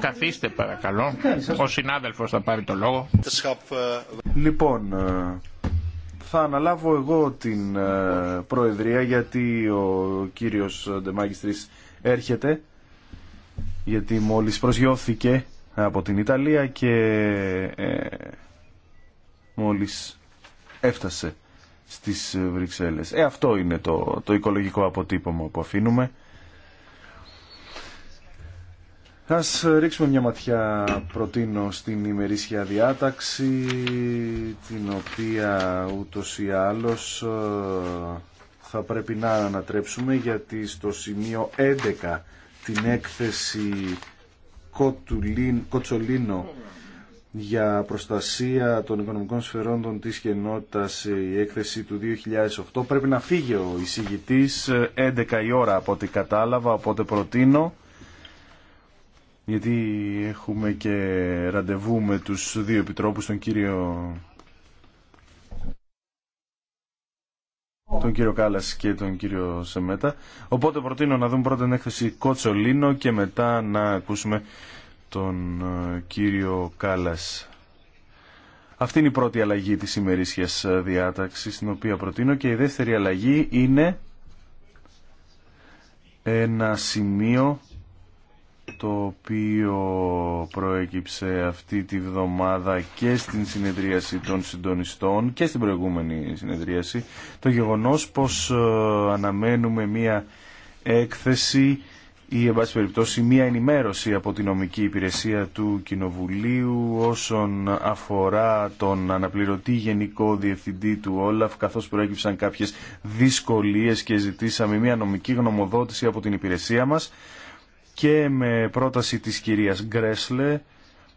Καθίστε παρακαλώ. Ο συνάδελφος θα πάρει το λόγο. Eh, λοιπόν, ε, θα αναλάβω εγώ την ε, Προεδρία γιατί ο κύριος Ντεμάγιστρης έρχεται γιατί μόλις προσγειώθηκε από την Ιταλία και ε, μόλις έφτασε στις Βρυξέλλες. Ε, αυτό είναι το, το οικολογικό αποτύπωμα που αφήνουμε. Ας ρίξουμε μια ματιά προτείνω στην ημερήσια διάταξη την οποία ούτως ή άλλως ε, θα πρέπει να ανατρέψουμε γιατί στο σημείο 11 την έκθεση Κοτσολίνο για προστασία των οικονομικών σφαιρών της κενότητας ε, η έκθεση του 2008 πρέπει να φύγει ο εισηγητής 11 ε, η ώρα από ό,τι κατάλαβα οπότε προτείνω γιατί έχουμε και ραντεβού με τους δύο επιτρόπους, τον κύριο, τον κύριο Κάλλας και τον κύριο Σεμέτα. Οπότε προτείνω να δούμε πρώτα την έκθεση Κοτσολίνο και μετά να ακούσουμε τον ε, κύριο Κάλας. Αυτή είναι η πρώτη αλλαγή της ημερήσιας ε, διάταξης, την οποία προτείνω και η δεύτερη αλλαγή είναι ένα σημείο το οποίο προέκυψε αυτή τη βδομάδα και στην συνεδρίαση των συντονιστών και στην προηγούμενη συνεδρίαση το γεγονός πως ε, αναμένουμε μία έκθεση ή εν πάση περιπτώσει μία ενημέρωση από την νομική υπηρεσία του Κοινοβουλίου όσον αφορά τον αναπληρωτή γενικό διευθυντή του Όλαφ καθώς προέκυψαν κάποιες δυσκολίες και ζητήσαμε μία νομική γνωμοδότηση από την υπηρεσία μας και με πρόταση της κυρίας Γκρέσλε,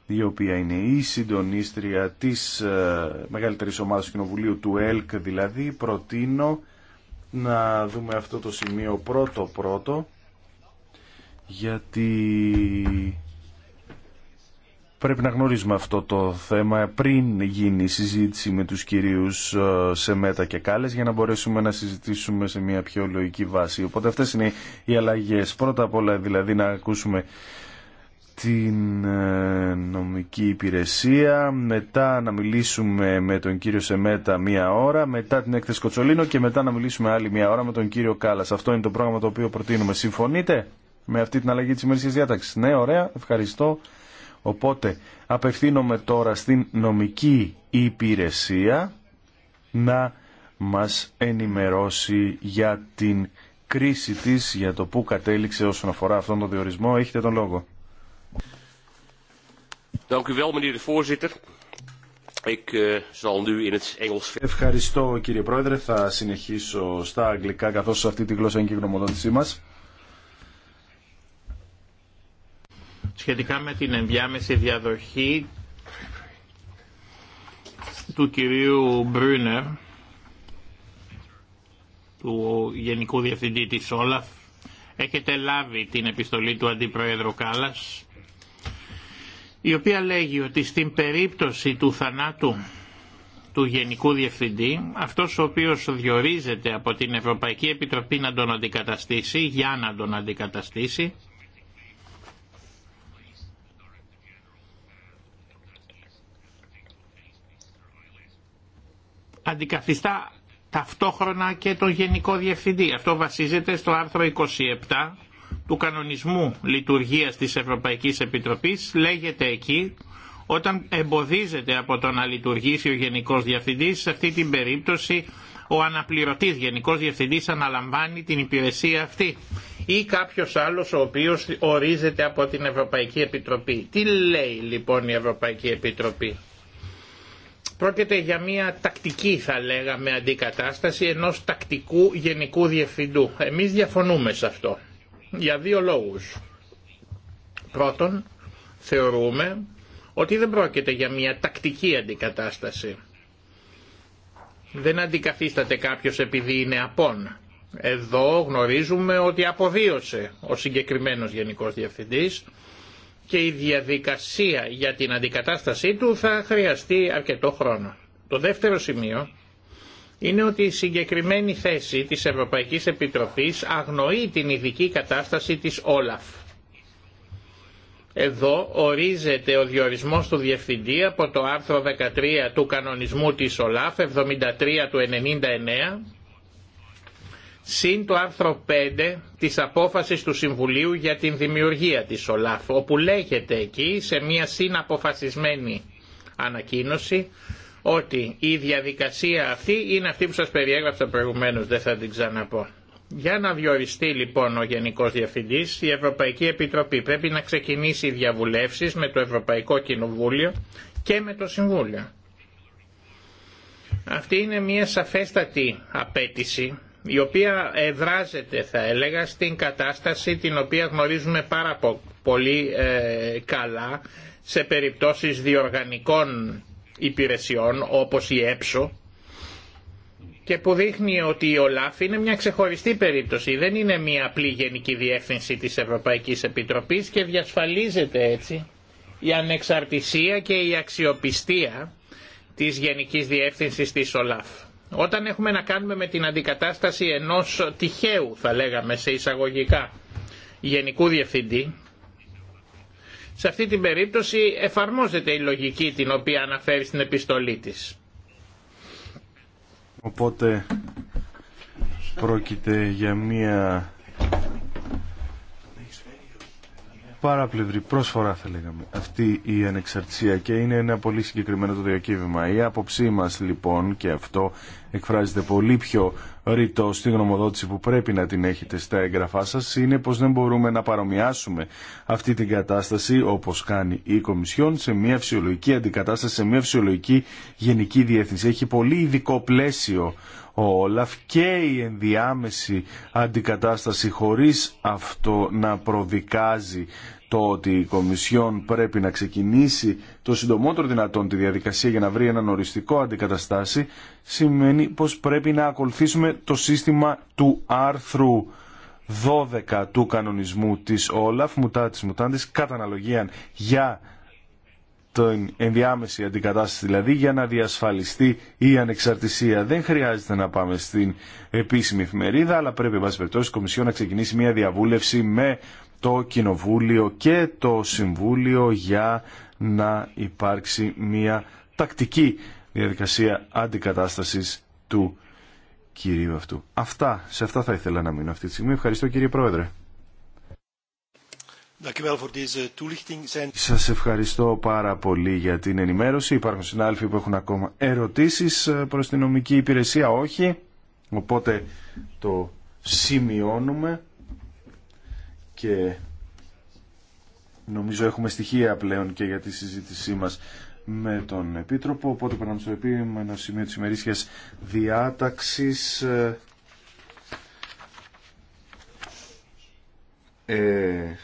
η οποία είναι η συντονίστρια της ε, μεγαλύτερης ομάδας του Κοινοβουλίου του ΕΛΚ, δηλαδή προτείνω να δούμε αυτό το σημείο πρώτο-πρώτο, γιατί Πρέπει να γνωρίζουμε αυτό το θέμα πριν γίνει η συζήτηση με τους κυρίους ε, Σεμέτα και Κάλες για να μπορέσουμε να συζητήσουμε σε μια πιο λογική βάση. Οπότε αυτές είναι οι αλλαγές. Πρώτα απ' όλα δηλαδή να ακούσουμε την ε, νομική υπηρεσία, μετά να μιλήσουμε με τον κύριο Σεμέτα μία ώρα, μετά την έκθεση Κοτσολίνο και μετά να μιλήσουμε άλλη μία ώρα με τον κύριο Κάλλας. Αυτό είναι το πρόγραμμα το οποίο προτείνουμε. Συμφωνείτε με αυτή την αλλαγή της ημερήσιας διάταξης. Ναι, ωραία, ευχαριστώ. Οπότε απευθύνομαι τώρα στην νομική υπηρεσία να μας ενημερώσει για την κρίση της, για το που κατέληξε όσον αφορά αυτόν τον διορισμό. Έχετε τον λόγο. Ευχαριστώ κύριε Πρόεδρε. Θα συνεχίσω στα αγγλικά καθώς αυτή τη γλώσσα είναι και η γνωμοδότησή μας. σχετικά με την ενδιάμεση διαδοχή του κυρίου Μπρούνερ του Γενικού Διευθυντή της Όλαφ έχετε λάβει την επιστολή του Αντιπρόεδρου Κάλλας η οποία λέγει ότι στην περίπτωση του θανάτου του Γενικού Διευθυντή, αυτός ο οποίος διορίζεται από την Ευρωπαϊκή Επιτροπή να τον αντικαταστήσει, για να τον αντικαταστήσει, αντικαθιστά ταυτόχρονα και τον Γενικό Διευθυντή. Αυτό βασίζεται στο άρθρο 27 του κανονισμού λειτουργίας της Ευρωπαϊκής Επιτροπής. Λέγεται εκεί όταν εμποδίζεται από το να λειτουργήσει ο Γενικός Διευθυντής, σε αυτή την περίπτωση ο αναπληρωτής Γενικός Διευθυντής αναλαμβάνει την υπηρεσία αυτή ή κάποιος άλλος ο οποίος ορίζεται από την Ευρωπαϊκή Επιτροπή. Τι λέει λοιπόν η Ευρωπαϊκή Επιτροπή. Πρόκειται για μια τακτική θα λέγαμε αντικατάσταση ενός τακτικού γενικού διευθυντού. Εμείς διαφωνούμε σε αυτό για δύο λόγους. Πρώτον, θεωρούμε ότι δεν πρόκειται για μια τακτική αντικατάσταση. Δεν αντικαθίσταται κάποιος επειδή είναι απόν. Εδώ γνωρίζουμε ότι αποδίωσε ο συγκεκριμένος Γενικός Διευθυντής και η διαδικασία για την αντικατάστασή του θα χρειαστεί αρκετό χρόνο. Το δεύτερο σημείο είναι ότι η συγκεκριμένη θέση της Ευρωπαϊκής Επιτροπής αγνοεί την ειδική κατάσταση της Όλαφ. Εδώ ορίζεται ο διορισμός του Διευθυντή από το άρθρο 13 του κανονισμού της ΟΛΑΦ 73 του 99 συν το άρθρο 5 της απόφασης του Συμβουλίου για την δημιουργία της ΟΛΑΦ, όπου λέγεται εκεί σε μια συναποφασισμένη ανακοίνωση ότι η διαδικασία αυτή είναι αυτή που σας περιέγραψα προηγουμένως, δεν θα την ξαναπώ. Για να διοριστεί λοιπόν ο Γενικός Διευθυντής, η Ευρωπαϊκή Επιτροπή πρέπει να ξεκινήσει διαβουλεύσεις με το Ευρωπαϊκό Κοινοβούλιο και με το Συμβούλιο. Αυτή είναι μια σαφέστατη απέτηση η οποία εδράζεται θα έλεγα στην κατάσταση την οποία γνωρίζουμε πάρα πολύ ε, καλά σε περιπτώσεις διοργανικών υπηρεσιών όπως η ΕΠΣΟ και που δείχνει ότι η ΟΛΑΦ είναι μια ξεχωριστή περίπτωση. Δεν είναι μια απλή γενική διεύθυνση της Ευρωπαϊκής Επιτροπής και διασφαλίζεται έτσι η ανεξαρτησία και η αξιοπιστία της Γενικής Διεύθυνσης της ΟΛΑΦ. Όταν έχουμε να κάνουμε με την αντικατάσταση ενός τυχαίου, θα λέγαμε σε εισαγωγικά, γενικού διευθυντή, σε αυτή την περίπτωση εφαρμόζεται η λογική την οποία αναφέρει στην επιστολή της. Οπότε πρόκειται για μία παραπλευρή πρόσφορα θα λέγαμε αυτή η ανεξαρτησία και είναι ένα πολύ συγκεκριμένο το διακύβημα. Η άποψή μας λοιπόν και αυτό εκφράζεται πολύ πιο ρητό στη γνωμοδότηση που πρέπει να την έχετε στα έγγραφά σας είναι πως δεν μπορούμε να παρομοιάσουμε αυτή την κατάσταση όπως κάνει η Κομισιόν σε μια φυσιολογική αντικατάσταση, σε μια φυσιολογική γενική διεύθυνση. Έχει πολύ ειδικό πλαίσιο ο Όλαφ και η ενδιάμεση αντικατάσταση χωρίς αυτό να προδικάζει το ότι η Κομισιόν πρέπει να ξεκινήσει το συντομότερο δυνατόν τη διαδικασία για να βρει έναν οριστικό αντικαταστάση σημαίνει πως πρέπει να ακολουθήσουμε το σύστημα του άρθρου 12 του κανονισμού της Όλαφ, της μουτάντης, κατά αναλογία για την ενδιάμεση αντικατάσταση δηλαδή για να διασφαλιστεί η ανεξαρτησία. Δεν χρειάζεται να πάμε στην επίσημη εφημερίδα αλλά πρέπει εν η Κομισιόν να ξεκινήσει μια διαβούλευση με το Κοινοβούλιο και το Συμβούλιο για να υπάρξει μια τακτική διαδικασία αντικατάστασης του κυρίου αυτού. Αυτά, σε αυτά θα ήθελα να μείνω αυτή τη στιγμή. Ευχαριστώ κύριε Πρόεδρε. Σας ευχαριστώ πάρα πολύ για την ενημέρωση. Υπάρχουν συνάδελφοι που έχουν ακόμα ερωτήσεις ε, προς την νομική υπηρεσία. Όχι. Οπότε το σημειώνουμε και νομίζω έχουμε στοιχεία πλέον και για τη συζήτησή μας με τον Επίτροπο. Οπότε περνάμε στο επίμενο σημείο της ημερήσιας διάταξης. Ε,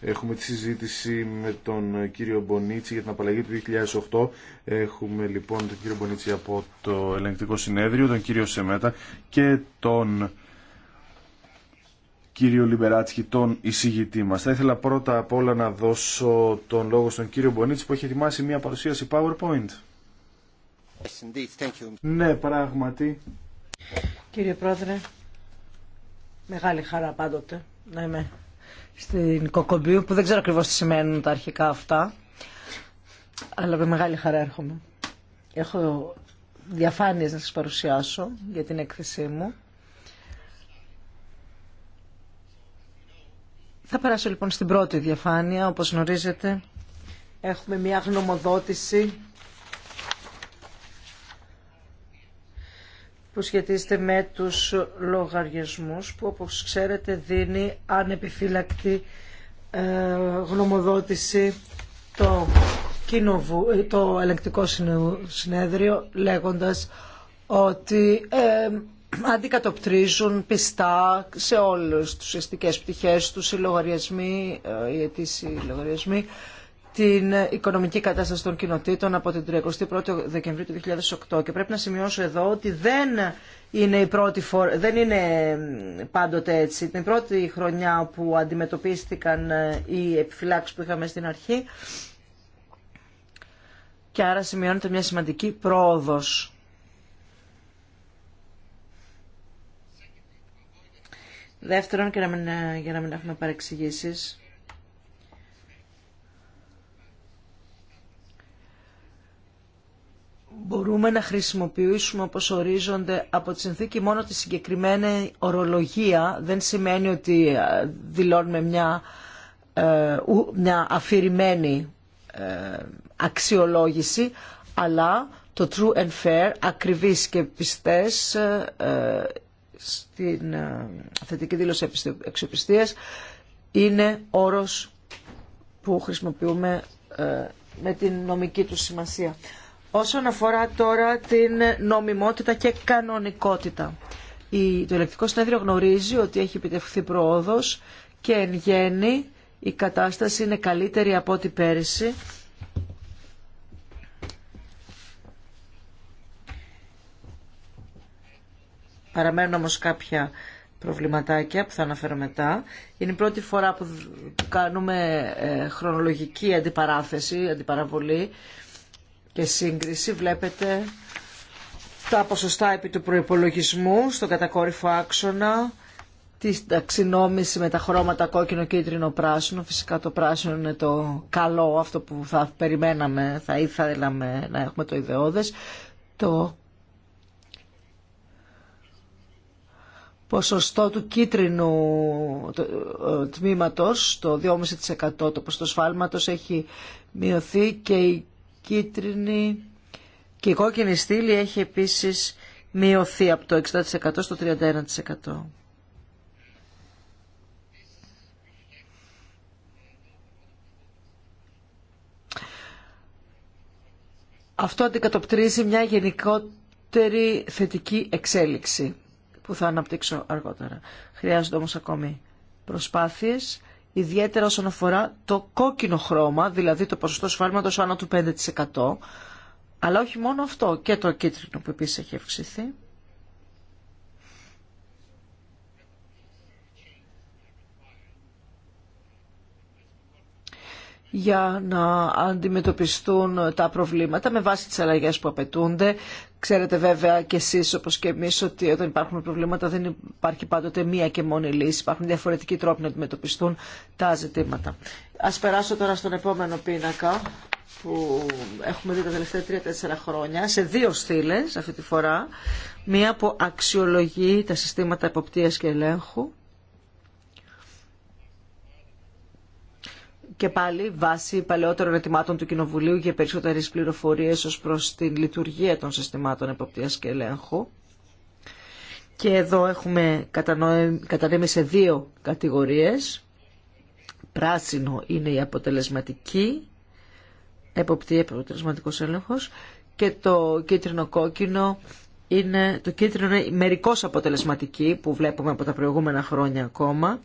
έχουμε τη συζήτηση με τον κύριο Μπονίτσι για την απαλλαγή του 2008. Έχουμε λοιπόν τον κύριο Μπονίτσι από το ελεγκτικό συνέδριο, τον κύριο Σεμέτα και τον κύριο Λιμπεράτσκι, τον εισηγητή μα. Θα ήθελα πρώτα απ' όλα να δώσω τον λόγο στον κύριο Μπονίτση που έχει ετοιμάσει μια παρουσίαση PowerPoint. Yes, Thank you. Ναι, πράγματι. Κύριε Πρόεδρε, μεγάλη χαρά πάντοτε να είμαι στην Κοκομπίου που δεν ξέρω ακριβώ τι σημαίνουν τα αρχικά αυτά αλλά με μεγάλη χαρά έρχομαι. Έχω διαφάνειες να σας παρουσιάσω για την έκθεσή μου Θα περάσω λοιπόν στην πρώτη διαφάνεια. Όπως γνωρίζετε έχουμε μια γνωμοδότηση που σχετίζεται με τους λογαριασμούς που όπως ξέρετε δίνει ανεπιφύλακτη ε, γνωμοδότηση το, κοινοβου, το ελεγκτικό συνέδριο λέγοντας ότι ε, αντικατοπτρίζουν πιστά σε όλες τις ουσιαστικές πτυχές του οι λογαριασμοί, ε, οι αιτήσιοι λογαριασμοί, την οικονομική κατάσταση των κοινοτήτων από την 31η Δεκεμβρίου του 2008. Και πρέπει να σημειώσω εδώ ότι δεν είναι, η πρώτη δεν είναι πάντοτε έτσι. Την πρώτη χρονιά που αντιμετωπίστηκαν ε, οι επιφυλάξεις που είχαμε στην αρχή και άρα σημειώνεται μια σημαντική πρόοδος Δεύτερον, και να μην, ε, για να μην έχουμε παρεξηγήσει. μπορούμε να χρησιμοποιήσουμε όπως ορίζονται από τη συνθήκη μόνο τη συγκεκριμένη ορολογία. Δεν σημαίνει ότι ε, δηλώνουμε μια, ε, μια αφηρημένη αξιολόγηση, αλλά το true and fair, ακριβείς και πιστές, στην ε, θετική δήλωση αξιοπιστίας είναι όρος που χρησιμοποιούμε ε, με την νομική του σημασία. Όσον αφορά τώρα την νομιμότητα και κανονικότητα. Το ελεκτικό συνέδριο γνωρίζει ότι έχει επιτευχθεί προόδος και εν γέννη η κατάσταση είναι καλύτερη από ό,τι πέρυσι Παραμένουν όμως κάποια προβληματάκια που θα αναφέρω μετά. Είναι η πρώτη φορά που κάνουμε ε, χρονολογική αντιπαράθεση, αντιπαραβολή και σύγκριση. Βλέπετε τα ποσοστά επί του προϋπολογισμού στον κατακόρυφο άξονα, τη ταξινόμηση με τα χρώματα κόκκινο, κίτρινο, πράσινο. Φυσικά το πράσινο είναι το καλό, αυτό που θα περιμέναμε, θα ήθελαμε να έχουμε το ιδεώδες. Το ποσοστό του κίτρινου ε, τμήματος, το 2,5% το ποσοστό σφάλματος έχει μειωθεί και η κίτρινη και η κόκκινη στήλη έχει επίσης μειωθεί από το 60% στο 31%. Αυτό αντικατοπτρίζει μια γενικότερη θετική εξέλιξη που θα αναπτύξω αργότερα. Χρειάζονται όμως ακόμη προσπάθειες, ιδιαίτερα όσον αφορά το κόκκινο χρώμα, δηλαδή το ποσοστό σφάλματος άνω του 5%, αλλά όχι μόνο αυτό και το κίτρινο που επίσης έχει αυξηθεί. για να αντιμετωπιστούν τα προβλήματα με βάση τις αλλαγές που απαιτούνται. Ξέρετε βέβαια και εσείς όπως και εμείς ότι όταν υπάρχουν προβλήματα δεν υπάρχει πάντοτε μία και μόνη λύση. Υπάρχουν διαφορετικοί τρόποι να αντιμετωπιστούν τα ζητήματα. Ας περάσω τώρα στον επόμενο πίνακα που έχουμε δει τα τελευταία τρία-τέσσερα χρόνια σε δύο στήλες αυτή τη φορά. Μία που αξιολογεί τα συστήματα εποπτείας και ελέγχου και πάλι βάσει παλαιότερων ετοιμάτων του Κοινοβουλίου για περισσότερες πληροφορίες ως προς την λειτουργία των συστημάτων εποπτείας και ελέγχου. Και εδώ έχουμε κατανέμει σε δύο κατηγορίες. Πράσινο είναι η αποτελεσματική εποπτεία, αποτελεσματικός έλεγχος και το κίτρινο-κόκκινο είναι το κίτρινο είναι μερικώς αποτελεσματική που βλέπουμε από τα προηγούμενα χρόνια ακόμα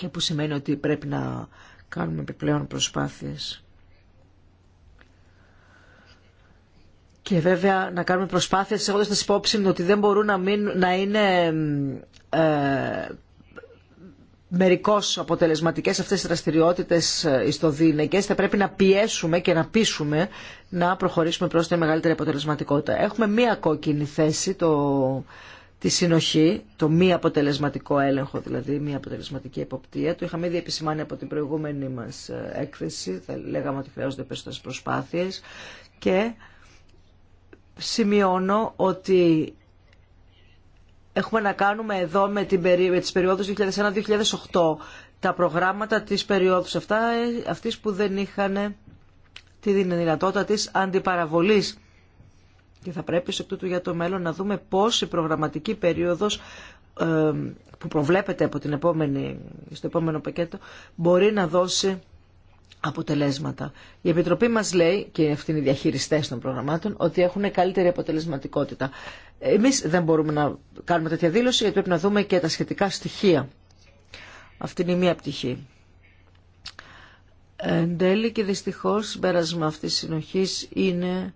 και που σημαίνει ότι πρέπει να κάνουμε επιπλέον προσπάθειες. Και βέβαια να κάνουμε προσπάθειες έχοντας τις υπόψη ότι δεν μπορούν να, μην, να είναι ε, μερικώς αποτελεσματικές αυτές οι δραστηριότητες ε, ιστοδύναικες. Θα πρέπει να πιέσουμε και να πείσουμε να προχωρήσουμε προς τη μεγαλύτερη αποτελεσματικότητα. Έχουμε μία κόκκινη θέση, το τη συνοχή, το μη αποτελεσματικό έλεγχο, δηλαδή μη αποτελεσματική εποπτεία. Το είχαμε ήδη επισημάνει από την προηγούμενη μας ε, έκθεση, λέγαμε ότι χρειάζονται περισσότερε προσπάθειες και σημειώνω ότι έχουμε να κάνουμε εδώ με, την περί... τις περιόδους 2001-2008 τα προγράμματα της περιόδους αυτά, ε, αυτής που δεν είχαν τη δυνατότητα της αντιπαραβολής και θα πρέπει σε τούτο για το μέλλον να δούμε πώς η προγραμματική περίοδος ε, που προβλέπεται από την επόμενη, στο επόμενο πακέτο μπορεί να δώσει αποτελέσματα. Η Επιτροπή μας λέει, και αυτοί είναι οι διαχειριστές των προγραμμάτων, ότι έχουν καλύτερη αποτελεσματικότητα. Εμείς δεν μπορούμε να κάνουμε τέτοια δήλωση, γιατί πρέπει να δούμε και τα σχετικά στοιχεία. Αυτή είναι η μία πτυχή. Εν τέλει και δυστυχώς, πέρασμα αυτής της συνοχής είναι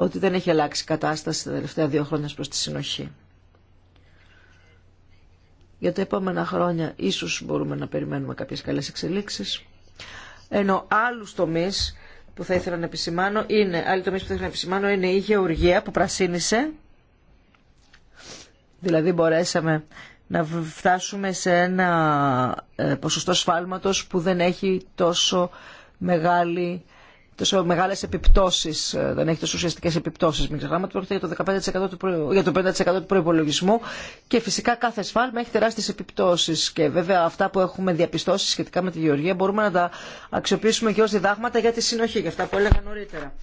ότι δεν έχει αλλάξει η κατάσταση τα τελευταία δύο χρόνια προς τη συνοχή. Για τα επόμενα χρόνια ίσως μπορούμε να περιμένουμε κάποιες καλές εξελίξεις. Ενώ άλλου τομεί που θα ήθελα να επισημάνω είναι, άλλοι τομείς που θα ήθελα να επισημάνω είναι η γεωργία που πρασίνησε. Δηλαδή μπορέσαμε να φτάσουμε σε ένα ε, ποσοστό σφάλματος που δεν έχει τόσο μεγάλη τόσο μεγάλε επιπτώσει, ε, δεν έχει τόσο ουσιαστικέ επιπτώσει. Μην ξεχνάμε ότι πρόκειται για το, 15% του 5% του προπολογισμού και φυσικά κάθε σφάλμα έχει τεράστιε επιπτώσει. Και βέβαια αυτά που έχουμε διαπιστώσει σχετικά με τη γεωργία μπορούμε να τα αξιοποιήσουμε και ω διδάγματα για τη συνοχή, για αυτά που έλεγα νωρίτερα.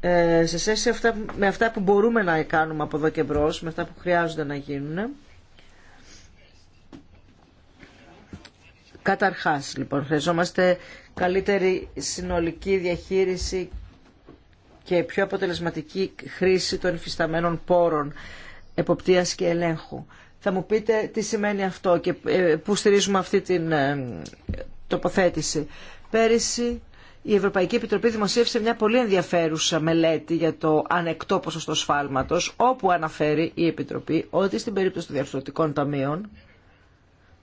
Ε, σε σχέση αυτά, με αυτά που μπορούμε να κάνουμε από εδώ και μπρο, με αυτά που χρειάζονται να γίνουν. Καταρχάς, λοιπόν, χρειαζόμαστε καλύτερη συνολική διαχείριση και πιο αποτελεσματική χρήση των υφισταμένων πόρων εποπτείας και ελέγχου. Θα μου πείτε τι σημαίνει αυτό και ε, πού στηρίζουμε αυτή την ε, τοποθέτηση. Πέρυσι η Ευρωπαϊκή Επιτροπή δημοσίευσε μια πολύ ενδιαφέρουσα μελέτη για το ανεκτό ποσοστό σφάλματος, όπου αναφέρει η Επιτροπή ότι στην περίπτωση των διαρθρωτικών ταμείων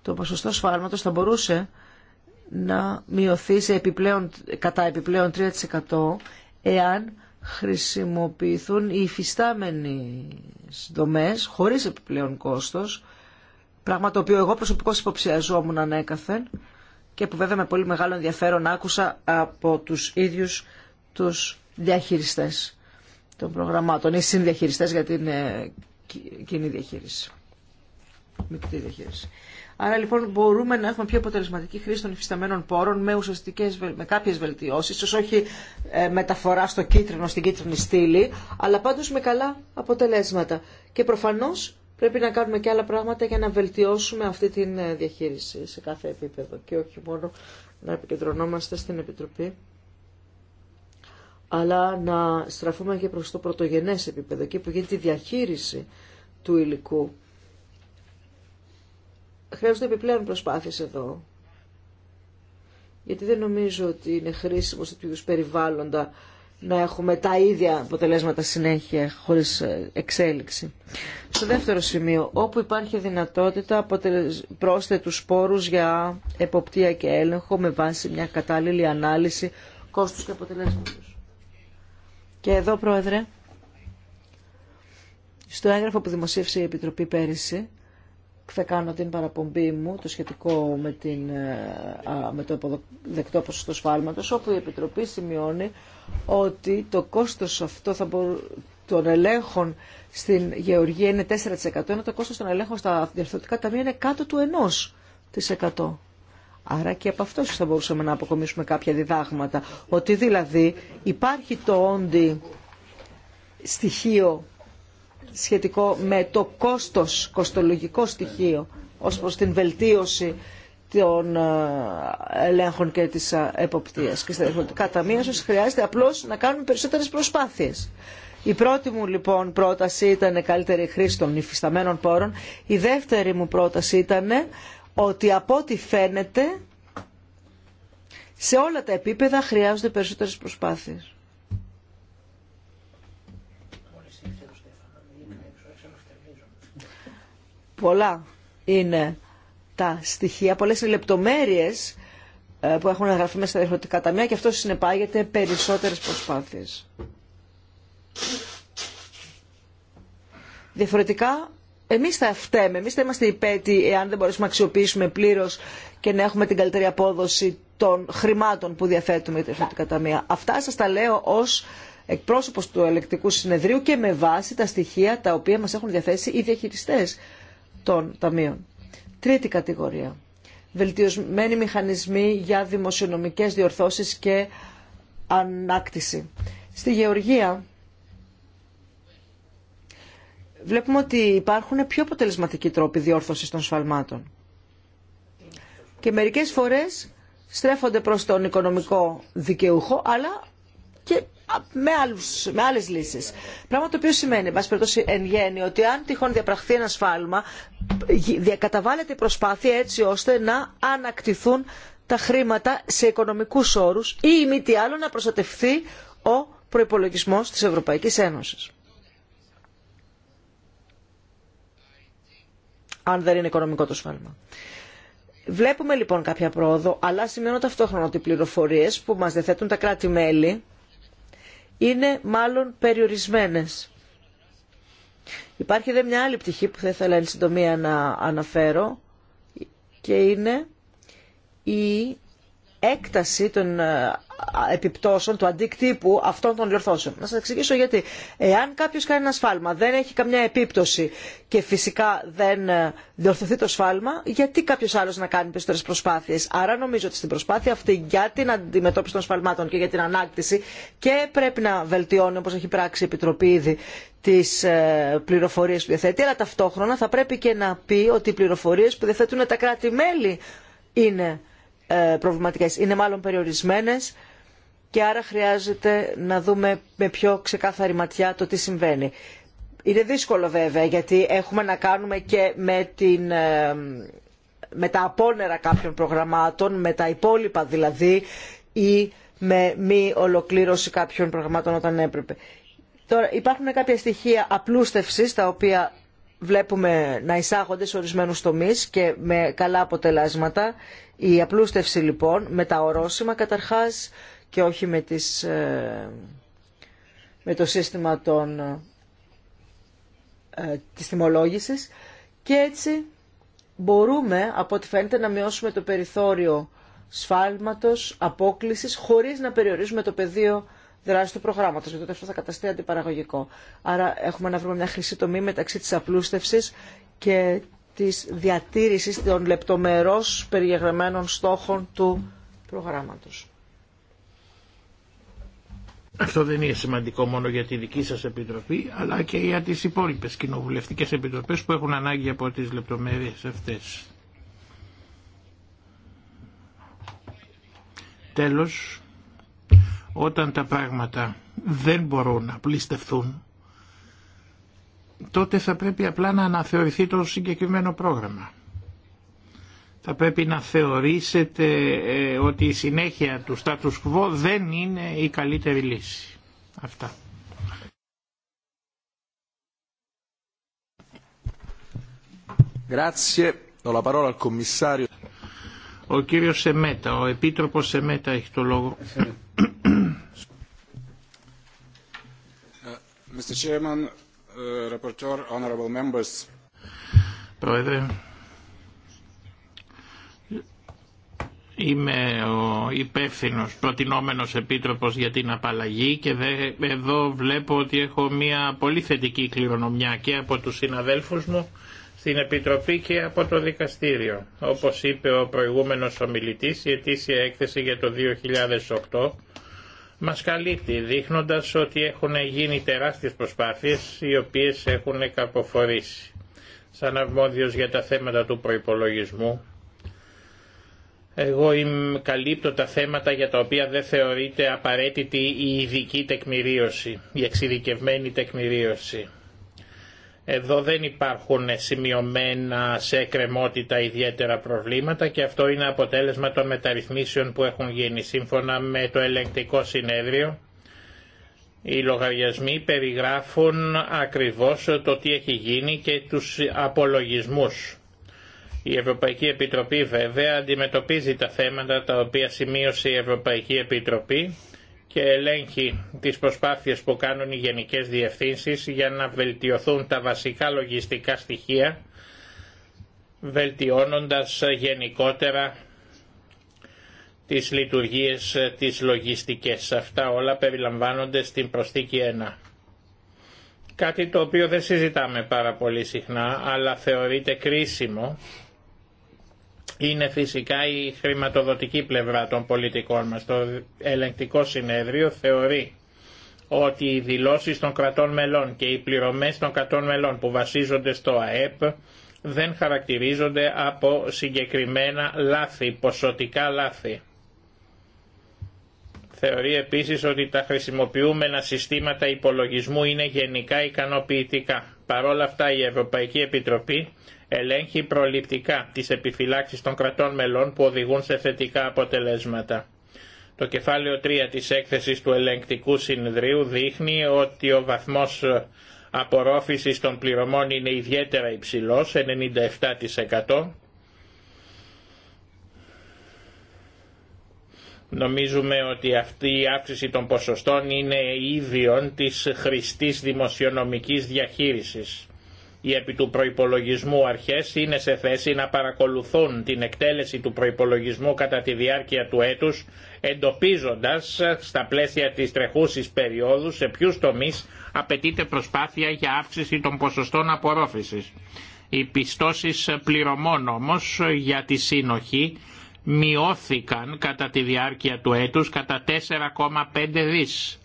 το ποσοστό σφάλματος θα μπορούσε να μειωθεί σε επιπλέον, κατά επιπλέον 3% εάν χρησιμοποιηθούν οι υφιστάμενοι δομές χωρίς επιπλέον κόστος, πράγμα το οποίο εγώ προσωπικώς υποψιαζόμουν ανέκαθεν και που βέβαια με πολύ μεγάλο ενδιαφέρον άκουσα από τους ίδιους τους διαχειριστές των προγραμμάτων ή συνδιαχειριστές για την ε, κοινή διαχείριση, Μικρή διαχείριση. Άρα λοιπόν μπορούμε να έχουμε πιο αποτελεσματική χρήση των υφισταμένων πόρων με, ουσιαστικές, με κάποιες βελτιώσεις, ίσως όχι ε, μεταφορά στο κίτρινο, στην κίτρινη στήλη, αλλά πάντως με καλά αποτελέσματα. Και προφανώς πρέπει να κάνουμε και άλλα πράγματα για να βελτιώσουμε αυτή τη ε, διαχείριση σε κάθε επίπεδο και όχι μόνο να επικεντρωνόμαστε στην Επιτροπή αλλά να στραφούμε και προς το πρωτογενές επίπεδο, εκεί που γίνεται η διαχείριση του υλικού χρειάζονται επιπλέον προσπάθειες εδώ. Γιατί δεν νομίζω ότι είναι χρήσιμο σε τέτοιου περιβάλλοντα να έχουμε τα ίδια αποτελέσματα συνέχεια χωρίς ε, εξέλιξη. Στο δεύτερο σημείο, όπου υπάρχει δυνατότητα πρόσθετου σπόρους για εποπτεία και έλεγχο με βάση μια κατάλληλη ανάλυση κόστους και αποτελέσματος. Και εδώ, Πρόεδρε, στο έγγραφο που δημοσίευσε η Επιτροπή πέρυσι, θα κάνω την παραπομπή μου, το σχετικό με, την, ε, με το αποδεκτό ποσοστό σφάλματος, όπου η Επιτροπή σημειώνει ότι το κόστος αυτό θα μπορού, των ελέγχων στην γεωργία είναι 4%, ενώ το κόστος των ελέγχων στα διαρθρωτικά ταμεία είναι κάτω του 1%. Άρα και από αυτό θα μπορούσαμε να αποκομίσουμε κάποια διδάγματα. Ότι δηλαδή υπάρχει το όντι στοιχείο σχετικό με το κόστος, κοστολογικό στοιχείο ως προς την βελτίωση των ε, ελέγχων και της ε, εποπτείας. Και στα διαφορετικά σας χρειάζεται απλώς να κάνουμε περισσότερες προσπάθειες. Η πρώτη μου λοιπόν πρόταση ήταν καλύτερη χρήση των υφισταμένων πόρων. Η δεύτερη μου πρόταση ήταν ότι από ό,τι φαίνεται σε όλα τα επίπεδα χρειάζονται περισσότερες προσπάθειες. πολλά είναι τα στοιχεία, πολλές είναι λεπτομέρειες ε, που έχουν εγγραφεί μέσα στα διαφορετικά ταμεία και αυτό συνεπάγεται περισσότερες προσπάθειες. Διαφορετικά, εμείς θα φταίμε, εμείς θα είμαστε υπέτοι εάν δεν μπορέσουμε να αξιοποιήσουμε πλήρως και να έχουμε την καλύτερη απόδοση των χρημάτων που διαθέτουμε για τα διαφορετικά ταμεία. Αυτά σας τα λέω ως εκπρόσωπος του ελεκτικού συνεδρίου και με βάση τα στοιχεία τα οποία μας έχουν διαθέσει οι διαχειριστές των ταμείων. Τρίτη κατηγορία. Βελτιωσμένοι μηχανισμοί για δημοσιονομικές διορθώσεις και ανάκτηση. Στη Γεωργία βλέπουμε ότι υπάρχουν πιο αποτελεσματικοί τρόποι διόρθωσης των σφαλμάτων. Και μερικές φορές στρέφονται προς τον οικονομικό δικαιούχο, αλλά με, άλλε με άλλες λύσεις. Πράγμα το οποίο σημαίνει, μας περιπτώσει εν γέννη, ότι αν τυχόν διαπραχθεί ένα σφάλμα, καταβάλλεται η προσπάθεια έτσι ώστε να ανακτηθούν τα χρήματα σε οικονομικούς όρους ή μη τι άλλο να προστατευθεί ο προϋπολογισμός της Ευρωπαϊκής Ένωσης. Αν δεν είναι οικονομικό το σφάλμα. Βλέπουμε λοιπόν κάποια πρόοδο, αλλά σημαίνω ταυτόχρονα ότι οι πληροφορίες που μας διαθέτουν τα κράτη-μέλη είναι μάλλον περιορισμένες. Υπάρχει δε μια άλλη πτυχή που θα ήθελα εν συντομία να αναφέρω και είναι η έκταση των ε, επιπτώσεων, του αντίκτυπου αυτών των διορθώσεων. Να σας εξηγήσω γιατί. Εάν κάποιος κάνει ένα σφάλμα, δεν έχει καμιά επίπτωση και φυσικά δεν ε, διορθωθεί το σφάλμα, γιατί κάποιος άλλος να κάνει περισσότερες προσπάθειες. Άρα νομίζω ότι στην προσπάθεια αυτή για την αντιμετώπιση των σφαλμάτων και για την ανάκτηση και πρέπει να βελτιώνει όπως έχει πράξει η Επιτροπή ήδη τις ε, πληροφορίες που διαθέτει, αλλά ταυτόχρονα θα πρέπει και να πει ότι οι πληροφορίες που διαθέτουν τα κράτη-μέλη είναι ε, προβληματικές, είναι μάλλον περιορισμένες και άρα χρειάζεται να δούμε με πιο ξεκάθαρη ματιά το τι συμβαίνει. Είναι δύσκολο βέβαια γιατί έχουμε να κάνουμε και με, την, ε, με τα απόνερα κάποιων προγραμμάτων, με τα υπόλοιπα δηλαδή ή με μη ολοκλήρωση κάποιων προγραμμάτων όταν έπρεπε. Τώρα υπάρχουν κάποια στοιχεία απλούστευσης τα οποία βλέπουμε να εισάγονται σε ορισμένους τομείς και με καλά αποτελέσματα. Η απλούστευση λοιπόν με τα ορόσημα καταρχάς και όχι ε, με, το σύστημα των, ε, της θυμολόγησης. και έτσι μπορούμε από ό,τι φαίνεται να μειώσουμε το περιθώριο σφάλματος, απόκλησης χωρίς να περιορίζουμε το πεδίο δράση του προγράμματος, γιατί αυτό θα καταστεί αντιπαραγωγικό. Άρα έχουμε να βρούμε μια χρυσή τομή μεταξύ της απλούστευσης και της διατήρησης των λεπτομερώς περιεγραμμένων στόχων του προγράμματος. Αυτό δεν είναι σημαντικό μόνο για τη δική σας επιτροπή, αλλά και για τις υπόλοιπες κοινοβουλευτικές επιτροπές που έχουν ανάγκη από τις λεπτομέρειες αυτές. Τέλος, όταν τα πράγματα δεν μπορούν να πληστευθούν, τότε θα πρέπει απλά να αναθεωρηθεί το συγκεκριμένο πρόγραμμα θα πρέπει να θεωρήσετε ε, ότι η συνέχεια του status quo δεν είναι η καλύτερη λύση. Αυτά. Grazie. Do la parola al commissario. O Kyrios Semeta, o Epitropos Semeta, è questo luogo. Mr. Chairman, rapporteur, honorable members. Provedere. Είμαι ο υπεύθυνο προτινόμενος επίτροπος για την απαλλαγή και εδώ βλέπω ότι έχω μια πολύ θετική κληρονομιά και από τους συναδέλφους μου στην Επιτροπή και από το Δικαστήριο. Όπως είπε ο προηγούμενος ομιλητής, η ετήσια έκθεση για το 2008 μας καλύπτει, δείχνοντας ότι έχουν γίνει τεράστιες προσπάθειες οι οποίες έχουν κακοφορήσει. Σαν αρμόδιος για τα θέματα του προϋπολογισμού, εγώ καλύπτω τα θέματα για τα οποία δεν θεωρείται απαραίτητη η ειδική τεκμηρίωση, η εξειδικευμένη τεκμηρίωση. Εδώ δεν υπάρχουν σημειωμένα σε εκκρεμότητα ιδιαίτερα προβλήματα και αυτό είναι αποτέλεσμα των μεταρρυθμίσεων που έχουν γίνει. Σύμφωνα με το ελεγκτικό συνέδριο, οι λογαριασμοί περιγράφουν ακριβώς το τι έχει γίνει και τους απολογισμούς η Ευρωπαϊκή Επιτροπή βέβαια αντιμετωπίζει τα θέματα τα οποία σημείωσε η Ευρωπαϊκή Επιτροπή και ελέγχει τις προσπάθειες που κάνουν οι γενικές διευθύνσεις για να βελτιωθούν τα βασικά λογιστικά στοιχεία, βελτιώνοντας γενικότερα τις λειτουργίες της λογιστικές. Αυτά όλα περιλαμβάνονται στην προσθήκη 1. Κάτι το οποίο δεν συζητάμε πάρα πολύ συχνά, αλλά θεωρείται κρίσιμο είναι φυσικά η χρηματοδοτική πλευρά των πολιτικών μας. Το ελεγκτικό συνέδριο θεωρεί ότι οι δηλώσεις των κρατών μελών και οι πληρωμές των κρατών μελών που βασίζονται στο ΑΕΠ δεν χαρακτηρίζονται από συγκεκριμένα λάθη, ποσοτικά λάθη. Θεωρεί επίσης ότι τα χρησιμοποιούμενα συστήματα υπολογισμού είναι γενικά ικανοποιητικά. Παρόλα αυτά η Ευρωπαϊκή Επιτροπή ελέγχει προληπτικά τις επιφυλάξεις των κρατών μελών που οδηγούν σε θετικά αποτελέσματα. Το κεφάλαιο 3 της έκθεσης του ελεγκτικού Συνδρίου δείχνει ότι ο βαθμός απορρόφησης των πληρωμών είναι ιδιαίτερα υψηλός, 97%. Νομίζουμε ότι αυτή η αύξηση των ποσοστών είναι ίδιον της χρηστής δημοσιονομικής διαχείρισης οι επί του προϋπολογισμού αρχές είναι σε θέση να παρακολουθούν την εκτέλεση του προϋπολογισμού κατά τη διάρκεια του έτους, εντοπίζοντας στα πλαίσια της τρεχούσης περίοδου σε ποιους τομείς απαιτείται προσπάθεια για αύξηση των ποσοστών απορρόφησης. Οι πιστώσεις πληρωμών όμως για τη σύνοχη μειώθηκαν κατά τη διάρκεια του έτους κατά 4,5 δις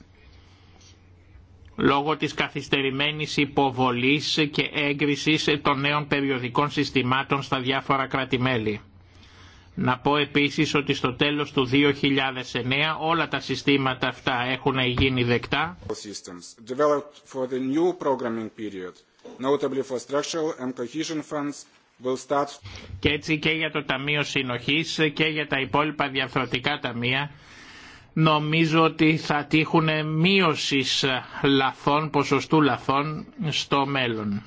λόγω της καθυστερημένης υποβολής και έγκρισης των νέων περιοδικών συστημάτων στα διάφορα Να πω επίσης ότι στο τέλος του 2009 όλα τα συστήματα αυτά έχουν γίνει δεκτά. Και έτσι και για το Ταμείο Συνοχής και για τα υπόλοιπα διαφορετικά ταμεία νομίζω ότι θα τύχουν μείωση λαθών, ποσοστού λαθών στο μέλλον.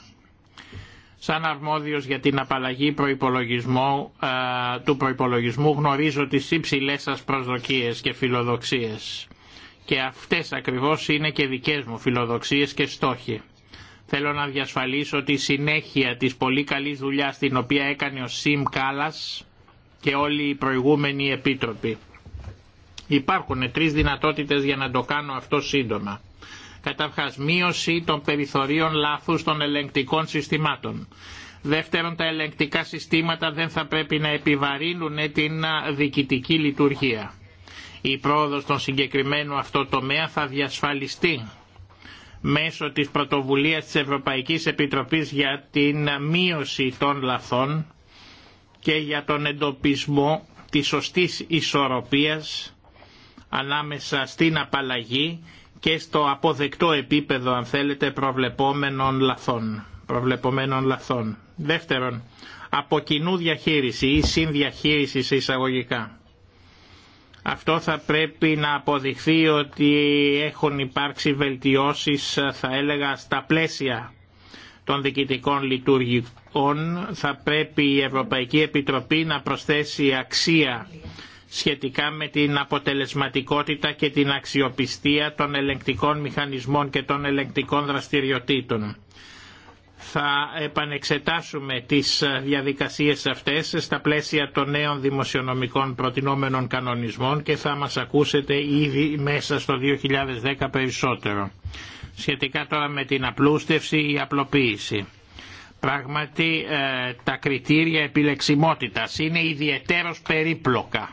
Σαν αρμόδιος για την απαλλαγή προϋπολογισμού, ε, του προϋπολογισμού γνωρίζω τις υψηλές σας προσδοκίες και φιλοδοξίες. Και αυτές ακριβώς είναι και δικές μου φιλοδοξίες και στόχοι. Θέλω να διασφαλίσω τη συνέχεια της πολύ καλής δουλειάς την οποία έκανε ο Σιμ Κάλας και όλοι οι προηγούμενοι επίτροποι Υπάρχουν τρεις δυνατότητες για να το κάνω αυτό σύντομα. Καταρχάς, μείωση των περιθωρίων λάθους των ελεγκτικών συστημάτων. Δεύτερον, τα ελεγκτικά συστήματα δεν θα πρέπει να επιβαρύνουν την διοικητική λειτουργία. Η πρόοδος των συγκεκριμένου αυτό τομέα θα διασφαλιστεί μέσω της πρωτοβουλίας της Ευρωπαϊκής Επιτροπής για την μείωση των λαθών και για τον εντοπισμό της σωστής ισορροπίας ανάμεσα στην απαλλαγή και στο αποδεκτό επίπεδο αν θέλετε προβλεπόμενων λαθών. Προβλεπωμένων λαθών. Δεύτερον, από κοινού διαχείριση ή προβλεπόμενων Αυτό θα πρέπει να αποδειχθεί ότι έχουν υπάρξει βελτιώσεις θα έλεγα στα πλαίσια των διοικητικών λειτουργικών θα πρέπει η Ευρωπαϊκή Επιτροπή να προσθέσει αξία σχετικά με την αποτελεσματικότητα και την αξιοπιστία των ελεγκτικών μηχανισμών και των ελεγκτικών δραστηριοτήτων. Θα επανεξετάσουμε τις διαδικασίες αυτές στα πλαίσια των νέων δημοσιονομικών προτινόμενων κανονισμών και θα μας ακούσετε ήδη μέσα στο 2010 περισσότερο. Σχετικά τώρα με την απλούστευση ή απλοποίηση. Πράγματι ε, τα κριτήρια επιλεξιμότητας είναι ιδιαίτερος περίπλοκα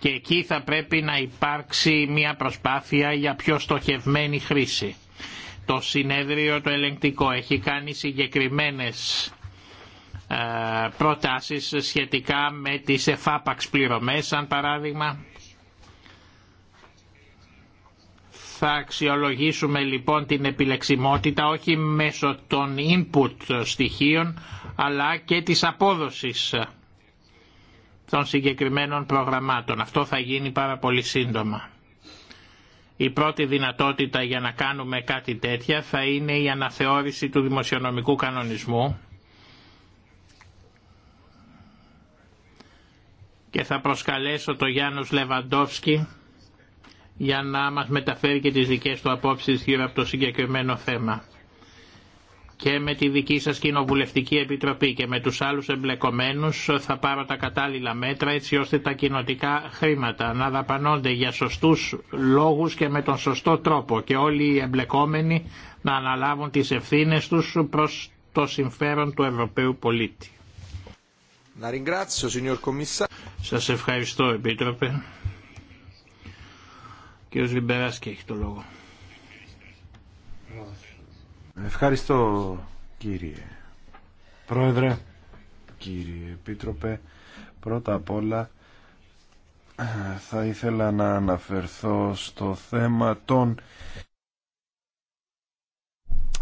και εκεί θα πρέπει να υπάρξει μια προσπάθεια για πιο στοχευμένη χρήση. Το συνέδριο το ελεγκτικό έχει κάνει συγκεκριμένες ε, προτάσεις σχετικά με τις εφάπαξ πληρωμές, σαν παράδειγμα. Θα αξιολογήσουμε λοιπόν την επιλεξιμότητα όχι μέσω των input στοιχείων, αλλά και της απόδοσης των συγκεκριμένων προγραμμάτων. Αυτό θα γίνει πάρα πολύ σύντομα. Η πρώτη δυνατότητα για να κάνουμε κάτι τέτοια θα είναι η αναθεώρηση του δημοσιονομικού κανονισμού και θα προσκαλέσω τον Γιάννους Λεβαντόφσκι για να μας μεταφέρει και τις δικές του απόψεις γύρω από το συγκεκριμένο θέμα και με τη δική σας κοινοβουλευτική επιτροπή και με τους άλλους εμπλεκομένους θα πάρω τα κατάλληλα μέτρα έτσι ώστε τα κοινοτικά χρήματα να δαπανώνται για σωστούς λόγους και με τον σωστό τρόπο και όλοι οι εμπλεκόμενοι να αναλάβουν τις ευθύνες τους προς το συμφέρον του Ευρωπαίου πολίτη. Σας ευχαριστώ Επίτροπε. Κύριος και έχει το λόγο. Ευχαριστώ κύριε Πρόεδρε, κύριε Επίτροπε. Πρώτα απ' όλα θα ήθελα να αναφερθώ στο θέμα των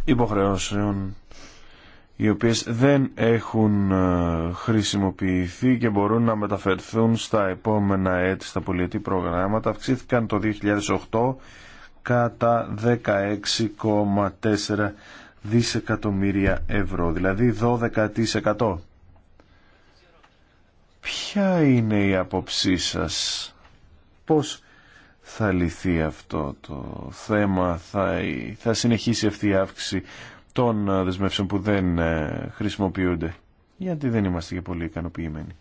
υποχρεώσεων οι οποίες δεν έχουν ε, χρησιμοποιηθεί και μπορούν να μεταφερθούν στα επόμενα έτη στα πολιτικά προγράμματα. Αυξήθηκαν το 2008 κατά 16,4 δισεκατομμύρια ευρώ, δηλαδή 12%. Ποια είναι η αποψή σας, πώς θα λυθεί αυτό το θέμα, θα, θα συνεχίσει αυτή η αύξηση των δεσμεύσεων που δεν ε, χρησιμοποιούνται, γιατί δεν είμαστε και πολύ ικανοποιημένοι.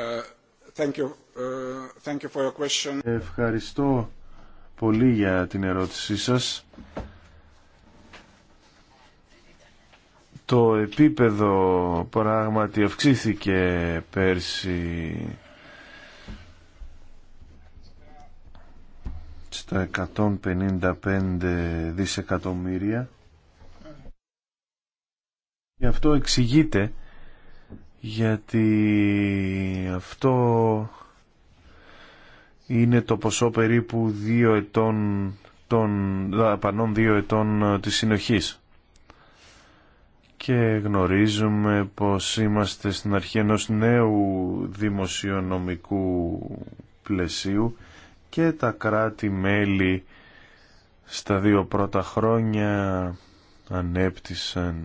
Uh, thank you. Uh, Ευχαριστώ πολύ για την ερώτησή σας. Το επίπεδο πράγματι αυξήθηκε πέρσι στα 155 δισεκατομμύρια. Γι' αυτό εξηγείται γιατί αυτό είναι το ποσό περίπου δύο ετών των δαπανών δύο ετών ε, της συνοχής. Και γνωρίζουμε πως είμαστε στην αρχή ενός νέου δημοσιονομικού πλαισίου και τα κράτη-μέλη στα δύο πρώτα χρόνια ανέπτυσαν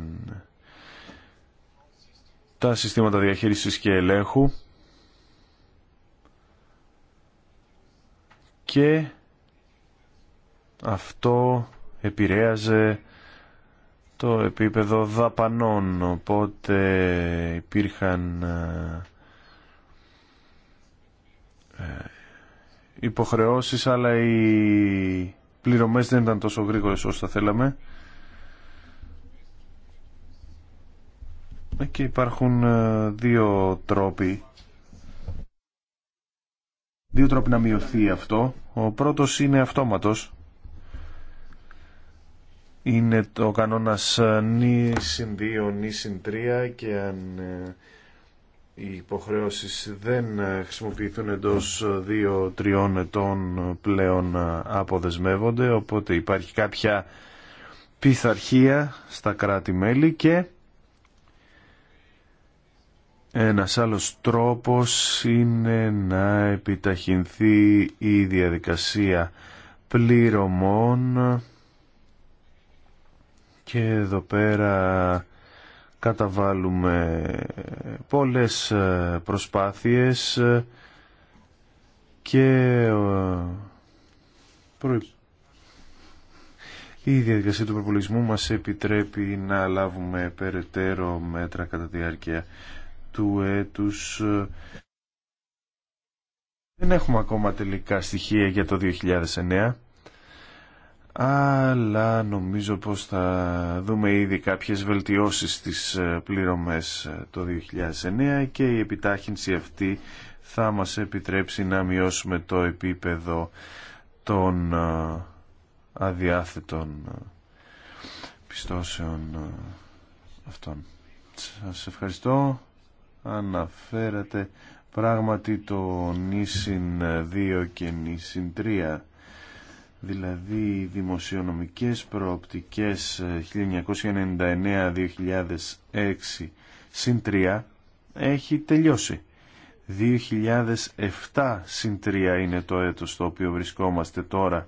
τα συστήματα διαχείρισης και ελέγχου και αυτό επηρέαζε το επίπεδο δαπανών οπότε υπήρχαν ε, υποχρεώσεις αλλά οι πληρωμές δεν ήταν τόσο γρήγορες όσο θα θέλαμε ε, και υπάρχουν ε, δύο τρόποι δύο τρόποι να μειωθεί αυτό. Ο πρώτος είναι αυτόματος. Είναι το κανόνας νη συν 2, νη συν 3 και αν ε, οι υποχρεώσεις δεν ε, χρησιμοποιηθούν εντός 2-3 ετών ε, πλέον αποδεσμεύονται, οπότε υπάρχει κάποια πειθαρχία στα κράτη-μέλη και ένας άλλος τρόπος είναι να επιταχυνθεί η διαδικασία πληρωμών και εδώ πέρα καταβάλουμε πολλές ε, προσπάθειες και ε, η διαδικασία του προπολογισμού μας επιτρέπει να λάβουμε περαιτέρω μέτρα κατά τη διάρκεια του έτους. Δεν έχουμε ακόμα τελικά στοιχεία για το 2009 αλλά νομίζω πως θα δούμε ήδη κάποιες βελτιώσεις στις ε, πληρωμές ε, το 2009 και η επιτάχυνση αυτή θα μας επιτρέψει να μειώσουμε το επίπεδο των ε, αδιάθετων πιστώσεων αυτών. Σας ευχαριστώ αναφέρατε πράγματι το νήσιν 2 και νήσιν 3 δηλαδή οι δημοσιονομικές προοπτικές 1999-2006 ε, συν 3 έχει τελειώσει. 2007 συν 3 είναι το έτος στο οποίο βρισκόμαστε τώρα.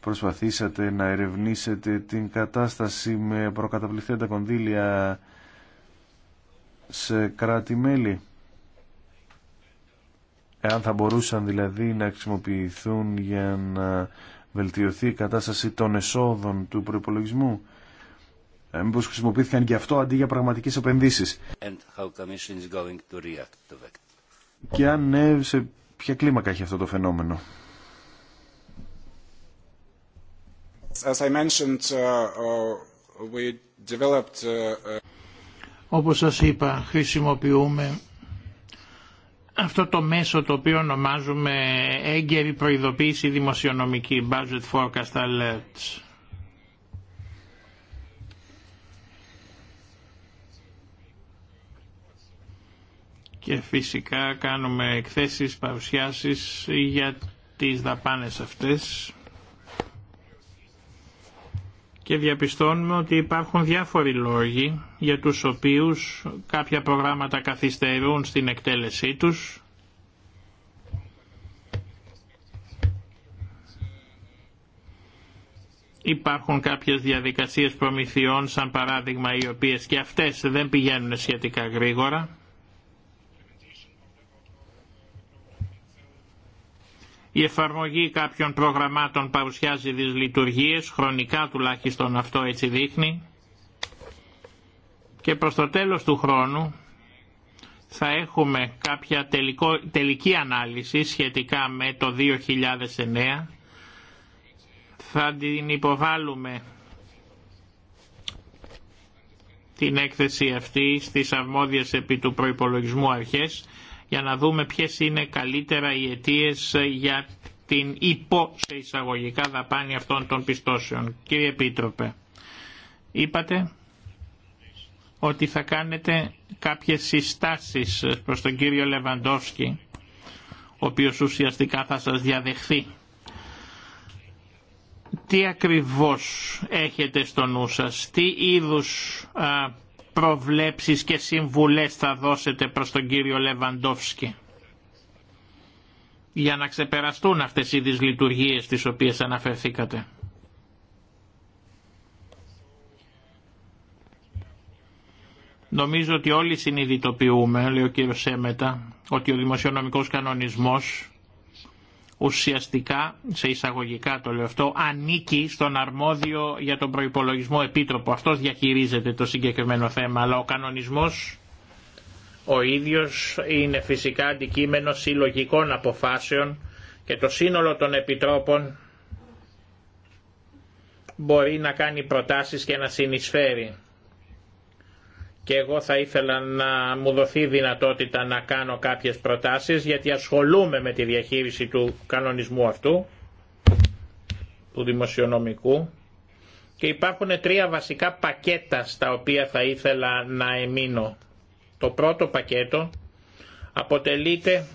Προσπαθήσατε να ερευνήσετε την κατάσταση με προκαταβληθέντα κονδύλια σε κράτη-μέλη. Εάν θα μπορούσαν δηλαδή να χρησιμοποιηθούν για να βελτιωθεί η κατάσταση των εσόδων του προϋπολογισμού. Ε, Μήπω χρησιμοποιήθηκαν και αυτό αντί για πραγματικές επενδύσεις. Και αν ναι, σε ποια κλίμακα έχει αυτό το φαινόμενο. As I mentioned, uh, uh, we developed, uh, όπως σας είπα χρησιμοποιούμε αυτό το μέσο το οποίο ονομάζουμε έγκαιρη προειδοποίηση δημοσιονομική, budget forecast alerts. Και φυσικά κάνουμε εκθέσεις, παρουσιάσεις για τις δαπάνες αυτές και διαπιστώνουμε ότι υπάρχουν διάφοροι λόγοι για τους οποίους κάποια προγράμματα καθυστερούν στην εκτέλεσή τους. Υπάρχουν κάποιες διαδικασίες προμηθειών, σαν παράδειγμα, οι οποίες και αυτές δεν πηγαίνουν σχετικά γρήγορα. Η εφαρμογή κάποιων προγραμμάτων παρουσιάζει δυσλειτουργίες, χρονικά τουλάχιστον αυτό έτσι δείχνει. Και προς το τέλος του χρόνου θα έχουμε κάποια τελική ανάλυση σχετικά με το 2009. Θα την υποβάλουμε την έκθεση αυτή στις αρμόδιες επί του προϋπολογισμού αρχές για να δούμε ποιες είναι καλύτερα οι αιτίε ε, για την υπό εισαγωγικά δαπάνη αυτών των πιστώσεων. Κύριε Επίτροπε, είπατε ότι θα κάνετε κάποιες συστάσεις προς τον κύριο Λεβαντόφσκι, ο οποίος ουσιαστικά θα σας διαδεχθεί. Τι ακριβώς έχετε στο νου σας, τι είδους προβλέψεις και συμβουλές θα δώσετε προς τον κύριο Λεβαντόφσκι για να ξεπεραστούν αυτές οι δυσλειτουργίες τις οποίες αναφερθήκατε. Νομίζω ότι όλοι συνειδητοποιούμε, λέει ο κύριος Σέμετα, ότι ο δημοσιονομικός κανονισμός ουσιαστικά, σε εισαγωγικά το λέω αυτό, ανήκει στον αρμόδιο για τον προϋπολογισμό επίτροπο. Αυτός διαχειρίζεται το συγκεκριμένο θέμα, αλλά ο κανονισμός ο ίδιος είναι φυσικά αντικείμενο συλλογικών αποφάσεων και το σύνολο των επιτρόπων μπορεί να κάνει προτάσεις και να συνεισφέρει και εγώ θα ήθελα να μου δοθεί δυνατότητα να κάνω κάποιες προτάσεις γιατί ασχολούμαι με τη διαχείριση του κανονισμού αυτού, του δημοσιονομικού και υπάρχουν τρία βασικά πακέτα στα οποία θα ήθελα να εμείνω. Το πρώτο πακέτο αποτελείται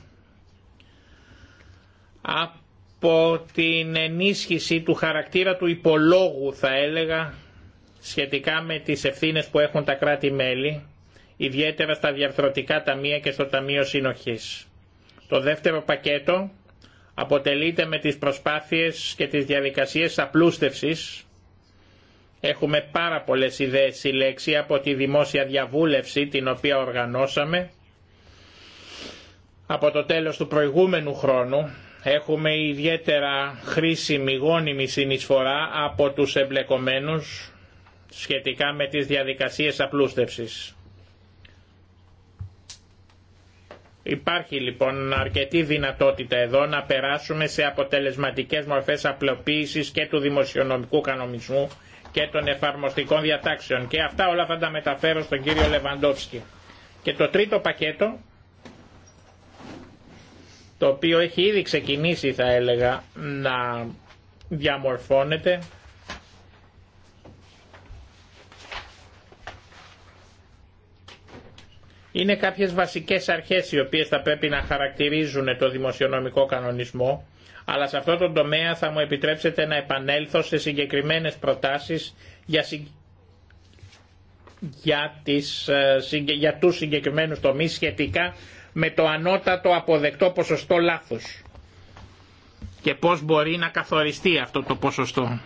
από την ενίσχυση του χαρακτήρα του υπολόγου θα έλεγα σχετικά με τις ευθύνες που έχουν τα κράτη-μέλη, ιδιαίτερα στα διαρθρωτικά ταμεία και στο Ταμείο Συνοχής. Το δεύτερο πακέτο αποτελείται με τις προσπάθειες και τις διαδικασίες απλούστευσης. Έχουμε πάρα πολλές ιδέες συλλέξει από τη δημόσια διαβούλευση την οποία οργανώσαμε. Από το τέλος του προηγούμενου χρόνου έχουμε ιδιαίτερα χρήσιμη γόνιμη συνεισφορά από τους εμπλεκομένους σχετικά με τις διαδικασίες απλούστευσης. Υπάρχει λοιπόν αρκετή δυνατότητα εδώ να περάσουμε σε αποτελεσματικές μορφές απλοποίησης και του δημοσιονομικού κανονισμού και των εφαρμοστικών διατάξεων και αυτά όλα θα τα μεταφέρω στον κύριο Λεβαντόφσκι. Και το τρίτο πακέτο το οποίο έχει ήδη ξεκινήσει θα έλεγα να διαμορφώνεται Είναι κάποιες βασικές αρχές οι οποίες θα πρέπει να χαρακτηρίζουν το δημοσιονομικό κανονισμό, αλλά σε αυτό το τομέα θα μου επιτρέψετε να επανέλθω σε συγκεκριμένες προτάσεις για, συ... για, τις... Ε, για τους συγκεκριμένους τομείς σχετικά με το ανώτατο αποδεκτό ποσοστό λάθους και πώς μπορεί να καθοριστεί αυτό το ποσοστό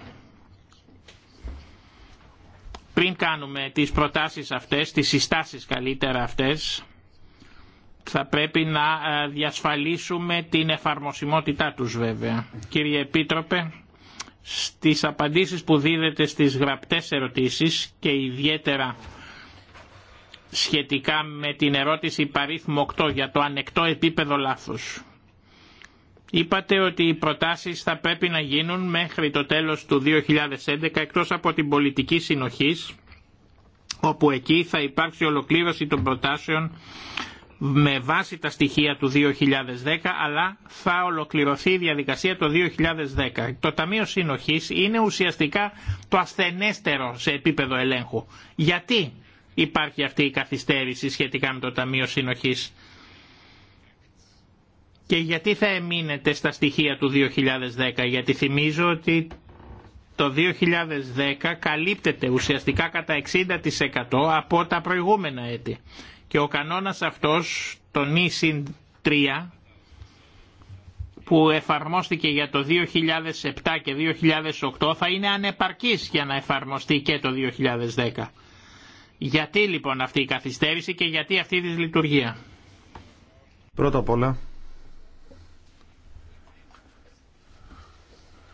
πριν κάνουμε τις προτάσεις αυτές, τις συστάσεις καλύτερα αυτές, θα πρέπει να ε, διασφαλίσουμε την εφαρμοσιμότητά τους βέβαια. Κύριε Επίτροπε, στις απαντήσεις που δίδεται στις γραπτές ερωτήσεις και ιδιαίτερα σχετικά με την ερώτηση παρήθμου 8 για το ανεκτό επίπεδο λάθους Είπατε ότι οι προτάσεις θα πρέπει να γίνουν μέχρι το τέλος του 2011 εκτός από την πολιτική συνοχής όπου εκεί θα υπάρξει ολοκλήρωση των προτάσεων με βάση τα στοιχεία του 2010 αλλά θα ολοκληρωθεί η διαδικασία το 2010. Το Ταμείο Συνοχής είναι ουσιαστικά το ασθενέστερο σε επίπεδο ελέγχου. Γιατί υπάρχει αυτή η καθυστέρηση σχετικά με το Ταμείο Συνοχής. Και γιατί θα εμείνετε στα στοιχεία του 2010, γιατί θυμίζω ότι το 2010 καλύπτεται ουσιαστικά κατά 60% από τα προηγούμενα έτη. Και ο κανόνας αυτός, το νησιν 3, που εφαρμόστηκε για το 2007 και 2008 θα είναι ανεπαρκής για να εφαρμοστεί και το 2010. Γιατί λοιπόν αυτή η καθυστέρηση και γιατί αυτή η δυσλειτουργία. Πρώτα απ' όλα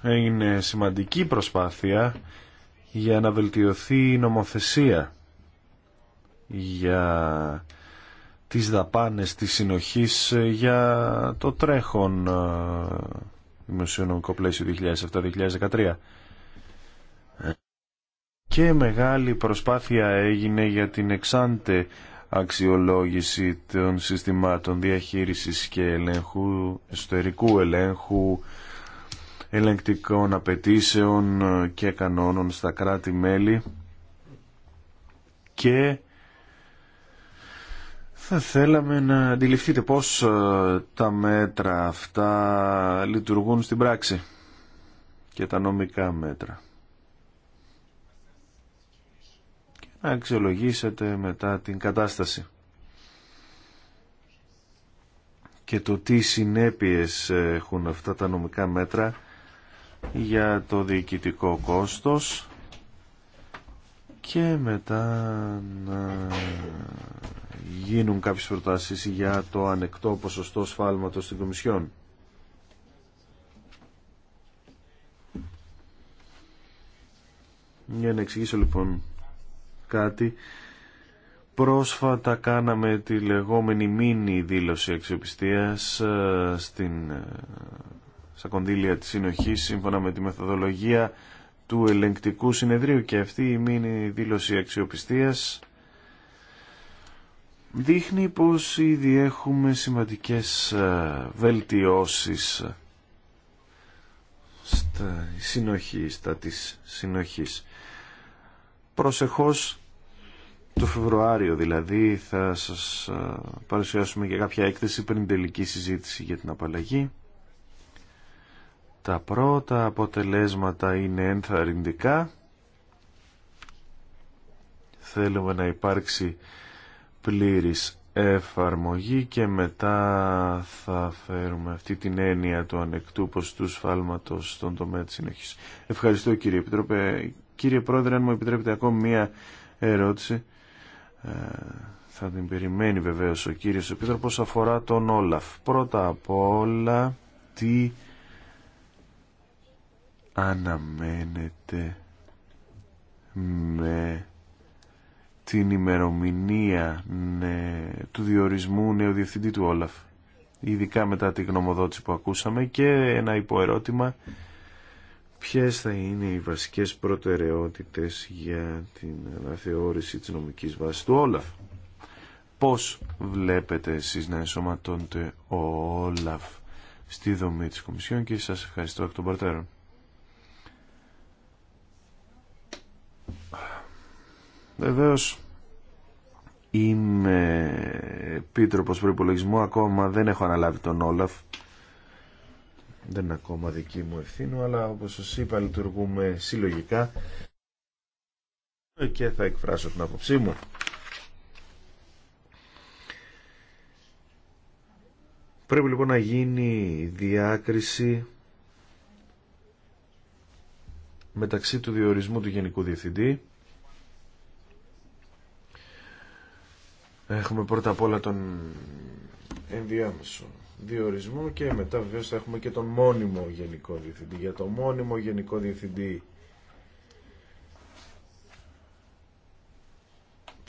έγινε σημαντική προσπάθεια για να βελτιωθεί η νομοθεσία για τις δαπάνες της συνοχής ε, για το τρέχον ε, δημοσιονομικό πλαίσιο 2007-2013. Και μεγάλη προσπάθεια έγινε για την εξάντε αξιολόγηση των συστημάτων διαχείρισης και ελέγχου, εσωτερικού ελέγχου, ελεγκτικών απαιτήσεων και κανόνων στα κράτη-μέλη και θα θέλαμε να αντιληφθείτε πώς ε, τα μέτρα αυτά λειτουργούν στην πράξη και τα νομικά μέτρα. Και να αξιολογήσετε μετά την κατάσταση και το τι συνέπειες έχουν αυτά τα νομικά μέτρα για το διοικητικό κόστος και μετά να γίνουν κάποιες προτάσεις για το ανεκτό ποσοστό σφάλματος στην Κομισιόν. Για να εξηγήσω λοιπόν κάτι. Πρόσφατα κάναμε τη λεγόμενη μήνυ δήλωση αξιοπιστίας ε, στην ε, στα κονδύλια της συνοχής σύμφωνα με τη μεθοδολογία του ελεγκτικού συνεδρίου και αυτή η μήνυ δήλωση αξιοπιστίας δείχνει πως ήδη έχουμε σημαντικές ε, βελτιώσεις στα συνοχή, στα της συνοχής. Προσεχώς το Φεβρουάριο δηλαδή θα σας ε, παρουσιάσουμε και κάποια έκθεση πριν τελική συζήτηση για την απαλλαγή. Τα πρώτα αποτελέσματα είναι ενθαρρυντικά. Θέλουμε να υπάρξει πλήρης εφαρμογή και μετά θα φέρουμε αυτή την έννοια του ανεκτού ποστού σφάλματος στον τομέα της συνέχισης. Ευχαριστώ κύριε Επιτρόπε. Κύριε Πρόεδρε, αν μου επιτρέπετε ακόμη μία ερώτηση. Ε, θα την περιμένει βεβαίως ο κύριος Επίτροπος αφορά τον Όλαφ. Πρώτα απ' όλα, τι αναμένεται με την ημερομηνία του διορισμού νέου διευθυντή του Όλαφ ειδικά μετά τη γνωμοδότηση που ακούσαμε και ένα υποερώτημα ποιες θα είναι οι βασικές προτεραιότητες για την αναθεώρηση της νομικής βάσης του Όλαφ πώς βλέπετε εσείς να ενσωματώνετε ο Όλαφ στη δομή της Κομισιόν και σας ευχαριστώ εκ των παρτέρων Βεβαίως είμαι επίτροπος προϋπολογισμού, ακόμα δεν έχω αναλάβει τον Όλαφ. Δεν είναι ακόμα δική μου ευθύνη, αλλά όπως σας είπα λειτουργούμε συλλογικά και θα εκφράσω την άποψή μου. Πρέπει λοιπόν να γίνει διάκριση μεταξύ του διορισμού του Γενικού Διευθυντή Έχουμε πρώτα απ' όλα τον ενδιάμεσο διορισμό και μετά βεβαίως θα έχουμε και τον μόνιμο γενικό διευθυντή. Για το μόνιμο γενικό διευθυντή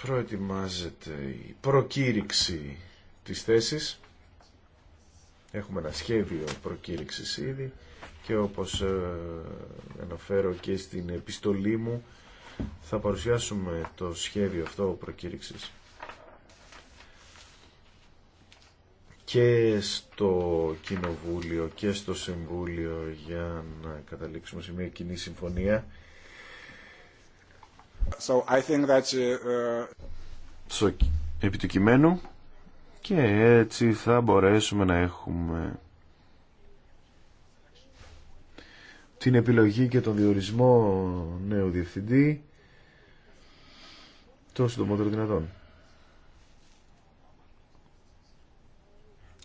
προετοιμάζεται η προκήρυξη της θέσης. Έχουμε ένα σχέδιο προκήρυξης ήδη και όπως ε, αναφέρω και στην επιστολή μου θα παρουσιάσουμε το σχέδιο αυτό προκήρυξης και στο Κοινοβούλιο και στο Συμβούλιο για να καταλήξουμε σε μια κοινή συμφωνία. So I think uh, και έτσι θα μπορέσουμε να έχουμε την επιλογή και τον διορισμό νέου διευθυντή το μότερο δυνατόν.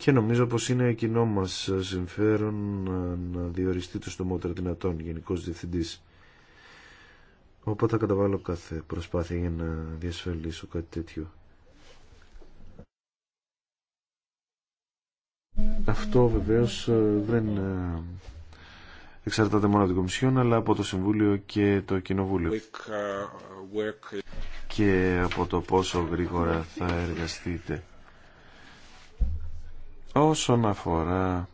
και νομίζω πως είναι κοινό μας συμφέρον να διοριστεί το στομότερο δυνατόν Γενικός Διευθυντής. Οπότε θα καταβάλω κάθε προσπάθεια για να διασφαλίσω κάτι τέτοιο. Αυτό βεβαίως ε, δεν ε, εξαρτάται μόνο από την Κομισιόν αλλά από το Συμβούλιο και το Κοινοβούλιο και από το πόσο γρήγορα θα εργαστείτε. Όσον αφορά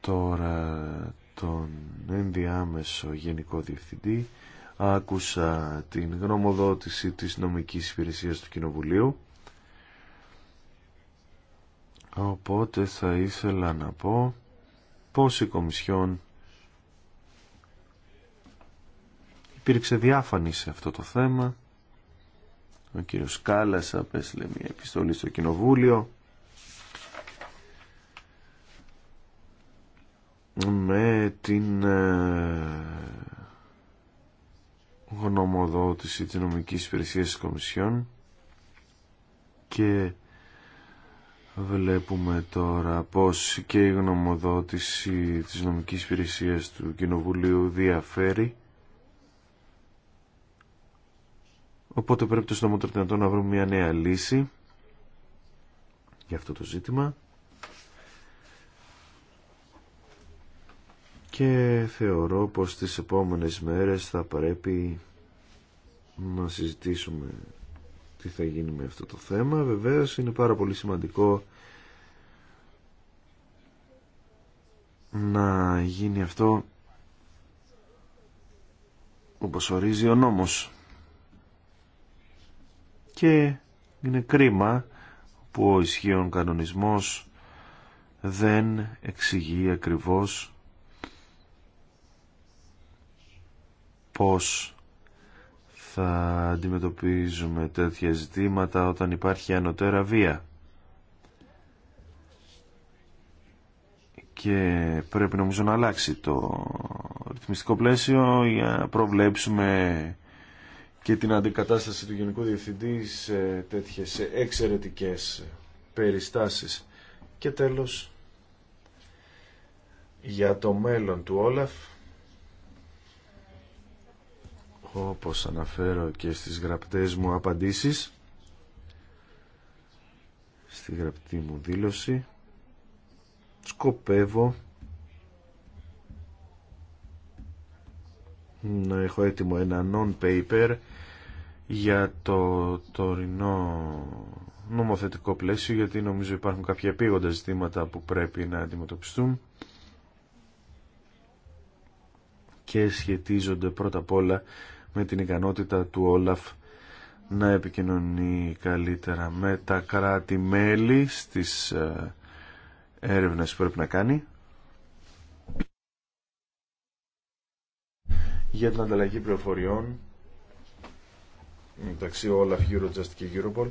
τώρα τον ενδιάμεσο Γενικό Διευθυντή, άκουσα την γνωμοδότηση της νομικής υπηρεσίας του Κοινοβουλίου, οπότε θα ήθελα να πω πως η Κομισιόν υπήρξε διάφανη σε αυτό το θέμα. Ο κύριος Κάλλας απέστειλε μια επιστολή στο Κοινοβούλιο με την ε, γνωμοδότηση της νομικής υπηρεσίας της Κομισιόν και βλέπουμε τώρα πως και η γνωμοδότηση της νομικής υπηρεσίας του Κοινοβουλίου διαφέρει οπότε πρέπει το συντομότερο να βρούμε μια νέα λύση για αυτό το ζήτημα και θεωρώ πως τις επόμενες μέρες θα πρέπει να συζητήσουμε τι θα γίνει με αυτό το θέμα. Βεβαίως είναι πάρα πολύ σημαντικό να γίνει αυτό όπως ορίζει ο νόμος. Και είναι κρίμα που ο ισχύων κανονισμός δεν εξηγεί ακριβώς πώς θα αντιμετωπίζουμε τέτοια ζητήματα όταν υπάρχει ανωτέρα βία. Και πρέπει νομίζω να αλλάξει το ρυθμιστικό πλαίσιο για να προβλέψουμε και την αντικατάσταση του Γενικού Διευθυντή σε τέτοιες εξαιρετικές περιστάσεις. Και τέλος, για το μέλλον του Όλαφ, όπως αναφέρω και στις γραπτές μου απαντήσεις στη γραπτή μου δήλωση σκοπεύω να έχω έτοιμο ένα non-paper για το τωρινό νομοθετικό πλαίσιο γιατί νομίζω υπάρχουν κάποια επίγοντα ζητήματα που πρέπει να αντιμετωπιστούν και σχετίζονται πρώτα απ' όλα με την ικανότητα του Όλαφ να επικοινωνεί καλύτερα με τα κράτη-μέλη στις ε, έρευνες που πρέπει να κάνει για την ανταλλαγή πληροφοριών μεταξύ Όλαφ, Eurojust και Europol.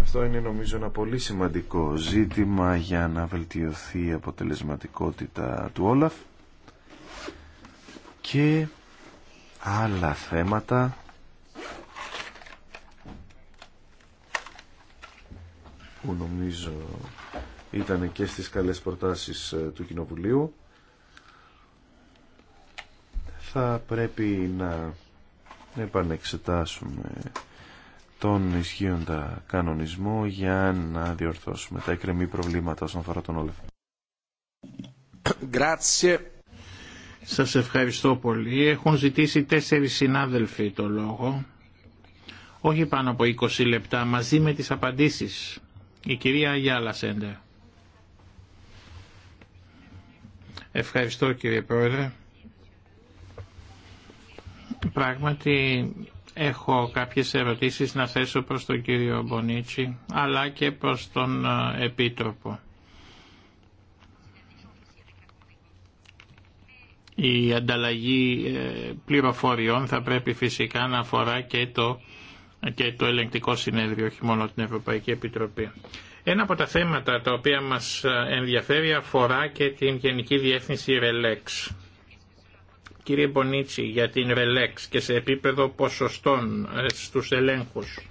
Αυτό είναι νομίζω ένα πολύ σημαντικό ζήτημα για να βελτιωθεί η αποτελεσματικότητα του Όλαφ και άλλα θέματα που νομίζω ήταν και στις καλές προτάσεις ε, του Κοινοβουλίου θα πρέπει να επανεξετάσουμε τον ισχύοντα κανονισμό για να διορθώσουμε τα εκκρεμή προβλήματα όσον αφορά τον Grazie. Σας ευχαριστώ πολύ. Έχουν ζητήσει τέσσερις συνάδελφοι το λόγο, όχι πάνω από 20 λεπτά, μαζί με τις απαντήσεις. Η κυρία Γιάλα Σέντε. Ευχαριστώ κύριε Πρόεδρε. Πράγματι έχω κάποιες ερωτήσεις να θέσω προς τον κύριο Μπονίτσι αλλά και προς τον ε, Επίτροπο. Η ανταλλαγή ε, πληροφοριών θα πρέπει φυσικά να αφορά και το, και το ελεγκτικό συνέδριο, όχι μόνο την Ευρωπαϊκή Επιτροπή. Ένα από τα θέματα τα οποία μας ε, ενδιαφέρει αφορά και την Γενική Διεύθυνση Ρελέξ. Κύριε Μπονίτσι, για την Ρελέξ και σε επίπεδο ποσοστών ε, στους ελέγχους.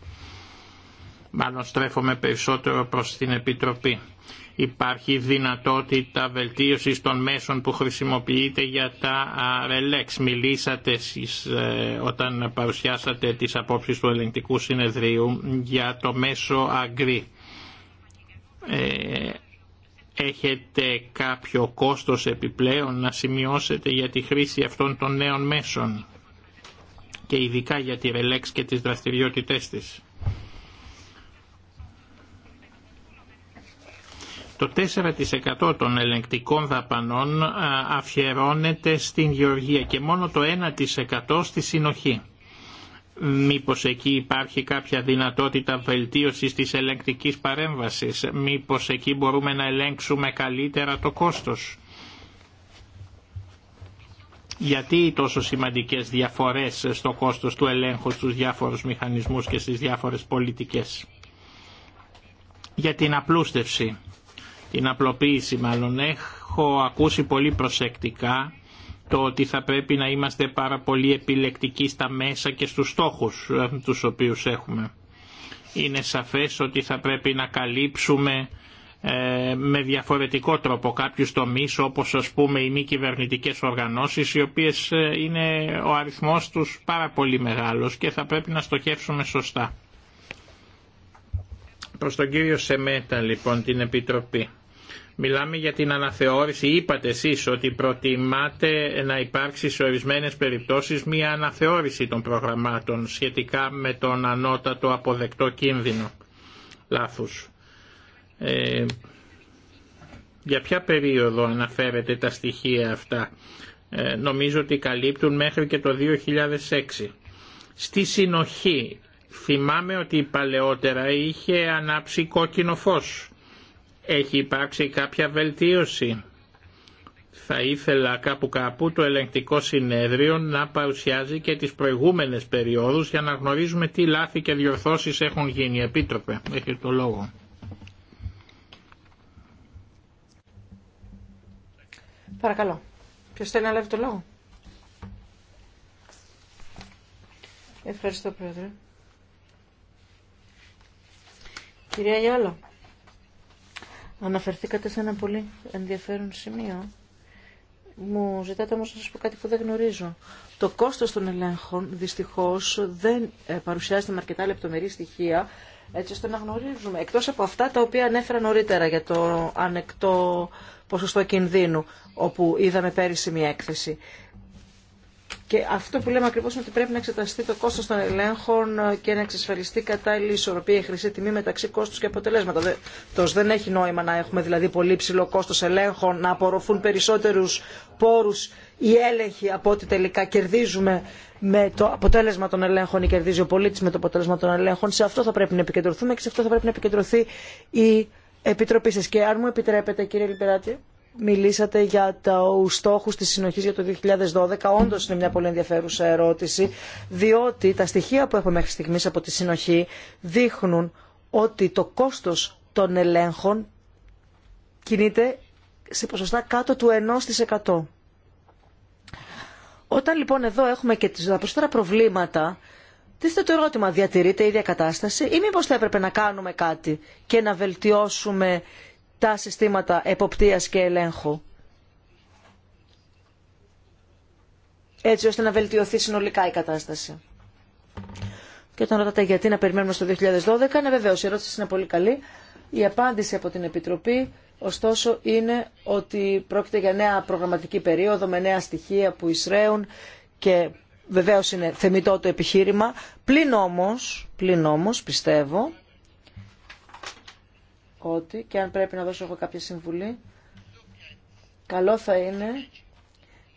Μάλλον στρέφομαι περισσότερο προς την Επιτροπή. Υπάρχει δυνατότητα βελτίωσης των μέσων που χρησιμοποιείτε για τα RELEX. Μιλήσατε εσείς ε, όταν παρουσιάσατε τις απόψεις του ελληνικού συνεδρίου για το μέσο αγκρί. Ε, έχετε κάποιο κόστος επιπλέον να σημειώσετε για τη χρήση αυτών των νέων μέσων και ειδικά για τη ρελέξη και τις δραστηριότητές της. Το 4% των ελεγκτικών δαπανών αφιερώνεται στην γεωργία και μόνο το 1% στη συνοχή. Μήπως εκεί υπάρχει κάποια δυνατότητα βελτίωσης της ελεγκτικής παρέμβασης. Μήπως εκεί μπορούμε να ελέγξουμε καλύτερα το κόστος. Γιατί οι τόσο σημαντικές διαφορές στο κόστος του ελέγχου στους διάφορους μηχανισμούς και στις διάφορες πολιτικές. Για την απλούστευση την απλοποίηση μάλλον έχω ακούσει πολύ προσεκτικά το ότι θα πρέπει να είμαστε πάρα πολύ επιλεκτικοί στα μέσα και στους στόχους ε, τους οποίους έχουμε. Είναι σαφές ότι θα πρέπει να καλύψουμε ε, με διαφορετικό τρόπο κάποιους τομείς όπως ας πούμε οι μη κυβερνητικέ οργανώσεις οι οποίες ε, είναι ο αριθμός τους πάρα πολύ μεγάλος και θα πρέπει να στοχεύσουμε σωστά. Προς τον κύριο Σεμέτα λοιπόν την Επιτροπή. Μιλάμε για την αναθεώρηση. Είπατε εσείς ότι προτιμάτε να υπάρξει σε ορισμένες περιπτώσεις μια αναθεώρηση των προγραμμάτων σχετικά με τον ανώτατο αποδεκτό κίνδυνο. Λάθος. Ε, για ποια περίοδο αναφέρετε τα στοιχεία αυτά. Ε, νομίζω ότι καλύπτουν μέχρι και το 2006. Στη συνοχή θυμάμαι ότι παλαιότερα είχε ανάψει κόκκινο φως έχει υπάρξει κάποια βελτίωση. Θα ήθελα κάπου κάπου το ελεγκτικό συνέδριο να παρουσιάζει και τις προηγούμενες περιόδους για να γνωρίζουμε τι λάθη και διορθώσεις έχουν γίνει. Επίτροπε, έχει το λόγο. Παρακαλώ. Ποιος θέλει να λάβει το λόγο. Ευχαριστώ, Πρόεδρε. Κυρία Γιάλο. Αναφερθήκατε σε ένα πολύ ενδιαφέρον σημείο. Μου ζητάτε όμως να σας πω κάτι που δεν γνωρίζω. Το κόστος των ελέγχων δυστυχώς δεν ε, παρουσιάζεται με αρκετά λεπτομερή στοιχεία έτσι ώστε να γνωρίζουμε. Εκτός από αυτά τα οποία ανέφερα νωρίτερα για το ανεκτό ποσοστό κινδύνου όπου είδαμε πέρυσι μια έκθεση. Και αυτό που λέμε ακριβώ είναι ότι πρέπει να εξεταστεί το κόστο των ελέγχων και να εξασφαλιστεί κατάλληλη ισορροπία η χρυσή τιμή μεταξύ κόστου και αποτελέσματα. Δεν έχει νόημα να έχουμε δηλαδή πολύ ψηλό κόστο ελέγχων, να απορροφούν περισσότερου πόρου οι έλεγχοι από ό,τι τελικά κερδίζουμε με το αποτέλεσμα των ελέγχων ή κερδίζει ο πολίτη με το αποτέλεσμα των ελέγχων. Σε αυτό θα πρέπει να επικεντρωθούμε και σε αυτό θα πρέπει να επικεντρωθεί η Επιτροπή σα. Και αν μου επιτρέπετε κύριε Λιπεράτη μιλήσατε για του στόχου τη συνοχή για το 2012. Όντω είναι μια πολύ ενδιαφέρουσα ερώτηση, διότι τα στοιχεία που έχουμε μέχρι στιγμή από τη συνοχή δείχνουν ότι το κόστο των ελέγχων κινείται σε ποσοστά κάτω του 1%. Όταν λοιπόν εδώ έχουμε και τα περισσότερα προβλήματα, τίθεται το ερώτημα, διατηρείται η ίδια κατάσταση ή μήπως θα έπρεπε να κάνουμε κάτι και να βελτιώσουμε τα συστήματα εποπτείας και ελέγχου. Έτσι ώστε να βελτιωθεί συνολικά η κατάσταση. Και όταν ρωτάτε γιατί να περιμένουμε στο 2012, ναι βεβαίω η ερώτηση είναι πολύ καλή. Η απάντηση από την Επιτροπή ωστόσο είναι ότι πρόκειται για νέα προγραμματική περίοδο με νέα στοιχεία που εισραίουν και βεβαίως είναι θεμητό το επιχείρημα. Πλην όμως, πλην όμως πιστεύω ότι και αν πρέπει να δώσω εγώ κάποια συμβουλή, καλό θα είναι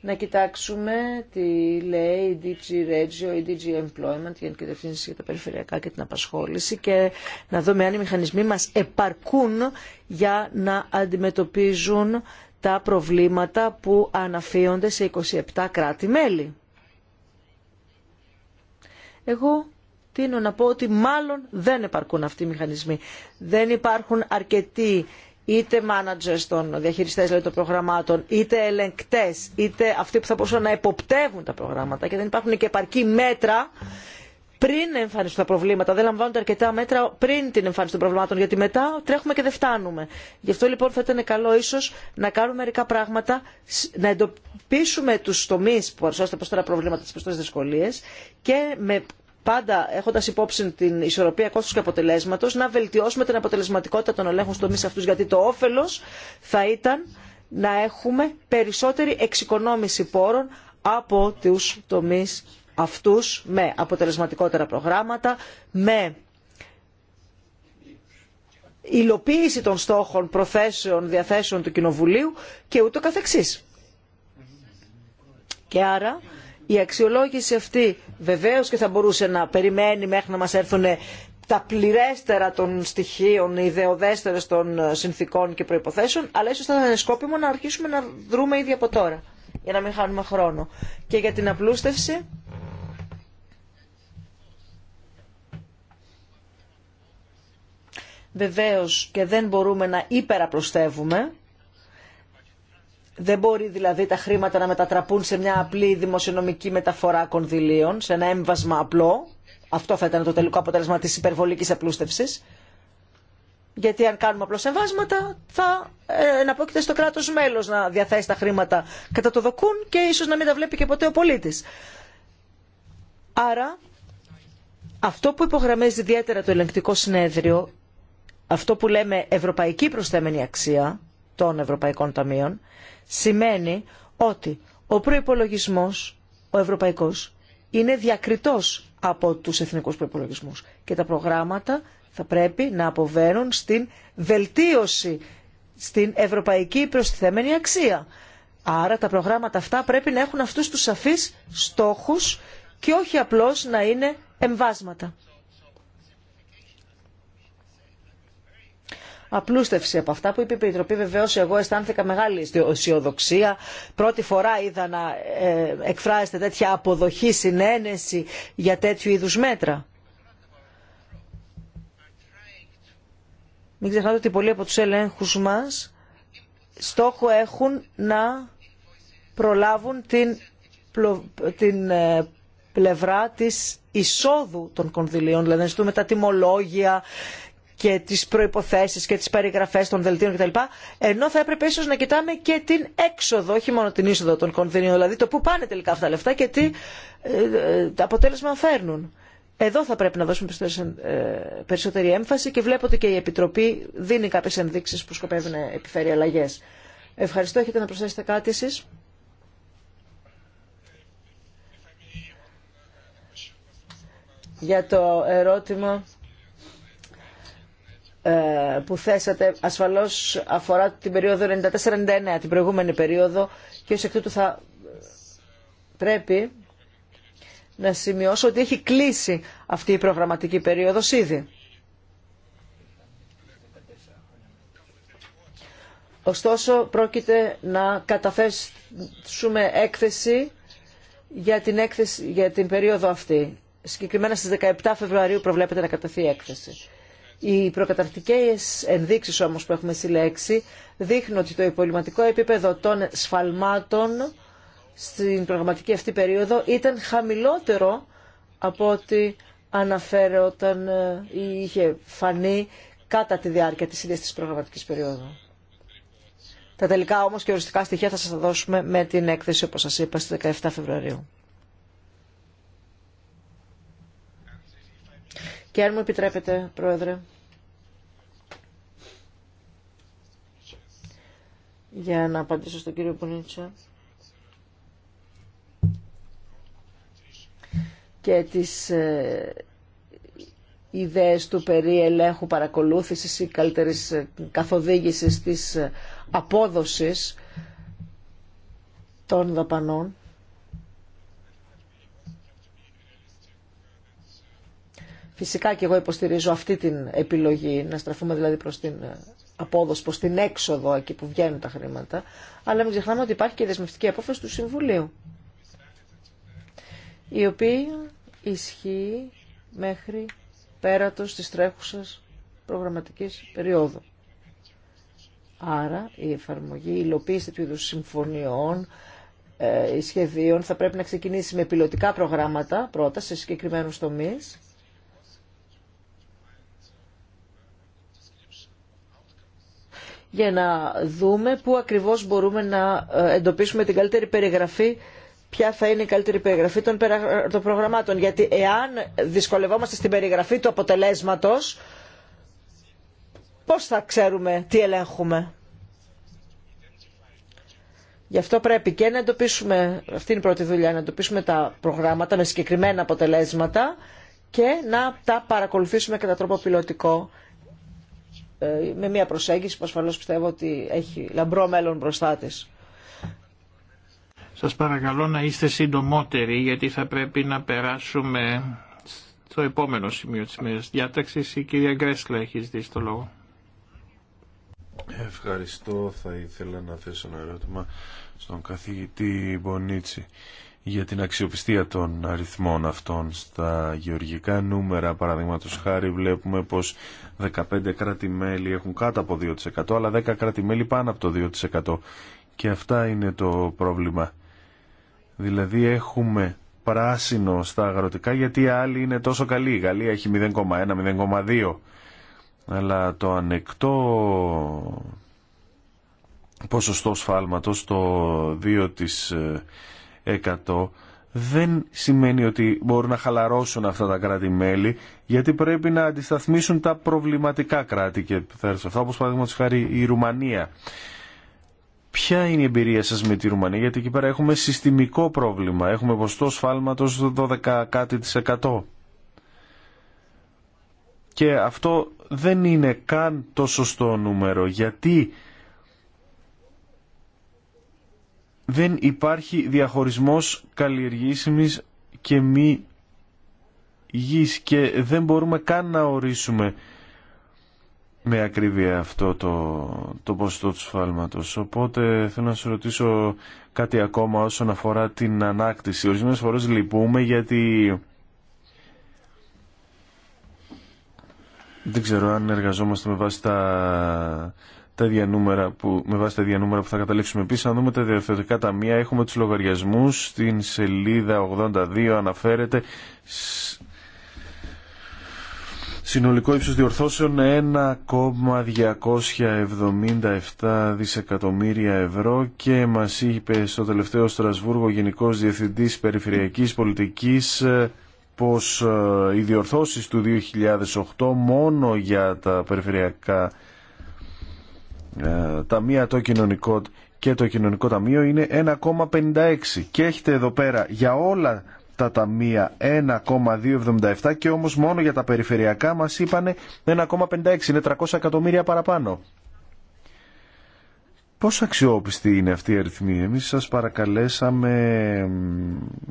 να κοιτάξουμε τι λέει η DG Regio, η DG Employment, η την Διευθύνση για τα Περιφερειακά και την Απασχόληση και να δούμε αν οι μηχανισμοί μας επαρκούν για να αντιμετωπίζουν τα προβλήματα που αναφύονται σε 27 κράτη-μέλη. Εγώ τίνω να πω ότι μάλλον δεν επαρκούν αυτοί οι μηχανισμοί. Δεν υπάρχουν αρκετοί είτε managers των διαχειριστές δηλαδή, των προγραμμάτων, είτε ελεγκτές, είτε αυτοί που θα μπορούσαν να εποπτεύουν τα προγράμματα και δεν υπάρχουν και επαρκή μέτρα πριν εμφανιστούν τα προβλήματα. Δεν λαμβάνονται αρκετά μέτρα πριν την εμφάνιση των προβλημάτων, γιατί μετά τρέχουμε και δεν φτάνουμε. Γι' αυτό λοιπόν θα ήταν καλό ίσω να κάνουμε μερικά πράγματα, να εντοπίσουμε του τομεί που παρουσιάζονται τα προβλήματα, τι περισσότερε δυσκολίε και με πάντα έχοντα υπόψη την ισορροπία κόστου και αποτελέσματο, να βελτιώσουμε την αποτελεσματικότητα των ελέγχων στου τομεί αυτού. Γιατί το όφελο θα ήταν να έχουμε περισσότερη εξοικονόμηση πόρων από του τομεί αυτού με αποτελεσματικότερα προγράμματα, με υλοποίηση των στόχων, προθέσεων, διαθέσεων του Κοινοβουλίου και ούτω καθεξής. Και άρα η αξιολόγηση αυτή βεβαίω και θα μπορούσε να περιμένει μέχρι να μα έρθουν τα πληρέστερα των στοιχείων, οι ιδεοδέστερες των συνθήκων και προποθέσεων. αλλά ίσω θα ήταν σκόπιμο να αρχίσουμε να δρούμε ήδη από τώρα, για να μην χάνουμε χρόνο. Και για την απλούστευση... Βεβαίως και δεν μπορούμε να υπεραπλουστεύουμε, δεν μπορεί δηλαδή τα χρήματα να μετατραπούν σε μια απλή δημοσιονομική μεταφορά κονδυλίων, σε ένα έμβασμα απλό. Αυτό θα ήταν το τελικό αποτέλεσμα της υπερβολικής απλούστευσης. Γιατί αν κάνουμε απλώς εμβάσματα θα ε, εναπόκειται στο κράτος μέλος να διαθέσει τα χρήματα κατά το δοκούν και ίσως να μην τα βλέπει και ποτέ ο πολίτης. Άρα αυτό που υπογραμμίζει ιδιαίτερα το ελεγκτικό συνέδριο, αυτό που λέμε ευρωπαϊκή προσθέμενη αξία, των Ευρωπαϊκών Ταμείων σημαίνει ότι ο προϋπολογισμός, ο ευρωπαϊκός, είναι διακριτός από τους εθνικούς προϋπολογισμούς και τα προγράμματα θα πρέπει να αποβαίνουν στην βελτίωση, στην ευρωπαϊκή προστιθέμενη αξία. Άρα τα προγράμματα αυτά πρέπει να έχουν αυτούς τους σαφείς στόχους και όχι απλώς να είναι εμβάσματα. απλούστευση από αυτά που είπε η Επιτροπή. Βεβαίω, εγώ αισθάνθηκα μεγάλη αισιοδοξία. Πρώτη φορά είδα να ε, εκφράζεται τέτοια αποδοχή, συνένεση για τέτοιου είδου μέτρα. Μην ξεχνάτε ότι πολλοί από τους ελέγχους μας στόχο έχουν να προλάβουν την, την ε, πλευρά της εισόδου των κονδυλίων, δηλαδή να ζητούμε τα τιμολόγια, και τις προϋποθέσεις και τις περιγραφέ των δελτίων κτλ. Ενώ θα έπρεπε ίσω να κοιτάμε και την έξοδο, όχι μόνο την είσοδο των κονδυλίων, δηλαδή το πού πάνε τελικά αυτά τα λεφτά και τι ε, ε, αποτέλεσμα φέρνουν. Εδώ θα πρέπει να δώσουμε ε, περισσότερη έμφαση και βλέπω ότι και η Επιτροπή δίνει κάποιε ενδείξεις που σκοπεύουν να επιφέρει αλλαγέ. Ευχαριστώ. Έχετε να προσθέσετε κάτι εσεί. Για το ερώτημα ε, που θέσατε ασφαλώς αφορά την περίοδο 94-99, την προηγούμενη περίοδο και ως εκ τούτου θα ε, πρέπει να σημειώσω ότι έχει κλείσει αυτή η προγραμματική περίοδος ήδη. Ωστόσο, πρόκειται να καταθέσουμε έκθεση για την, έκθεση, για την περίοδο αυτή. Συγκεκριμένα στις 17 Φεβρουαρίου προβλέπεται να καταθεί έκθεση. Οι προκαταρκτικές ενδείξεις όμως που έχουμε συλλέξει δείχνουν ότι το υπολοιματικό επίπεδο των σφαλμάτων στην προγραμματική αυτή περίοδο ήταν χαμηλότερο από ό,τι αναφέρεται ή ε, είχε φανεί κατά τη διάρκεια της ίδιας της προγραμματικής περίοδου. Τα τελικά όμως και οριστικά στοιχεία θα σας τα δώσουμε με την έκθεση όπως σας είπα στις 17 Φεβρουαρίου. Και αν μου επιτρέπετε, Πρόεδρε, για να απαντήσω στον κύριο Πουνίτσα. και τις ε, ιδέες του περί ελέγχου παρακολούθησης ή καλύτερης ε, καθοδήγησης της ε, απόδοσης των δαπανών. Φυσικά και εγώ υποστηρίζω αυτή την επιλογή, να στραφούμε δηλαδή προς την ε, απόδοση, προς την έξοδο εκεί που βγαίνουν τα χρήματα, αλλά μην ξεχνάμε ότι υπάρχει και δεσμευτική απόφαση του Συμβουλίου, η οποία ισχύει μέχρι πέρατος της τρέχουσας προγραμματικής περίοδου. Άρα η εφαρμογή, η υλοποίηση τέτοιου είδους συμφωνιών, ε, σχεδίων θα πρέπει να ξεκινήσει με πιλωτικά προγράμματα πρώτα σε συγκεκριμένους τομείς για να δούμε πού ακριβώς μπορούμε να ε, εντοπίσουμε την καλύτερη περιγραφή ποια θα είναι η καλύτερη περιγραφή των, προγραμμάτων. Γιατί εάν δυσκολευόμαστε στην περιγραφή του αποτελέσματος, πώς θα ξέρουμε τι ελέγχουμε. Γι' αυτό πρέπει και να εντοπίσουμε, αυτή είναι η πρώτη δουλειά, να εντοπίσουμε τα προγράμματα με συγκεκριμένα αποτελέσματα και να τα παρακολουθήσουμε κατά τρόπο πιλωτικό ε, με μια προσέγγιση που ασφαλώς πιστεύω ότι έχει λαμπρό μέλλον μπροστά της. Σας παρακαλώ να είστε συντομότεροι γιατί θα πρέπει να περάσουμε στο επόμενο σημείο της μέρας διάταξης. Η κυρία Γκρέσλα έχει ζητήσει το λόγο. Ευχαριστώ. Θα ήθελα να θέσω ένα ερώτημα στον καθηγητή Μπονίτσι για την αξιοπιστία των αριθμών αυτών στα γεωργικά νούμερα. Παραδείγματος χάρη βλέπουμε πως 15 κράτη-μέλη έχουν κάτω από 2% αλλά 10 κράτη-μέλη πάνω από το 2% και αυτά είναι το πρόβλημα. Δηλαδή έχουμε πράσινο στα αγροτικά γιατί οι άλλοι είναι τόσο καλοί. Η Γαλλία έχει 0,1, 0,2 αλλά το ανεκτό ποσοστό σφάλματος το 2% δεν σημαίνει ότι μπορούν να χαλαρώσουν αυτά τα κράτη-μέλη, γιατί πρέπει να αντισταθμίσουν τα προβληματικά κράτη και θα έρθω αυτά, όπως παραδείγματο χάρη η Ρουμανία. Ποια είναι η εμπειρία σας με τη Ρουμανία, γιατί εκεί πέρα έχουμε συστημικό πρόβλημα, έχουμε ποστό σφάλματος 12 κάτι της εκατό. Και αυτό δεν είναι καν το σωστό νούμερο, γιατί δεν υπάρχει διαχωρισμός καλλιεργήσιμης και μη γης και δεν μπορούμε καν να ορίσουμε με ακρίβεια αυτό το, το ποσοστό του σφάλματος. Οπότε θέλω να σου ρωτήσω κάτι ακόμα όσον αφορά την ανάκτηση. Ορισμένες φορές λυπούμε γιατί δεν ξέρω αν εργαζόμαστε με βάση τα τα νούμερα που, με βάση τα ίδια νούμερα που θα καταλήξουμε επίσης, να δούμε τα διευθυντικά ταμεία, έχουμε τους λογαριασμούς, στην σελίδα 82 αναφέρεται συνολικό ύψος διορθώσεων 1,277 δισεκατομμύρια ευρώ και μας είπε στο τελευταίο Στρασβούργο Γενικός Διευθυντής Περιφερειακής Πολιτικής ε, πως ε, οι διορθώσεις του 2008 μόνο για τα περιφερειακά ε, ταμεία το κοινωνικό και το κοινωνικό ταμείο είναι 1,56 και έχετε εδώ πέρα για όλα τα ταμεία 1,277 και όμως μόνο για τα περιφερειακά μας είπανε 1,56 είναι 300 εκατομμύρια παραπάνω Πώς αξιόπιστη είναι αυτή η αριθμή. Εμείς σας παρακαλέσαμε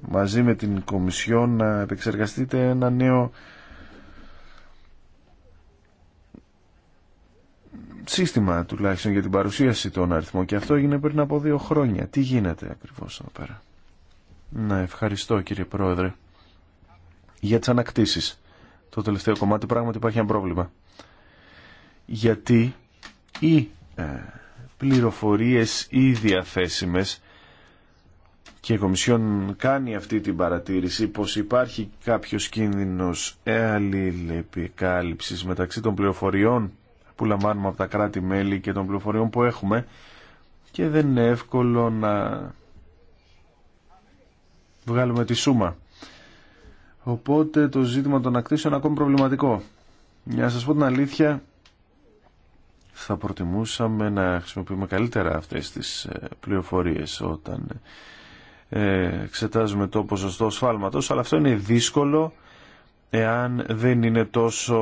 μαζί με την Κομισιόν να επεξεργαστείτε ένα νέο σύστημα τουλάχιστον για την παρουσίαση των αριθμών και αυτό έγινε πριν από δύο χρόνια. Τι γίνεται ακριβώς εδώ πέρα. Να ευχαριστώ κύριε Πρόεδρε για τις ανακτήσεις. Το τελευταίο κομμάτι πράγματι υπάρχει ένα πρόβλημα. Γιατί οι ε, πληροφορίες ή διαθέσιμες και η Κομισιόν κάνει αυτή την παρατήρηση πως υπάρχει κάποιος κίνδυνος αλληλεπικάλυψης μεταξύ των πληροφοριών που λαμβάνουμε από τα κράτη-μέλη και των πληροφοριών που έχουμε και δεν είναι εύκολο να βγάλουμε τη σούμα. Οπότε το ζήτημα των ακτήσεων είναι ακόμη προβληματικό. Για να σας πω την αλήθεια, θα προτιμούσαμε να χρησιμοποιούμε καλύτερα αυτές τις ε, πληροφορίες όταν ε, εξετάζουμε το ποσοστό σφάλματος, αλλά αυτό είναι δύσκολο εάν δεν είναι τόσο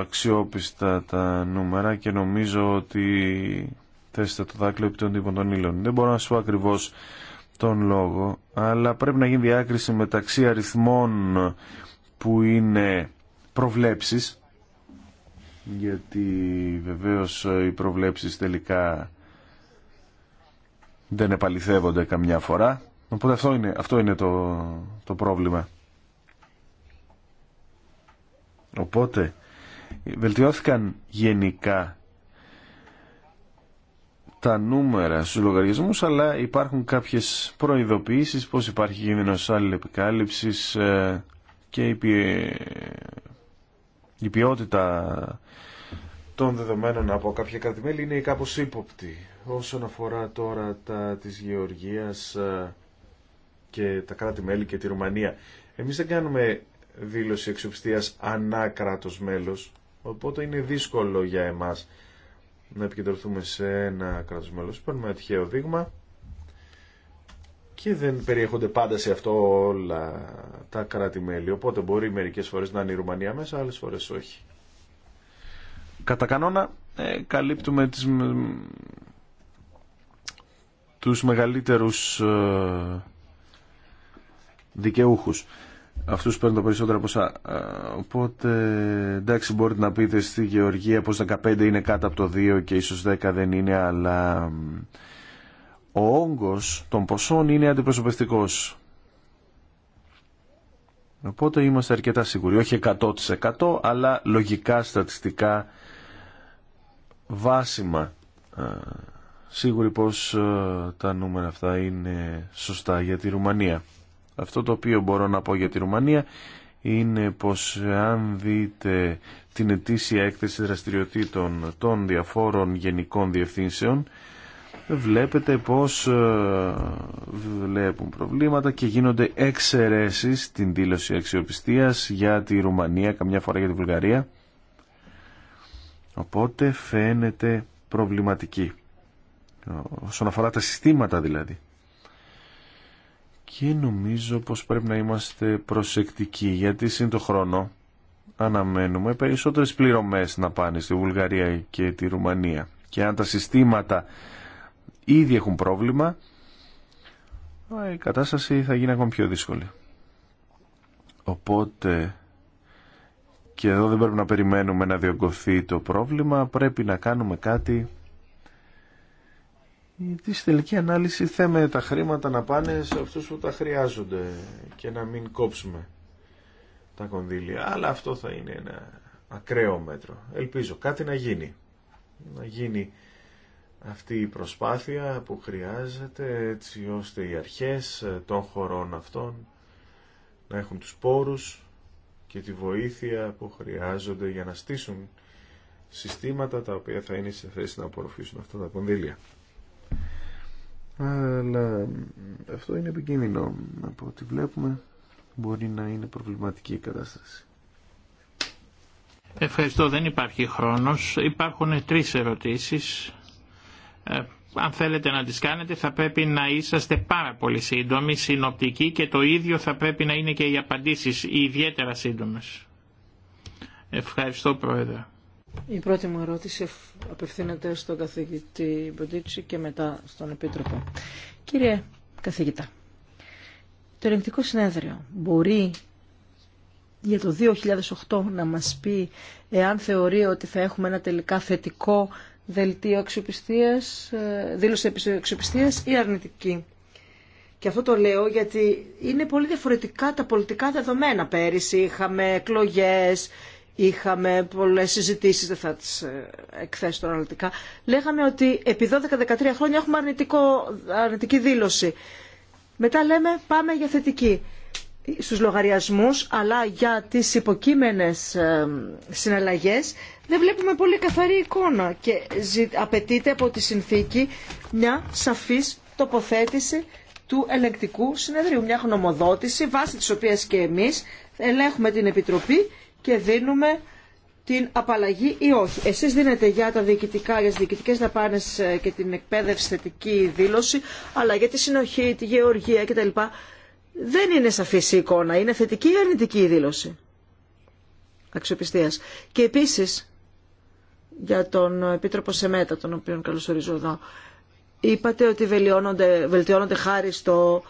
αξιόπιστα τα νούμερα και νομίζω ότι θέσετε το δάκλειο επί των τύπων των ήλων. Δεν μπορώ να σου ακριβώς τον λόγο, αλλά πρέπει να γίνει διάκριση μεταξύ αριθμών που είναι προβλέψεις, γιατί βεβαίως οι προβλέψεις τελικά δεν επαληθεύονται καμιά φορά. Οπότε αυτό είναι, αυτό είναι το, το πρόβλημα. Οπότε βελτιώθηκαν γενικά τα νούμερα στους λογαριασμούς αλλά υπάρχουν κάποιες προειδοποιήσεις πως υπάρχει κίνδυνος άλλη επικάλυψης ε, και η, ποι... ποιότητα των δεδομένων από κάποια κρατημέλη είναι κάπως ύποπτη. Όσον αφορά τώρα τα της Γεωργίας ε, και τα κράτη-μέλη και τη Ρουμανία, εμείς δεν κάνουμε δήλωση εξοπιστίας ανά κράτος μέλος, οπότε είναι δύσκολο για εμάς να επικεντρωθούμε σε ένα κράτος μέλος. Παίρνουμε ένα τυχαίο δείγμα και δεν περιέχονται πάντα σε αυτό όλα τα κράτη-μέλη, οπότε μπορεί μερικές φορές να είναι η Ρουμανία μέσα, άλλες φορές όχι. Κατά κανόνα ε, καλύπτουμε τις, τους μεγαλύτερους ε, αυτούς παίρνουν τα περισσότερα ποσά. Ε, οπότε, εντάξει, μπορείτε να πείτε στη Γεωργία πως 15 είναι κάτω από το 2 και ίσως 10 δεν είναι, αλλά ο όγκος των ποσών είναι αντιπροσωπευτικός. Οπότε είμαστε αρκετά σίγουροι, όχι 100% αλλά λογικά στατιστικά βάσιμα ε, σίγουροι πως ε, τα νούμερα αυτά είναι σωστά για τη Ρουμανία. Αυτό το οποίο μπορώ να πω για τη Ρουμανία είναι πως αν δείτε την ετήσια έκθεση δραστηριοτήτων των διαφόρων γενικών διευθύνσεων βλέπετε πως ε, βλέπουν προβλήματα και γίνονται εξαιρέσεις στην δήλωση αξιοπιστίας για τη Ρουμανία, καμιά φορά για τη Βουλγαρία. Οπότε φαίνεται προβληματική. Όσον αφορά τα συστήματα δηλαδή και νομίζω πως πρέπει να είμαστε προσεκτικοί γιατί σύν το χρόνο αναμένουμε περισσότερες πληρωμές να πάνε στη Βουλγαρία και τη Ρουμανία και αν τα συστήματα ήδη έχουν πρόβλημα η κατάσταση θα γίνει ακόμη πιο δύσκολη. Οπότε και εδώ δεν πρέπει να περιμένουμε να διωγγωθεί το πρόβλημα, πρέπει να κάνουμε κάτι γιατί στη τελική ανάλυση θέμε τα χρήματα να πάνε σε αυτούς που τα χρειάζονται και να μην κόψουμε τα κονδύλια. Αλλά αυτό θα είναι ένα ακραίο μέτρο. Ελπίζω κάτι να γίνει. Να γίνει αυτή η προσπάθεια που χρειάζεται έτσι ώστε οι αρχές των χωρών αυτών να έχουν τους πόρους και τη βοήθεια που χρειάζονται για να στήσουν συστήματα τα οποία θα είναι σε θέση να απορροφήσουν αυτά τα κονδύλια. Αλλά αυτό είναι επικίνδυνο. Από ό,τι βλέπουμε μπορεί να είναι προβληματική η κατάσταση. Ευχαριστώ. Δεν υπάρχει χρόνος. Υπάρχουν τρεις ερωτήσεις. Ε, αν θέλετε να τις κάνετε θα πρέπει να είσαστε πάρα πολύ σύντομοι, συνοπτικοί και το ίδιο θα πρέπει να είναι και οι απαντήσεις οι ιδιαίτερα σύντομες. Ευχαριστώ Πρόεδρε. Η πρώτη μου ερώτηση απευθύνεται στον καθηγητή Μποντίτσι και μετά στον Επίτροπο. Κύριε καθηγητά, το ελεγκτικό συνέδριο μπορεί για το 2008 να μας πει εάν θεωρεί ότι θα έχουμε ένα τελικά θετικό δελτίο αξιοπιστίας, ε, δήλωση αξιοπιστίας ή αρνητική. Και αυτό το λέω γιατί είναι πολύ διαφορετικά τα πολιτικά δεδομένα. Πέρυσι είχαμε εκλογέ, είχαμε πολλές συζητήσεις, δεν θα τις ε, εκθέσω τώρα αναλυτικά, λέγαμε ότι επί 12-13 χρόνια έχουμε αρνητικό, αρνητική δήλωση. Μετά λέμε πάμε για θετική στους λογαριασμούς, αλλά για τις υποκείμενες ε, συναλλαγές δεν βλέπουμε πολύ καθαρή εικόνα και απαιτείται από τη συνθήκη μια σαφής τοποθέτηση του ελεγκτικού συνεδρίου, μια γνωμοδότηση βάσει της οποίας και εμείς ελέγχουμε την Επιτροπή και δίνουμε την απαλλαγή ή όχι. Εσείς δίνετε για τα διοικητικά, για τις διοικητικές δαπάνες ε, και την εκπαίδευση θετική δήλωση, αλλά για τη συνοχή, τη γεωργία κτλ. Δεν είναι σαφής η εικόνα. Είναι θετική ή αρνητική η δήλωση αξιοπιστίας. Και επίσης, για τον Επίτροπο Σεμέτα, τον οποίο καλωσορίζω εδώ, είπατε ότι βελτιώνονται, βελτιώνονται χάρη στο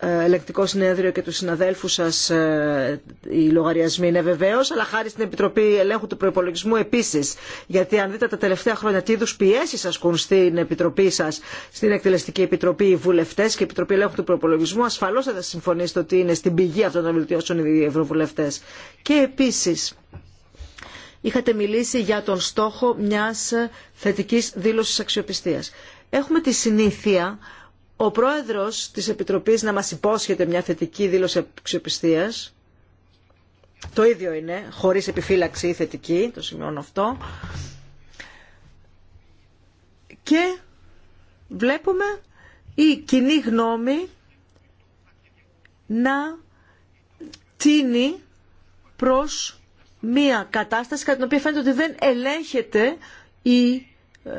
ελεκτικό συνέδριο και του συναδέλφου σα, ε, οι λογαριασμοί είναι βεβαίω, αλλά χάρη στην Επιτροπή Ελέγχου του προπολογισμού επίση. Γιατί αν δείτε τα τελευταία χρόνια τι είδου πιέσει ασκούν στην Επιτροπή σα, στην Εκτελεστική Επιτροπή, οι βουλευτέ και η Επιτροπή Ελέγχου του Προπολογισμού, ασφαλώ θα συμφωνήσετε ότι είναι στην πηγή αυτών των βελτιώσεων οι ευρωβουλευτέ. Και επίση, είχατε μιλήσει για τον στόχο μιας θετικής δήλωσης αξιοπιστίας. Έχουμε τη συνήθεια ο πρόεδρος της Επιτροπής να μας υπόσχεται μια θετική δήλωση αξιοπιστίας. Το ίδιο είναι, χωρίς επιφύλαξη ή θετική, το σημειώνω αυτό. Και βλέπουμε η κοινή γνώμη να τίνει προς μια κατάσταση κατά την οποία φαίνεται ότι δεν ελέγχεται η ε,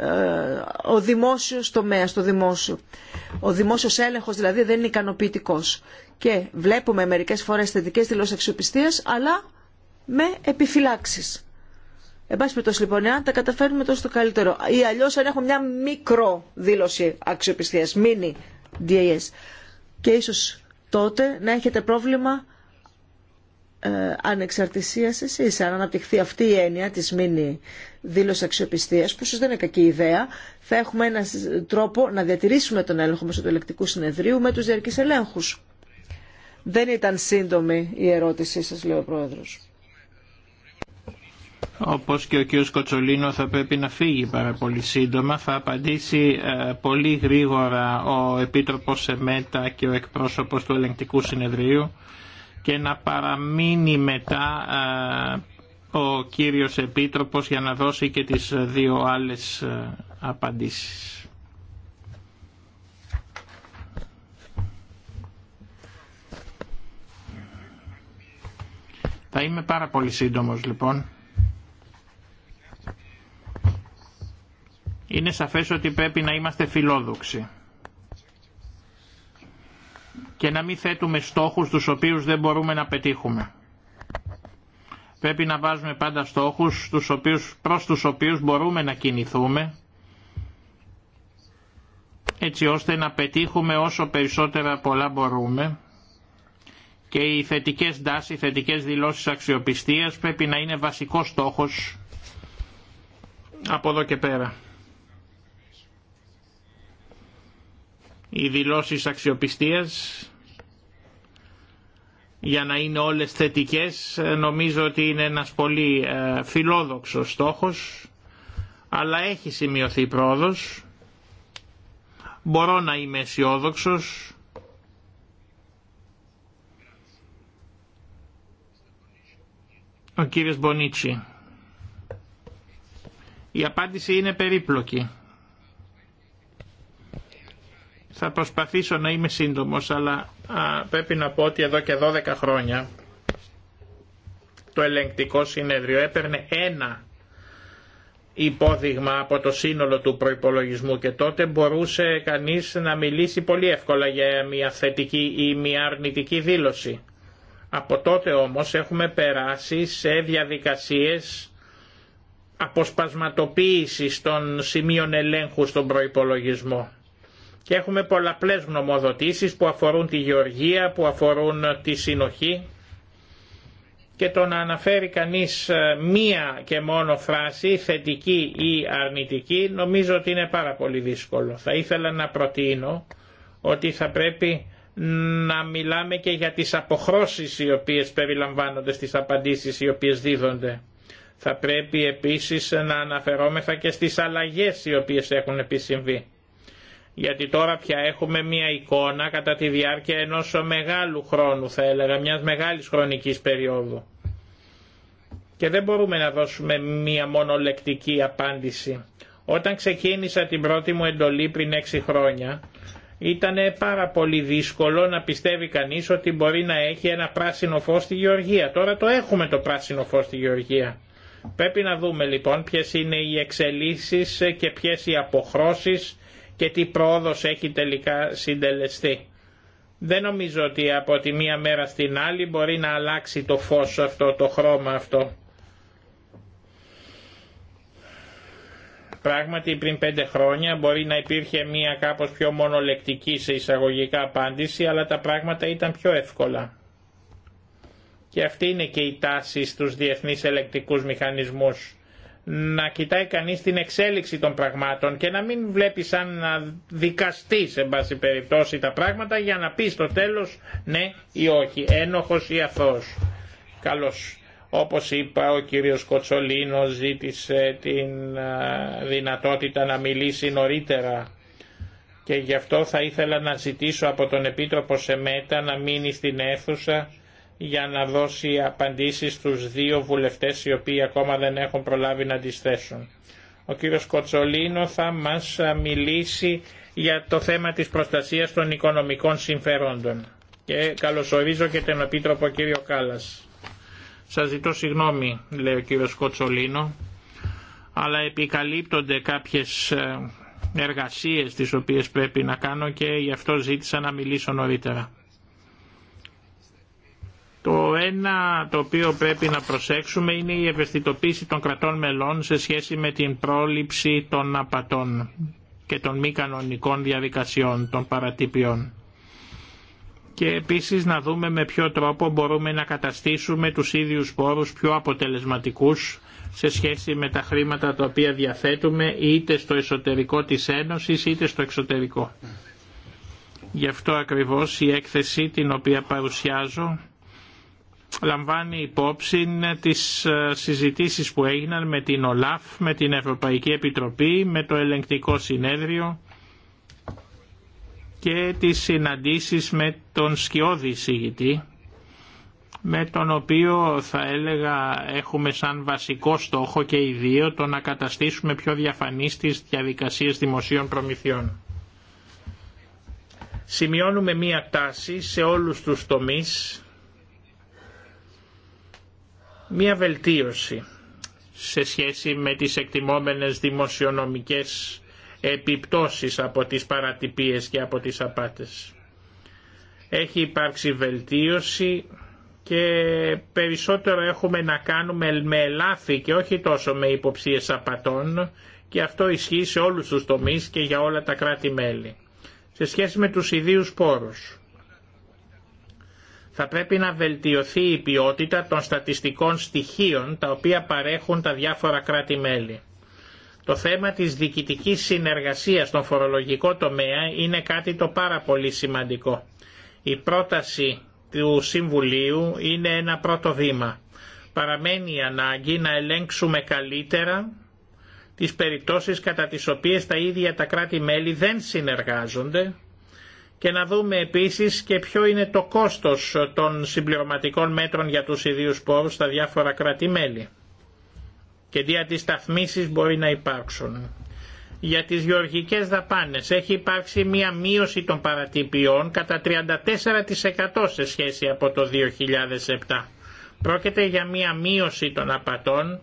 ο δημόσιος τομέας, το δημόσιο. Ο δημόσιος έλεγχος δηλαδή δεν είναι ικανοποιητικός. Και βλέπουμε μερικές φορές θετικές δηλώσεις αξιοπιστίας, αλλά με επιφυλάξεις. Εν πάση περιπτώσει λοιπόν, εάν τα καταφέρνουμε τόσο το καλύτερο. Ή αλλιώ αν έχω μια μικρό δήλωση αξιοπιστία, mini DAS. Και ίσω τότε να έχετε πρόβλημα ε, ανεξαρτησίας εσείς. Αν αναπτυχθεί αυτή η έννοια της μήνυ δήλωση αξιοπιστίας, που ίσως δεν είναι κακή ιδέα, θα έχουμε έναν τρόπο να διατηρήσουμε τον έλεγχο μέσω του ελεκτικού συνεδρίου με τους διαρκείς ελέγχους. Δεν ήταν σύντομη η ερώτησή σας, λέει ο Πρόεδρος. Όπως και ο κ. Κοτσολίνο θα πρέπει να φύγει πάρα πολύ σύντομα. Θα απαντήσει ε, πολύ γρήγορα ο Επίτροπος Σεμέτα και ο εκπρόσωπος του Ελεγκτικού Συνεδρίου και να παραμείνει μετά ε, ο κύριος Επίτροπος για να δώσει και τις δύο άλλες ε, απαντήσεις. Θα είμαι πάρα πολύ σύντομος λοιπόν. Είναι σαφές ότι πρέπει να είμαστε φιλόδοξοι και να μην θέτουμε στόχους τους οποίους δεν μπορούμε να πετύχουμε. Πρέπει να βάζουμε πάντα στόχους τους οποίους, προς τους οποίους μπορούμε να κινηθούμε έτσι ώστε να πετύχουμε όσο περισσότερα πολλά μπορούμε και οι θετικές δάσεις, οι θετικές δηλώσεις αξιοπιστίας πρέπει να είναι βασικός στόχος από εδώ και πέρα. Οι δηλώσεις αξιοπιστίας για να είναι όλες θετικές ε, νομίζω ότι είναι ένας πολύ ε, φιλόδοξος στόχος αλλά έχει σημειωθεί πρόοδος μπορώ να είμαι αισιόδοξο. Ο κύριος Μπονίτσι. Η απάντηση είναι περίπλοκη. Θα προσπαθήσω να είμαι σύντομος, αλλά α, πρέπει να πω ότι εδώ και 12 χρόνια το ελεγκτικό συνέδριο έπαιρνε ένα υπόδειγμα από το σύνολο του προϋπολογισμού και τότε μπορούσε κανείς να μιλήσει πολύ εύκολα για μια θετική ή μια αρνητική δήλωση. Από τότε όμως έχουμε περάσει σε διαδικασίες αποσπασματοποίησης των σημείων ελέγχου στον προϋπολογισμό και έχουμε πολλαπλές γνωμοδοτήσεις που αφορούν τη γεωργία, που αφορούν ε, τη συνοχή και το να αναφέρει κανείς ε, μία και μόνο φράση, θετική ή αρνητική, νομίζω ότι είναι πάρα πολύ δύσκολο. Θα ήθελα να προτείνω ότι θα πρέπει να μιλάμε και για τις αποχρώσεις οι οποίες περιλαμβάνονται στις απαντήσεις οι οποίες δίδονται. Θα πρέπει επίσης να αναφερόμεθα και στις αλλαγές οι οποίες έχουν επισυμβεί γιατί τώρα πια έχουμε μια εικόνα κατά τη διάρκεια ενός μεγάλου χρόνου θα έλεγα, μιας μεγάλης χρονικής περίοδου. Και δεν μπορούμε να δώσουμε μια μονολεκτική απάντηση. Όταν ξεκίνησα την πρώτη μου εντολή πριν έξι χρόνια, ήταν πάρα πολύ δύσκολο να πιστεύει κανείς ότι μπορεί να έχει ένα πράσινο φως στη Γεωργία. Τώρα το έχουμε το πράσινο φως στη Γεωργία. Πρέπει να δούμε λοιπόν ποιες είναι οι εξελίσεις και ποιες οι αποχρώσεις και τι πρόοδος έχει τελικά συντελεστεί. Δεν νομίζω ότι από τη μία μέρα στην άλλη μπορεί να αλλάξει το φως αυτό, το χρώμα αυτό. Πράγματι πριν πέντε χρόνια μπορεί να υπήρχε μία κάπως πιο μονολεκτική σε εισαγωγικά απάντηση, αλλά τα πράγματα ήταν πιο εύκολα. Και αυτή είναι και η τάση στους διεθνείς ελεκτικούς μηχανισμούς να κοιτάει κανείς την εξέλιξη των πραγμάτων και να μην βλέπει σαν να δικαστεί σε μπάση περιπτώσει τα πράγματα για να πει στο τέλος ναι ή όχι, ένοχος ή αθώος. Καλώς. Όπως είπα ο κύριος Κοτσολίνος ζήτησε την δυνατότητα να μιλήσει νωρίτερα και γι' αυτό θα ήθελα να ζητήσω από τον Επίτροπο Σεμέτα να μείνει στην αίθουσα για να δώσει απαντήσεις στους δύο βουλευτές οι οποίοι ακόμα δεν έχουν προλάβει να τις Ο κύριος Κοτσολίνο θα μας μιλήσει για το θέμα της προστασίας των οικονομικών συμφερόντων. Και καλωσορίζω και τον Επίτροπο κύριο Κάλλας. Σας ζητώ συγγνώμη, λέει ο κύριος Κοτσολίνο, αλλά επικαλύπτονται κάποιες ε, εργασίες τις οποίες πρέπει να κάνω και γι' αυτό ζήτησα να μιλήσω νωρίτερα. Το ένα το οποίο πρέπει να προσέξουμε είναι η ευαισθητοποίηση των κρατών μελών σε σχέση με την πρόληψη των απατών και των μη κανονικών διαδικασιών, των παρατυπιών. Και επίσης να δούμε με ποιο τρόπο μπορούμε να καταστήσουμε τους ίδιους πόρους πιο αποτελεσματικούς σε σχέση με τα χρήματα τα οποία διαθέτουμε είτε στο εσωτερικό της Ένωσης είτε στο εξωτερικό. Γι' αυτό ακριβώς η έκθεση την οποία παρουσιάζω λαμβάνει υπόψη τις ε, συζητήσεις που έγιναν με την ΟΛΑΦ, με την Ευρωπαϊκή Επιτροπή, με το Ελεγκτικό Συνέδριο και τις συναντήσεις με τον Σκιώδη Συγητή, με τον οποίο θα έλεγα έχουμε σαν βασικό στόχο και οι δύο το να καταστήσουμε πιο διαφανείς τις διαδικασίες δημοσίων προμηθειών. Σημειώνουμε μία τάση σε όλους τους τομείς Μία βελτίωση σε σχέση με τις εκτιμόμενες δημοσιονομικές επιπτώσεις από τις παρατυπίες και από τις απάτες. Έχει υπάρξει βελτίωση και περισσότερο έχουμε να κάνουμε με λάθη και όχι τόσο με υποψίες απατών και αυτό ισχύει σε όλους τους τομείς και για όλα τα κράτη-μέλη. Σε σχέση με τους ιδίους πόρους θα πρέπει να βελτιωθεί η ποιότητα των στατιστικών στοιχείων τα οποία παρέχουν τα διάφορα κράτη-μέλη. Το θέμα της διοικητικής συνεργασίας στον φορολογικό τομέα είναι κάτι το πάρα πολύ σημαντικό. Η πρόταση του Συμβουλίου είναι ένα πρώτο βήμα. Παραμένει η ανάγκη να ελέγξουμε καλύτερα τις περιπτώσεις κατά τις οποίες τα ίδια τα κράτη-μέλη δεν συνεργάζονται και να δούμε επίσης και ποιο είναι το κόστος των συμπληρωματικών μέτρων για τους ιδίους πόρους στα διάφορα κράτη-μέλη και τι αντισταθμίσεις μπορεί να υπάρξουν. Για τις γεωργικές δαπάνες έχει υπάρξει μία μείωση των παρατυπιών κατά 34% σε σχέση από το 2007. Πρόκειται για μία μείωση των απατών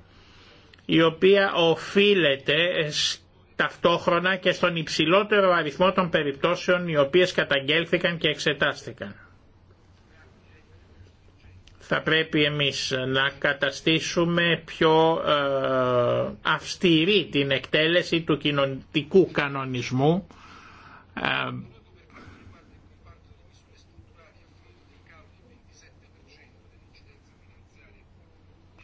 η οποία οφείλεται ταυτόχρονα και στον υψηλότερο αριθμό των περιπτώσεων οι οποίες καταγγέλθηκαν και εξετάστηκαν. Θα πρέπει εμείς να καταστήσουμε πιο ε, αυστηρή την εκτέλεση του κοινωνικού κανονισμού ε,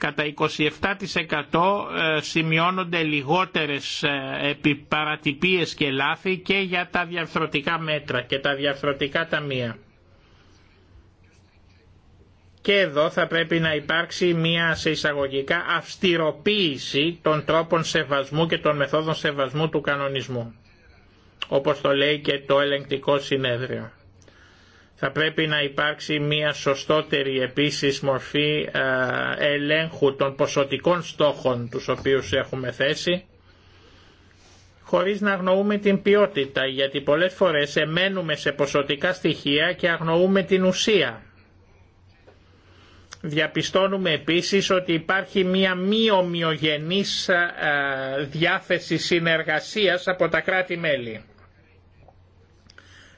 Κατά 27% ε, σημειώνονται λιγότερες ε, παρατυπίες και λάθη και για τα διαρθρωτικά μέτρα και τα διαρθρωτικά ταμεία. Και εδώ θα πρέπει να υπάρξει μια σε εισαγωγικά αυστηροποίηση των τρόπων σεβασμού και των μεθόδων σεβασμού του κανονισμού, όπως το λέει και το ελεγκτικό συνέδριο. Θα πρέπει να υπάρξει μια σωστότερη επίσης μορφή ε, ελέγχου των ποσοτικών στόχων τους οποίους έχουμε θέσει χωρίς να αγνοούμε την ποιότητα γιατί πολλές φορές εμένουμε σε ποσοτικά στοιχεία και αγνοούμε την ουσία. Διαπιστώνουμε επίσης ότι υπάρχει μία μη ομοιογενής ε, διάθεση συνεργασίας από τα κράτη-μέλη.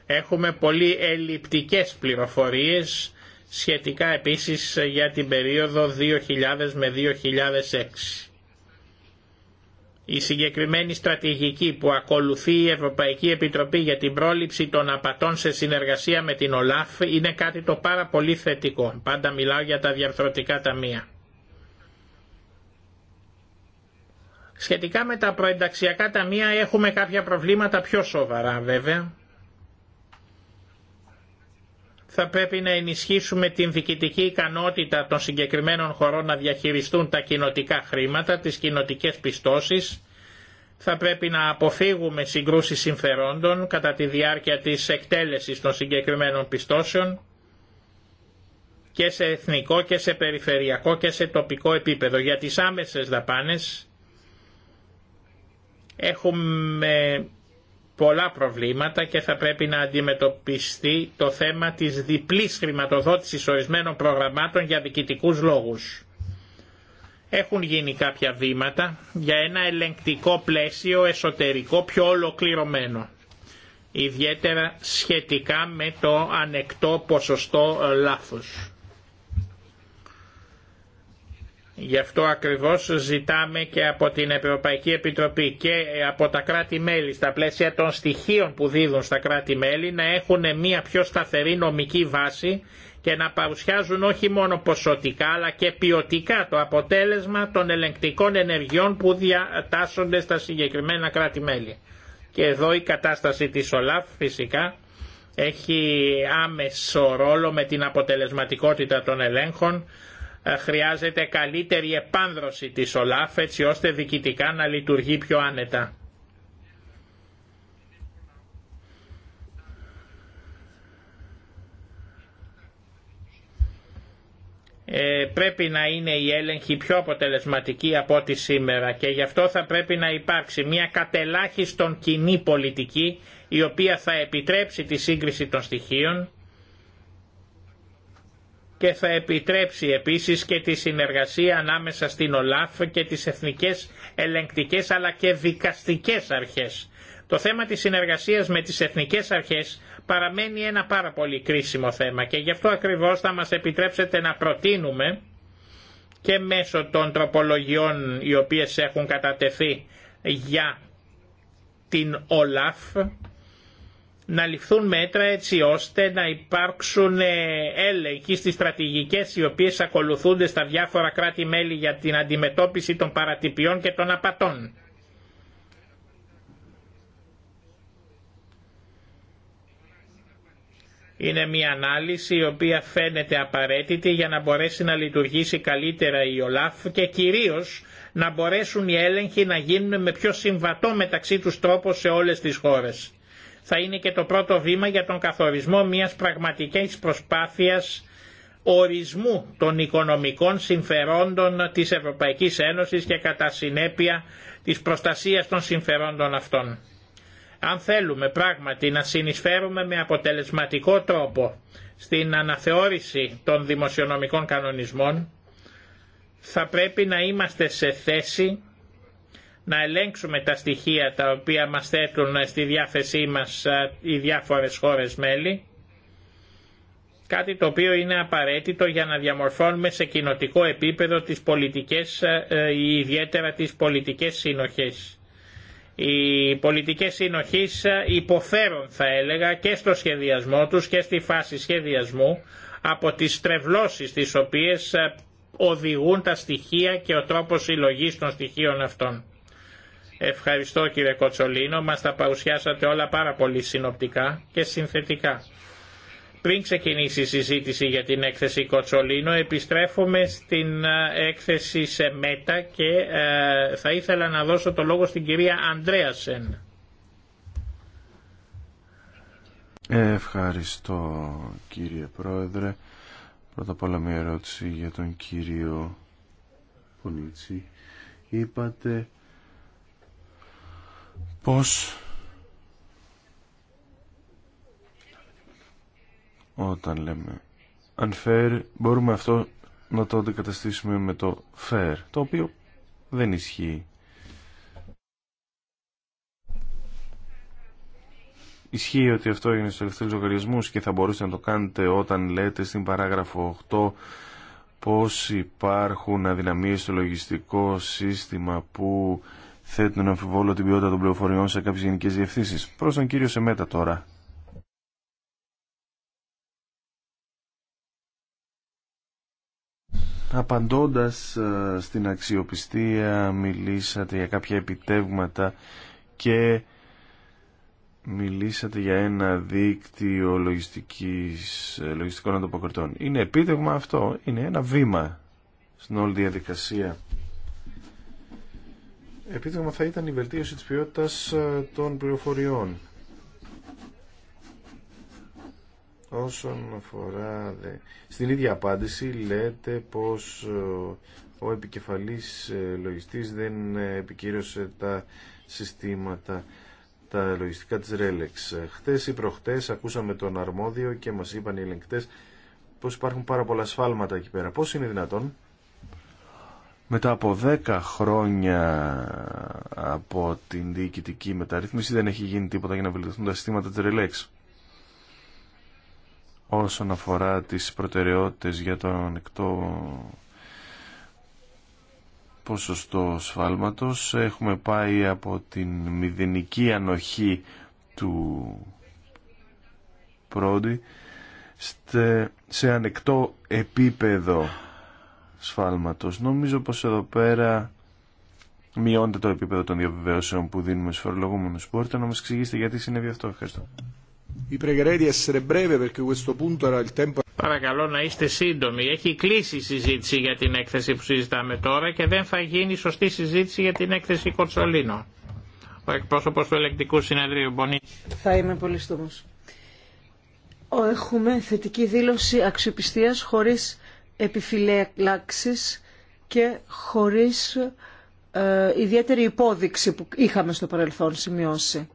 Έχουμε πολύ ελλειπτικές πληροφορίες σχετικά επίσης για την περίοδο 2000 με 2006. Η συγκεκριμένη στρατηγική που ακολουθεί η Ευρωπαϊκή Επιτροπή για την πρόληψη των απατών σε συνεργασία με την ΟΛΑΦ είναι κάτι το πάρα πολύ θετικό. Πάντα μιλάω για τα διαρθρωτικά ταμεία. Σχετικά με τα προενταξιακά ταμεία έχουμε κάποια προβλήματα πιο σοβαρά βέβαια θα πρέπει να ενισχύσουμε την διοικητική ικανότητα των συγκεκριμένων χωρών να διαχειριστούν τα κοινοτικά χρήματα, τις κοινοτικές πιστώσεις. Θα πρέπει να αποφύγουμε συγκρούσεις συμφερόντων κατά τη διάρκεια της εκτέλεσης των συγκεκριμένων πιστώσεων και σε εθνικό και σε περιφερειακό και σε τοπικό επίπεδο. Για τις άμεσες δαπάνες έχουμε πολλά προβλήματα και θα πρέπει να αντιμετωπιστεί το θέμα της διπλής χρηματοδότησης ορισμένων προγραμμάτων για διοικητικούς λόγους. Έχουν γίνει κάποια βήματα για ένα ελεγκτικό πλαίσιο εσωτερικό πιο ολοκληρωμένο ιδιαίτερα σχετικά με το ανεκτό ποσοστό ε, λάθος. Γι' αυτό ακριβώς ζητάμε και από την Ευρωπαϊκή Επιτροπή και από τα κράτη-μέλη στα πλαίσια των στοιχείων που δίδουν στα κράτη-μέλη να έχουν μια πιο σταθερή νομική βάση και να παρουσιάζουν όχι μόνο ποσοτικά αλλά και ποιοτικά το αποτέλεσμα των ελεγκτικών ενεργειών που διατάσσονται στα συγκεκριμένα κράτη-μέλη. Και εδώ η κατάσταση της ΟΛΑΦ φυσικά έχει άμεσο ρόλο με την αποτελεσματικότητα των ελέγχων ε, χρειάζεται καλύτερη επάνδρωση της ΟΛΑΦ έτσι ώστε διοικητικά να λειτουργεί πιο άνετα. Ε, πρέπει να είναι η έλεγχη πιο αποτελεσματική από ό,τι σήμερα και γι' αυτό θα πρέπει να υπάρξει μια κατελάχιστον κοινή πολιτική η οποία θα επιτρέψει τη σύγκριση των στοιχείων και θα επιτρέψει επίσης και τη συνεργασία ανάμεσα στην ΟΛΑΦ και τις εθνικές ελεγκτικές αλλά και δικαστικές αρχές. Το θέμα της συνεργασίας με τις εθνικές αρχές παραμένει ένα πάρα πολύ κρίσιμο θέμα και γι' αυτό ακριβώς θα μας επιτρέψετε να προτείνουμε και μέσω των τροπολογιών οι οποίες έχουν κατατεθεί για την ΟΛΑΦ να ληφθούν μέτρα έτσι ώστε να υπάρξουν ε, έλεγχοι στις στρατηγικές οι οποίες ακολουθούνται στα διάφορα κράτη-μέλη για την αντιμετώπιση των παρατυπιών και των απατών. Είναι μια ανάλυση η οποία φαίνεται απαραίτητη για να μπορέσει να λειτουργήσει καλύτερα η ΟΛΑΦ και κυρίως να μπορέσουν οι έλεγχοι να γίνουν με πιο συμβατό μεταξύ τους τρόπο σε όλες τις χώρες θα είναι και το πρώτο βήμα για τον καθορισμό μιας πραγματικής προσπάθειας ορισμού των οικονομικών συμφερόντων της Ευρωπαϊκής Ένωσης και κατά συνέπεια της προστασίας των συμφερόντων αυτών. Αν θέλουμε πράγματι να συνεισφέρουμε με αποτελεσματικό τρόπο στην αναθεώρηση των δημοσιονομικών κανονισμών, θα πρέπει να είμαστε σε θέση να ελέγξουμε τα στοιχεία τα οποία μας θέτουν στη διάθεσή μας ε, οι διάφορες χώρες μέλη, κάτι το οποίο είναι απαραίτητο για να διαμορφώνουμε σε κοινοτικό επίπεδο τις πολιτικές, ε, ε, ιδιαίτερα τις πολιτικές συνοχές. Οι πολιτικές συνοχές υποφέρουν θα έλεγα και στο σχεδιασμό τους και στη φάση σχεδιασμού από τις τρευλώσεις τις οποίες οδηγούν τα στοιχεία και ο τρόπος συλλογής των στοιχείων αυτών. Ευχαριστώ κύριε Κοτσολίνο, μας τα παρουσιάσατε όλα πάρα πολύ συνοπτικά και συνθετικά. Πριν ξεκινήσει η συζήτηση για την έκθεση Κοτσολίνο, επιστρέφουμε στην ε, έκθεση σε μέτα και ε, θα ήθελα να δώσω το λόγο στην κυρία Αντρέασεν. Ευχαριστώ κύριε Πρόεδρε. Πρώτα απ' όλα μια ερώτηση για τον κύριο Πονίτσι. Είπατε πως όταν λέμε unfair μπορούμε αυτό να το αντικαταστήσουμε με το fair το οποίο δεν ισχύει Ισχύει ότι αυτό έγινε στου ελευθερού λογαριασμού και θα μπορούσατε να το κάνετε όταν λέτε στην παράγραφο 8 πως υπάρχουν αδυναμίες στο λογιστικό σύστημα που θέτουν να αμφιβόλω την ποιότητα των πληροφοριών σε κάποιες γενικές διευθύνσεις. Προς τον κύριο Σεμέτα τώρα. Απαντώντας ε, στην αξιοπιστία μιλήσατε για κάποια επιτεύγματα και μιλήσατε για ένα δίκτυο λογιστικής, ε, λογιστικών ανταποκριτών. Είναι επίτευγμα αυτό, είναι ένα βήμα στην όλη διαδικασία επίδομα θα ήταν η βελτίωση της ποιότητας ε, των πληροφοριών. Όσον αφορά... Στην ίδια απάντηση λέτε πως ε, ο επικεφαλής ε, λογιστής δεν επικύρωσε τα συστήματα τα λογιστικά της Ρέλεξ. Χτες ή προχτές ακούσαμε τον αρμόδιο και μας είπαν οι ελεγκτές πως υπάρχουν πάρα πολλά σφάλματα εκεί πέρα. Πώς είναι δυνατόν μετά από 10 χρόνια από την διοικητική μεταρρύθμιση δεν έχει γίνει τίποτα για να βελτιωθούν τα συστήματα της Relax. Όσον αφορά τις προτεραιότητες για το ανεκτό ποσοστό σφάλματος έχουμε πάει από την μηδενική ανοχή του πρώτη σε ανεκτό επίπεδο σφάλματος. Νομίζω πως εδώ πέρα μειώνεται το επίπεδο των διαβεβαιώσεων που δίνουμε στους φορολογούμενους. Μπορείτε να μας εξηγήσετε γιατί συνέβη αυτό. Ευχαριστώ. Παρακαλώ να είστε σύντομοι. Έχει κλείσει η συζήτηση για την έκθεση που συζητάμε τώρα και δεν θα γίνει σωστή συζήτηση για την έκθεση Κοτσολίνο. Ο εκπρόσωπο του ελεκτικού συνεδρίου Μπονί. Θα είμαι πολύ στόμο. Έχουμε θετική δήλωση αξιοπιστία χωρί επιφυλάξεις και χωρίς ε, ιδιαίτερη υπόδειξη που είχαμε στο παρελθόν σημειώσει.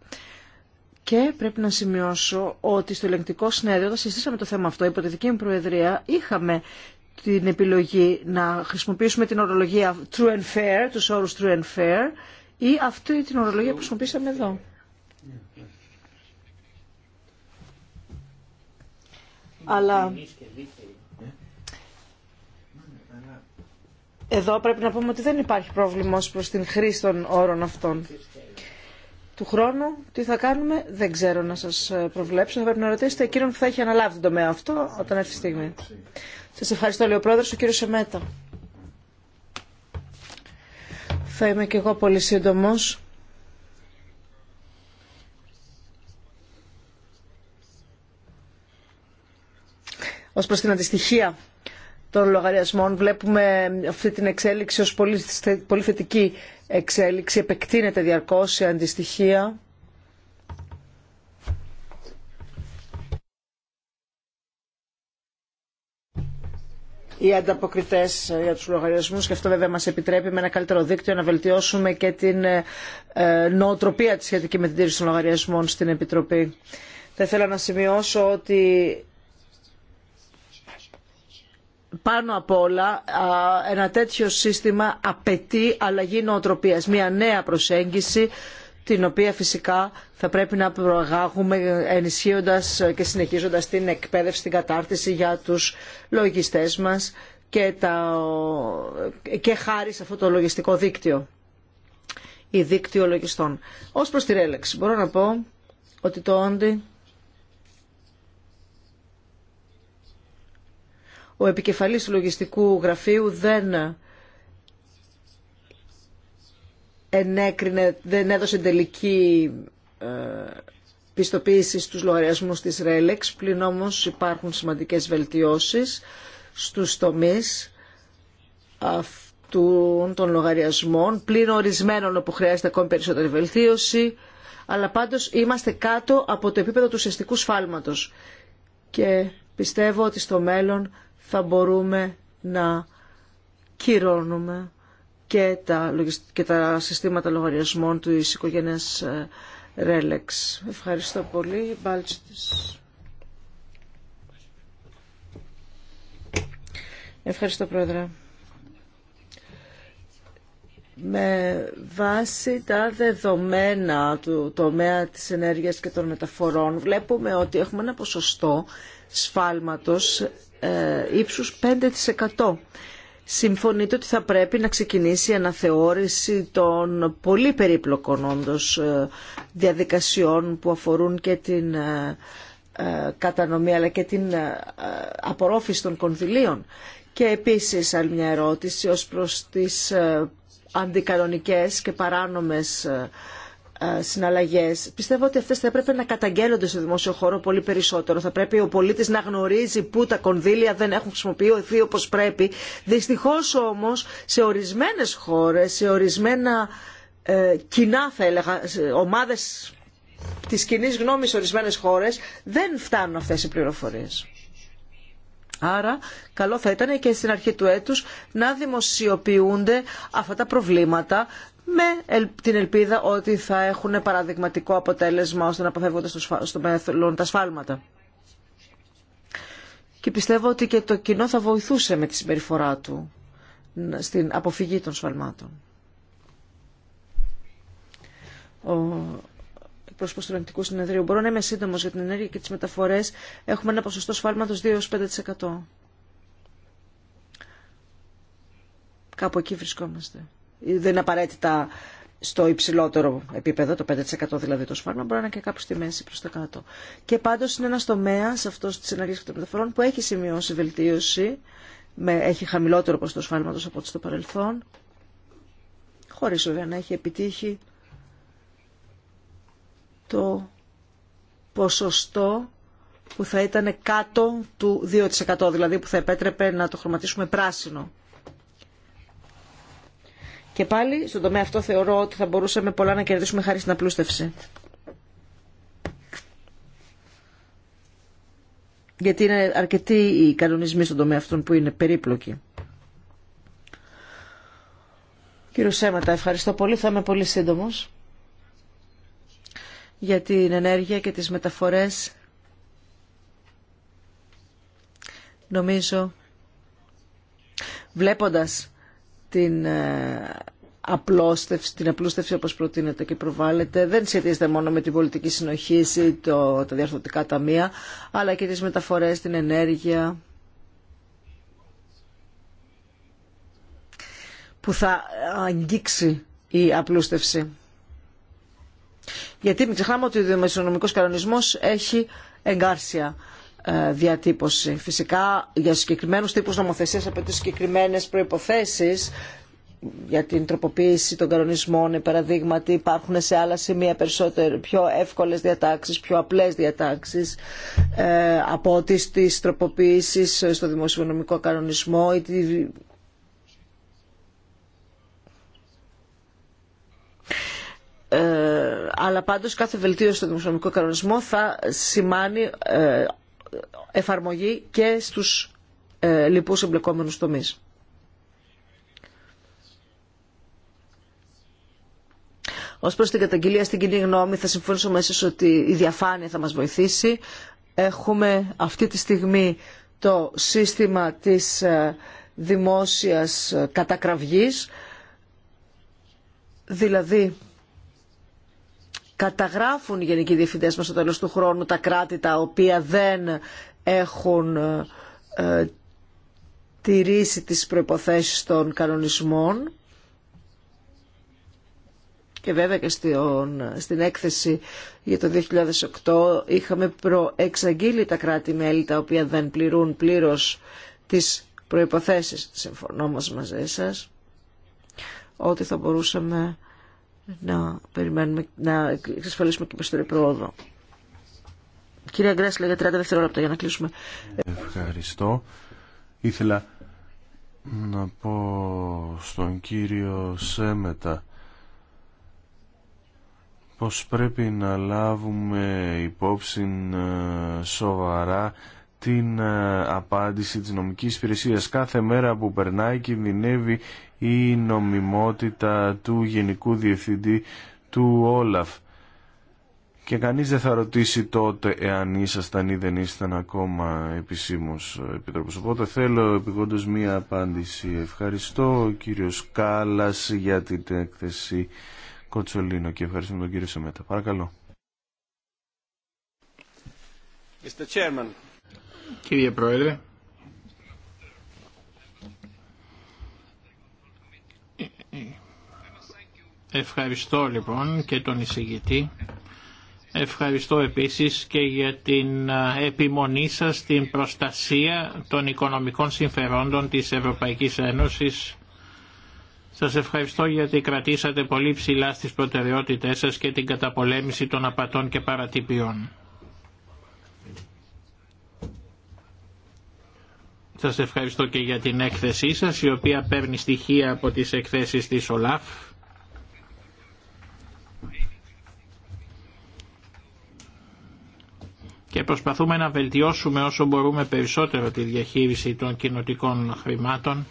Και πρέπει να σημειώσω ότι στο ελεγκτικό συνέδριο, όταν συζητήσαμε το θέμα αυτό, υπό τη δική μου Προεδρία, είχαμε την επιλογή να χρησιμοποιήσουμε την ορολογία true and fair, τους όρους true and fair, ή αυτή την ορολογία που χρησιμοποιήσαμε εδώ. Αλλά Εδώ πρέπει να πούμε ότι δεν υπάρχει πρόβλημα ως προς την χρήση των όρων αυτών. Του χρόνου τι θα κάνουμε δεν ξέρω να σας προβλέψω. Θα πρέπει να ρωτήσετε εκείνον που θα έχει αναλάβει τον τομέα αυτό όταν έρθει η στιγμή. Σας ευχαριστώ λέει ο πρόεδρος, ο κύριος Σεμέτα. Θα είμαι και εγώ πολύ σύντομος. Ως προς την αντιστοιχία των λογαριασμών. Βλέπουμε αυτή την εξέλιξη ως πολύ, θετική εξέλιξη. Επεκτείνεται διαρκώς η αντιστοιχεία. οι ανταποκριτέ ε, για του λογαριασμού και αυτό βέβαια μα επιτρέπει με ένα καλύτερο δίκτυο να βελτιώσουμε και την ε, ε, νοοτροπία τη σχετική με την τήρηση των λογαριασμών στην Επιτροπή. Θα ήθελα να σημειώσω ότι πάνω απ' όλα ένα τέτοιο σύστημα απαιτεί αλλαγή νοοτροπίας, μια νέα προσέγγιση την οποία φυσικά θα πρέπει να προαγάγουμε ενισχύοντας και συνεχίζοντας την εκπαίδευση, την κατάρτιση για τους λογιστές μας και, τα... και χάρη σε αυτό το λογιστικό δίκτυο ή δίκτυο λογιστών. Ως προς τη ρέλεξη μπορώ να πω ότι το όντι ο επικεφαλής του λογιστικού γραφείου δεν ενέκρινε, δεν έδωσε τελική ε, πιστοποίηση στους λογαριασμούς της Ρέλεξ, πλην όμως υπάρχουν σημαντικές βελτιώσεις στους τομείς αυτών των λογαριασμών, πλην ορισμένων όπου χρειάζεται ακόμη περισσότερη βελτίωση, αλλά πάντως είμαστε κάτω από το επίπεδο του ουσιαστικού σφάλματος. Και πιστεύω ότι στο μέλλον θα μπορούμε να κυρώνουμε και τα, τα συστήματα λογαριασμών του οικογένειας Ρέλεξ. Ευχαριστώ πολύ. Ευχαριστώ Πρόεδρε. Με βάση τα δεδομένα του τομέα της ενέργειας και των μεταφορών βλέπουμε ότι έχουμε ένα ποσοστό σφάλματος ε, ύψους 5%. Συμφωνείτε ότι θα πρέπει να ξεκινήσει η αναθεώρηση των πολύ περίπλοκων όντως ε, διαδικασιών που αφορούν και την ε, κατανομή αλλά και την απορρόφηση των κονδυλίων. Και επίσης άλλη μια ερώτηση ως προς τις αντικανονικές και παράνομες ε, συναλλαγές. Πιστεύω ότι αυτές θα έπρεπε να καταγγέλλονται στο δημόσιο χώρο πολύ περισσότερο. Θα πρέπει ο πολίτης να γνωρίζει που τα κονδύλια δεν έχουν χρησιμοποιηθεί όπως πρέπει. Δυστυχώς όμως σε ορισμένες χώρες, σε ορισμένα ε, κοινά θα έλεγα, ομάδες της κοινή γνώμης σε ορισμένες χώρες δεν φτάνουν αυτές οι πληροφορίες. Άρα καλό θα ήταν και στην αρχή του έτους να δημοσιοποιούνται αυτά τα προβλήματα με την ελπίδα ότι θα έχουν παραδειγματικό αποτέλεσμα ώστε να αποφεύγονται στο μέλλον τα σφάλματα. Και πιστεύω ότι και το κοινό θα βοηθούσε με τη συμπεριφορά του στην αποφυγή των σφαλμάτων προ του Ελεγκτικού Συνεδρίου. Μπορώ να είμαι σύντομο για την ενέργεια και τι μεταφορέ. Έχουμε ένα ποσοστό σφάλματο 2-5%. Κάπου εκεί βρισκόμαστε. Ε, δεν είναι απαραίτητα στο υψηλότερο επίπεδο, το 5% δηλαδή το σφάλμα, μπορεί να είναι και κάπου στη μέση προ τα κάτω. Και πάντω είναι ένα τομέα αυτό τη ενέργεια και των μεταφορών που έχει σημειώσει βελτίωση, με, έχει χαμηλότερο ποσοστό σφάλματο από ό,τι στο παρελθόν, χωρί βέβαια να έχει επιτύχει το ποσοστό που θα ήταν κάτω του 2%, δηλαδή που θα επέτρεπε να το χρωματίσουμε πράσινο. Και πάλι στον τομέα αυτό θεωρώ ότι θα μπορούσαμε πολλά να κερδίσουμε χάρη στην απλούστευση. Γιατί είναι αρκετοί οι κανονισμοί στον τομέα αυτών που είναι περίπλοκοι. Κύριο Σέματα, ευχαριστώ πολύ. Θα είμαι πολύ σύντομος για την ενέργεια και τις μεταφορές νομίζω βλέποντας την ε, απλώστευση, την απλούστευση όπως προτείνεται και προβάλλεται δεν σχετίζεται μόνο με την πολιτική συνοχή ή το, τα διαρθρωτικά ταμεία αλλά και τις μεταφορές, την ενέργεια που θα αγγίξει η απλούστευση. Γιατί μην ξεχνάμε ότι ο δημοσιονομικός κανονισμό έχει εγκάρσια ε, διατύπωση. Φυσικά για συγκεκριμένους τύπους νομοθεσίας απαιτούν συγκεκριμένες προϋποθέσεις για την τροποποίηση των κανονισμών, παραδείγματι υπάρχουν σε άλλα σημεία περισσότερο, πιο εύκολες διατάξεις, πιο απλές διατάξεις ε, από ό,τι τροποποίησεις στο δημοσιονομικό κανονισμό ή Ε, αλλά πάντως κάθε βελτίωση στον δημοσιονομικό κανονισμό θα σημάνει ε, εφαρμογή και στους ε, λοιπούς εμπλεκόμενους τομείς. Ω προ την καταγγελία στην κοινή γνώμη, θα συμφωνήσω μέσα ότι η διαφάνεια θα μα βοηθήσει. Έχουμε αυτή τη στιγμή το σύστημα της ε, δημόσιας κατακραυγής, δηλαδή καταγράφουν οι γενικοί διευθυντές μας στο τέλος του χρόνου τα κράτη τα οποία δεν έχουν ε, ε, τηρήσει τις προϋποθέσεις των κανονισμών και βέβαια και στην έκθεση για το 2008 είχαμε προεξαγγείλει τα κράτη-μέλη τα οποία δεν πληρούν πλήρως τις προϋποθέσεις. Συμφωνώ μας μαζί σας ότι θα μπορούσαμε να περιμένουμε να εξασφαλίσουμε και περισσότερη πρόοδο. Κυρία Γκρέσλε, για 30 δευτερόλεπτα για να κλείσουμε. Ευχαριστώ. Ήθελα να πω στον κύριο Σέμετα πως πρέπει να λάβουμε υπόψη ε, σοβαρά την ε, απάντηση της νομικής υπηρεσίας. Κάθε μέρα που περνάει κινδυνεύει η νομιμότητα του Γενικού Διευθυντή του Όλαφ. Και κανείς δεν θα ρωτήσει τότε εάν ήσασταν ή δεν ήσασταν ακόμα επισήμως επιτρόπος. Οπότε θέλω επιγόντως μία απάντηση. Ευχαριστώ κύριος Κάλλας για την έκθεση Κοτσολίνο και ευχαριστούμε τον κύριο Σεμέτα. Παρακαλώ. Κύριε Πρόεδρε, Ευχαριστώ λοιπόν και τον εισηγητή. Ευχαριστώ επίσης και για την επιμονή σας στην προστασία των οικονομικών συμφερόντων της Ευρωπαϊκής Ένωσης. Σας ευχαριστώ γιατί κρατήσατε πολύ ψηλά στις προτεραιότητές σας και την καταπολέμηση των απατών και παρατυπιών. Σας ευχαριστώ και για την έκθεσή σας, η οποία παίρνει στοιχεία από τις εκθέσεις της ΟΛΑΦ. Και προσπαθούμε να βελτιώσουμε όσο μπορούμε περισσότερο τη διαχείριση των κοινοτικών χρημάτων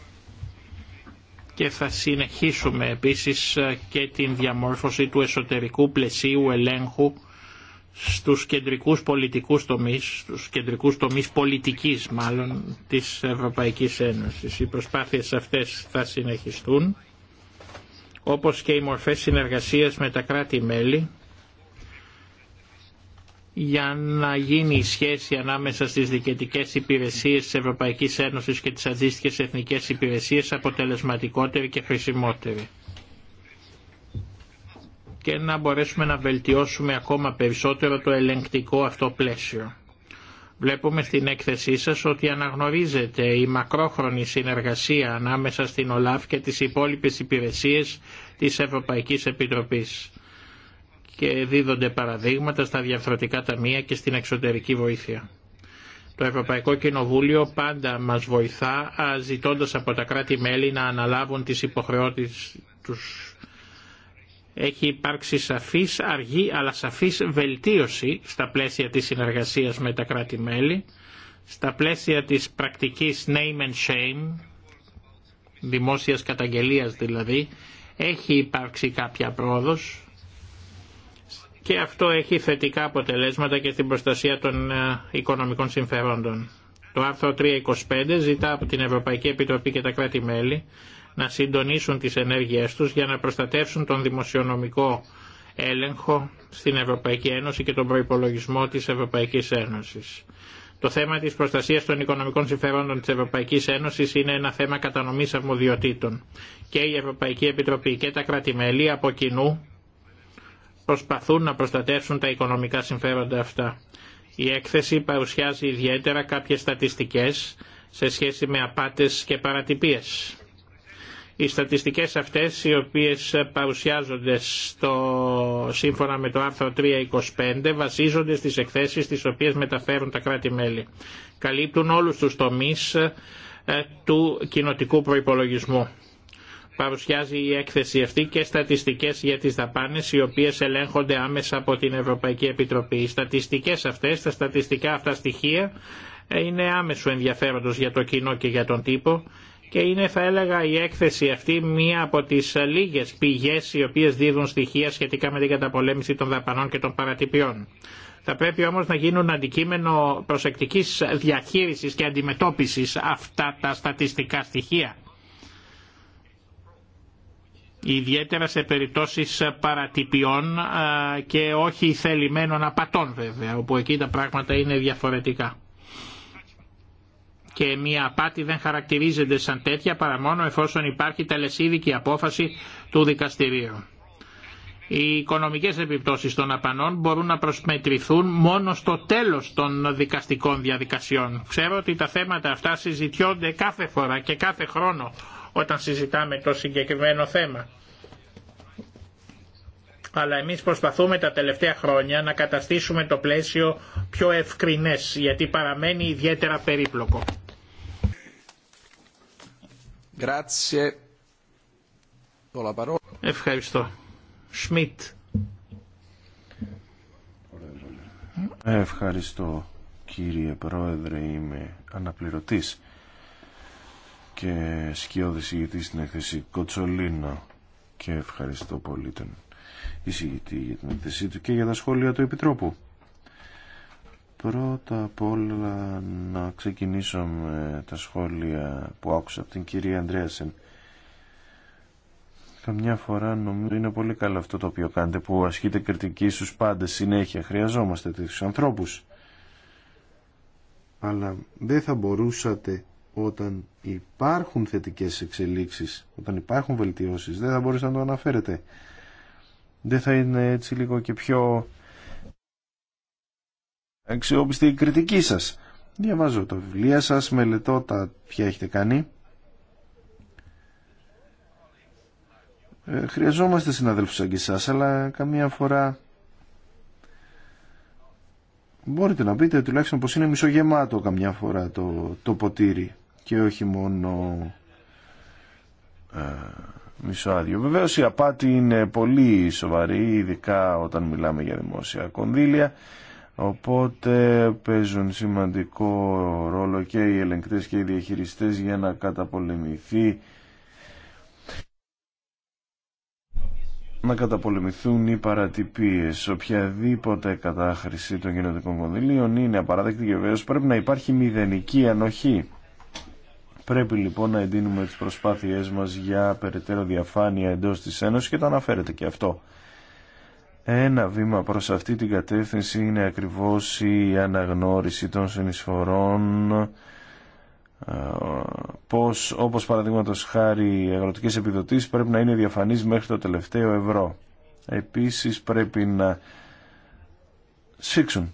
και θα συνεχίσουμε επίσης και την διαμόρφωση του εσωτερικού πλαισίου ελέγχου στους κεντρικούς πολιτικούς τομείς, στους κεντρικούς τομείς πολιτικής μάλλον της Ευρωπαϊκής Ένωσης. Οι προσπάθειες αυτές θα συνεχιστούν, όπως και οι μορφές συνεργασίας με τα κράτη-μέλη, για να γίνει η σχέση ανάμεσα στις δικαιτικές υπηρεσίες της Ευρωπαϊκής Ένωσης και τις αντίστοιχες εθνικές υπηρεσίες αποτελεσματικότερη και χρησιμότερη και να μπορέσουμε να βελτιώσουμε ακόμα περισσότερο το ελεγκτικό αυτό πλαίσιο. Βλέπουμε στην έκθεσή σας ότι αναγνωρίζεται η μακρόχρονη συνεργασία ανάμεσα στην ΟΛΑΦ και τις υπόλοιπες υπηρεσίες της Ευρωπαϊκής Επιτροπής και δίδονται παραδείγματα στα διαφορετικά ταμεία και στην εξωτερική βοήθεια. Το Ευρωπαϊκό Κοινοβούλιο πάντα μας βοηθά ζητώντας από τα κράτη-μέλη να αναλάβουν τις υποχρεώσεις τους έχει υπάρξει σαφής, αργή αλλά σαφής βελτίωση στα πλαίσια της συνεργασίας με τα κράτη-μέλη, στα πλαίσια της πρακτικής name and shame, δημόσιας καταγγελίας δηλαδή, έχει υπάρξει κάποια πρόοδος και αυτό έχει θετικά αποτελέσματα και στην προστασία των ε, οικονομικών συμφερόντων. Το άρθρο 325 ζητά από την Ευρωπαϊκή Επιτροπή και τα κράτη-μέλη να συντονίσουν τις ενέργειές τους για να προστατεύσουν τον δημοσιονομικό έλεγχο στην Ευρωπαϊκή Ένωση και τον προϋπολογισμό της Ευρωπαϊκής Ένωσης. Το θέμα της προστασίας των οικονομικών συμφερόντων της Ευρωπαϊκής Ένωσης είναι ένα θέμα κατανομής αρμοδιοτήτων και η Ευρωπαϊκή Επιτροπή και τα κρατη από κοινού προσπαθούν να προστατεύσουν τα οικονομικά συμφέροντα αυτά. Η έκθεση παρουσιάζει ιδιαίτερα κάποιες στατιστικές σε σχέση με απάτες και παρατυπίες. Οι στατιστικές αυτές οι οποίες παρουσιάζονται στο, σύμφωνα με το άρθρο 325 βασίζονται στις εκθέσεις τις οποίες μεταφέρουν τα κράτη-μέλη. Καλύπτουν όλους τους τομείς ε, του κοινοτικού προϋπολογισμού. Παρουσιάζει η έκθεση αυτή και στατιστικές για τις δαπάνες οι οποίες ελέγχονται άμεσα από την Ευρωπαϊκή Επιτροπή. Οι στατιστικές αυτές, τα στατιστικά αυτά στοιχεία ε, είναι άμεσο ενδιαφέροντος για το κοινό και για τον τύπο και είναι θα έλεγα η έκθεση αυτή μία από τις λίγες πηγές οι οποίες δίδουν στοιχεία σχετικά με την καταπολέμηση των δαπανών και των παρατυπιών. Θα πρέπει όμως να γίνουν αντικείμενο προσεκτικής διαχείρισης και αντιμετώπισης αυτά τα στατιστικά στοιχεία. Ιδιαίτερα σε περιπτώσεις παρατυπιών ε, και όχι θελημένων απατών βέβαια, όπου εκεί τα πράγματα είναι διαφορετικά και μια απάτη δεν χαρακτηρίζεται σαν τέτοια παρά μόνο εφόσον υπάρχει τελεσίδικη απόφαση του δικαστηρίου. Οι οικονομικές επιπτώσεις των απανών μπορούν να προσμετρηθούν μόνο στο τέλος των δικαστικών διαδικασιών. Ξέρω ότι τα θέματα αυτά συζητιόνται κάθε φορά και κάθε χρόνο όταν συζητάμε το συγκεκριμένο θέμα. Αλλά εμείς προσπαθούμε τα τελευταία χρόνια να καταστήσουμε το πλαίσιο πιο ευκρινές γιατί παραμένει ιδιαίτερα περίπλοκο. Ευχαριστώ. Σμιτ. Ευχαριστώ κύριε Πρόεδρε, είμαι αναπληρωτής και σκιώδης ηγητής στην έκθεση Κοτσολίνο και ευχαριστώ πολύ τον εισηγητή για την έκθεσή του και για τα σχόλια του Επιτρόπου. Πρώτα απ' όλα να ξεκινήσω με τα σχόλια που άκουσα από την κυρία Ανδρέασεν. Καμιά φορά νομίζω είναι πολύ καλό αυτό το οποίο κάνετε που ασχείτε κριτική στους πάντες συνέχεια. Χρειαζόμαστε τέτοιους ανθρώπους. Αλλά δεν θα μπορούσατε όταν υπάρχουν θετικές εξελίξεις, όταν υπάρχουν βελτιώσεις, δεν θα μπορούσατε να το αναφέρετε. Δεν θα είναι έτσι λίγο και πιο αξιόπιστη κριτική σας. Διαβάζω τα βιβλία σας, μελετώ τα ποια έχετε κάνει. Ε, χρειαζόμαστε συναδέλφους σαν και εσάς, αλλά καμία φορά μπορείτε να πείτε τουλάχιστον πως είναι μισογεμάτο καμιά φορά το, το ποτήρι και όχι μόνο ε, μισοάδιο. Βεβαίως η απάτη είναι πολύ σοβαρή, ειδικά όταν μιλάμε για δημόσια κονδύλια Οπότε παίζουν σημαντικό ρόλο και οι ελεγκτές και οι διαχειριστές για να καταπολεμηθεί να καταπολεμηθούν οι παρατυπίες. Οποιαδήποτε κατάχρηση των γενετικών κονδυλίων είναι απαράδεκτη και βέβαια πρέπει να υπάρχει μηδενική ανοχή. Πρέπει λοιπόν να εντείνουμε τις προσπάθειές μας για περαιτέρω διαφάνεια εντός της Ένωσης και το αναφέρεται και αυτό. Ένα βήμα προς αυτή την κατεύθυνση είναι ακριβώς η αναγνώριση των συνεισφορών πως όπως παραδείγματο χάρη οι αγροτικές επιδοτήσεις πρέπει να είναι διαφανής μέχρι το τελευταίο ευρώ. Επίσης πρέπει να σφίξουν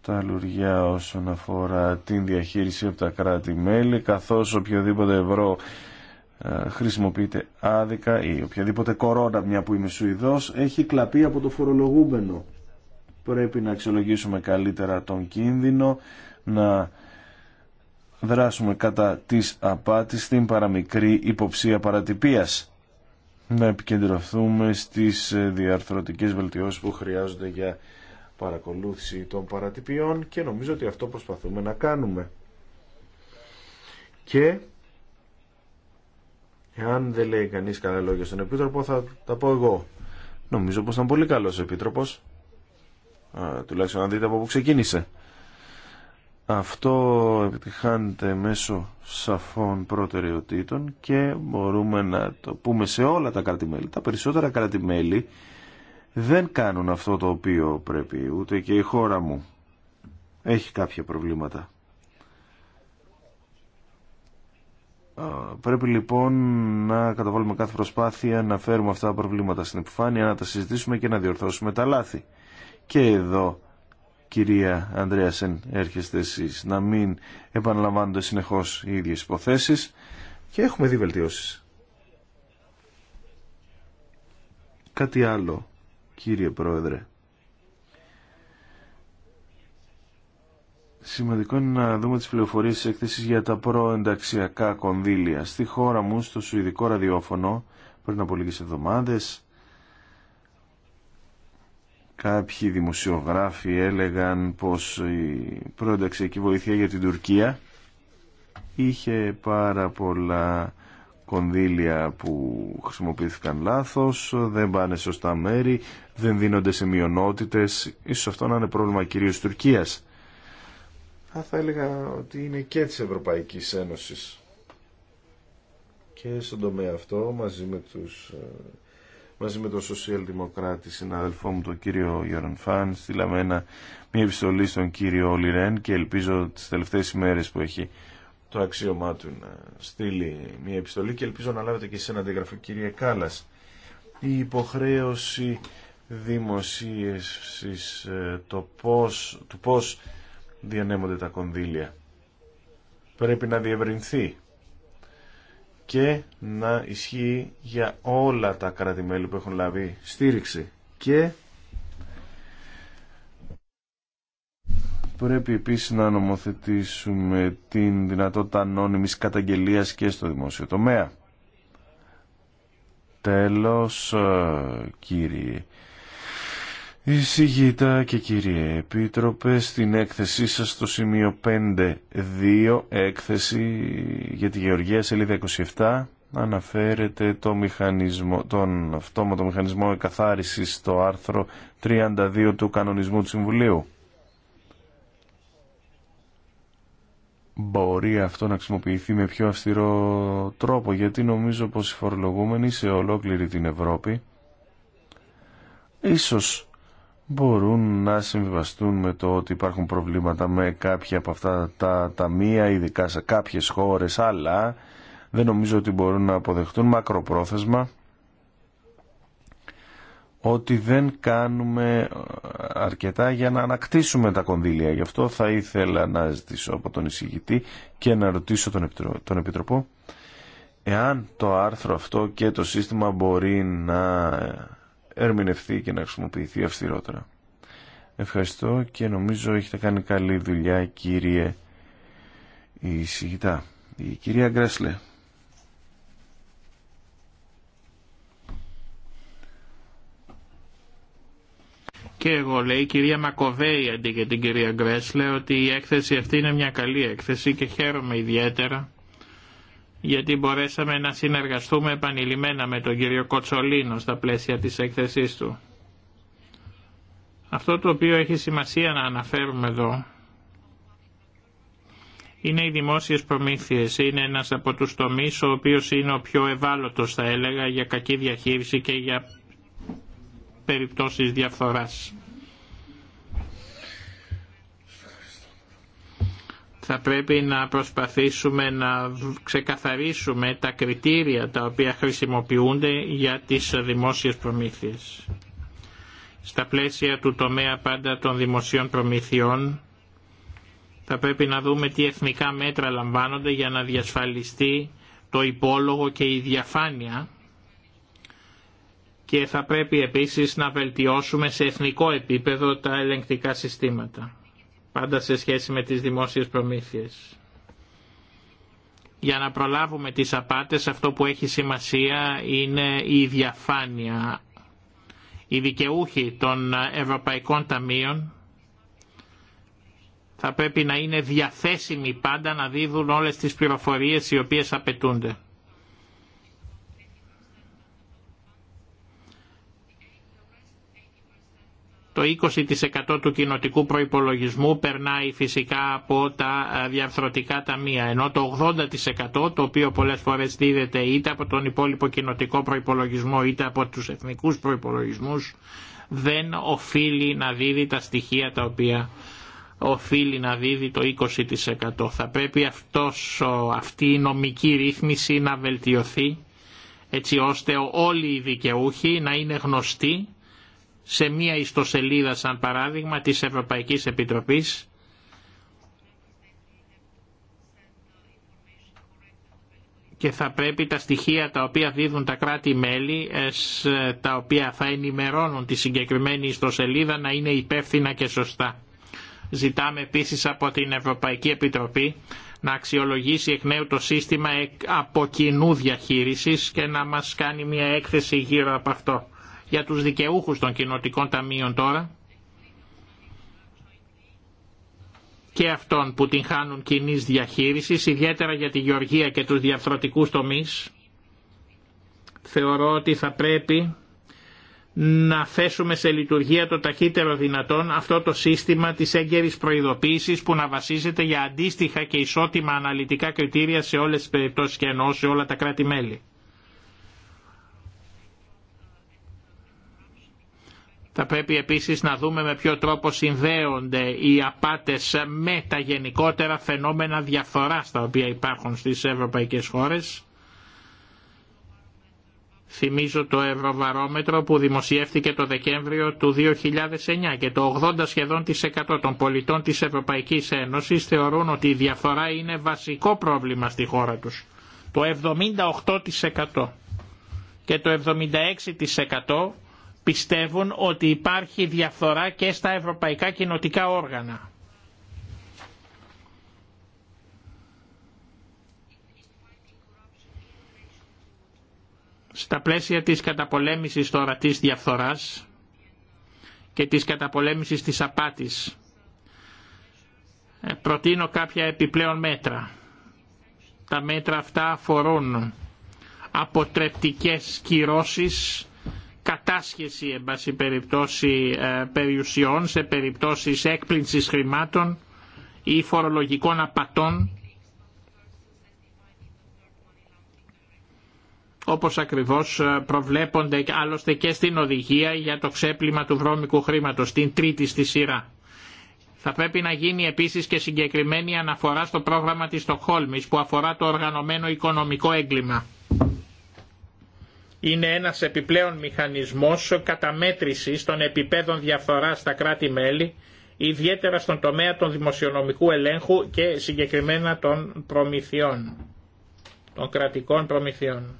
τα λουριά όσον αφορά την διαχείριση από τα κράτη-μέλη καθώς οποιοδήποτε ευρώ ε, χρησιμοποιείται άδικα ή οποιαδήποτε κορώνα μια που είμαι Σουηδός έχει κλαπεί από το φορολογούμενο πρέπει να αξιολογήσουμε καλύτερα τον κίνδυνο να δράσουμε κατά της απάτης στην παραμικρή υποψία παρατυπίας να επικεντρωθούμε στις ε, διαρθρωτικές βελτιώσεις που χρειάζονται για παρακολούθηση των παρατυπιών και νομίζω ότι αυτό προσπαθούμε να κάνουμε και αν δεν λέει κανεί καλά λόγια στον Επίτροπο θα τα πω εγώ. Νομίζω πως ήταν πολύ καλός ο Επίτροπος. τουλάχιστον αν δείτε από πού ξεκίνησε. Αυτό επιτυχάνεται μέσω σαφών προτεραιοτήτων και μπορούμε να το πούμε σε όλα τα κράτη-μέλη. Τα περισσότερα κράτη-μέλη δεν κάνουν αυτό το οποίο πρέπει, ούτε και η χώρα μου έχει κάποια προβλήματα. Πρέπει λοιπόν να καταβάλουμε κάθε προσπάθεια να φέρουμε αυτά τα προβλήματα στην επιφάνεια, να τα συζητήσουμε και να διορθώσουμε τα λάθη. Και εδώ, κυρία Ανδρέασεν, έρχεστε εσείς να μην επαναλαμβάνονται συνεχώς οι ίδιες υποθέσεις και έχουμε δει βελτιώσεις. Κάτι άλλο, κύριε Πρόεδρε. Σημαντικό είναι να δούμε τις πληροφορίες της έκθεσης για τα προενταξιακά κονδύλια. Στη χώρα μου, στο Σουηδικό ραδιόφωνο, πριν από λίγες εβδομάδες, κάποιοι δημοσιογράφοι έλεγαν πως η προενταξιακή βοήθεια για την Τουρκία είχε πάρα πολλά κονδύλια που χρησιμοποιήθηκαν λάθος, δεν πάνε σωστά μέρη, δεν δίνονται σε μειονότητες. Ίσως αυτό να είναι πρόβλημα κυρίως Τουρκίας θα έλεγα ότι είναι και της Ευρωπαϊκής Ένωσης. Και στον τομέα αυτό, μαζί με, τους, ε, μαζί με τον σοσιαλδημοκράτη συναδελφό μου, τον κύριο Γιώργο Φάν, στείλαμε μια επιστολή στον κύριο Λιρέν και ελπίζω τις τελευταίες ημέρες που έχει το αξίωμά του να στείλει μια επιστολή και ελπίζω να λάβετε και σε ένα αντιγραφή κύριε Κάλλας. Η υποχρέωση δημοσίευσης ε, το πώς, του πώς διανέμονται τα κονδύλια. Πρέπει να διευρυνθεί και να ισχύει για όλα τα κρατη που έχουν λάβει στήριξη. Και πρέπει επίσης να νομοθετήσουμε την δυνατότητα ανώνυμης καταγγελίας και στο δημόσιο τομέα. Τέλος, ε, κύριε Εισηγήτα και κύριε Επίτροπε, στην έκθεσή σας στο σημείο 5.2, έκθεση για τη Γεωργία, σελίδα 27, αναφέρεται το μηχανισμό, τον αυτόματο μηχανισμό εκαθάρισης στο άρθρο 32 του κανονισμού του Συμβουλίου. Μπορεί αυτό να χρησιμοποιηθεί με πιο αυστηρό τρόπο, γιατί νομίζω πως οι φορολογούμενοι σε ολόκληρη την Ευρώπη ίσως μπορούν να συμβιβαστούν με το ότι υπάρχουν προβλήματα με κάποια από αυτά τα ταμεία, ειδικά σε κάποιες χώρες, αλλά δεν νομίζω ότι μπορούν να αποδεχτούν μακροπρόθεσμα ότι δεν κάνουμε αρκετά για να ανακτήσουμε τα κονδύλια. Γι' αυτό θα ήθελα να ζητήσω από τον εισηγητή και να ρωτήσω τον, τον Επιτροπό εάν το άρθρο αυτό και το σύστημα μπορεί να ερμηνευθεί και να χρησιμοποιηθεί αυστηρότερα. Ευχαριστώ και νομίζω έχετε κάνει καλή δουλειά κύριε η συγητά. Η κυρία Γκρέσλε. Και εγώ λέει η κυρία Μακοβέη αντί για την κυρία Γκρέσλε ότι η έκθεση αυτή είναι μια καλή έκθεση και χαίρομαι ιδιαίτερα γιατί μπορέσαμε να συνεργαστούμε επανειλημμένα με τον κύριο Κοτσολίνο στα πλαίσια της έκθεσής του. Αυτό το οποίο έχει σημασία να αναφέρουμε εδώ είναι οι δημόσιες προμήθειες. Είναι ένας από τους τομείς ο οποίος είναι ο πιο ευάλωτος θα έλεγα για κακή διαχείριση και για περιπτώσεις διαφθοράς. θα πρέπει να προσπαθήσουμε να ξεκαθαρίσουμε τα κριτήρια τα οποία χρησιμοποιούνται για τις δημόσιες προμήθειες. Στα πλαίσια του τομέα πάντα των δημοσίων προμηθειών θα πρέπει να δούμε τι εθνικά μέτρα λαμβάνονται για να διασφαλιστεί το υπόλογο και η διαφάνεια και θα πρέπει επίσης να βελτιώσουμε σε εθνικό επίπεδο τα ελεγκτικά συστήματα πάντα σε σχέση με τις δημόσιες προμήθειες. Για να προλάβουμε τις απάτες αυτό που έχει σημασία είναι η διαφάνεια. Οι δικαιούχοι των Ευρωπαϊκών Ταμείων θα πρέπει να είναι διαθέσιμοι πάντα να δίδουν όλες τις πληροφορίες οι οποίες απαιτούνται. Το 20% του κοινοτικού προϋπολογισμού περνάει φυσικά από τα διαρθρωτικά ταμεία, ενώ το 80% το οποίο πολλές φορές δίδεται είτε από τον υπόλοιπο κοινοτικό προϋπολογισμό είτε από τους εθνικούς προϋπολογισμούς δεν οφείλει να δίδει τα στοιχεία τα οποία οφείλει να δίδει το 20%. Θα πρέπει αυτός, αυτή η νομική ρύθμιση να βελτιωθεί έτσι ώστε όλοι οι δικαιούχοι να είναι γνωστοί σε μία ιστοσελίδα σαν παράδειγμα της Ευρωπαϊκής Επιτροπής και θα πρέπει τα στοιχεία τα οποία δίδουν τα κράτη-μέλη, τα οποία θα ενημερώνουν τη συγκεκριμένη ιστοσελίδα να είναι υπεύθυνα και σωστά. Ζητάμε επίσης από την Ευρωπαϊκή Επιτροπή να αξιολογήσει εκ νέου το σύστημα από κοινού διαχείρισης και να μας κάνει μια έκθεση γύρω από αυτό. Για τους δικαιούχους των κοινοτικών ταμείων τώρα και αυτών που την χάνουν κοινή διαχείριση, ιδιαίτερα για τη γεωργία και τους διαφθορτικούς τομείς, θεωρώ ότι θα πρέπει να θέσουμε σε λειτουργία το ταχύτερο δυνατόν αυτό το σύστημα της έγκαιρης προειδοποίησης που να βασίζεται για αντίστοιχα και ισότιμα αναλυτικά κριτήρια σε όλες τις περιπτώσεις και ενώ σε όλα τα κράτη-μέλη. Θα πρέπει επίσης να δούμε με ποιο τρόπο συνδέονται οι απάτες με τα γενικότερα φαινόμενα διαφοράς τα οποία υπάρχουν στις ευρωπαϊκές χώρες. Θυμίζω το Ευρωβαρόμετρο που δημοσιεύτηκε το Δεκέμβριο του 2009 και το 80 σχεδόν της 100 των πολιτών της Ευρωπαϊκής Ένωσης θεωρούν ότι η διαφορά είναι βασικό πρόβλημα στη χώρα τους. Το 78% και το 76% πιστεύουν ότι υπάρχει διαφθορά και στα ευρωπαϊκά κοινοτικά όργανα. Στα πλαίσια της καταπολέμησης τώρα της διαφθοράς και της καταπολέμησης της απάτης ε, προτείνω κάποια επιπλέον μέτρα. Τα μέτρα αυτά αφορούν αποτρεπτικές κυρώσεις κατάσχεση εν περιπτώσει ε, περιουσιών σε περιπτώσεις έκπληξης χρημάτων ή φορολογικών απατών όπως ακριβώς ε, προβλέπονται άλλωστε και στην οδηγία για το ξέπλυμα του βρώμικου χρήματος, την τρίτη στη σειρά. Θα πρέπει να γίνει επίσης και συγκεκριμένη αναφορά στο πρόγραμμα της Στοκχόλμης που αφορά το οργανωμένο οικονομικό έγκλημα είναι ένας επιπλέον μηχανισμός καταμέτρησης των επιπέδων διαφθοράς στα κράτη-μέλη, ιδιαίτερα στον τομέα των δημοσιονομικού ελέγχου και συγκεκριμένα των προμηθειών, των κρατικών προμηθειών.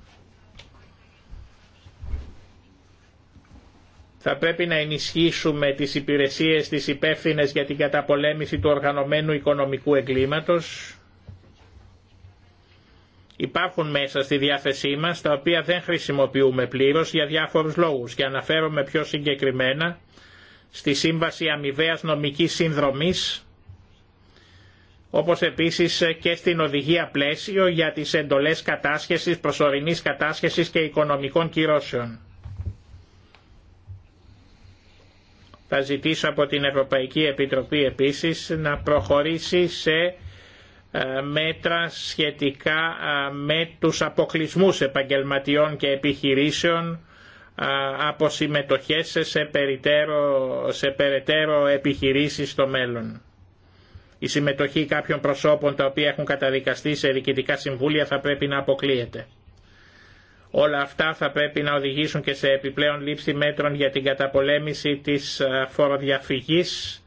Θα πρέπει να ενισχύσουμε τις υπηρεσίες της υπεύθυνε για την καταπολέμηση του οργανωμένου οικονομικού εγκλήματος, Υπάρχουν μέσα στη διάθεσή μας τα οποία δεν χρησιμοποιούμε πλήρως για διάφορους λόγους και αναφέρομαι πιο συγκεκριμένα στη Σύμβαση Αμοιβαίας Νομικής Συνδρομής όπως επίσης και στην Οδηγία Πλαίσιο για τις εντολές κατάσχεσης, προσωρινής κατάσχεσης και οικονομικών κυρώσεων. Θα ζητήσω από την Ευρωπαϊκή Επιτροπή επίσης να προχωρήσει σε ε, μέτρα σχετικά ε, με τους αποκλεισμούς επαγγελματιών και επιχειρήσεων ε, από συμμετοχές σε περαιτέρω, σε επιχειρήσεις στο μέλλον. Η συμμετοχή κάποιων προσώπων τα οποία έχουν καταδικαστεί σε διοικητικά συμβούλια θα πρέπει να αποκλείεται. Όλα αυτά θα πρέπει να οδηγήσουν και σε επιπλέον λήψη μέτρων για την καταπολέμηση της φοροδιαφυγής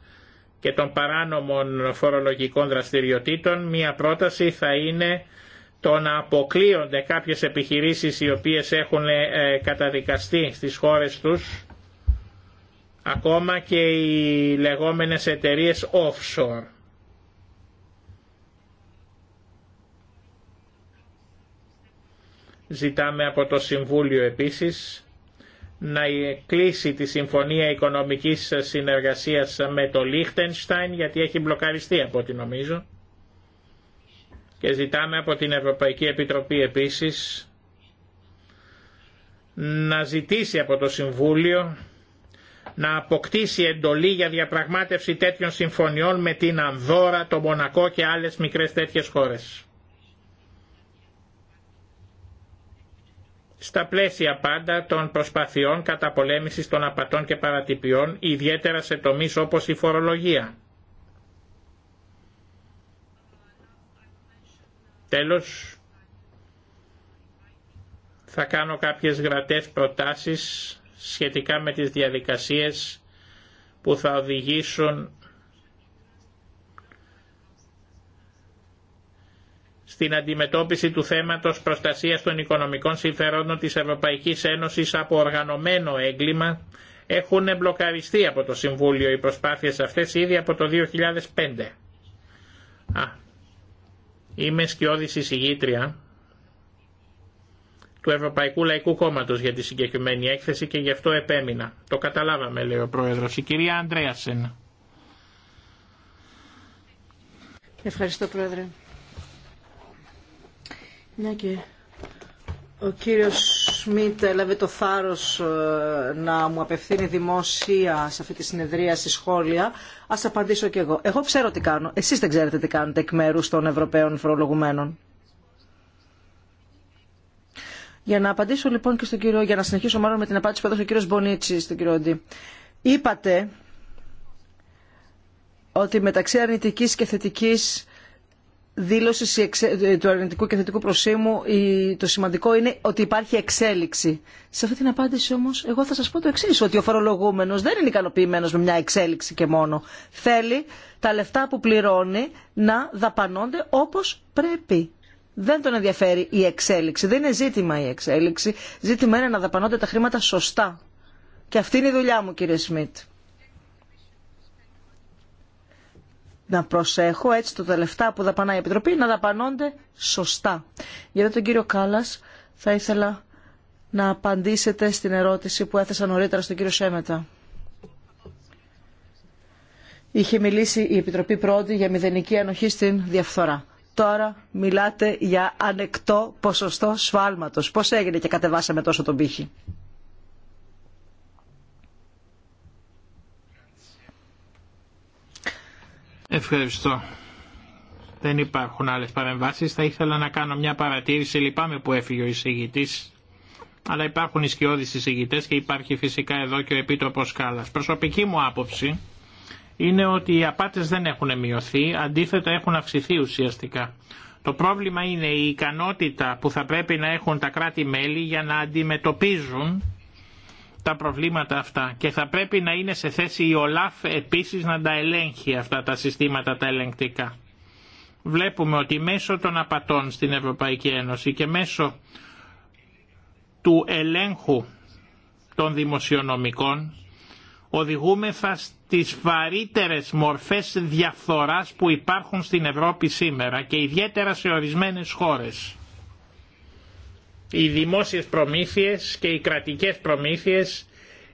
και των παράνομων φορολογικών δραστηριοτήτων, μία πρόταση θα είναι το να αποκλείονται κάποιες επιχειρήσεις οι οποίες έχουν ε, καταδικαστεί στις χώρες τους, ακόμα και οι λεγόμενες εταιρείες offshore. Ζητάμε από το Συμβούλιο επίσης να κλείσει τη Συμφωνία Οικονομικής Συνεργασίας με το Λίχτενστάιν γιατί έχει μπλοκαριστεί από ό,τι νομίζω και ζητάμε από την Ευρωπαϊκή Επιτροπή επίσης να ζητήσει από το Συμβούλιο να αποκτήσει εντολή για διαπραγμάτευση τέτοιων συμφωνιών με την Ανδόρα, το Μονακό και άλλες μικρές τέτοιες χώρες. στα πλαίσια πάντα των προσπαθειών καταπολέμησης των απατών και παρατυπιών, ιδιαίτερα σε τομείς όπως η φορολογία. Τέλος, θα κάνω κάποιες γρατές προτάσεις σχετικά με τις διαδικασίες που θα οδηγήσουν στην αντιμετώπιση του θέματος προστασίας των οικονομικών συμφερόντων της Ευρωπαϊκής Ένωσης από οργανωμένο έγκλημα έχουν εμπλοκαριστεί από το Συμβούλιο οι προσπάθειες αυτές ήδη από το 2005. Α, είμαι σκιώδη εισηγήτρια του Ευρωπαϊκού Λαϊκού Κόμματος για τη συγκεκριμένη έκθεση και γι' αυτό επέμεινα. Το καταλάβαμε, λέει ο Πρόεδρος. Η κυρία Αντρέασεν. Ευχαριστώ, Πρόεδρε. Μια ναι, και ο κύριος Σμιτ έλαβε το θάρρος ε, να μου απευθύνει δημόσια σε αυτή τη συνεδρία στη σχόλια. Ας απαντήσω κι εγώ. Εγώ ξέρω τι κάνω. Εσείς δεν ξέρετε τι κάνετε εκ μέρους των Ευρωπαίων φορολογουμένων. Για να απαντήσω λοιπόν και στον κύριο, για να συνεχίσω μάλλον με την απάντηση που έδωσε ο κύριος Μπονίτσι στον κύριο Ντί. Είπατε ότι μεταξύ αρνητικής και θετικής δήλωση ε, του αρνητικού και θετικού προσήμου το σημαντικό είναι ότι υπάρχει εξέλιξη. Σε αυτή την απάντηση όμω, εγώ θα σα πω το εξή: Ότι ο φορολογούμενο δεν είναι ικανοποιημένο με μια εξέλιξη και μόνο. Θέλει τα λεφτά που πληρώνει να δαπανώνται όπω πρέπει. Δεν τον ενδιαφέρει η εξέλιξη. Δεν είναι ζήτημα η εξέλιξη. Ζήτημα είναι να δαπανώνται τα χρήματα σωστά. Και αυτή είναι η δουλειά μου, κύριε Σμιτ. να προσέχω έτσι το τα λεφτά που δαπανάει η Επιτροπή να δαπανώνται σωστά. Για τον κύριο Κάλλας θα ήθελα να απαντήσετε στην ερώτηση που έθεσα νωρίτερα στον κύριο Σέμετα. Είχε μιλήσει η Επιτροπή πρώτη για μηδενική ανοχή στην διαφθορά. Τώρα μιλάτε για ανεκτό ποσοστό σφάλματος. Πώς έγινε και κατεβάσαμε τόσο τον πύχη. Ευχαριστώ. Δεν υπάρχουν άλλες παρεμβάσεις. Θα ήθελα να κάνω μια παρατήρηση. Λυπάμαι που έφυγε ο εισηγητής. Αλλά υπάρχουν ισχυώδεις εισηγητές και υπάρχει φυσικά εδώ και ο Επίτροπος Κάλλας. Προσωπική μου άποψη είναι ότι οι απάτες δεν έχουν μειωθεί, αντίθετα έχουν αυξηθεί ουσιαστικά. Το πρόβλημα είναι η ικανότητα που θα πρέπει να έχουν τα κράτη-μέλη για να αντιμετωπίζουν τα προβλήματα αυτά και θα πρέπει να είναι σε θέση η ΟΛΑΦ επίσης να τα ελέγχει αυτά τα συστήματα τα ελεγκτικά. Βλέπουμε ότι μέσω των απατών στην Ευρωπαϊκή Ένωση και μέσω του ελέγχου των δημοσιονομικών οδηγούμεθα στις βαρύτερες μορφές διαφθοράς που υπάρχουν στην Ευρώπη σήμερα και ιδιαίτερα σε ορισμένες χώρες. Οι δημόσιες προμήθειες και οι κρατικές προμήθειες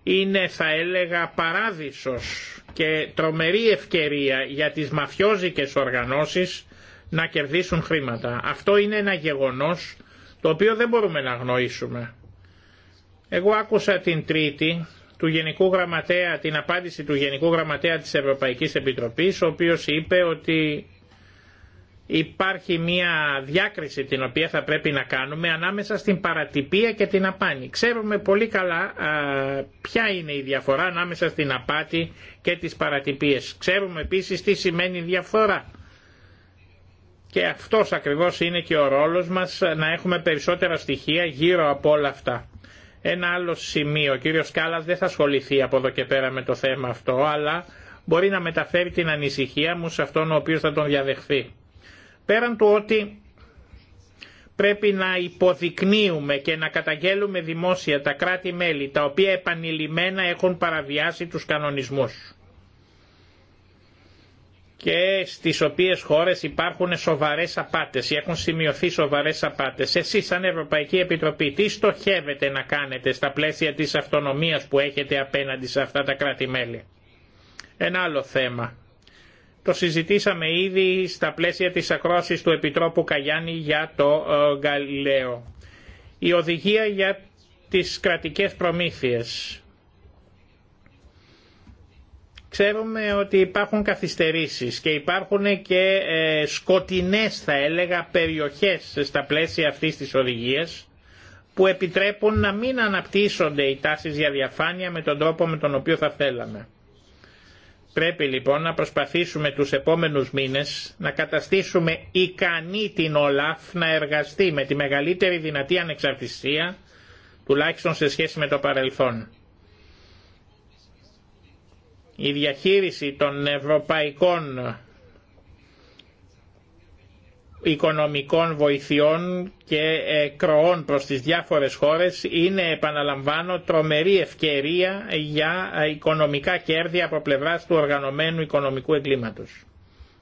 είναι θα έλεγα παράδεισος και τρομερή ευκαιρία για τις μαφιόζικες οργανώσεις να κερδίσουν χρήματα. Αυτό είναι ένα γεγονός το οποίο δεν μπορούμε να γνωρίσουμε. Εγώ άκουσα την Τρίτη του Γενικού Γραμματέα, την απάντηση του Γενικού Γραμματέα της Ευρωπαϊκής Επιτροπής, ο οποίος είπε ότι υπάρχει μια διάκριση την οποία θα πρέπει να κάνουμε ανάμεσα στην παρατυπία και την απάνη. Ξέρουμε πολύ καλά ποια είναι η διαφορά ανάμεσα στην απάτη και τις παρατυπίες. Ξέρουμε επίσης τι σημαίνει διαφθορά. Και αυτός ακριβώς είναι και ο ρόλος μας να έχουμε περισσότερα στοιχεία γύρω από όλα αυτά. Ένα άλλο σημείο, ο κύριος Κάλλας δεν θα ασχοληθεί από εδώ και πέρα με το θέμα αυτό, αλλά μπορεί να μεταφέρει την ανησυχία μου σε αυτόν ο οποίος θα τον διαδεχθεί. Πέραν του ότι πρέπει να υποδεικνύουμε και να καταγγέλουμε δημόσια τα κράτη-μέλη τα οποία επανειλημμένα έχουν παραβιάσει τους κανονισμούς και στις οποίες χώρες υπάρχουν σοβαρές απάτες ή έχουν σημειωθεί σοβαρές απάτες. Εσείς σαν Ευρωπαϊκή Επιτροπή τι στοχεύετε να κάνετε στα πλαίσια της αυτονομίας που έχετε απέναντι σε αυτά τα κράτη-μέλη. Ένα άλλο θέμα το συζητήσαμε ήδη στα πλαίσια της ακρόασης του Επιτρόπου Καγιάννη για το ε, Γαλιλαίο. Η οδηγία για τις κρατικές προμήθειες. Ξέρουμε ότι υπάρχουν καθυστερήσεις και υπάρχουν και ε, σκοτεινές θα έλεγα περιοχές στα πλαίσια αυτής της οδηγίας που επιτρέπουν να μην αναπτύσσονται οι τάσεις για διαφάνεια με τον τρόπο με τον οποίο θα θέλαμε. Πρέπει λοιπόν να προσπαθήσουμε τους επόμενους μήνες να καταστήσουμε ικανή την ΟΛΑΦ να εργαστεί με τη μεγαλύτερη δυνατή ανεξαρτησία, τουλάχιστον σε σχέση με το παρελθόν. Η διαχείριση των ευρωπαϊκών οικονομικών βοηθειών και ε, κροών προς τις διάφορες χώρες είναι επαναλαμβάνω τρομερή ευκαιρία για ε, οικονομικά κέρδη από πλευράς του οργανωμένου οικονομικού εγκλήματος.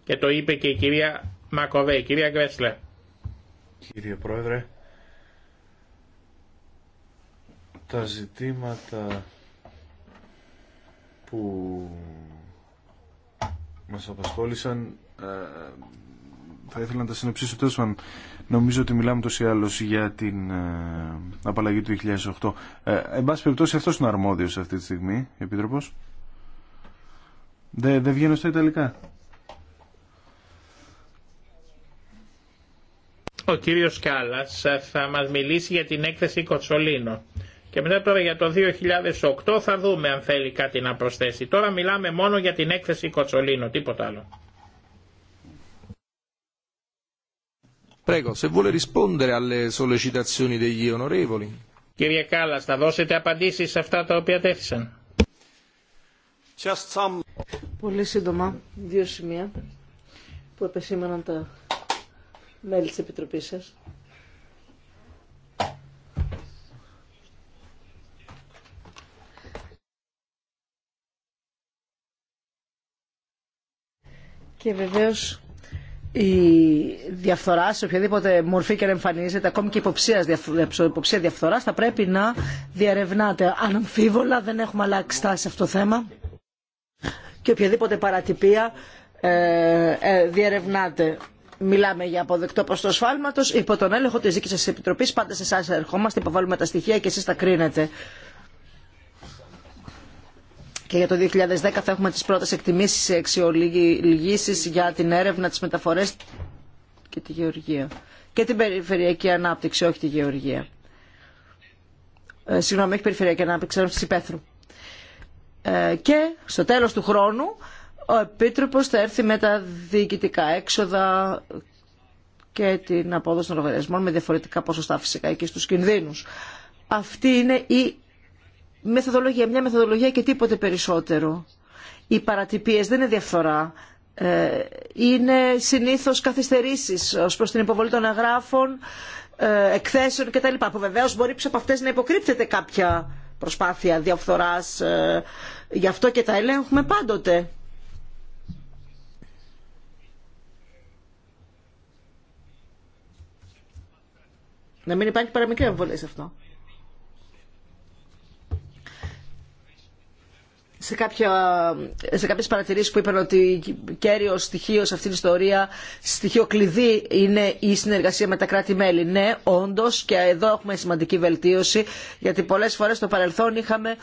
Και το είπε και η κυρία Μακοβέ, η κυρία Γκρέσλε. Κύριε Πρόεδρε, τα ζητήματα που μας απασχόλησαν ε, θα ήθελα να τα συνεψίσω τόσο αν Νομίζω ότι μιλάμε τόσο ή άλλως για την ε, απαλλαγή του 2008. Ε, εν πάση περιπτώσει αυτός είναι αρμόδιος αυτή τη στιγμή, Επίτροπος. Δεν δε βγαίνω στα Ιταλικά. Ο κύριος Κάλλας ε, θα μας μιλήσει για την έκθεση Κοτσολίνο. Και μετά τώρα για το 2008 θα δούμε αν θέλει κάτι να προσθέσει. Τώρα μιλάμε μόνο για την έκθεση Κοτσολίνο, τίποτα άλλο. Κύριε Κάλλας, θα δώσετε απαντήσεις σε αυτά τα οποία τέθησαν. Πολύ σύντομα, δύο σημεία που επεσήμαναν τα μέλη της Επιτροπής σας. Και βεβαίως η διαφθορά σε οποιαδήποτε μορφή και να εμφανίζεται, ακόμη και υποψία, υποψία διαφθοράς, θα πρέπει να διαρευνάται. Αναμφίβολα δεν έχουμε αλλάξει στάση σε αυτό το θέμα και οποιαδήποτε παρατυπία ε, ε διαρευνάται. Μιλάμε για αποδεκτό προ το Υπό τον έλεγχο τη δική σα επιτροπή, πάντα σε εσά ερχόμαστε, υποβάλλουμε τα στοιχεία και εσεί τα κρίνετε και για το 2010 θα έχουμε τις πρώτες εκτιμήσεις αξιολογήσεις για την έρευνα, τις μεταφορές και τη γεωργία. Και την περιφερειακή ανάπτυξη, όχι τη γεωργία. Ε, συγγνώμη, όχι περιφερειακή ανάπτυξη, αλλά υπαίθρου. Ε, και στο τέλος του χρόνου ο Επίτροπος θα έρθει με τα διοικητικά έξοδα και την απόδοση των λογαριασμών με διαφορετικά ποσοστά φυσικά και στους κινδύνους. Αυτή είναι η μεθοδολογία, μια μεθοδολογία και τίποτε περισσότερο. Οι παρατυπίες δεν είναι διαφθορά. Ε, είναι συνήθως καθυστερήσεις ως προς την υποβολή των αγράφων, ε, εκθέσεων κτλ. Που βεβαίως μπορεί πίσω από αυτές να υποκρύπτεται κάποια προσπάθεια διαφθοράς. Ε, γι' αυτό και τα ελέγχουμε πάντοτε. Να μην υπάρχει παραμικρή αμβολία σε αυτό. σε, κάποια, σε κάποιες παρατηρήσεις που είπαν ότι κέριο στοιχείο σε αυτήν την ιστορία, στοιχείο κλειδί είναι η συνεργασία με τα κράτη-μέλη. Ναι, όντως και εδώ έχουμε σημαντική βελτίωση γιατί πολλές φορές στο παρελθόν είχαμε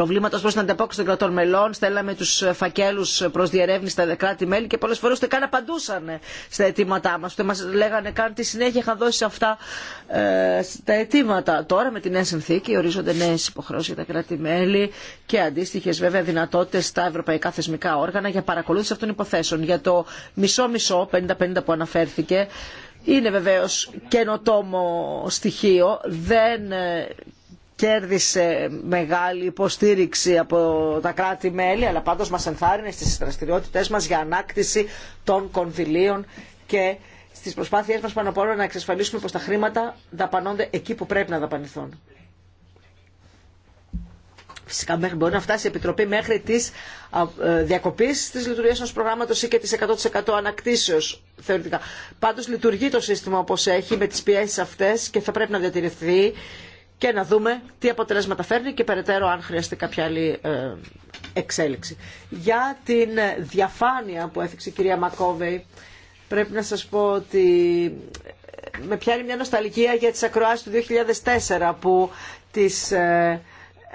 ω προ την ανταπόκριση των κρατών μελών. Στέλναμε του φακέλου προ διερεύνηση στα κράτη-μέλη και πολλέ φορέ ούτε καν απαντούσαν στα αιτήματά μα. Ούτε μα λέγανε καν τι συνέχεια είχαν δώσει αυτά ε, τα αιτήματα. Τώρα με την νέα συνθήκη ορίζονται νέε υποχρεώσει για τα κράτη-μέλη και αντίστοιχε βέβαια δυνατότητε στα ευρωπαϊκά θεσμικά όργανα για παρακολούθηση αυτών των υποθέσεων. Για το μισό-μισό, 50-50 που αναφέρθηκε, είναι βεβαίως καινοτόμο στοιχείο. Δεν ε, κέρδισε μεγάλη υποστήριξη από τα κράτη-μέλη, αλλά πάντως μας ενθάρρυνε στις δραστηριότητες μας για ανάκτηση των κονδυλίων και στις προσπάθειές μας πάνω απ' όλα να εξασφαλίσουμε πως τα χρήματα δαπανώνται εκεί που πρέπει να δαπανηθούν. Φυσικά μπορεί να φτάσει η Επιτροπή μέχρι τη ε, διακοπή τη λειτουργία ενό προγράμματο ή και τη 100% ανακτήσεω θεωρητικά. Πάντω λειτουργεί το σύστημα όπω έχει με τι πιέσει αυτέ και θα πρέπει να διατηρηθεί και να δούμε τι αποτελέσματα φέρνει και περαιτέρω αν χρειαστεί κάποια άλλη ε, εξέλιξη. Για την διαφάνεια που έθιξε η κυρία Μακόβεϊ, πρέπει να σας πω ότι ε, με πιάνει μια νοσταλγία για τις ακροάσεις του 2004 που τις ε,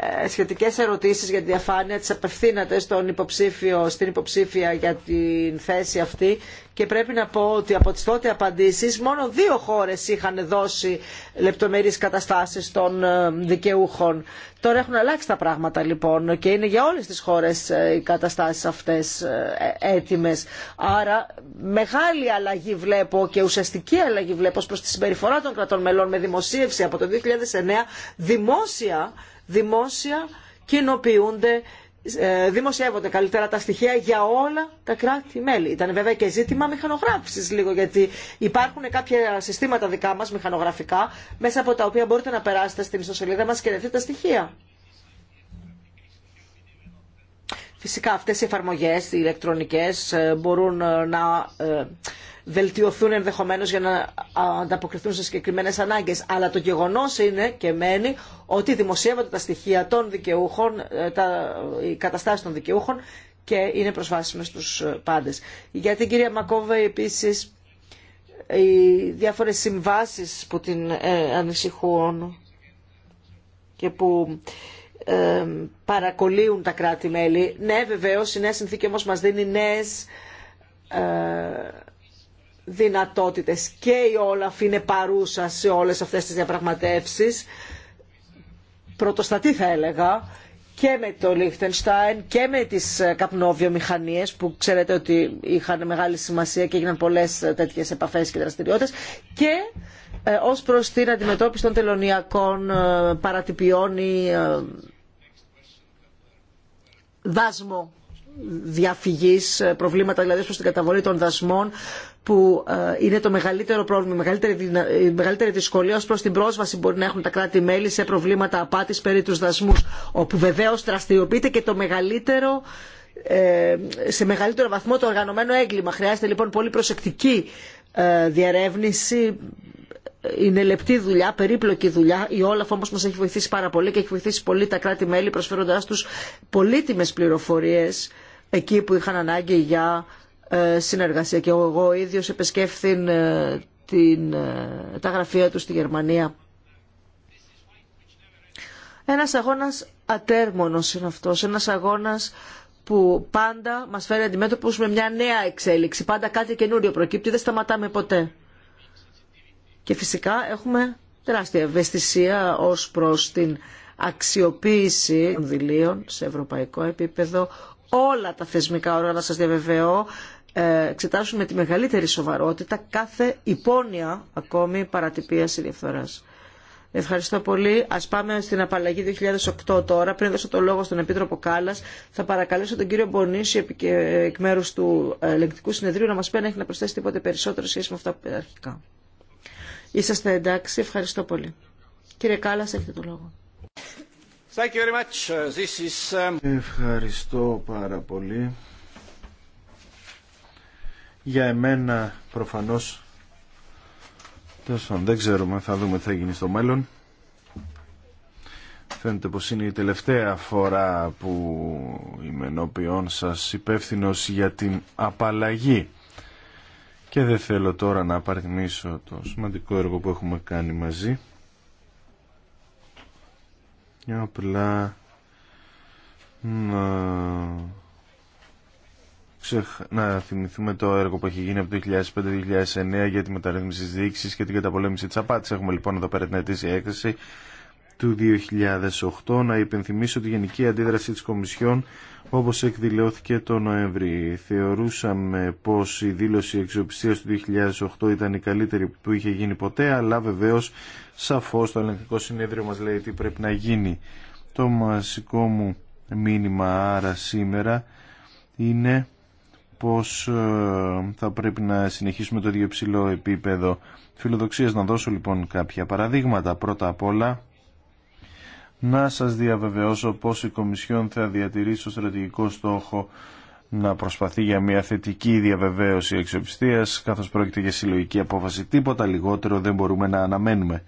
ε, σχετικές ερωτήσεις για τη διαφάνεια τι απευθύνατε στον υποψήφιο, στην υποψήφια για την θέση αυτή και πρέπει να πω ότι από τις τότε απαντήσεις μόνο δύο χώρες είχαν δώσει λεπτομερείς καταστάσεις των ε, δικαιούχων. Τώρα έχουν αλλάξει τα πράγματα λοιπόν και είναι για όλες τις χώρες ε, οι καταστάσεις αυτές έτοιμες. Άρα μεγάλη αλλαγή βλέπω και ουσιαστική αλλαγή βλέπω προς τη συμπεριφορά των κρατών μελών με δημοσίευση από το 2009 δημόσια δημόσια κοινοποιούνται ε, δημοσιεύονται καλύτερα τα στοιχεία για όλα τα κράτη-μέλη. Ήταν βέβαια και ζήτημα μηχανογράφηση λίγο, γιατί υπάρχουν κάποια συστήματα δικά μας μηχανογραφικά, μέσα από τα οποία μπορείτε να περάσετε στην ιστοσελίδα μας και να δείτε τα στοιχεία. Φυσικά αυτές οι εφαρμογές, οι ηλεκτρονικές, ε, μπορούν ε, να ε, βελτιωθούν ενδεχομένως για να ανταποκριθούν σε συγκεκριμένες ανάγκες. Αλλά το γεγονός είναι και μένει ότι δημοσιεύονται τα στοιχεία των δικαιούχων, τα, οι καταστάσεις των δικαιούχων και είναι προσβάσιμες στους πάντες. Για την κυρία Μακόβε επίσης οι διάφορες συμβάσεις που την ανησυχούν και που παρακολύουν τα κράτη-μέλη. Ναι, βεβαίω η νέα συνθήκη όμω μας δίνει νέες ε, δυνατότητες και η Όλαφ είναι παρούσα σε όλες αυτές τις διαπραγματεύσει. πρωτοστατή θα έλεγα και με το Λίχτενστάιν και με τις ε, καπνοβιομηχανίε, που ξέρετε ότι είχαν μεγάλη σημασία και έγιναν πολλές ε, τέτοιε επαφές και δραστηριότητε και ως προς την αντιμετώπιση των τελωνιακών παρατυπιών δάσμο διαφυγής, ε, προβλήματα δηλαδή προς την καταβολή των δασμών που ε, είναι το μεγαλύτερο πρόβλημα, η μεγαλύτερη, δυσκολία ως προς την πρόσβαση που μπορεί να έχουν τα κράτη-μέλη σε προβλήματα απάτης περί τους δασμούς όπου βεβαίως δραστηριοποιείται και το μεγαλύτερο ε, σε μεγαλύτερο βαθμό το οργανωμένο έγκλημα. Χρειάζεται λοιπόν πολύ προσεκτική διερεύνηση είναι λεπτή δουλειά, περίπλοκη δουλειά. Η Όλαφ όμω μα έχει βοηθήσει πάρα πολύ και έχει βοηθήσει πολύ τα κράτη-μέλη προσφέροντά του πολύτιμε πληροφορίε εκεί που είχαν ανάγκη για ε, συνεργασία. Και εγώ ίδιο επεσκέφθην ε, την, ε, τα γραφεία του στη Γερμανία. Ένας αγώνας ατέρμονος είναι αυτό, ένα αγώνα που πάντα μας φέρει αντιμέτωπους με μια νέα εξέλιξη, πάντα κάτι καινούριο προκύπτει, δεν σταματάμε ποτέ. Και φυσικά έχουμε τεράστια ευαισθησία ως προς την αξιοποίηση των κονδυλίων σε ευρωπαϊκό επίπεδο. Όλα τα θεσμικά όργανα, σας διαβεβαιώ, ε, εξετάσουν με τη μεγαλύτερη σοβαρότητα κάθε υπόνοια ακόμη παρατυπίας ή διαφθοράς. Ευχαριστώ πολύ. Α πάμε στην απαλλαγή 2008 τώρα. Πριν δώσω το λόγο στον Επίτροπο Κάλλα, θα παρακαλέσω τον κύριο Μπονίση εκ μέρου του ελεγκτικού συνεδρίου να μα πει αν έχει να προσθέσει τίποτε περισσότερο σχέση με αυτά που αρχικά. Είσαστε εντάξει. Ευχαριστώ πολύ. Κύριε Κάλλας, έχετε το λόγο. Thank you very much. This is... Um, Ευχαριστώ πάρα πολύ. Για εμένα προφανώς δεν ξέρουμε, θα δούμε τι θα γίνει στο μέλλον. Φαίνεται πως είναι η τελευταία φορά που είμαι ενώπιόν σας υπεύθυνος για την απαλλαγή και δεν θέλω τώρα να απαριθμίσω το σημαντικό έργο που έχουμε κάνει μαζί. Απλά να... Ξεχ... να θυμηθούμε το έργο που έχει γίνει από το 2005-2009 για τη μεταρρύθμιση της και την καταπολέμηση της απάτης. Έχουμε λοιπόν εδώ πέρα την αιτήσια έκθεση του 2008 να υπενθυμίσω τη γενική αντίδραση της Κομισιόν όπως εκδηλώθηκε το Νοέμβρη. Θεωρούσαμε πως η δήλωση εξοπιστίας του 2008 ήταν η καλύτερη που είχε γίνει ποτέ, αλλά βεβαίως σαφώς το ελεγκτικό συνέδριο μας λέει τι πρέπει να γίνει. Το μασικό μου μήνυμα άρα σήμερα είναι πως ε, θα πρέπει να συνεχίσουμε το ίδιο ψηλό επίπεδο φιλοδοξίας. Να δώσω λοιπόν κάποια παραδείγματα. Πρώτα απ' όλα να σας διαβεβαιώσω πως η Κομισιόν θα διατηρήσει το στρατηγικό στόχο να προσπαθεί για μια θετική διαβεβαίωση αξιοπιστίας καθώς πρόκειται για συλλογική απόφαση. Τίποτα λιγότερο δεν μπορούμε να αναμένουμε.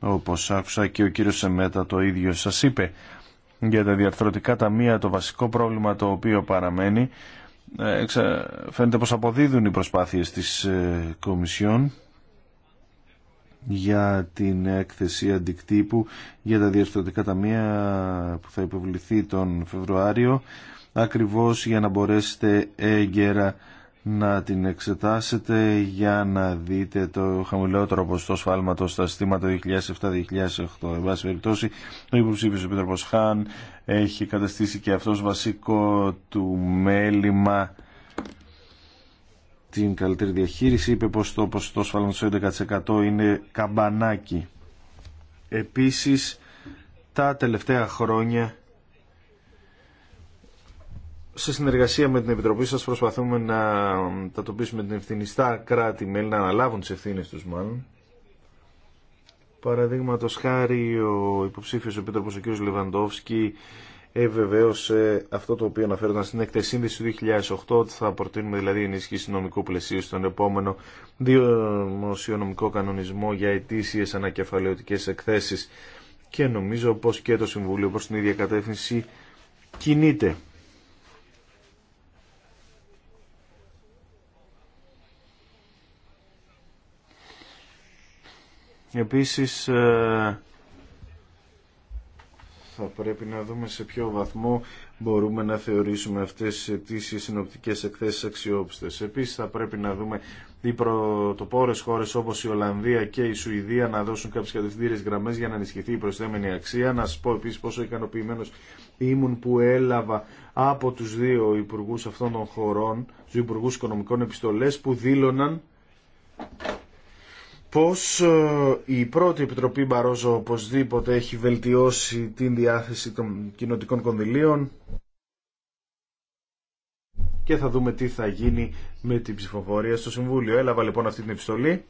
Όπως άκουσα και ο κύριος Σεμέτα το ίδιο σας είπε για τα διαρθρωτικά ταμεία το βασικό πρόβλημα το οποίο παραμένει ε, φαίνεται πως αποδίδουν οι προσπάθειες της ε, Κομισιόν για την έκθεση αντικτύπου για τα διαστατικά ταμεία που θα υποβληθεί τον Φεβρουάριο ακριβώς για να μπορέσετε έγκαιρα να την εξετάσετε για να δείτε το χαμηλότερο ποσοστό σφάλματος στα στηματα 2007 2007-2008. Εν πάση περιπτώσει, ο υποψήφιο Επίτροπος Χάν έχει καταστήσει και αυτός βασικό του μέλημα την καλύτερη διαχείριση. Είπε πως το ποσοστό στο 11% είναι καμπανάκι. Επίσης, τα τελευταία χρόνια σε συνεργασία με την Επιτροπή σας προσπαθούμε να τα τοπίσουμε την ευθύνη στα κράτη-μέλη, να αναλάβουν τις ευθύνε τους μάλλον. Παραδείγματο χάρη ο υποψήφιος επίτροπος ο κ. Λεβαντόφσκι ε, ε, αυτό το οποίο αναφέρονταν στην εκτεσύνδεση του 2008, ότι θα προτείνουμε δηλαδή ενίσχυση νομικού πλαισίου στον επόμενο δημοσιονομικό κανονισμό για ετήσιε ανακεφαλαιωτικές εκθέσει. Και νομίζω πω και το Συμβούλιο προ την ίδια κατεύθυνση κινείται. Επίσης, ε, θα πρέπει να δούμε σε ποιο βαθμό μπορούμε να θεωρήσουμε αυτές τις συνοπτικές εκθέσεις αξιόπιστες. Επίσης θα πρέπει να δούμε οι πρωτοπόρες χώρες όπως η Ολλανδία και η Σουηδία να δώσουν κάποιες κατευθυντήρες γραμμές για να ενισχυθεί η προσθέμενη αξία. Να σας πω επίσης πόσο ικανοποιημένος ήμουν που έλαβα από τους δύο υπουργούς αυτών των χωρών, τους υπουργούς οικονομικών επιστολές που δήλωναν πως ε, η πρώτη Επιτροπή Μπαρόζο οπωσδήποτε έχει βελτιώσει την διάθεση των κοινωτικών κονδυλίων και θα δούμε τι θα γίνει με την ψηφοφορία στο Συμβούλιο. Έλαβα λοιπόν αυτή την επιστολή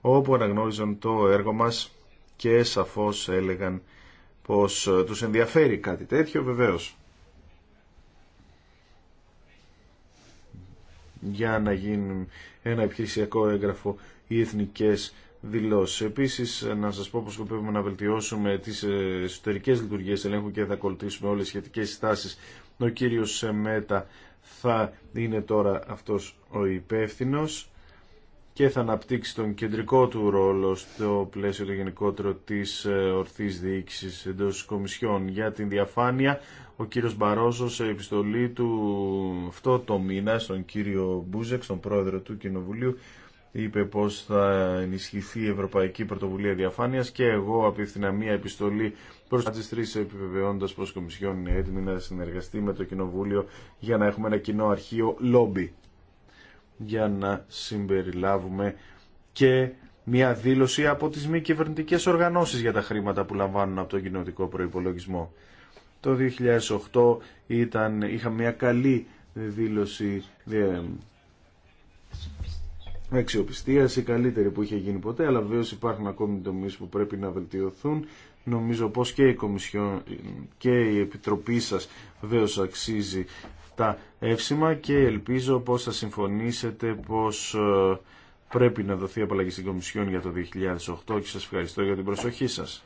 όπου αναγνώριζαν το έργο μας και σαφώς έλεγαν πως ε, τους ενδιαφέρει κάτι τέτοιο βεβαίως. για να γίνουν ένα επιχειρησιακό έγγραφο οι εθνικές δηλώσεις. Επίσης, να σας πω πως σκοπεύουμε να βελτιώσουμε τις εσωτερικές λειτουργίες ελέγχου και θα ακολουθήσουμε όλες τις σχετικές στάσεις. Ο κύριος Σεμέτα θα είναι τώρα αυτός ο υπεύθυνο και θα αναπτύξει τον κεντρικό του ρόλο στο πλαίσιο το γενικότερο της ε, ορθής διοίκησης εντός της Κομισιόν για την διαφάνεια. Ο κύριος Μπαρόζο σε επιστολή του αυτό το μήνα στον κύριο Μπούζεκ, στον πρόεδρο του Κοινοβουλίου, είπε πως θα ενισχυθεί η Ευρωπαϊκή Πρωτοβουλία Διαφάνειας και εγώ απευθυνα μία επιστολή προς τις τρεις επιβεβαιώντας πως η Κομισιόν είναι έτοιμη να συνεργαστεί με το Κοινοβούλιο για να έχουμε ένα κοινό αρχείο λόμπι για να συμπεριλάβουμε και μια δήλωση από τις μη κυβερνητικέ οργανώσεις για τα χρήματα που λαμβάνουν από τον κοινωτικό προϋπολογισμό. Το 2008 ήταν, είχαμε μια καλή δήλωση ε, αξιοπιστία, η καλύτερη που είχε γίνει ποτέ, αλλά βεβαίω υπάρχουν ακόμη τομεί που πρέπει να βελτιωθούν. Νομίζω πως και η, και Επιτροπή σας βεβαίω αξίζει εύσημα και ελπίζω πως θα συμφωνήσετε πως ε, πρέπει να δοθεί απαλλαγή στην Κομισιόν για το 2008 και σας ευχαριστώ για την προσοχή σας.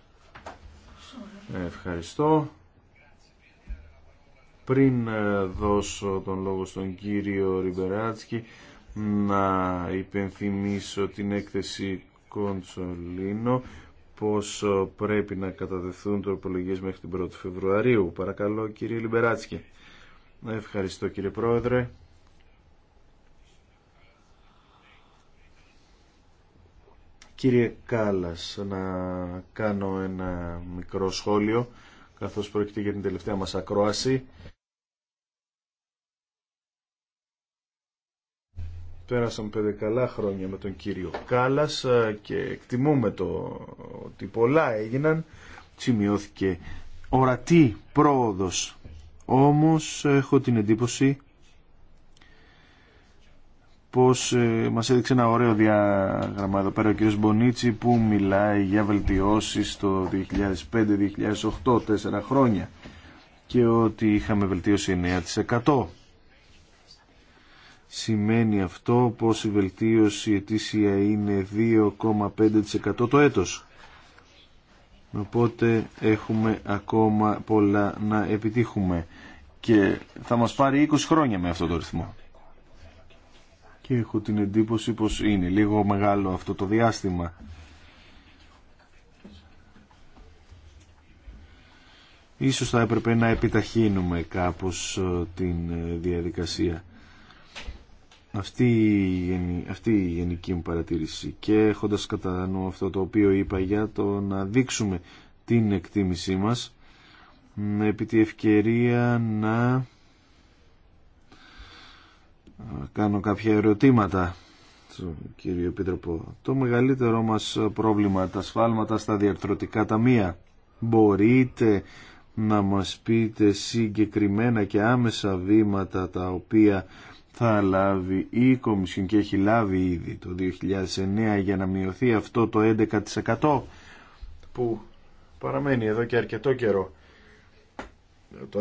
Ευχαριστώ. Πριν ε, δώσω τον λόγο στον κύριο Ριμπεράτσκι να υπενθυμίσω την έκθεση Κοντσολίνο πως ε, πρέπει να καταδεθούν τροπολογίες μέχρι την 1η Φεβρουαρίου. Παρακαλώ κύριε Λιμπεράτσκι. Ευχαριστώ κύριε Πρόεδρε. Κύριε Κάλλας, να κάνω ένα μικρό σχόλιο, καθώς πρόκειται για την τελευταία μας ακρόαση. Πέρασαν πέντε καλά χρόνια με τον κύριο Κάλλας ε, και εκτιμούμε το ότι πολλά έγιναν. Σημειώθηκε ορατή πρόοδος όμως έχω την εντύπωση πως ε, μας έδειξε ένα ωραίο διαγραμμά εδώ πέρα ο κ. Μπονίτσι που μιλάει για βελτιώσεις το 2005-2008, τέσσερα χρόνια και ότι είχαμε βελτίωση 9%. Σημαίνει αυτό πως η βελτίωση ετήσια είναι 2,5% το έτος. Οπότε έχουμε ακόμα πολλά να επιτύχουμε και θα μας πάρει 20 χρόνια με αυτό το ρυθμό. Και έχω την εντύπωση πως είναι λίγο μεγάλο αυτό το διάστημα. Ίσως θα έπρεπε να επιταχύνουμε κάπως ε, την ε, διαδικασία. Αυτή η, γενική μου παρατήρηση και έχοντα κατά νου αυτό το οποίο είπα για το να δείξουμε την εκτίμησή μας επί τη ευκαιρία να κάνω κάποια ερωτήματα στον κύριο Επίτροπο. Το μεγαλύτερό μας πρόβλημα, τα σφάλματα στα διαρθρωτικά ταμεία. Μπορείτε να μας πείτε συγκεκριμένα και άμεσα βήματα τα οποία θα λάβει η Κομισιόν και έχει λάβει ήδη το 2009 για να μειωθεί αυτό το 11% που παραμένει εδώ και αρκετό καιρό. Το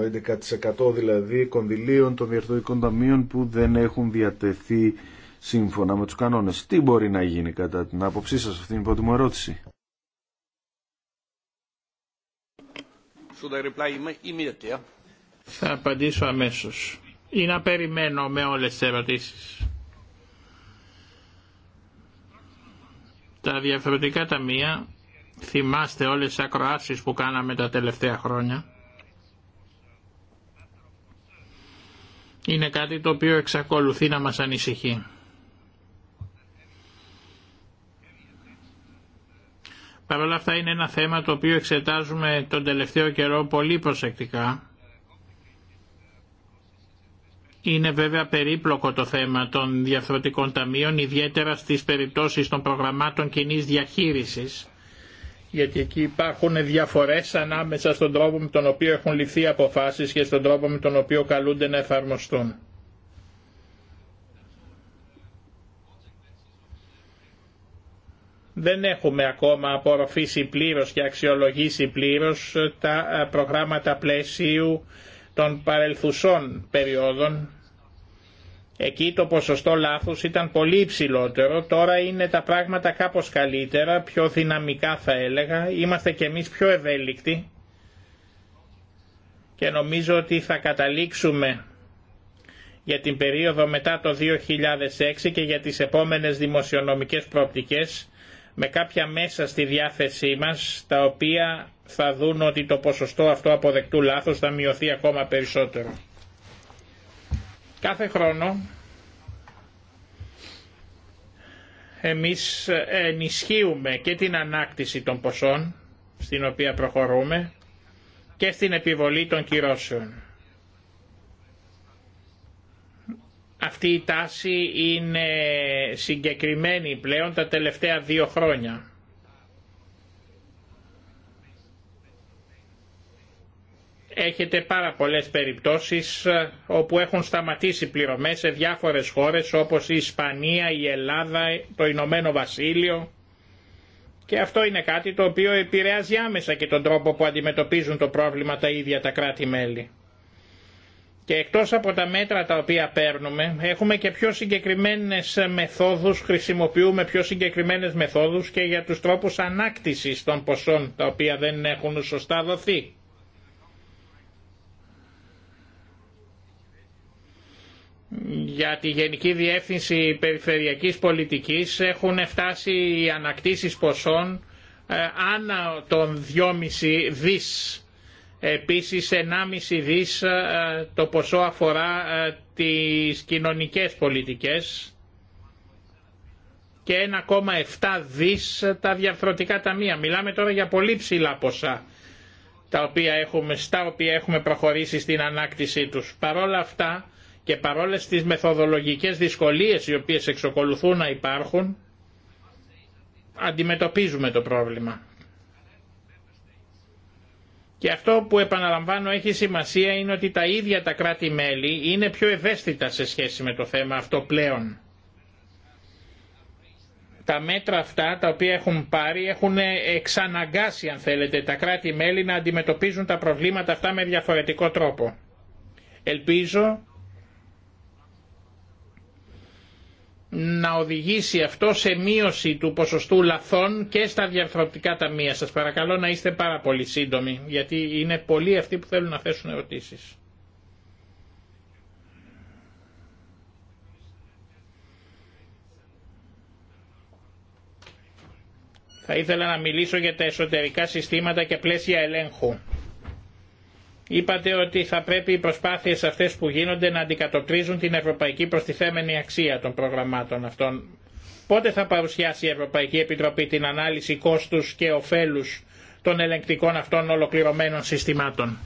11% δηλαδή κονδυλίων των διερθωτικών ταμείων που δεν έχουν διατεθεί σύμφωνα με τους κανόνες. Τι μπορεί να γίνει κατά την άποψή σας, αυτή την η πρώτη μου ερώτηση. Θα απαντήσω αμέσως ή να περιμένω με όλες τις ερωτήσεις. Τα διαφορετικά ταμεία, θυμάστε όλες τις ακροάσεις που κάναμε τα τελευταία χρόνια, είναι κάτι το οποίο εξακολουθεί να μας ανησυχεί. Παρ' όλα αυτά είναι ένα θέμα το οποίο εξετάζουμε τον τελευταίο καιρό πολύ προσεκτικά είναι βέβαια περίπλοκο το θέμα των διαφορετικών ταμείων, ιδιαίτερα στις περιπτώσεις των προγραμμάτων κοινή διαχείρισης, γιατί εκεί υπάρχουν διαφορές ανάμεσα στον τρόπο με τον οποίο έχουν ληφθεί αποφάσεις και στον τρόπο με τον οποίο καλούνται να εφαρμοστούν. δεν έχουμε ακόμα απορροφήσει πλήρως και αξιολογήσει πλήρως τα ε, προγράμματα πλαισίου των παρελθουσών περιόδων Εκεί το ποσοστό λάθους ήταν πολύ υψηλότερο, τώρα είναι τα πράγματα κάπως καλύτερα, πιο δυναμικά θα έλεγα, είμαστε και εμείς πιο ευέλικτοι και νομίζω ότι θα καταλήξουμε για την περίοδο μετά το 2006 και για τις επόμενες δημοσιονομικές προοπτικές με κάποια μέσα στη διάθεσή μας τα οποία θα δουν ότι το ποσοστό αυτό αποδεκτού λάθος θα μειωθεί ακόμα περισσότερο. Κάθε χρόνο εμείς ενισχύουμε και την ανάκτηση των ποσών στην οποία προχωρούμε και στην επιβολή των κυρώσεων. Αυτή η τάση είναι συγκεκριμένη πλέον τα τελευταία δύο χρόνια. έχετε πάρα πολλές περιπτώσεις ε, όπου έχουν σταματήσει πληρωμές σε διάφορες χώρες όπως η Ισπανία, η Ελλάδα, το Ηνωμένο Βασίλειο και αυτό είναι κάτι το οποίο επηρεάζει άμεσα και τον τρόπο που αντιμετωπίζουν το πρόβλημα τα ίδια τα κράτη-μέλη. Και εκτός από τα μέτρα τα οποία παίρνουμε, έχουμε και πιο συγκεκριμένες μεθόδους, χρησιμοποιούμε πιο συγκεκριμένες μεθόδους και για τους τρόπους ανάκτησης των ποσών τα οποία δεν έχουν σωστά δοθεί. για τη Γενική Διεύθυνση Περιφερειακής Πολιτικής έχουν φτάσει οι ανακτήσεις ποσών ε, άνα των 2,5 δις. Επίσης 1,5 δις ε, το ποσό αφορά ε, τις κοινωνικές πολιτικές και 1,7 δις τα διαρθρωτικά ταμεία. Μιλάμε τώρα για πολύ ψηλά ποσά τα οποία έχουμε, στα οποία έχουμε προχωρήσει στην ανάκτησή τους. Παρόλα αυτά και παρόλες τις μεθοδολογικές δυσκολίες οι οποίες εξοκολουθούν να υπάρχουν, αντιμετωπίζουμε το πρόβλημα. Και αυτό που επαναλαμβάνω έχει σημασία είναι ότι τα ίδια τα κράτη-μέλη είναι πιο ευαίσθητα σε σχέση με το θέμα αυτό πλέον. Τα μέτρα αυτά τα οποία έχουν πάρει έχουν εξαναγκάσει αν θέλετε τα κράτη-μέλη να αντιμετωπίζουν τα προβλήματα αυτά με διαφορετικό τρόπο. Ελπίζω να οδηγήσει αυτό σε μείωση του ποσοστού λαθών και στα διαρθρωτικά ταμεία. Σας παρακαλώ να είστε πάρα πολύ σύντομοι, γιατί είναι πολλοί αυτοί που θέλουν να θέσουν ερωτήσεις. Θα ήθελα να μιλήσω για τα εσωτερικά συστήματα και πλαίσια ελέγχου. Είπατε ότι θα πρέπει οι προσπάθειες αυτές που γίνονται να αντικατοπτρίζουν την ευρωπαϊκή προστιθέμενη αξία των προγραμμάτων αυτών. Πότε θα παρουσιάσει η Ευρωπαϊκή Επιτροπή την ανάλυση κόστους και ωφέλους των ελεγκτικών αυτών ολοκληρωμένων συστημάτων.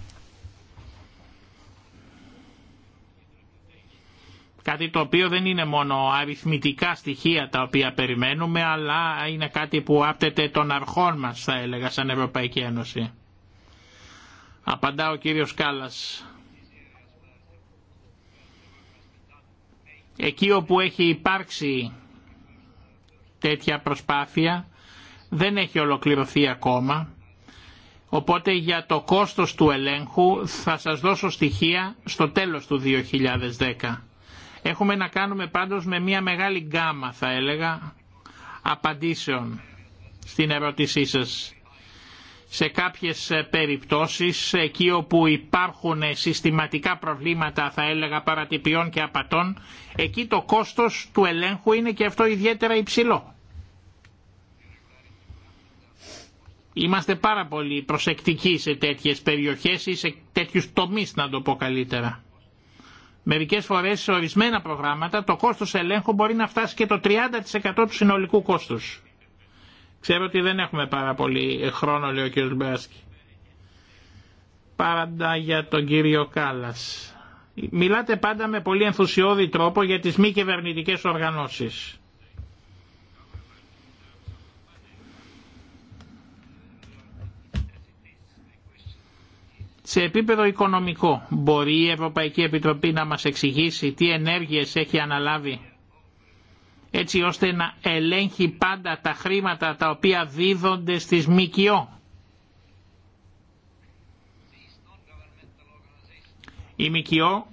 Κάτι το οποίο δεν είναι μόνο αριθμητικά στοιχεία τα οποία περιμένουμε, αλλά είναι κάτι που άπτεται των αρχών μας, θα έλεγα, σαν Ευρωπαϊκή Ένωση. Απαντά ο κύριος Κάλλας. Εκεί όπου έχει υπάρξει τέτοια προσπάθεια δεν έχει ολοκληρωθεί ακόμα. Οπότε για το κόστος του ελέγχου θα σας δώσω στοιχεία στο τέλος του 2010. Έχουμε να κάνουμε πάντως με μια μεγάλη γκάμα θα έλεγα απαντήσεων στην ερώτησή σας σε κάποιες ε, περιπτώσεις εκεί όπου υπάρχουν ε, συστηματικά προβλήματα θα έλεγα παρατυπιών και απατών εκεί το κόστος του ελέγχου είναι και αυτό ιδιαίτερα υψηλό. Είμαστε πάρα πολύ προσεκτικοί σε τέτοιες περιοχές ή σε τέτοιους τομείς να το πω καλύτερα. Μερικές φορές σε ορισμένα προγράμματα το κόστος ελέγχου μπορεί να φτάσει και το 30% του συνολικού κόστους. Ξέρω ότι δεν έχουμε πάρα πολύ χρόνο, λέει ο κ. Μπράσκη. Πάντα για τον κύριο Κάλλας. Μιλάτε πάντα με πολύ ενθουσιώδη τρόπο για τις μη κυβερνητικέ οργανώσεις. Σε επίπεδο οικονομικό, μπορεί η Ευρωπαϊκή Επιτροπή να μας εξηγήσει τι ενέργειες έχει αναλάβει έτσι ώστε να ελέγχει πάντα τα χρήματα τα οποία δίδονται στις ΜΚΟ. Οι ΜΚΟ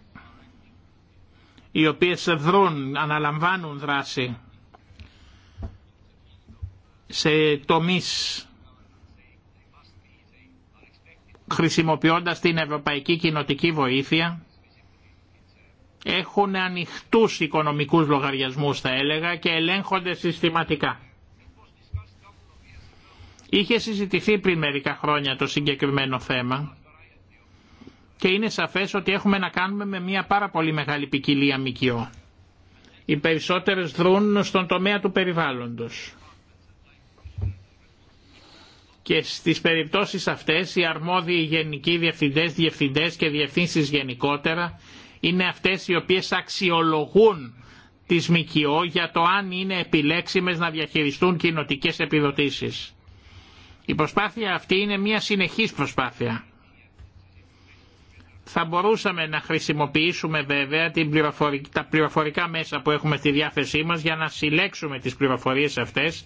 οι οποίες δρούν, αναλαμβάνουν δράση σε τομείς χρησιμοποιώντας την Ευρωπαϊκή Κοινοτική Βοήθεια έχουν ανοιχτούς οικονομικούς λογαριασμούς θα έλεγα και ελέγχονται συστηματικά. Είχε συζητηθεί πριν μερικά χρόνια το συγκεκριμένο θέμα και είναι σαφές ότι έχουμε να κάνουμε με μια πάρα πολύ μεγάλη ποικιλία μικιό. Οι περισσότερες δρούν στον τομέα του περιβάλλοντος. Και στις περιπτώσεις αυτές οι αρμόδιοι γενικοί διευθυντές, διευθυντές και διευθύνσεις γενικότερα είναι αυτές οι οποίες αξιολογούν τις ΜΚΟ για το αν είναι επιλέξιμες να διαχειριστούν κοινοτικέ επιδοτήσεις. Η προσπάθεια αυτή είναι μια συνεχής προσπάθεια. Θα μπορούσαμε να χρησιμοποιήσουμε βέβαια την τα πληροφορικά μέσα που έχουμε στη διάθεσή μας για να συλλέξουμε τις πληροφορίες αυτές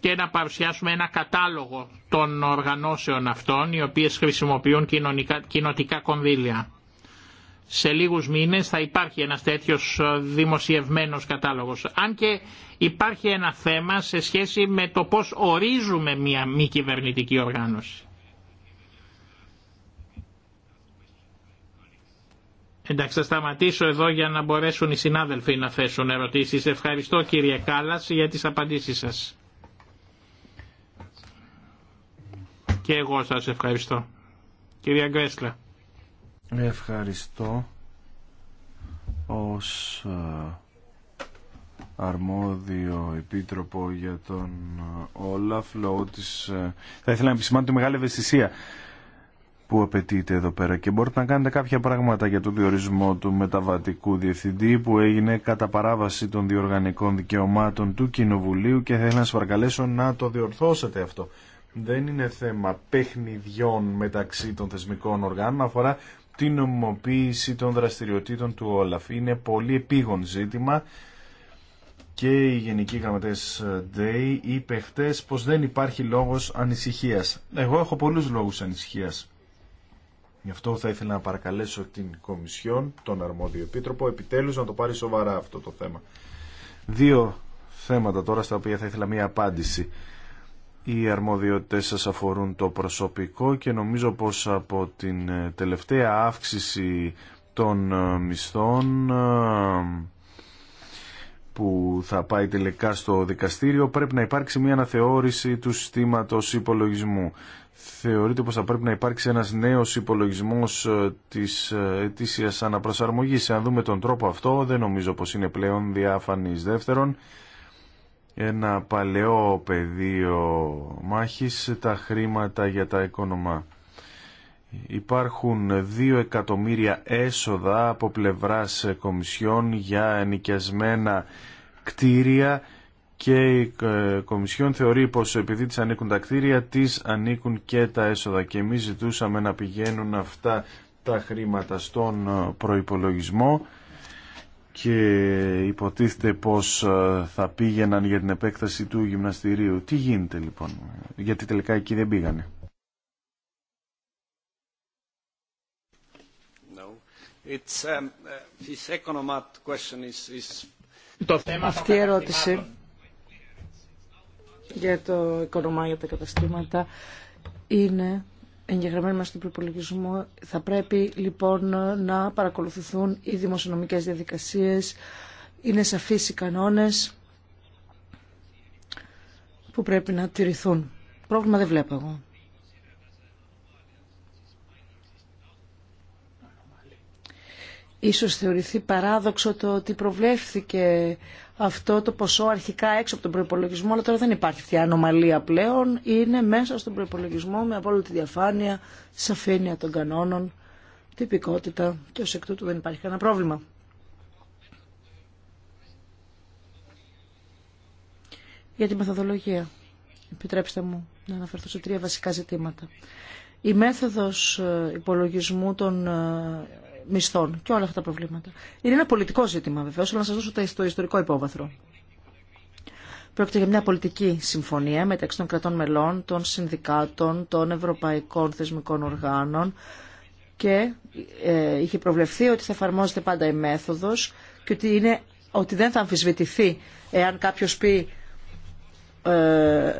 και να παρουσιάσουμε ένα κατάλογο των οργανώσεων αυτών οι οποίες χρησιμοποιούν κοινωνικά, κοινοτικά κονδύλια σε λίγους μήνες θα υπάρχει ένας τέτοιος ε, δημοσιευμένος κατάλογος. Αν και υπάρχει ένα θέμα σε σχέση με το πώς ορίζουμε μια μη κυβερνητική οργάνωση. Εντάξει, θα σταματήσω εδώ για να μπορέσουν οι συνάδελφοι να θέσουν ερωτήσεις. Ευχαριστώ κύριε Κάλλας για τις απαντήσεις σας. Και εγώ σας ευχαριστώ. Κυρία Γκρέσλα. Ευχαριστώ ως ε, αρμόδιο επίτροπο για τον ε, Όλαφ λόγω της... Ε, θα ήθελα να επισημάνω τη μεγάλη ευαισθησία που απαιτείται εδώ πέρα και μπορείτε να κάνετε κάποια πράγματα για το διορισμό του μεταβατικού διευθυντή που έγινε κατά παράβαση των διοργανικών δικαιωμάτων του Κοινοβουλίου και θα ήθελα να σας παρακαλέσω να το διορθώσετε αυτό. Δεν είναι θέμα παιχνιδιών μεταξύ των θεσμικών οργάνων, αφορά την νομιμοποίηση των δραστηριοτήτων του Όλαφ. Είναι πολύ επίγον ζήτημα και οι γενικοί γραμματές Day είπε χτε πως δεν υπάρχει λόγος ανησυχίας. Εγώ έχω πολλούς λόγους ανησυχίας. Γι' αυτό θα ήθελα να παρακαλέσω την Κομισιόν, τον Αρμόδιο Επίτροπο, επιτέλους να το πάρει σοβαρά αυτό το θέμα. Δύο θέματα τώρα στα οποία θα ήθελα μία απάντηση οι αρμοδιότητες σας αφορούν το προσωπικό και νομίζω πως από την ε, τελευταία αύξηση των ε, μισθών ε, που θα πάει τελικά στο δικαστήριο πρέπει να υπάρξει μια αναθεώρηση του συστήματος υπολογισμού. Θεωρείτε πως θα πρέπει να υπάρξει ένας νέος υπολογισμός της ετήσιας αναπροσαρμογής. Αν δούμε τον τρόπο αυτό δεν νομίζω πως είναι πλέον διάφανης δεύτερον ένα παλαιό πεδίο μάχης τα χρήματα για τα οικονομά. Υπάρχουν 2 εκατομμύρια έσοδα από πλευράς κομισιών για ενοικιασμένα κτίρια και η ε, Κομισιόν θεωρεί πως επειδή τις ανήκουν τα κτίρια, τις ανήκουν και τα έσοδα και εμείς ζητούσαμε να πηγαίνουν αυτά τα χρήματα στον ε, προϋπολογισμό και υποτίθεται πως ε, θα πήγαιναν για την επέκταση του γυμναστηρίου. Τι γίνεται λοιπόν, γιατί τελικά εκεί δεν πήγανε. Um, uh, Αυτή η ερώτηση για το οικονομά, για τα καταστήματα είναι εγγεγραμμένοι μας στον προπολογισμό. Θα πρέπει λοιπόν να παρακολουθηθούν οι δημοσιονομικές διαδικασίες, είναι σαφείς οι κανόνες που πρέπει να τηρηθούν. Πρόβλημα δεν βλέπω εγώ. Ίσως θεωρηθεί παράδοξο το ότι προβλέφθηκε αυτό το ποσό αρχικά έξω από τον προπολογισμό, αλλά τώρα δεν υπάρχει αυτή η ανομαλία πλέον. Είναι μέσα στον προπολογισμό με απόλυτη διαφάνεια, σαφήνεια των κανόνων, τυπικότητα και ω εκ τούτου δεν υπάρχει κανένα πρόβλημα. Για τη μεθοδολογία. Επιτρέψτε μου να αναφερθώ σε τρία βασικά ζητήματα. Η μέθοδος ε, υπολογισμού των ε, μισθών και όλα αυτά τα προβλήματα. Είναι ένα πολιτικό ζήτημα βεβαίω, αλλά να σας δώσω το ιστορικό υπόβαθρο. Πρόκειται για μια πολιτική συμφωνία μεταξύ των κρατών μελών, των συνδικάτων, των ευρωπαϊκών θεσμικών οργάνων και ε, είχε προβλεφθεί ότι θα εφαρμόζεται πάντα η μέθοδος και ότι, είναι, ότι δεν θα αμφισβητηθεί εάν κάποιος πει ε,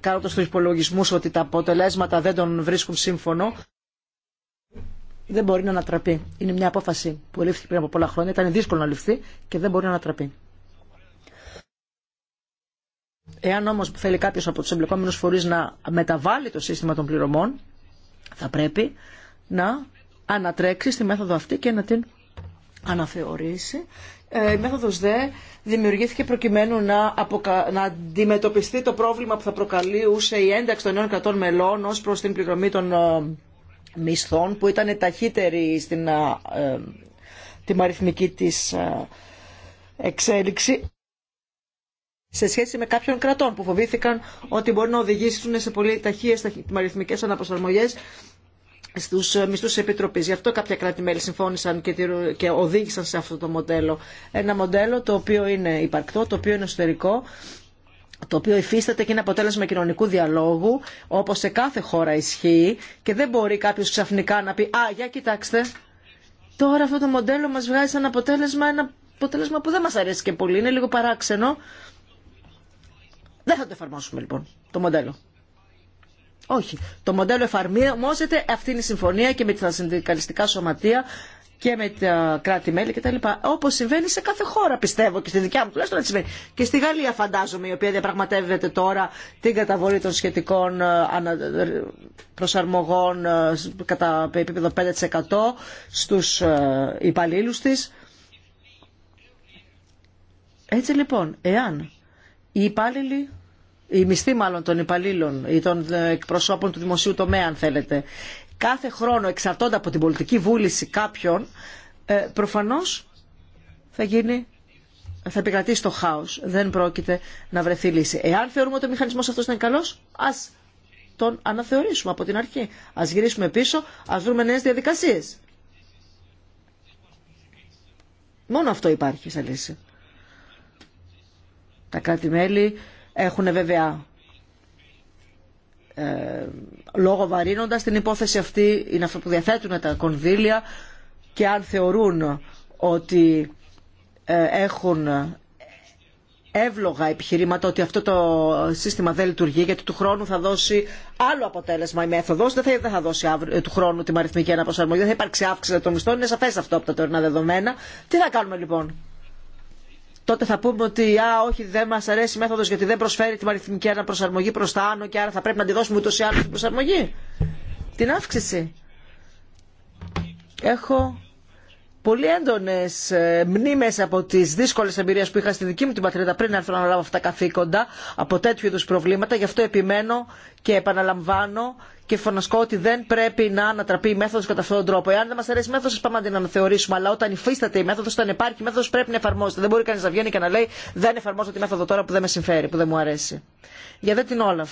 κάνοντας τους υπολογισμούς ότι τα αποτελέσματα δεν τον βρίσκουν σύμφωνο δεν μπορεί να ανατραπεί. Είναι μια απόφαση που λήφθηκε πριν από πολλά χρόνια, ήταν δύσκολο να ληφθεί και δεν μπορεί να ανατραπεί. Εάν όμως θέλει κάποιος από τους εμπλεκόμενους φορείς να μεταβάλει το σύστημα των πληρωμών, θα πρέπει να ανατρέξει στη μέθοδο αυτή και να την αναθεωρήσει. Ε, η μέθοδος ΔΕ δημιουργήθηκε προκειμένου να, να αντιμετωπιστεί το πρόβλημα που θα προκαλεί η ένταξη των νέων κρατών μελών ως προς την πληρωμή των ε, μισθών που ήταν ταχύτερη στην ε, τιμαριθμική της εξέλιξη σε σχέση με κάποιων κρατών που φοβήθηκαν ότι μπορεί να οδηγήσουν σε πολύ τη τιμαριθμικές αναπροσαρμογές στους μισθούς επιτροπής. Γι' αυτό κάποια κράτη-μέλη συμφώνησαν και οδήγησαν σε αυτό το μοντέλο. Ένα μοντέλο το οποίο είναι υπαρκτό, το οποίο είναι εσωτερικό το οποίο υφίσταται και είναι αποτέλεσμα κοινωνικού διαλόγου, όπως σε κάθε χώρα ισχύει και δεν μπορεί κάποιος ξαφνικά να πει «Α, για κοιτάξτε, τώρα αυτό το μοντέλο μας βγάζει σαν αποτέλεσμα ένα αποτέλεσμα που δεν μας αρέσει και πολύ, είναι λίγο παράξενο». Δεν θα το εφαρμόσουμε λοιπόν το μοντέλο. Όχι. Το μοντέλο εφαρμόζεται, αυτή είναι η συμφωνία και με τα συνδικαλιστικά σωματεία και με τα κράτη-μέλη κτλ. Όπω συμβαίνει σε κάθε χώρα, πιστεύω και στη δικιά μου τουλάχιστον έτσι συμβαίνει. Και στη Γαλλία, φαντάζομαι, η οποία διαπραγματεύεται τώρα την καταβολή των σχετικών ε, ε, προσαρμογών ε, κατά επίπεδο 5% στου υπαλλήλου τη. Έτσι λοιπόν, εάν οι υπάλληλοι οι μισθοί μάλλον των υπαλλήλων ή των εκπροσώπων του δημοσίου τομέα, αν θέλετε, κάθε χρόνο εξαρτώνται από την πολιτική βούληση κάποιων, ε, προφανώς θα γίνει θα επικρατήσει το χάο. Δεν πρόκειται να βρεθεί λύση. Εάν θεωρούμε ότι ο μηχανισμό αυτός είναι καλός, ας τον αναθεωρήσουμε από την αρχή. Ας γυρίσουμε πίσω, ας βρούμε νέε διαδικασίες. Μόνο αυτό υπάρχει σαν λύση. Τα κράτη-μέλη έχουν βέβαια ε, λόγω βαρύνοντα, την υπόθεση αυτή είναι αυτό που διαθέτουν τα κονδύλια και αν θεωρούν ότι ε, έχουν εύλογα επιχειρήματα ότι αυτό το σύστημα δεν λειτουργεί γιατί του χρόνου θα δώσει άλλο αποτέλεσμα η μέθοδος δεν θα, δώσει ε, του χρόνου την αριθμική αναπροσαρμογή δεν θα υπάρξει αύξηση των μισθών είναι σαφές αυτό από τα τωρινά δεδομένα τι θα κάνουμε λοιπόν τότε θα πούμε ότι α, όχι, δεν μα αρέσει η μέθοδο γιατί δεν προσφέρει την αριθμική αναπροσαρμογή προ τα άνω και άρα θα πρέπει να τη δώσουμε ούτω ή άλλω την προσαρμογή. Την αύξηση. Έχω πολύ έντονε μνήμε από τι δύσκολε εμπειρίε που είχα στη δική μου την πατρίδα πριν έρθω να λάβω αυτά τα καθήκοντα από τέτοιου είδου προβλήματα. Γι' αυτό επιμένω και επαναλαμβάνω και φωνασκώ ότι δεν πρέπει να ανατραπεί η μέθοδο κατά αυτόν τον τρόπο. Εάν δεν μα αρέσει η μέθοδο, πάμε να την αναθεωρήσουμε. Αλλά όταν υφίσταται η μέθοδο, όταν υπάρχει η μέθοδο, πρέπει να εφαρμόζεται. Δεν μπορεί κανεί να βγαίνει και να λέει Δεν εφαρμόζω τη μέθοδο τώρα που δεν με συμφέρει, που δεν μου αρέσει. Για δε την Όλαφ.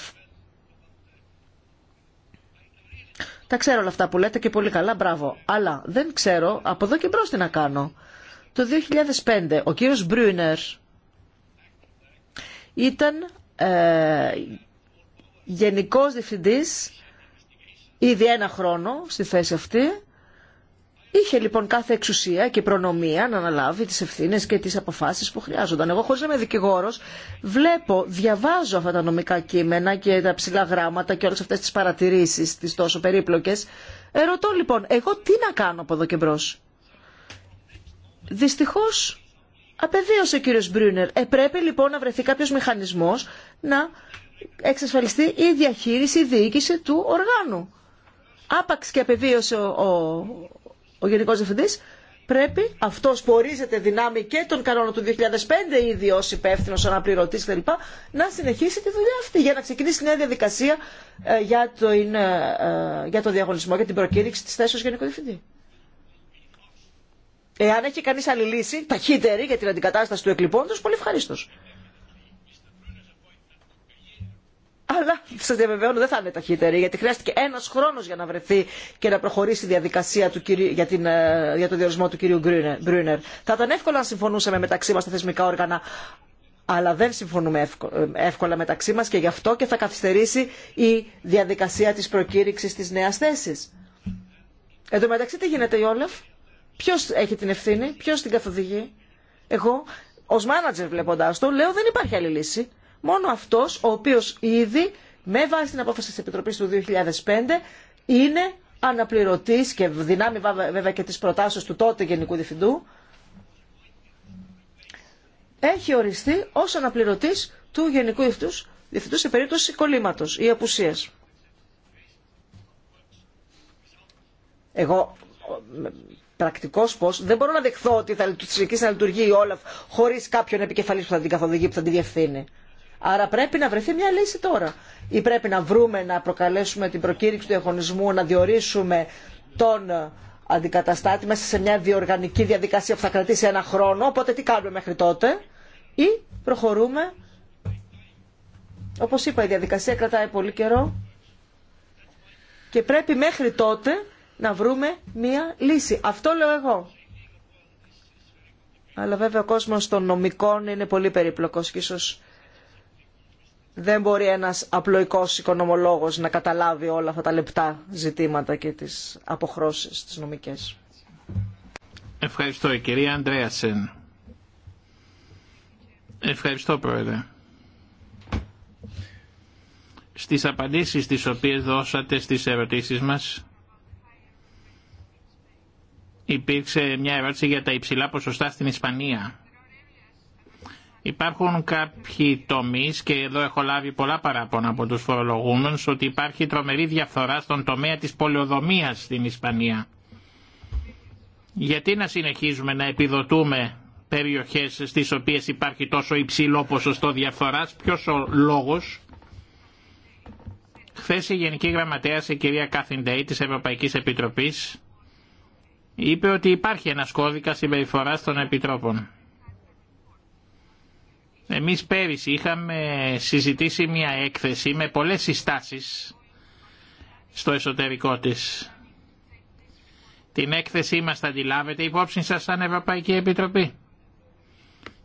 Τα ξέρω όλα αυτά που λέτε και πολύ καλά, μπράβο. Αλλά δεν ξέρω από εδώ και μπρο τι να κάνω. Το 2005 ο κύριο Μπρούνερ ήταν ε, γενικός διευθυντής ήδη ένα χρόνο στη θέση αυτή. Είχε λοιπόν κάθε εξουσία και προνομία να αναλάβει τις ευθύνες και τις αποφάσεις που χρειάζονταν. Εγώ χωρίς να είμαι δικηγόρος βλέπω, διαβάζω αυτά τα νομικά κείμενα και τα ψηλά γράμματα και όλες αυτές τις παρατηρήσεις τις τόσο περίπλοκες. Ερωτώ λοιπόν, εγώ τι να κάνω από εδώ και μπρος. Δυστυχώς απεδίωσε ο κύριος Μπρίνερ. Ε, πρέπει λοιπόν να βρεθεί κάποιος μηχανισμός να εξασφαλιστεί η διαχείριση, η διοίκηση του οργάνου άπαξ και απεβίωσε ο, ο, ο Γενικός Διευθυντής, πρέπει αυτός που ορίζεται δυνάμει και τον κανόνα του 2005 ήδη ω υπεύθυνο αναπληρωτή κλπ. να συνεχίσει τη δουλειά αυτή για να ξεκινήσει μια διαδικασία ε, για, το, ε, ε, για διαγωνισμό, για την προκήρυξη της θέσης γενικό Διευθυντή. Εάν έχει κάνει άλλη λύση, ταχύτερη για την αντικατάσταση του εκλειπώντο, πολύ ευχαρίστω. αλλά σα διαβεβαιώνω δεν θα είναι ταχύτερη, γιατί χρειάστηκε ένα χρόνο για να βρεθεί και να προχωρήσει η διαδικασία ε, για, το διορισμό του κυρίου Γκρίνερ. Θα ήταν εύκολο αν συμφωνούσαμε μεταξύ μα τα θεσμικά όργανα, αλλά δεν συμφωνούμε εύκολα μεταξύ μα και γι' αυτό και θα καθυστερήσει η διαδικασία τη προκήρυξη τη νέα θέση. Εδώ μεταξύ, τι γίνεται, Όλεφ. ποιο έχει την ευθύνη, ποιο την καθοδηγεί. Εγώ, ω μάνατζερ βλέποντά το, λέω δεν υπάρχει άλλη λύση μόνο αυτός ο οποίος ήδη με βάση την απόφαση της Επιτροπής του 2005 είναι αναπληρωτής και δυνάμει βέβαια και τις προτάσεις του τότε Γενικού Διευθυντού έχει οριστεί ως αναπληρωτής του Γενικού Διευθυντού σε περίπτωση κολλήματος ή απουσίας. Εγώ πρακτικό πώ. Δεν μπορώ να δεχθώ ότι θα συνεχίσει να λειτουργεί η απουσιας εγω πρακτικός πως δεν χωρί κάποιον ολαφ χωρίς καποιον επικεφαλής που θα την καθοδηγεί, που θα την διευθύνει. Άρα πρέπει να βρεθεί μια λύση τώρα. Ή πρέπει να βρούμε, να προκαλέσουμε την προκήρυξη του διαγωνισμού, να διορίσουμε τον ε, αντικαταστάτη μέσα σε μια διοργανική διαδικασία που θα κρατήσει ένα χρόνο. Οπότε τι κάνουμε μέχρι τότε. Ή προχωρούμε. Όπως είπα, η διαδικασία κρατάει πολύ καιρό. Και πρέπει μέχρι τότε να βρούμε μία λύση. Αυτό λέω εγώ. Αλλά βέβαια ο κόσμος των νομικών είναι πολύ περίπλοκος και ίσως δεν μπορεί ένας απλοϊκός οικονομολόγος να καταλάβει όλα αυτά τα λεπτά ζητήματα και τις αποχρώσεις τις νομικές. Ευχαριστώ κυρία Αντρέασεν. Ευχαριστώ πρόεδρε. Στις απαντήσεις τις οποίες δώσατε στις ερωτήσεις μας υπήρξε μια ερώτηση για τα υψηλά ποσοστά στην Ισπανία Υπάρχουν κάποιοι τομείς και εδώ έχω λάβει πολλά παράπονα από τους φορολογούμενους ότι υπάρχει τρομερή διαφθορά στον τομέα της πολεοδομίας στην Ισπανία. Γιατί να συνεχίζουμε να επιδοτούμε περιοχές στις οποίες υπάρχει τόσο υψηλό ποσοστό διαφθοράς, ποιος ο λόγος. Χθε η Γενική Γραμματέας, η κυρία Κάθιντεϊ της Ευρωπαϊκής Επιτροπής, είπε ότι υπάρχει ένας κώδικας συμπεριφορά των επιτρόπων. Εμείς πέρυσι είχαμε συζητήσει μια έκθεση με πολλές συστάσεις στο εσωτερικό της. Την έκθεσή μας θα αντιλάβετε υπόψη σας σαν Ευρωπαϊκή Επιτροπή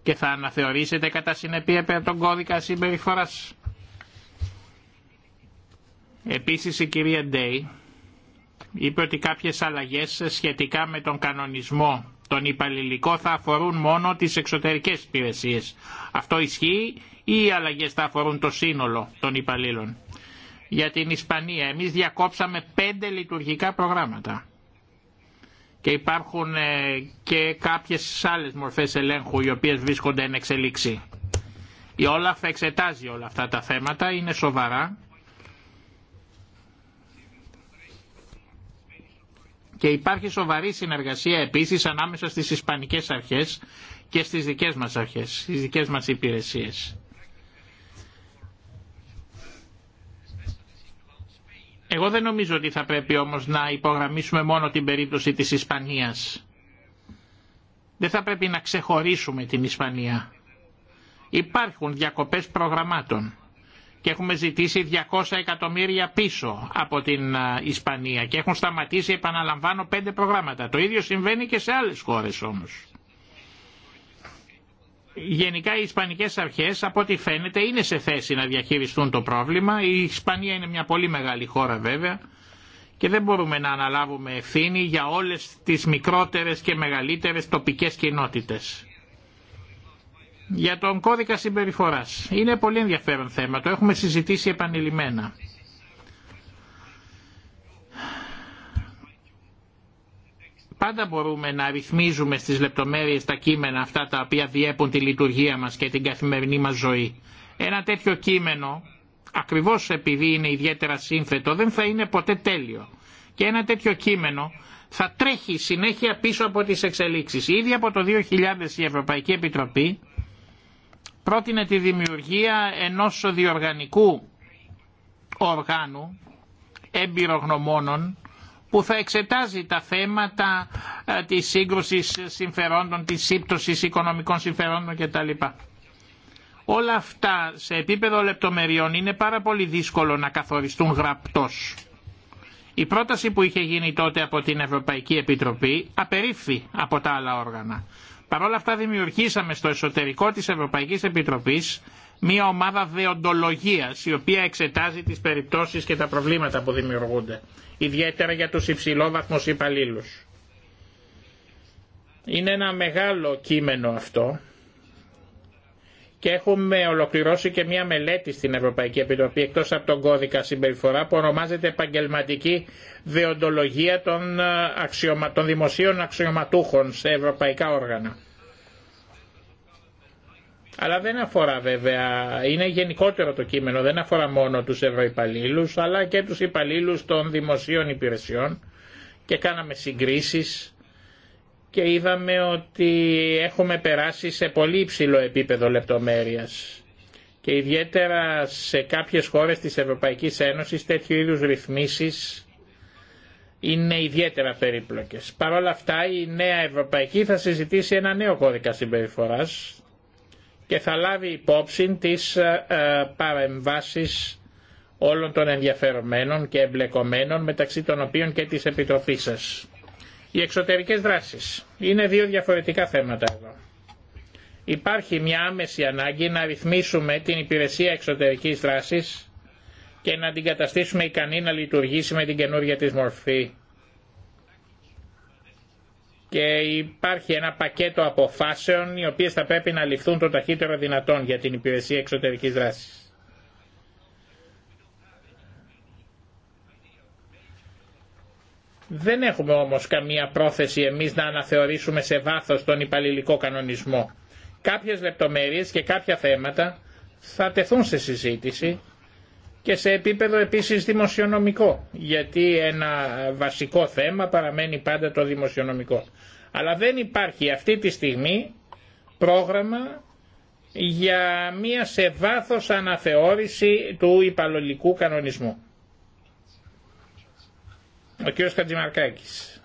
και θα αναθεωρήσετε κατά συνεπία πέρα τον κώδικα συμπεριφοράς. Επίσης η κυρία Ντέι είπε ότι κάποιες αλλαγές σχετικά με τον κανονισμό τον υπαλληλικό θα αφορούν μόνο τις εξωτερικές υπηρεσίε. Αυτό ισχύει ή οι αλλαγέ θα αφορούν το σύνολο των υπαλλήλων. Για την Ισπανία εμείς διακόψαμε πέντε λειτουργικά προγράμματα και υπάρχουν ε, και κάποιες άλλες μορφές ελέγχου οι οποίες βρίσκονται εν εξελίξη. Η Όλαφ εξετάζει όλα αυτά τα θέματα, είναι σοβαρά Και υπάρχει σοβαρή συνεργασία επίσης ανάμεσα στις ισπανικές αρχές και στις δικές μας αρχές, στις δικές μας υπηρεσίες. Εγώ δεν νομίζω ότι θα πρέπει όμως να υπογραμμίσουμε μόνο την περίπτωση της Ισπανίας. Δεν θα πρέπει να ξεχωρίσουμε την Ισπανία. Υπάρχουν διακοπές προγραμμάτων και έχουμε ζητήσει 200 εκατομμύρια πίσω από την Ισπανία και έχουν σταματήσει επαναλαμβάνω πέντε προγράμματα. Το ίδιο συμβαίνει και σε άλλες χώρες όμως. Γενικά οι Ισπανικές αρχές από ό,τι φαίνεται είναι σε θέση να διαχειριστούν το πρόβλημα. Η Ισπανία είναι μια πολύ μεγάλη χώρα βέβαια και δεν μπορούμε να αναλάβουμε ευθύνη για όλες τις μικρότερες και μεγαλύτερες τοπικές κοινότητες για τον κώδικα συμπεριφοράς. Είναι πολύ ενδιαφέρον θέμα, το έχουμε συζητήσει επανειλημμένα. Πάντα μπορούμε να ρυθμίζουμε στις λεπτομέρειες τα κείμενα αυτά τα οποία διέπουν τη λειτουργία μας και την καθημερινή μας ζωή. Ένα τέτοιο κείμενο, ακριβώς επειδή είναι ιδιαίτερα σύνθετο, δεν θα είναι ποτέ τέλειο. Και ένα τέτοιο κείμενο θα τρέχει συνέχεια πίσω από τις εξελίξεις. Ήδη από το 2000 η Ευρωπαϊκή Επιτροπή πρότεινε τη δημιουργία ενός διοργανικού οργάνου εμπειρογνωμόνων που θα εξετάζει τα θέματα ε, της σύγκρουσης συμφερόντων, της σύπτωσης οικονομικών συμφερόντων κτλ. Όλα αυτά σε επίπεδο λεπτομεριών είναι πάρα πολύ δύσκολο να καθοριστούν γραπτός. Η πρόταση που είχε γίνει τότε από την Ευρωπαϊκή Επιτροπή απερίφθη από τα άλλα όργανα. Παρ' όλα αυτά δημιουργήσαμε στο εσωτερικό της Ευρωπαϊκής Επιτροπής μια ομάδα δεοντολογίας η οποία εξετάζει τις περιπτώσεις και τα προβλήματα που δημιουργούνται, ιδιαίτερα για τους υψηλόβαθμους υπαλλήλους. Είναι ένα μεγάλο κείμενο αυτό και έχουμε ολοκληρώσει και μια μελέτη στην Ευρωπαϊκή Επιτροπή εκτός από τον κώδικα συμπεριφορά που ονομάζεται επαγγελματική δεοντολογία των, ε, αξιωμα... των δημοσίων αξιωματούχων σε ευρωπαϊκά όργανα. Αλλά δεν αφορά βέβαια, είναι γενικότερο το κείμενο, δεν αφορά μόνο τους ευρωϊπαλλήλους, αλλά και τους υπαλλήλου των δημοσίων υπηρεσιών και κάναμε συγκρίσεις και είδαμε ότι έχουμε περάσει σε πολύ υψηλό επίπεδο λεπτομέρειας. Και ιδιαίτερα σε κάποιες χώρες της Ευρωπαϊκής Ένωσης τέτοιου είδους ρυθμίσεις είναι ιδιαίτερα περίπλοκες. Παρ' όλα αυτά η νέα Ευρωπαϊκή θα συζητήσει ένα νέο κώδικα συμπεριφοράς και θα λάβει υπόψη τις ε, ε, παρεμβάσεις όλων των ενδιαφερομένων και εμπλεκομένων μεταξύ των οποίων και της Επιτροπής σας. Οι εξωτερικές δράσεις. Είναι δύο διαφορετικά θέματα εδώ. Υπάρχει μια άμεση ανάγκη να ρυθμίσουμε την υπηρεσία εξωτερικής δράσης και να την καταστήσουμε ικανή να λειτουργήσει με την καινούργια της μορφή και υπάρχει ένα πακέτο αποφάσεων οι οποίες θα πρέπει να ληφθούν το ταχύτερο δυνατόν για την υπηρεσία εξωτερικής δράσης. Δεν έχουμε όμως καμία πρόθεση εμείς να αναθεωρήσουμε σε βάθος τον υπαλληλικό κανονισμό. Κάποιες λεπτομέρειες και κάποια θέματα θα τεθούν σε συζήτηση και σε επίπεδο επίσης δημοσιονομικό, γιατί ένα βασικό θέμα παραμένει πάντα το δημοσιονομικό. Αλλά δεν υπάρχει αυτή τη στιγμή πρόγραμμα για μία σε βάθος αναθεώρηση του υπαλλολικού κανονισμού. Ο κ. Κατζημαρκάκης.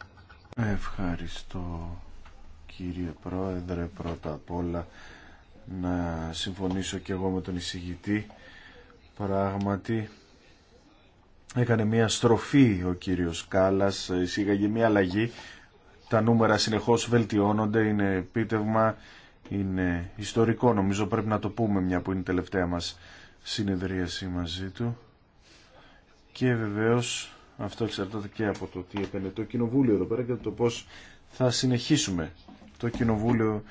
Ευχαριστώ κύριε Πρόεδρε πρώτα απ' όλα να συμφωνήσω και εγώ με τον εισηγητή Πράγματι, έκανε μια στροφή ο κύριος Κάλλας, εισήγαγε μια αλλαγή. Τα νούμερα συνεχώς βελτιώνονται, είναι επίτευγμα, είναι ιστορικό. Νομίζω πρέπει να το πούμε μια που είναι η τελευταία μας συνεδρίαση μαζί του. Και βεβαίως αυτό εξαρτάται και από το τι έκανε το Κοινοβούλιο εδώ πέρα και το πώς θα συνεχίσουμε το Κοινοβούλιο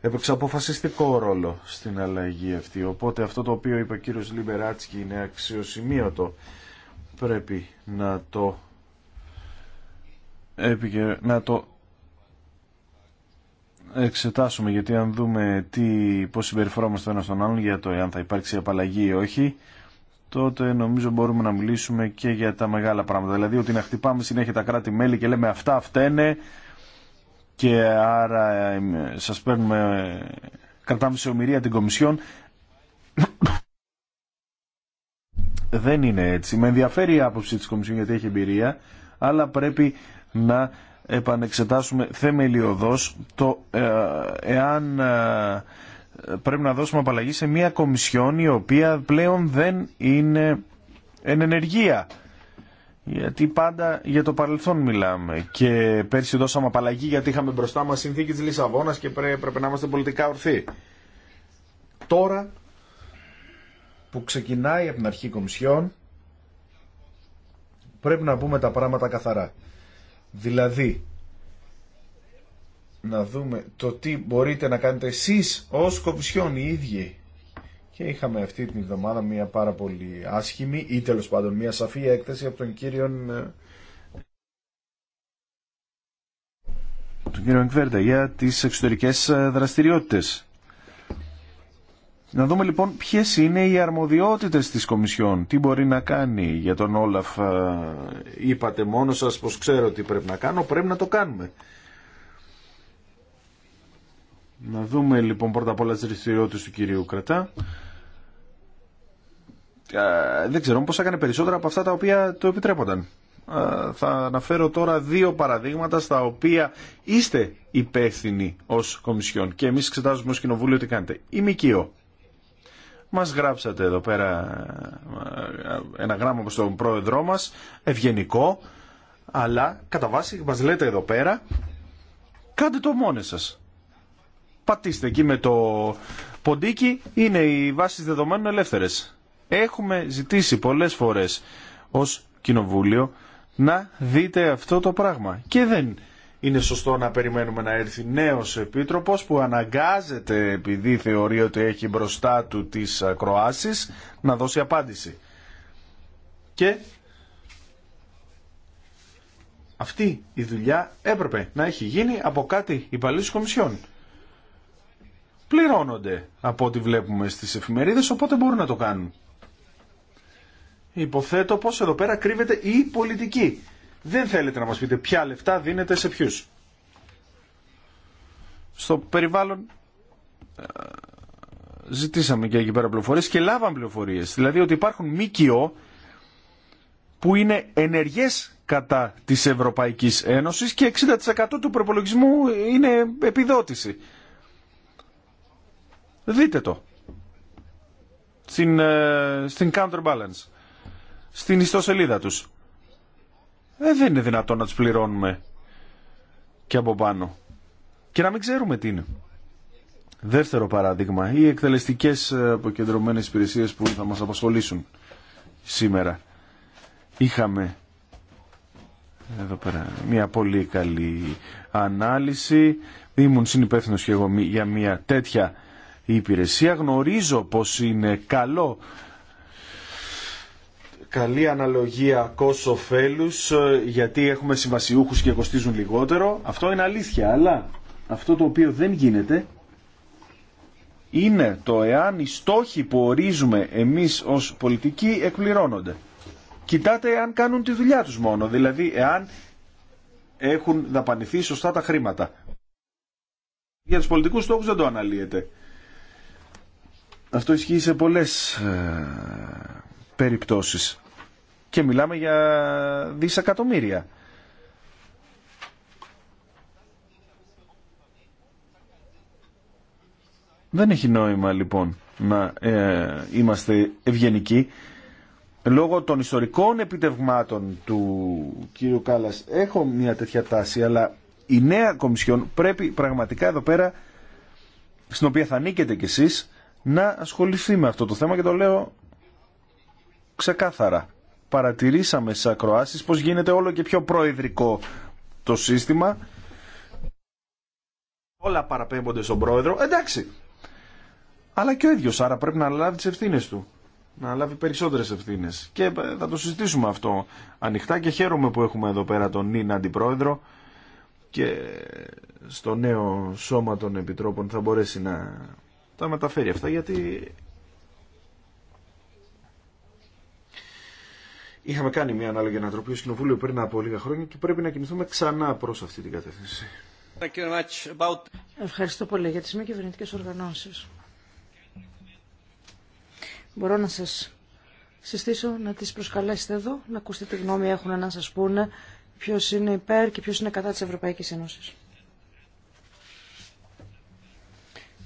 έπαιξε αποφασιστικό ρόλο στην αλλαγή αυτή. Οπότε αυτό το οποίο είπε ο κύριος Λιμπεράτσκι είναι αξιοσημείωτο. Πρέπει να το, να το εξετάσουμε γιατί αν δούμε τι, πώς συμπεριφερόμαστε ένα στον άλλον για το εάν θα υπάρξει απαλλαγή ή όχι τότε νομίζω μπορούμε να μιλήσουμε και για τα μεγάλα πράγματα. Δηλαδή ότι να χτυπάμε συνέχεια τα κράτη-μέλη και λέμε αυτά φταίνε, και άρα σας παίρνουμε κρατάμε σε ομοιρία την Κομισιόν δεν είναι έτσι με ενδιαφέρει η άποψη της Κομισιόν γιατί έχει εμπειρία αλλά πρέπει να επανεξετάσουμε θεμελιωδώς το ε, εάν ε, πρέπει να δώσουμε απαλλαγή σε μια Κομισιόν η οποία πλέον δεν είναι εν ενεργεία γιατί πάντα για το παρελθόν μιλάμε. Και πέρσι δώσαμε απαλλαγή γιατί είχαμε μπροστά μα συνθήκη Λισαβόνας και πρέπει να είμαστε πολιτικά ορθοί. Τώρα που ξεκινάει από την αρχή κομισιόν πρέπει να πούμε τα πράγματα καθαρά. Δηλαδή να δούμε το τι μπορείτε να κάνετε εσείς ως κομισιόν οι ίδιοι και είχαμε αυτή την εβδομάδα μια πάρα πολύ άσχημη ή τέλος πάντων μια σαφή έκθεση από τον κύριο ε, τον κύριο Εγκβέρτα για τις εξωτερικές ε, δραστηριότητες. Να δούμε λοιπόν ποιες είναι οι αρμοδιότητες της Κομισιόν, τι μπορεί να κάνει για τον Όλαφ. Ε, είπατε μόνο σας πως ξέρω τι πρέπει να κάνω, πρέπει να το κάνουμε. Να δούμε λοιπόν πρώτα απ' όλα τις δραστηριότητες του κυρίου Κρατά δεν ξέρω πώς έκανε περισσότερα από αυτά τα οποία το επιτρέπονταν. Θα αναφέρω τώρα δύο παραδείγματα στα οποία είστε υπεύθυνοι ως Κομισιόν και εμείς εξετάζουμε ως Κοινοβούλιο τι κάνετε. Η ΜΚΙΟ. Μας γράψατε εδώ πέρα ένα γράμμα προς τον πρόεδρό μας, ευγενικό, αλλά κατά βάση μας λέτε εδώ πέρα, κάντε το μόνοι σας. Πατήστε εκεί με το ποντίκι, είναι οι βάσεις δεδομένων ελεύθερες Έχουμε ζητήσει πολλές φορές ως Κοινοβούλιο να δείτε αυτό το πράγμα. Και δεν είναι σωστό να περιμένουμε να έρθει νέος επίτροπος που αναγκάζεται επειδή θεωρεί ότι έχει μπροστά του τις Κροάσεις να δώσει απάντηση. Και αυτή η δουλειά έπρεπε να έχει γίνει από κάτι υπαλλήλους κομισιών. Πληρώνονται από ό,τι βλέπουμε στις εφημερίδες οπότε μπορούν να το κάνουν. Υποθέτω πως εδώ πέρα κρύβεται η πολιτική. Δεν θέλετε να μας πείτε ποια λεφτά δίνετε σε ποιους. Στο περιβάλλον ε, ζητήσαμε και εκεί πέρα πληροφορίες και λάβαμε πληροφορίες. Δηλαδή ότι υπάρχουν ΜΚΟ που είναι ενεργές κατά της Ευρωπαϊκής Ένωσης και 60% του προπολογισμού είναι επιδότηση. Δείτε το. Στην, ε, στην counterbalance στην ιστοσελίδα τους. Ε, δεν είναι δυνατόν να τους πληρώνουμε και από πάνω. Και να μην ξέρουμε τι είναι. Δεύτερο παράδειγμα, οι εκτελεστικές ε, αποκεντρωμένες υπηρεσίες που θα μας απασχολήσουν σήμερα. Είχαμε εδώ πέρα μια πολύ καλή ανάλυση. Ήμουν συνυπεύθυνο και εγώ για μια τέτοια υπηρεσία. Γνωρίζω πως είναι καλό καλή αναλογία κόσοφέλους ε, γιατί έχουμε συμβασιούχου και κοστίζουν λιγότερο. Αυτό είναι αλήθεια, αλλά αυτό το οποίο δεν γίνεται είναι το εάν οι στόχοι που ορίζουμε εμείς ως πολιτικοί εκπληρώνονται. Κοιτάτε εάν κάνουν τη δουλειά τους μόνο, δηλαδή εάν έχουν δαπανηθεί σωστά τα χρήματα. Για τους πολιτικούς στόχους δεν το αναλύεται. Αυτό ισχύει σε πολλές ε, περιπτώσεις. Και μιλάμε για δισεκατομμύρια. Δεν έχει νόημα λοιπόν να ε, είμαστε ευγενικοί. Λόγω των ιστορικών επιτευγμάτων του κύριου Κάλλας έχω μια τέτοια τάση, αλλά η νέα Κομισιόν πρέπει πραγματικά εδώ πέρα, στην οποία θα ανήκετε κι εσείς, να ασχοληθεί με αυτό το θέμα και το λέω ξεκάθαρα. Παρατηρήσαμε στις ακροάσεις πως γίνεται όλο και πιο προεδρικό το σύστημα. Όλα παραπέμπονται στον πρόεδρο. Εντάξει. Αλλά και ο ίδιος, άρα πρέπει να λάβει τις ευθύνες του. Να λάβει περισσότερες ευθύνες. Και ε, θα το συζητήσουμε αυτό ανοιχτά και χαίρομαι που έχουμε εδώ πέρα τον νυν αντιπρόεδρο και στο νέο σώμα των επιτρόπων θα μπορέσει να τα μεταφέρει αυτά γιατί Είχαμε κάνει μια ανάλογη ανατροπή στο Κοινοβούλιο πριν από λίγα χρόνια και πρέπει να κινηθούμε ξανά προς αυτή την κατεύθυνση. Ευχαριστώ πολύ για τις μη κυβερνητικέ οργανώσει. Μπορώ να σας συστήσω να τις προσκαλέσετε εδώ, να ακούσετε τι γνώμη έχουν να σα πούνε ποιο είναι υπέρ και ποιο είναι κατά τη Ευρωπαϊκή Ένωση.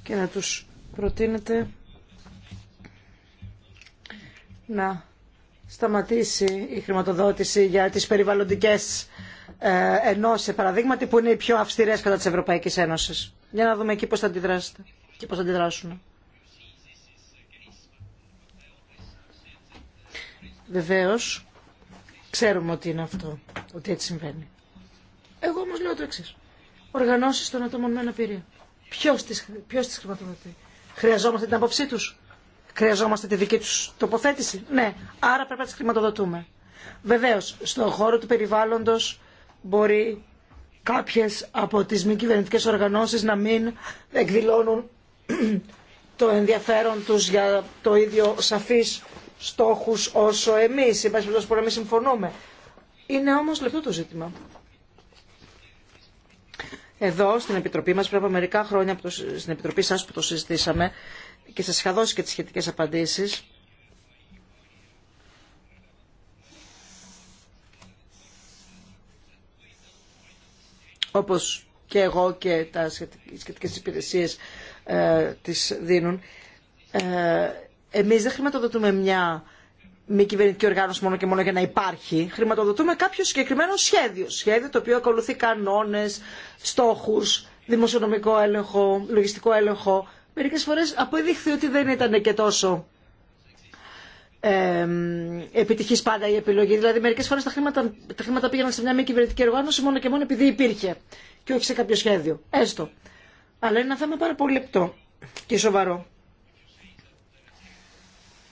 Και να του προτείνετε να σταματήσει η χρηματοδότηση για τις περιβαλλοντικές ε, ενώσεις, παραδείγματι, που είναι οι πιο αυστηρές κατά της Ευρωπαϊκής Ένωσης. Για να δούμε εκεί πώς θα αντιδράσετε και πώς θα αντιδράσουν. Βεβαίως, ξέρουμε ότι είναι αυτό, ότι έτσι συμβαίνει. Εγώ όμως λέω το εξή: Οργανώσεις των ατόμων με αναπηρία. Ποιος τι ποιος χρηματοδοτεί. Χρειαζόμαστε την άποψή τους. Χρειαζόμαστε τη δική τους τοποθέτηση. Ναι, άρα πρέπει να τις χρηματοδοτούμε. Βεβαίως, στον χώρο του περιβάλλοντος μπορεί κάποιες από τις μη κυβερνητικέ οργανώσεις να μην εκδηλώνουν το ενδιαφέρον τους για το ίδιο σαφείς στόχους όσο εμείς. πάση περιπτώσει που να μην συμφωνούμε. Είναι όμως λεπτό το ζήτημα. Εδώ στην Επιτροπή μας πρέπει από μερικά χρόνια στην Επιτροπή σας που το συζητήσαμε και σας είχα δώσει και τις σχετικές απαντήσεις. Όπως και εγώ και τα σχετικές υπηρεσίες ε, τις δίνουν. Ε, εμείς δεν χρηματοδοτούμε μια μη κυβερνητική οργάνωση μόνο και μόνο για να υπάρχει. Χρηματοδοτούμε κάποιο συγκεκριμένο σχέδιο. Σχέδιο το οποίο ακολουθεί κανόνες, στόχους, δημοσιονομικό έλεγχο, λογιστικό έλεγχο, μερικές φορές αποδείχθη ότι δεν ήταν και τόσο ε, επιτυχής πάντα η επιλογή. Δηλαδή μερικές φορές τα χρήματα, τα χρήματα πήγαιναν σε μια μη κυβερνητική οργάνωση μόνο και μόνο επειδή υπήρχε και όχι σε κάποιο σχέδιο. Έστω. Αλλά είναι ένα θέμα πάρα πολύ λεπτό και σοβαρό.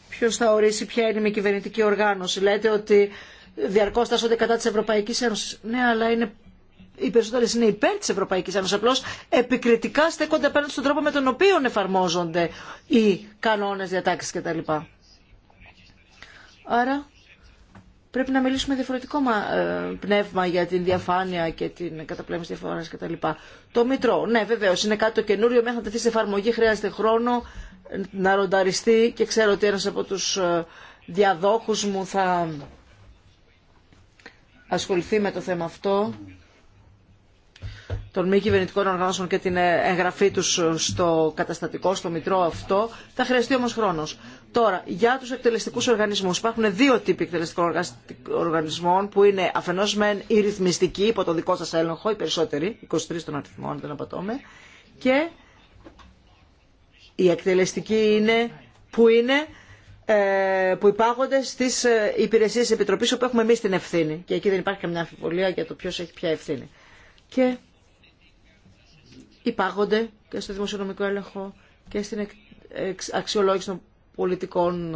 Ποιο θα ορίσει ποια είναι η μη κυβερνητική οργάνωση. Λέτε ότι διαρκώ τάσσονται κατά τη Ευρωπαϊκή Ένωση. Ναι, αλλά είναι οι περισσότερε είναι υπέρ τη Ευρωπαϊκή Ένωση. Απλώ επικριτικά στέκονται απέναντι στον τρόπο με τον οποίο εφαρμόζονται οι κανόνε, διατάξει κτλ. Άρα πρέπει να μιλήσουμε διαφορετικό ε, πνεύμα για την διαφάνεια και την καταπλέμιση διαφορά κτλ. Το Μητρό, ναι βεβαίω είναι κάτι το καινούριο, μέχρι να τεθεί σε εφαρμογή χρειάζεται χρόνο να ρονταριστεί και ξέρω ότι ένα από του ε, διαδόχου μου θα ασχοληθεί με το θέμα αυτό των μη κυβερνητικών οργανώσεων και την εγγραφή του στο καταστατικό, στο μητρό αυτό. Θα χρειαστεί όμω χρόνο. Τώρα, για του εκτελεστικού οργανισμού, Υπάρχουν δύο τύποι εκτελεστικών οργανισμών που είναι αφενό μεν οι ρυθμιστικοί, υπό το δικό σα έλεγχο, οι περισσότεροι, 23 των αριθμών, δεν απατώμε, και οι εκτελεστικοί είναι που είναι ε, που υπάγονται στι ε, υπηρεσίε επιτροπή όπου έχουμε εμεί την ευθύνη. Και εκεί δεν υπάρχει καμιά αμφιβολία για το ποιο έχει ποια ευθύνη. Και υπάγονται και στο δημοσιονομικό έλεγχο και στην αξιολόγηση των πολιτικών,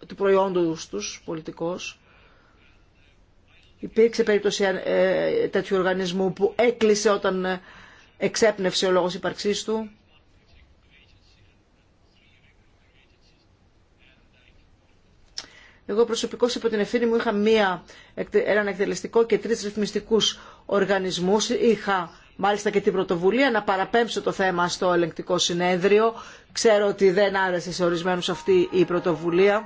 ε, του προϊόντος τους πολιτικός. Υπήρξε περίπτωση ε, ε, τέτοιου οργανισμού που έκλεισε όταν εξέπνευσε ο λόγος ύπαρξής του. Εγώ προσωπικώς υπό την ευθύνη μου είχα μία, έναν εκτελεστικό και τρεις ρυθμιστικούς οργανισμούς. Είχα μάλιστα και την πρωτοβουλία να παραπέμψω το θέμα στο ελεγκτικό συνέδριο. Ξέρω ότι δεν άρεσε σε ορισμένους αυτή η πρωτοβουλία.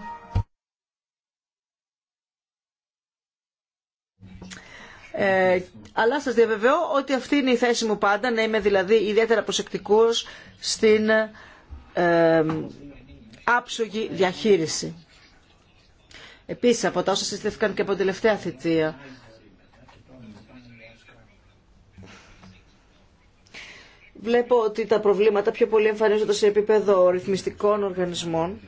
Ε, αλλά σας διαβεβαιώ ότι αυτή είναι η θέση μου πάντα, να είμαι δηλαδή ιδιαίτερα προσεκτικός στην ε, άψογη διαχείριση. Επίσης, από τα όσα συστήθηκαν και από την τελευταία θητεία, Βλέπω ότι τα προβλήματα πιο πολύ εμφανίζονται σε επίπεδο ρυθμιστικών οργανισμών,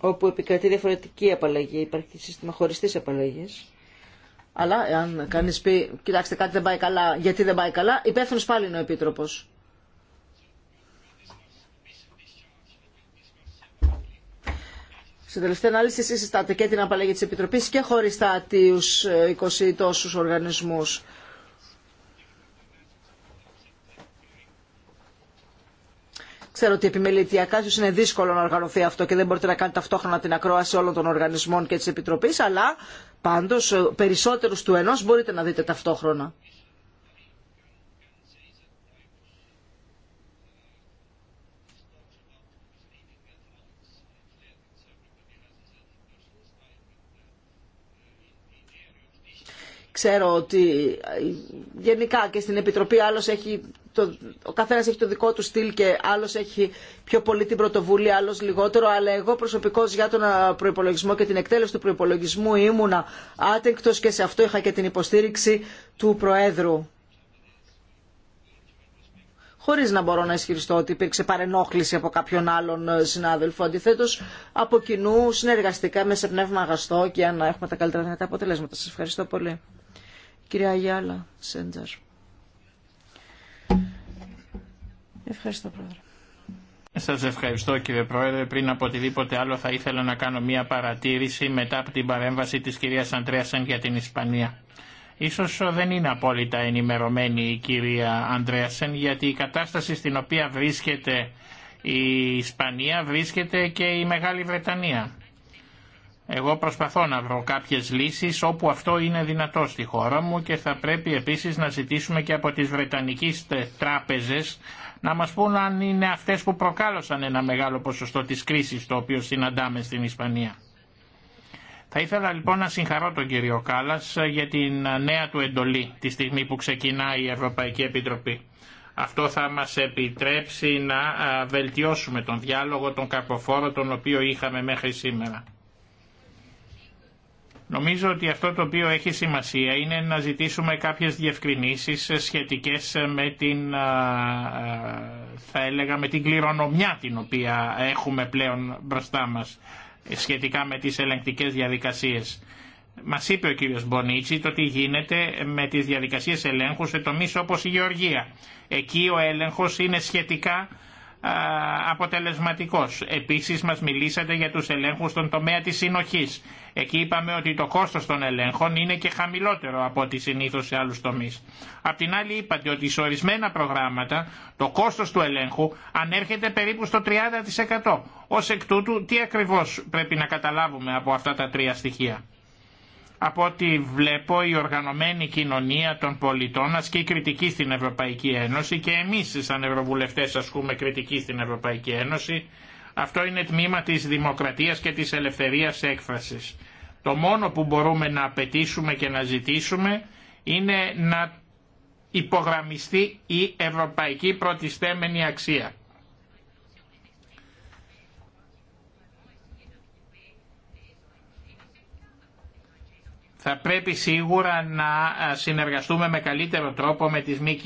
όπου επικρατεί διαφορετική απαλλαγή, υπάρχει σύστημα χωριστή απαλλαγή. Αλλά αν κανεί πει, κοιτάξτε κάτι δεν πάει καλά, γιατί δεν πάει καλά, υπεύθυνο πάλι είναι ο Επίτροπο. Στην τελευταία ανάλυση εσείς συστάτε και την απαλλαγή της Επιτροπής και χωριστά τους 20 ε, τόσους οργανισμούς. Ξέρω ότι επιμελητιακά ίσω είναι δύσκολο να οργανωθεί αυτό και δεν μπορείτε να κάνετε ταυτόχρονα την ακρόαση όλων των οργανισμών και τη Επιτροπή, αλλά πάντω ε, περισσότερου του ενό μπορείτε να δείτε ταυτόχρονα. ξέρω ότι ε, γενικά και στην Επιτροπή άλλος έχει ο καθένας έχει το δικό του στυλ και άλλος έχει πιο πολύ την πρωτοβουλία, άλλος λιγότερο, αλλά εγώ προσωπικώς για τον προϋπολογισμό και την εκτέλεση του προϋπολογισμού ήμουνα άτεκτος και σε αυτό είχα και την υποστήριξη του Προέδρου. Χωρίς να μπορώ να ισχυριστώ ότι υπήρξε παρενόχληση από κάποιον άλλον ε, συνάδελφο. αντιθέτω, από κοινού συνεργαστικά με σε πνεύμα αγαστό και αν έχουμε τα καλύτερα δυνατά αποτελέσματα. Σας ευχαριστώ πολύ. Κυρία Αγιάλα, Σέντζαρ. Ευχαριστώ, Πρόεδρε. Σα ευχαριστώ κύριε Πρόεδρε. Πριν από οτιδήποτε άλλο θα ήθελα να κάνω μία παρατήρηση μετά από την παρέμβαση τη κυρία Αντρέασεν για την Ισπανία. Ίσως δεν είναι απόλυτα ενημερωμένη η κυρία Αντρέασεν γιατί η κατάσταση στην οποία βρίσκεται η Ισπανία βρίσκεται και η Μεγάλη Βρετανία. Εγώ προσπαθώ να βρω κάποιες λύσεις όπου αυτό είναι δυνατό στη χώρα μου και θα πρέπει επίσης να ζητήσουμε και από τις Βρετανικές τράπεζες να μας πούν αν είναι αυτές που προκάλεσαν ένα μεγάλο ποσοστό της κρίσης το οποίο συναντάμε στην Ισπανία. Θα ήθελα λοιπόν να συγχαρώ τον κύριο Κάλλας για την νέα του εντολή τη στιγμή που ξεκινάει η Ευρωπαϊκή Επιτροπή. Αυτό θα μας επιτρέψει να βελτιώσουμε τον διάλογο, τον καρποφόρο τον οποίο είχαμε μέχρι σήμερα. Νομίζω ότι αυτό το οποίο έχει σημασία είναι να ζητήσουμε κάποιες διευκρινήσεις σχετικές με την, θα έλεγα, με την κληρονομιά την οποία έχουμε πλέον μπροστά μας ε, σχετικά με τις ελεγκτικές διαδικασίες. Μας είπε ο κύριος Μπονίτσι το τι γίνεται με τις διαδικασίες ελέγχου σε τομείς όπως η Γεωργία. Εκεί ο έλεγχος είναι σχετικά αποτελεσματικός. Επίσης μας μιλήσατε για τους ελέγχους στον τομέα της συνοχής. Εκεί είπαμε ότι το κόστος των ελέγχων είναι και χαμηλότερο από ό,τι συνήθως σε άλλους τομείς. Απ' την άλλη είπατε ότι σε ορισμένα προγράμματα το κόστος του ελέγχου ανέρχεται περίπου στο 30%. Ως εκ τούτου τι ακριβώς πρέπει να καταλάβουμε από αυτά τα τρία στοιχεία. Από ό,τι βλέπω η οργανωμένη κοινωνία των πολιτών ασκεί κριτική στην Ευρωπαϊκή Ένωση και εμείς σαν Ευρωβουλευτές ασκούμε κριτική στην Ευρωπαϊκή Ένωση. Αυτό είναι τμήμα της δημοκρατίας και της ελευθερίας έκφρασης. Το μόνο που μπορούμε να απαιτήσουμε και να ζητήσουμε είναι να υπογραμμιστεί η ευρωπαϊκή πρωτιστέμενη αξία. Θα πρέπει σίγουρα να ε, συνεργαστούμε με καλύτερο τρόπο με τις μη,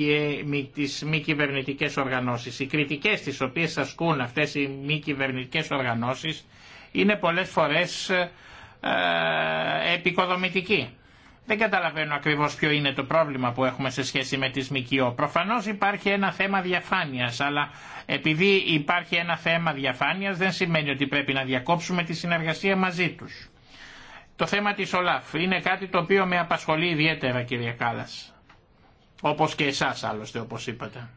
με τις μη κυβερνητικές οργανώσεις. Οι κριτικές τις οποίες ασκούν αυτές οι μη κυβερνητικές οργανώσεις είναι πολλές φορές ε, ε, επικοδομητικοί. Δεν καταλαβαίνω ακριβώς ποιο είναι το πρόβλημα που έχουμε σε σχέση με τις ΜΚΟ. Προφανώς υπάρχει ένα θέμα διαφάνειας, αλλά επειδή υπάρχει ένα θέμα διαφάνειας δεν σημαίνει ότι πρέπει να διακόψουμε τη συνεργασία μαζί τους. Το θέμα της ΟΛΑΦ είναι κάτι το οποίο με απασχολεί ιδιαίτερα κύριε Κάλλας. Όπως και εσάς άλλωστε όπως είπατε.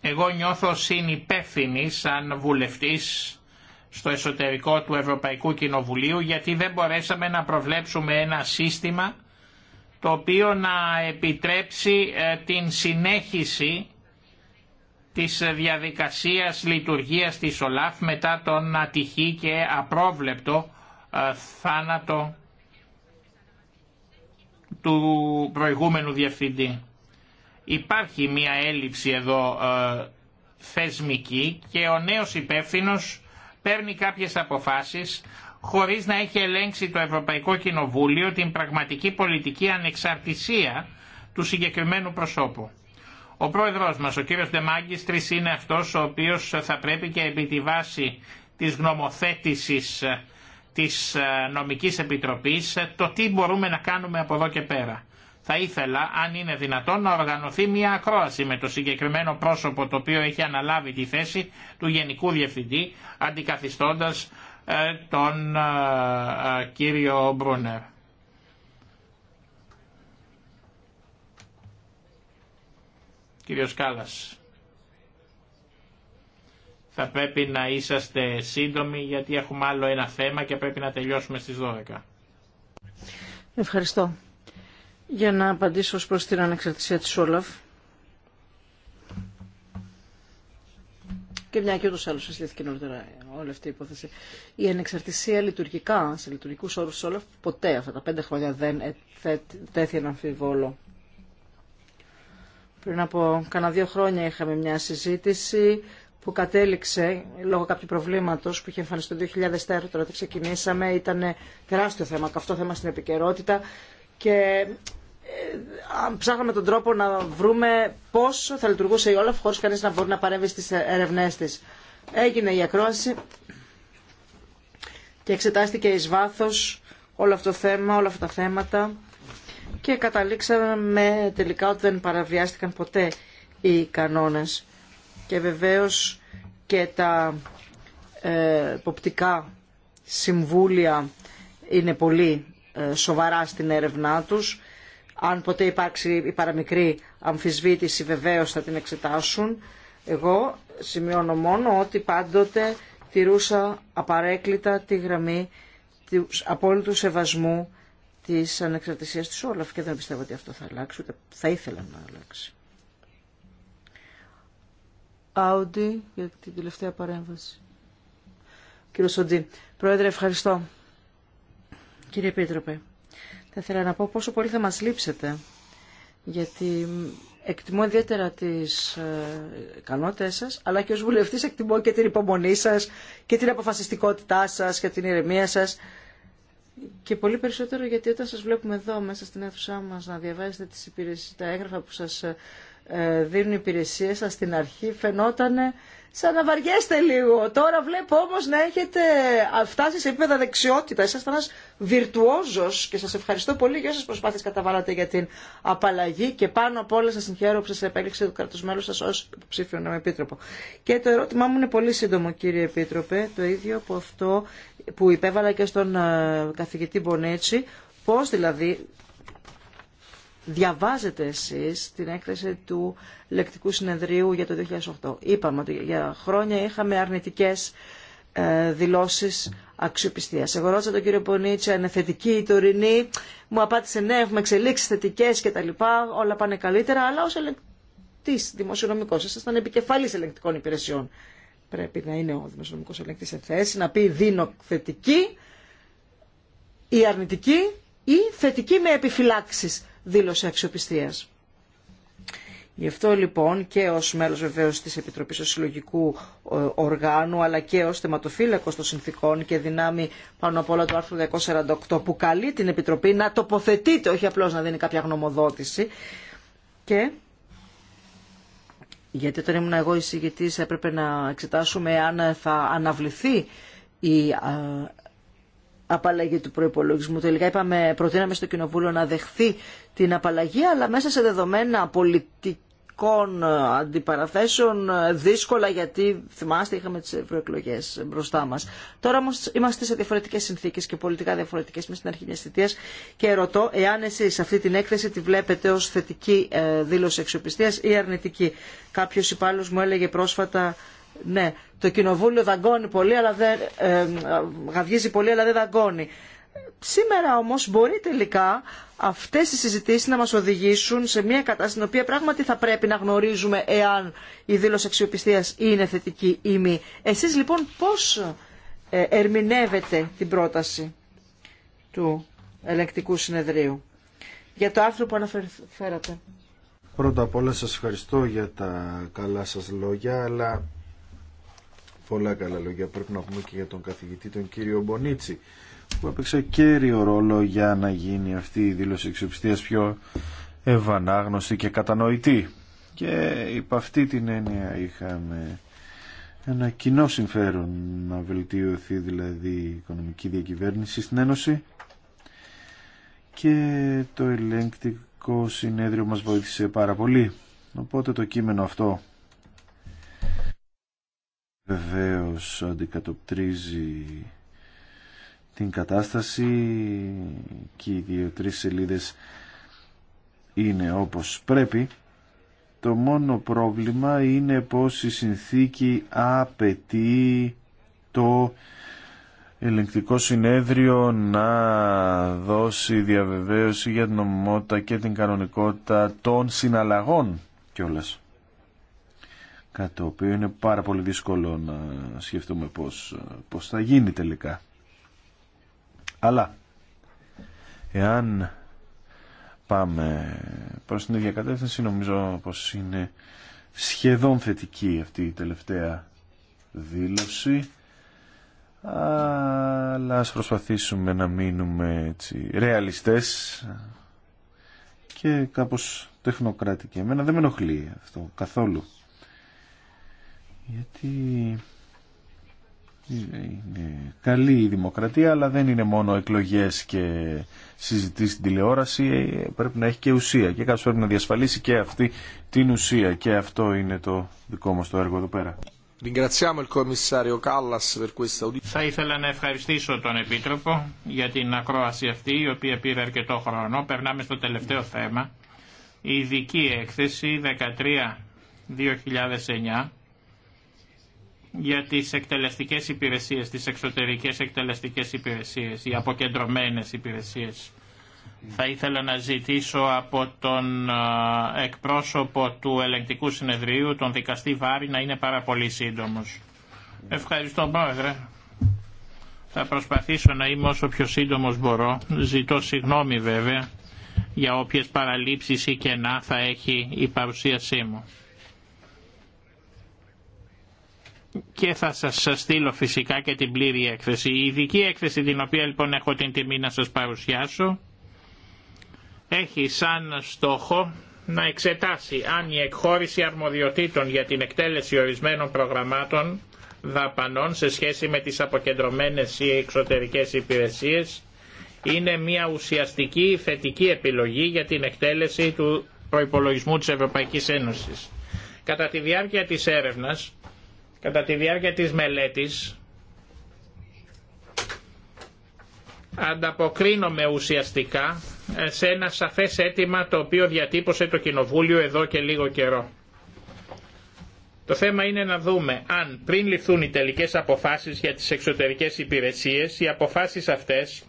Εγώ νιώθω συνυπεύθυνη σαν βουλευτής στο εσωτερικό του Ευρωπαϊκού Κοινοβουλίου γιατί δεν μπορέσαμε να προβλέψουμε ένα σύστημα το οποίο να επιτρέψει ε, την συνέχιση της διαδικασίας λειτουργίας της ΟΛΑΦ μετά τον ατυχή και απρόβλεπτο ε, θάνατο του προηγούμενου διευθυντή. Υπάρχει μια έλλειψη εδώ ε, θεσμική και ο νέος υπεύθυνος παίρνει κάποιες αποφάσεις χωρίς να έχει ελέγξει το Ευρωπαϊκό Κοινοβούλιο την πραγματική πολιτική ανεξαρτησία του συγκεκριμένου προσώπου. Ο πρόεδρος μας, ο κύριος Ντεμάγκιστρης, είναι αυτός ο οποίος θα πρέπει και επί τη βάση της γνωμοθέτησης της ε, νομικής επιτροπής ε, το τι μπορούμε να κάνουμε από εδώ και πέρα. Θα ήθελα, αν είναι δυνατόν, να οργανωθεί μια ακρόαση με το συγκεκριμένο πρόσωπο το οποίο έχει αναλάβει τη θέση του Γενικού Διευθυντή, αντικαθιστώντας ε, τον κύριο Μπρούνερ. Κύριος Κάλλας. Θα πρέπει να είσαστε σύντομοι γιατί έχουμε άλλο ένα θέμα και πρέπει να τελειώσουμε στις 12. Ευχαριστώ. Για να απαντήσω ως προς την ανεξαρτησία της Όλαφ. Και μια και ούτως άλλως ασχέθηκε νωρίτερα όλη αυτή η υπόθεση. Η ανεξαρτησία λειτουργικά, σε λειτουργικούς όρους της Όλαφ, ποτέ αυτά τα πέντε χρόνια δεν τέθη ένα αμφιβόλο. Πριν από κανένα δύο χρόνια είχαμε μια συζήτηση που κατέληξε λόγω κάποιου προβλήματο που είχε εμφανιστεί το 2004, τώρα ότι ξεκινήσαμε. Ήταν τεράστιο θέμα, καυτό θέμα στην επικαιρότητα. Και ε, ψάχναμε τον τρόπο να βρούμε πώ θα λειτουργούσε η Όλαφ χωρί κανείς να μπορεί να παρέμβει στις ερευνέ τη. Έγινε η ακρόαση και εξετάστηκε ει βάθο όλο αυτό το θέμα, όλα αυτά τα θέματα και καταλήξαμε τελικά ότι δεν παραβιάστηκαν ποτέ οι κανόνες. Και βεβαίως και τα ε, ποπτικά συμβούλια είναι πολύ ε, σοβαρά στην έρευνά τους. Αν ποτέ υπάρξει η παραμικρή αμφισβήτηση βεβαίως θα την εξετάσουν. Εγώ σημειώνω μόνο ότι πάντοτε τηρούσα απαρέκλητα τη γραμμή του απόλυτου σεβασμού Τη ανεξαρτησία τη Όλαφ και δεν πιστεύω ότι αυτό θα αλλάξει, ούτε θα ήθελα να αλλάξει. Άουντι για την τελευταία παρέμβαση. Κύριο Σοντζή, Πρόεδρε, ευχαριστώ. Κύριε Επίτροπε, θα ήθελα να πω πόσο πολύ θα μας λείψετε, γιατί εκτιμώ ιδιαίτερα τις ε, ικανότητες σας, αλλά και ως βουλευτής εκτιμώ και την υπομονή σας και την αποφασιστικότητά σας και την ηρεμία σας. Και πολύ περισσότερο γιατί όταν σας βλέπουμε εδώ μέσα στην αίθουσά μας να διαβάζετε τις υπηρεσίες, τα έγγραφα που σας ε, δίνουν οι υπηρεσίες σας στην αρχή φαινόταν σαν να βαριέστε λίγο. Τώρα βλέπω όμως να έχετε φτάσει σε επίπεδα δεξιότητα. Είσαστε ένας βιρτουόζος και σας ευχαριστώ πολύ για όσες προσπάθειες καταβάλατε για την απαλλαγή και πάνω απ' όλα σας συγχαίρω που σας επέλεξε το κράτος μέλος σας ως ψήφιο επίτροπο. Και το ερώτημά μου είναι πολύ σύντομο κύριε επίτροπε, το ίδιο από αυτό που υπέβαλα και στον ε, καθηγητή Μπονέτσι, πώς δηλαδή διαβάζετε εσείς την έκθεση του λεκτικού συνεδρίου για το 2008. Είπαμε ότι για χρόνια είχαμε αρνητικές ε, δηλώσεις αξιοπιστίας. Εγώ ρώτησα τον κύριο Πονίτσα, είναι θετική η τωρινή, μου απάντησε ναι, έχουμε εξελίξει θετικέ και τα λοιπά, όλα πάνε καλύτερα, αλλά ως ελεκτής δημοσιονομικός, ήσασταν επικεφαλής ελεκτικών υπηρεσιών πρέπει να είναι ο δημοσιονομικό ελέγκτης σε θέση να πει δίνω θετική ή αρνητική ή θετική με επιφυλάξει δήλωση αξιοπιστία. Γι' αυτό λοιπόν και ως μέλος βεβαίως της Επιτροπής Συλλογικού ε, Οργάνου αλλά και ως θεματοφύλακος των συνθήκων και δυνάμει πάνω απ' όλα του άρθρου 248 που καλεί την Επιτροπή να τοποθετείται, όχι απλώς να δίνει κάποια γνωμοδότηση και γιατί όταν ήμουν εγώ εισηγητής έπρεπε να εξετάσουμε αν θα αναβληθεί η απαλλαγή του προπολογισμού. Τελικά είπαμε, προτείναμε στο Κοινοβούλιο να δεχθεί την απαλλαγή, αλλά μέσα σε δεδομένα πολιτική πολιτικών ε, αντιπαραθέσεων ε, δύσκολα γιατί θυμάστε είχαμε τις ευρωεκλογέ μπροστά μας. Τώρα όμως είμαστε σε διαφορετικές συνθήκες και πολιτικά διαφορετικές με στην αρχή μιας θητείας και ρωτώ εάν εσείς αυτή την έκθεση τη βλέπετε ως θετική ε, δήλωση αξιοπιστίας ή αρνητική. Κάποιος υπάλληλο μου έλεγε πρόσφατα ναι, το κοινοβούλιο δαγκώνει πολύ, αλλά δεν, ε, γαυγίζει πολύ αλλά δεν δαγκώνει. Σήμερα όμως μπορεί τελικά αυτές οι συζητήσεις να μας οδηγήσουν σε μια κατάσταση στην οποία πράγματι θα πρέπει να γνωρίζουμε εάν η δήλωση αξιοπιστίας είναι θετική ή μη. Εσείς λοιπόν πώς ε, ερμηνεύετε την πρόταση του ελεκτικού συνεδρίου για το άρθρο που αναφέρατε. Πρώτα απ' όλα σας ευχαριστώ για τα καλά σας λόγια, αλλά πολλά καλά λόγια πρέπει να πούμε και για τον καθηγητή τον κύριο Μπονίτσι που έπαιξε κέριο ρόλο για να γίνει αυτή η δήλωση εξοπιστίας πιο ευανάγνωστη και κατανοητή. Και υπ' αυτή την έννοια είχαμε ένα κοινό συμφέρον να βελτιωθεί δηλαδή η οικονομική διακυβέρνηση στην Ένωση και το ελεγκτικό συνέδριο μας βοήθησε πάρα πολύ. Οπότε το κείμενο αυτό βεβαίως αντικατοπτρίζει την κατάσταση και οι δύο-τρεις σελίδες είναι όπως πρέπει. Το μόνο πρόβλημα είναι πως η συνθήκη απαιτεί το ελεγκτικό συνέδριο να δώσει διαβεβαίωση για την νομιμότητα και την κανονικότητα των συναλλαγών κιόλας. Κάτι το οποίο είναι πάρα πολύ δύσκολο να σκεφτούμε πώς, πώς θα γίνει τελικά. Αλλά εάν πάμε προς την ίδια κατεύθυνση νομίζω πως είναι σχεδόν θετική αυτή η τελευταία δήλωση αλλά ας προσπαθήσουμε να μείνουμε έτσι ρεαλιστές και κάπως τεχνοκρατικοί. Εμένα δεν με ενοχλεί αυτό καθόλου. Γιατί είναι καλή η δημοκρατία, αλλά δεν είναι μόνο εκλογές και συζητήσει στην τηλεόραση. Ε, πρέπει να έχει και ουσία και κάποιος πρέπει να διασφαλίσει και αυτή την ουσία. Και αυτό είναι το δικό μας το έργο εδώ πέρα. Θα ήθελα να ευχαριστήσω τον Επίτροπο για την ακρόαση αυτή, η οποία πήρε αρκετό χρόνο. Περνάμε στο τελευταίο θέμα. Η ειδική έκθεση 13-2009 για τις εκτελεστικές υπηρεσίες, τις εξωτερικές εκτελεστικές υπηρεσίες, οι αποκεντρωμένες υπηρεσίες. Θα ήθελα να ζητήσω από τον εκπρόσωπο του ελεγκτικού συνεδρίου, τον δικαστή Βάρη, να είναι πάρα πολύ σύντομος. Ευχαριστώ πρόεδρε. Θα προσπαθήσω να είμαι όσο πιο σύντομος μπορώ. Ζητώ συγγνώμη βέβαια για όποιες παραλήψεις ή κενά θα έχει η παρουσίασή μου. και θα σας στείλω φυσικά και την πλήρη έκθεση. Η ειδική έκθεση την οποία λοιπόν έχω την τιμή να σας παρουσιάσω έχει σαν στόχο να εξετάσει αν η εκχώρηση αρμοδιοτήτων για την εκτέλεση ορισμένων προγραμμάτων δαπανών σε σχέση με τις αποκεντρωμένες ή εξωτερικές υπηρεσίες είναι μια ουσιαστική θετική επιλογή για την εκτέλεση του προϋπολογισμού της Ευρωπαϊκής Ένωσης. Κατά τη διάρκεια της έρευνας Κατά τη διάρκεια της μελέτης ανταποκρίνομαι ουσιαστικά ε, σε ένα σαφές αίτημα το οποίο διατύπωσε το Κοινοβούλιο εδώ και λίγο καιρό. Το θέμα είναι να δούμε αν πριν ληφθούν οι τελικές αποφάσεις για τις εξωτερικές υπηρεσίες, οι αποφάσεις αυτές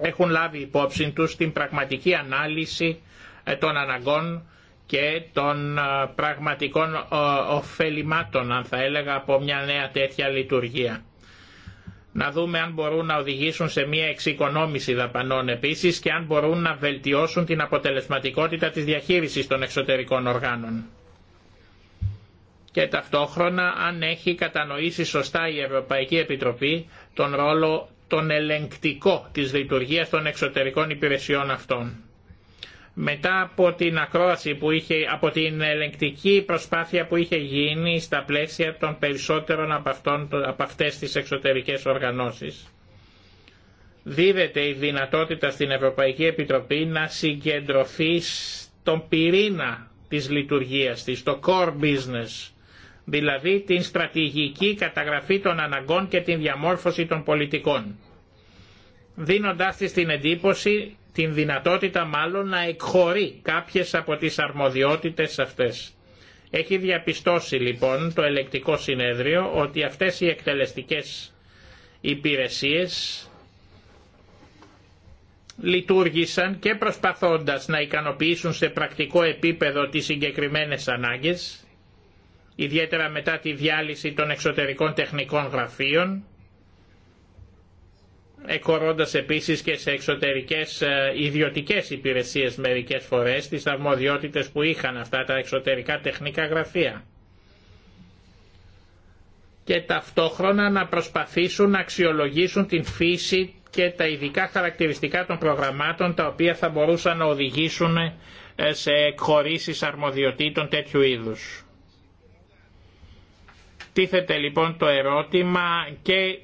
έχουν λάβει υπόψη τους την πραγματική ανάλυση ε, των αναγκών και των ε, πραγματικών ε, ωφελημάτων, αν θα έλεγα, από μια νέα τέτοια λειτουργία. Να δούμε αν μπορούν να οδηγήσουν σε μια εξοικονόμηση δαπανών επίσης και αν μπορούν να βελτιώσουν την αποτελεσματικότητα της διαχείρισης των εξωτερικών οργάνων. Και ταυτόχρονα αν έχει κατανοήσει σωστά η Ευρωπαϊκή Επιτροπή τον ρόλο τον ελεγκτικό της λειτουργίας των εξωτερικών υπηρεσιών αυτών μετά από την ακρόαση που είχε, από την ελεγκτική προσπάθεια που είχε γίνει στα πλαίσια των περισσότερων από, αυτών, από αυτές τις εξωτερικές οργανώσεις. Δίδεται η δυνατότητα στην Ευρωπαϊκή Επιτροπή να συγκεντρωθεί στον πυρήνα της λειτουργίας της, το core business, δηλαδή την στρατηγική καταγραφή των αναγκών και την διαμόρφωση των πολιτικών δίνοντάς της την εντύπωση, την δυνατότητα μάλλον να εκχωρεί κάποιες από τις αρμοδιότητες αυτές. Έχει διαπιστώσει λοιπόν το ελεκτικό συνέδριο ότι αυτές οι εκτελεστικές υπηρεσίες λειτουργήσαν και προσπαθώντας να ικανοποιήσουν σε πρακτικό επίπεδο τις συγκεκριμένες ανάγκες, ιδιαίτερα μετά τη διάλυση των εξωτερικών τεχνικών γραφείων, εκορώντας επίσης και σε εξωτερικές ε, ιδιωτικές υπηρεσίες μερικές φορές τις αρμοδιότητες που είχαν αυτά τα εξωτερικά τεχνικά γραφεία και ταυτόχρονα να προσπαθήσουν να αξιολογήσουν την φύση και τα ειδικά χαρακτηριστικά των προγραμμάτων τα οποία θα μπορούσαν να οδηγήσουν ε, σε εκχωρήσεις αρμοδιοτήτων τέτοιου είδους. Τίθεται λοιπόν το ερώτημα και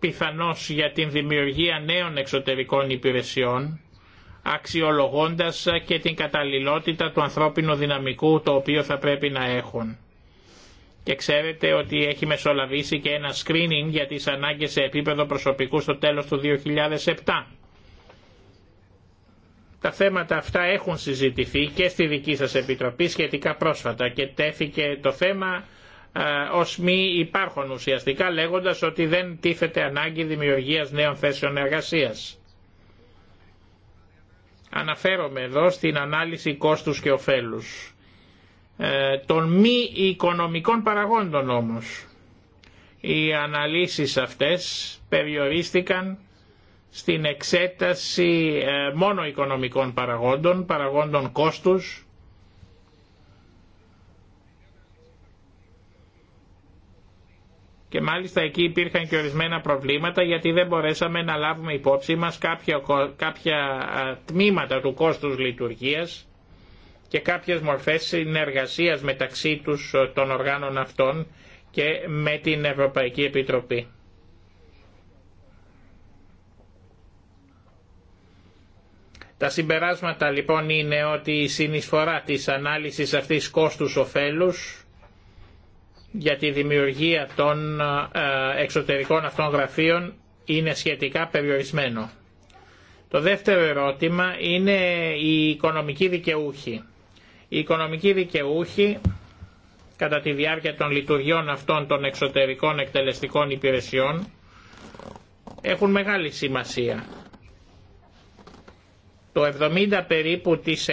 πιθανώς για την δημιουργία νέων εξωτερικών υπηρεσιών, αξιολογώντας και την καταλληλότητα του ανθρώπινου δυναμικού το οποίο θα πρέπει να έχουν. Και ξέρετε ότι έχει μεσολαβήσει και ένα screening για τις ανάγκες σε επίπεδο προσωπικού στο τέλος του 2007. Τα θέματα αυτά έχουν συζητηθεί και στη δική σας Επιτροπή σχετικά πρόσφατα και τέθηκε το θέμα ε, ως μη υπάρχουν ουσιαστικά λέγοντας ότι δεν τίθεται ανάγκη δημιουργίας νέων θέσεων εργασίας. Αναφέρομαι εδώ στην ανάλυση κόστους και ωφέλους. Ε, των μη οικονομικών παραγόντων όμως. Οι αναλύσεις αυτές περιορίστηκαν στην εξέταση ε, μόνο οικονομικών παραγόντων, παραγόντων κόστους, Και μάλιστα εκεί υπήρχαν και ορισμένα προβλήματα γιατί δεν μπορέσαμε να λάβουμε υπόψη μας κάποια, κάποια τμήματα του κόστους λειτουργίας και κάποιες μορφές συνεργασίας μεταξύ τους των οργάνων αυτών και με την Ευρωπαϊκή Επιτροπή. Τα συμπεράσματα λοιπόν είναι ότι η συνεισφορά της ανάλυσης αυτής κόστους-οφέλους για τη δημιουργία των ε, εξωτερικών αυτών γραφείων είναι σχετικά περιορισμένο. Το δεύτερο ερώτημα είναι η οικονομική δικαιούχοι. Η οικονομική δικαιούχοι κατά τη διάρκεια των λειτουργιών αυτών των εξωτερικών εκτελεστικών υπηρεσιών έχουν μεγάλη σημασία. Το 70 περίπου της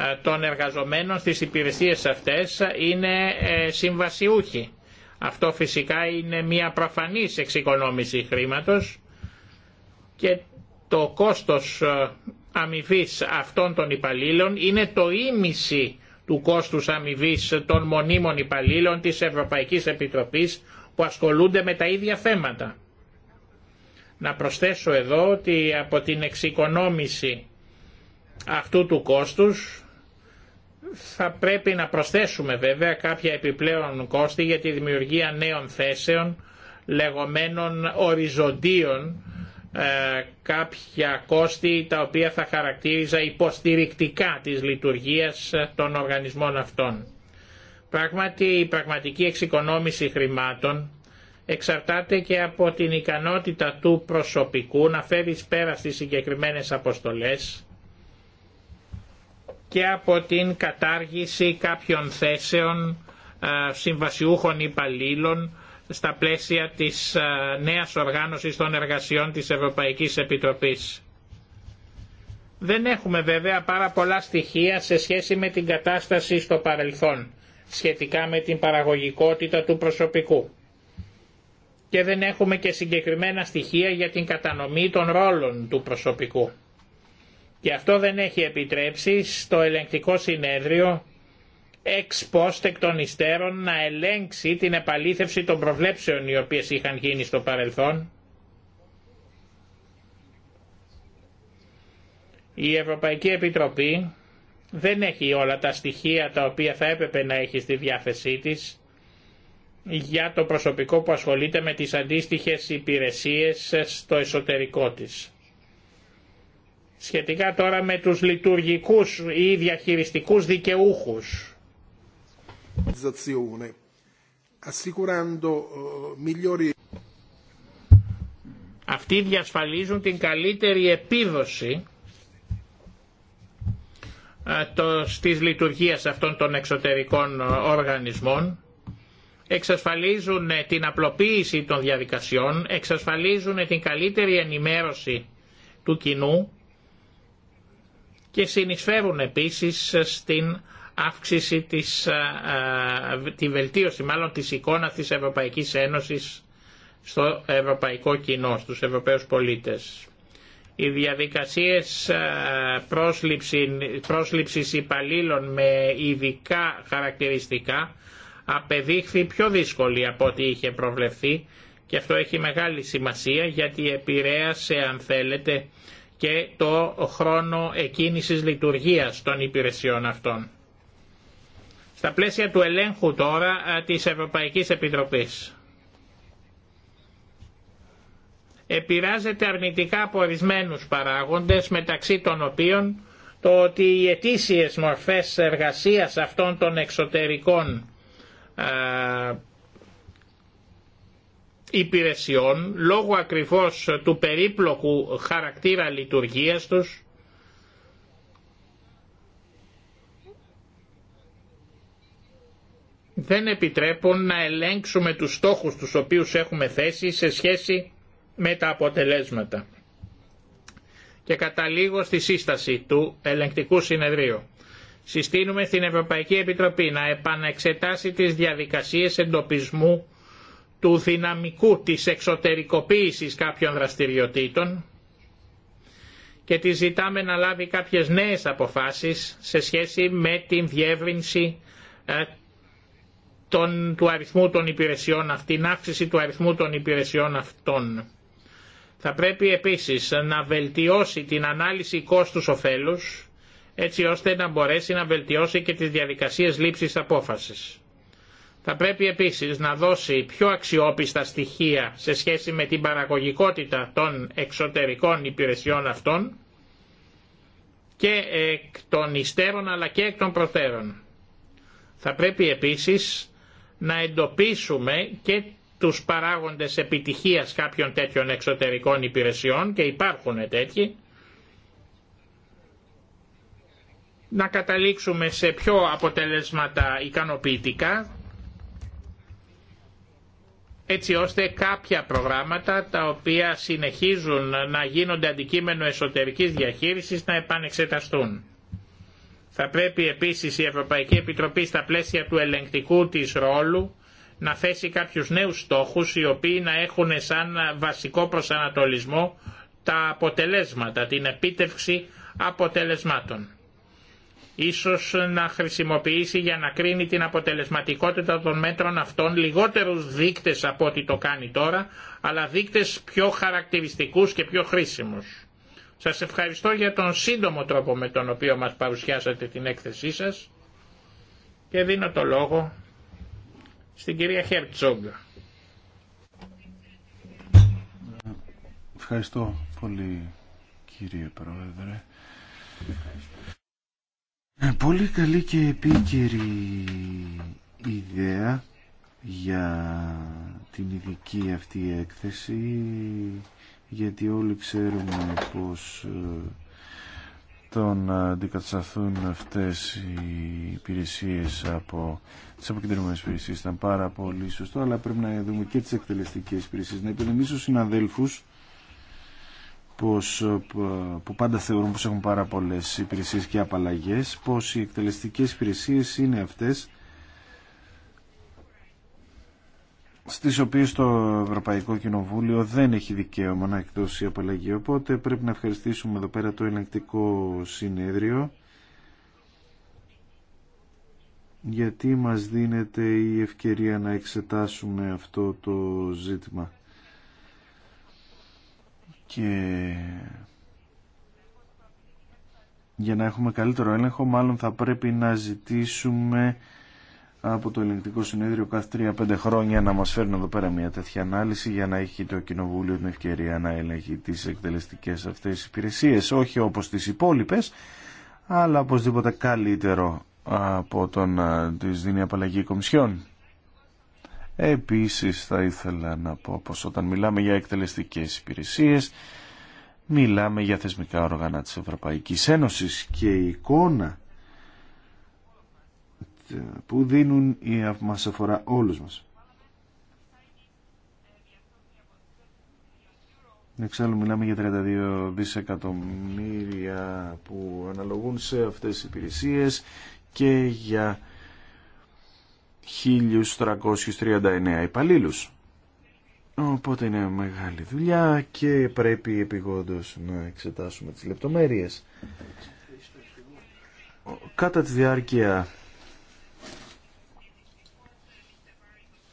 ε, των εργαζομένων στις υπηρεσίες αυτές είναι ε, συμβασιούχοι. Αυτό φυσικά είναι μια προφανής εξοικονόμηση χρήματος και το κόστος ε, αμοιβή αυτών των υπαλλήλων είναι το ίμιση του κόστους αμοιβή των μονίμων υπαλλήλων της Ευρωπαϊκής Επιτροπής που ασχολούνται με τα ίδια θέματα. Να προσθέσω εδώ ότι από την εξοικονόμηση αυτού του κόστους θα πρέπει να προσθέσουμε βέβαια κάποια επιπλέον κόστη για τη δημιουργία νέων θέσεων λεγόμενων οριζοντίων ε, κάποια κόστη τα οποία θα χαρακτήριζα υποστηρικτικά της λειτουργίας των οργανισμών αυτών. Πράγματι η πραγματική εξοικονόμηση χρημάτων εξαρτάται και από την ικανότητα του προσωπικού να φέρει πέρα στις συγκεκριμένες αποστολές και από την κατάργηση κάποιων θέσεων συμβασιούχων υπαλλήλων στα πλαίσια της νέας οργάνωσης των εργασιών της Ευρωπαϊκής Επιτροπής. Δεν έχουμε βέβαια πάρα πολλά στοιχεία σε σχέση με την κατάσταση στο παρελθόν σχετικά με την παραγωγικότητα του προσωπικού. Και δεν έχουμε και συγκεκριμένα στοιχεία για την κατανομή των ρόλων του προσωπικού. Και αυτό δεν έχει επιτρέψει στο ελεγκτικό συνέδριο εξ των να ελέγξει την επαλήθευση των προβλέψεων οι οποίες είχαν γίνει στο παρελθόν. Η Ευρωπαϊκή Επιτροπή δεν έχει όλα τα στοιχεία τα οποία θα έπρεπε να έχει στη διάθεσή της για το προσωπικό που ασχολείται με τις αντίστοιχες υπηρεσίες στο εσωτερικό της. Σχετικά τώρα με τους λειτουργικούς ή διαχειριστικούς δικαιούχους. Ε, Αυτοί διασφαλίζουν την καλύτερη επίδοση ε, το, στις αυτών των εξωτερικών ε, οργανισμών, εξασφαλίζουν την απλοποίηση των διαδικασιών, εξασφαλίζουν την καλύτερη ενημέρωση του κοινού και συνεισφέρουν επίσης στην αύξηση της, ε, ε, τη βελτίωση μάλλον της εικόνας της Ευρωπαϊκής Ένωσης στο ευρωπαϊκό κοινό, στους ευρωπαίους πολίτες. Οι διαδικασίες ε, πρόσληψης υπαλλήλων με ειδικά χαρακτηριστικά απεδείχθη πιο δύσκολη από ό,τι είχε προβλεφθεί και αυτό έχει μεγάλη σημασία γιατί επηρέασε αν θέλετε και το χρόνο εκκίνησης λειτουργίας των υπηρεσιών αυτών. Στα πλαίσια του ελέγχου τώρα της Ευρωπαϊκής Επιτροπής. Επηρεάζεται αρνητικά από ορισμένου παράγοντες μεταξύ των οποίων το ότι οι αιτήσιες μορφές εργασίας αυτών των εξωτερικών υπηρεσιών λόγω ακριβώς του περίπλοκου χαρακτήρα λειτουργίας τους δεν επιτρέπουν να ελέγξουμε τους στόχους τους οποίους έχουμε θέσει σε σχέση με τα αποτελέσματα. Και καταλήγω στη σύσταση του ελεγκτικού συνεδρίου. Συστήνουμε στην Ευρωπαϊκή Επιτροπή να επανεξετάσει τις διαδικασίες εντοπισμού του δυναμικού της εξωτερικοποίησης κάποιων δραστηριοτήτων και τη ζητάμε να λάβει κάποιες νέες αποφάσεις σε σχέση με την διεύρυνση ε, των, του αριθμού των υπηρεσιών αυτών, την αύξηση του αριθμού των υπηρεσιών αυτών. Θα πρέπει επίσης να βελτιώσει την ανάλυση κόστους κόστους-οφέλους έτσι ώστε να μπορέσει να βελτιώσει και τις διαδικασίες λήψης απόφασης. Θα πρέπει επίσης να δώσει πιο αξιόπιστα στοιχεία σε σχέση με την παραγωγικότητα των εξωτερικών υπηρεσιών αυτών και εκ των υστέρων αλλά και εκ των προτέρων. Θα πρέπει επίσης να εντοπίσουμε και τους παράγοντες επιτυχίας κάποιων τέτοιων εξωτερικών υπηρεσιών και υπάρχουν τέτοιοι, να καταλήξουμε σε πιο αποτελέσματα ικανοποιητικά έτσι ώστε κάποια προγράμματα τα οποία συνεχίζουν να γίνονται αντικείμενο εσωτερικής διαχείρισης να επανεξεταστούν. Θα πρέπει επίσης η Ευρωπαϊκή Επιτροπή στα πλαίσια του ελεγκτικού της ρόλου να θέσει κάποιους νέους στόχους οι οποίοι να έχουν σαν βασικό προσανατολισμό τα αποτελέσματα, την επίτευξη αποτελεσμάτων ίσως να χρησιμοποιήσει για να κρίνει την αποτελεσματικότητα των μέτρων αυτών λιγότερους δείκτες από ό,τι το κάνει τώρα, αλλά δείκτες πιο χαρακτηριστικούς και πιο χρήσιμους. Σας ευχαριστώ για τον σύντομο τρόπο με τον οποίο μας παρουσιάσατε την έκθεσή σας και δίνω το λόγο στην κυρία Χέρτσόγκα. Ευχαριστώ πολύ κύριε Πρόεδρε. Ε, πολύ καλή και επίκαιρη ιδέα για την ειδική αυτή έκθεση γιατί όλοι ξέρουμε πως ε, τον να αντικατασταθούν αυτές οι υπηρεσίες από τις αποκεντρωμένες υπηρεσίες ήταν πάρα πολύ σωστό αλλά πρέπει να δούμε και τις εκτελεστικές υπηρεσίες να υπενεμίσω συναδέλφους πως, ε, ε, που πάντα θεωρούν πως έχουν πάρα πολλές υπηρεσίες και απαλλαγές, πως οι εκτελεστικές υπηρεσίες είναι αυτές στις οποίες το Ευρωπαϊκό Κοινοβούλιο δεν έχει δικαίωμα να εκδώσει απαλλαγή. Οπότε πρέπει να ευχαριστήσουμε εδώ πέρα το ελεγκτικό συνέδριο γιατί μας δίνεται η ευκαιρία να εξετάσουμε αυτό το ζήτημα και για να έχουμε καλύτερο έλεγχο μάλλον θα πρέπει να ζητήσουμε από το Ελληνικό Συνέδριο κάθε 3-5 χρόνια να μας φέρνει εδώ πέρα μια τέτοια ανάλυση για να έχει το Κοινοβούλιο την ευκαιρία να ελέγχει τις εκτελεστικές αυτές υπηρεσίες όχι όπως τις υπόλοιπε, αλλά οπωσδήποτε καλύτερο από τον, δίνει απαλλαγή κομισιών. Επίσης θα ήθελα να πω πως όταν μιλάμε για εκτελεστικές υπηρεσίες μιλάμε για θεσμικά όργανα της Ευρωπαϊκής Ένωσης και η εικόνα που δίνουν η μας αφορά όλους μας. Εξάλλου μιλάμε για 32 δισεκατομμύρια που αναλογούν σε αυτές τις υπηρεσίες και για 1.339 υπαλλήλου. Οπότε είναι μεγάλη δουλειά και πρέπει επιγόντω να εξετάσουμε τις λεπτομέρειες. Κατά τη διάρκεια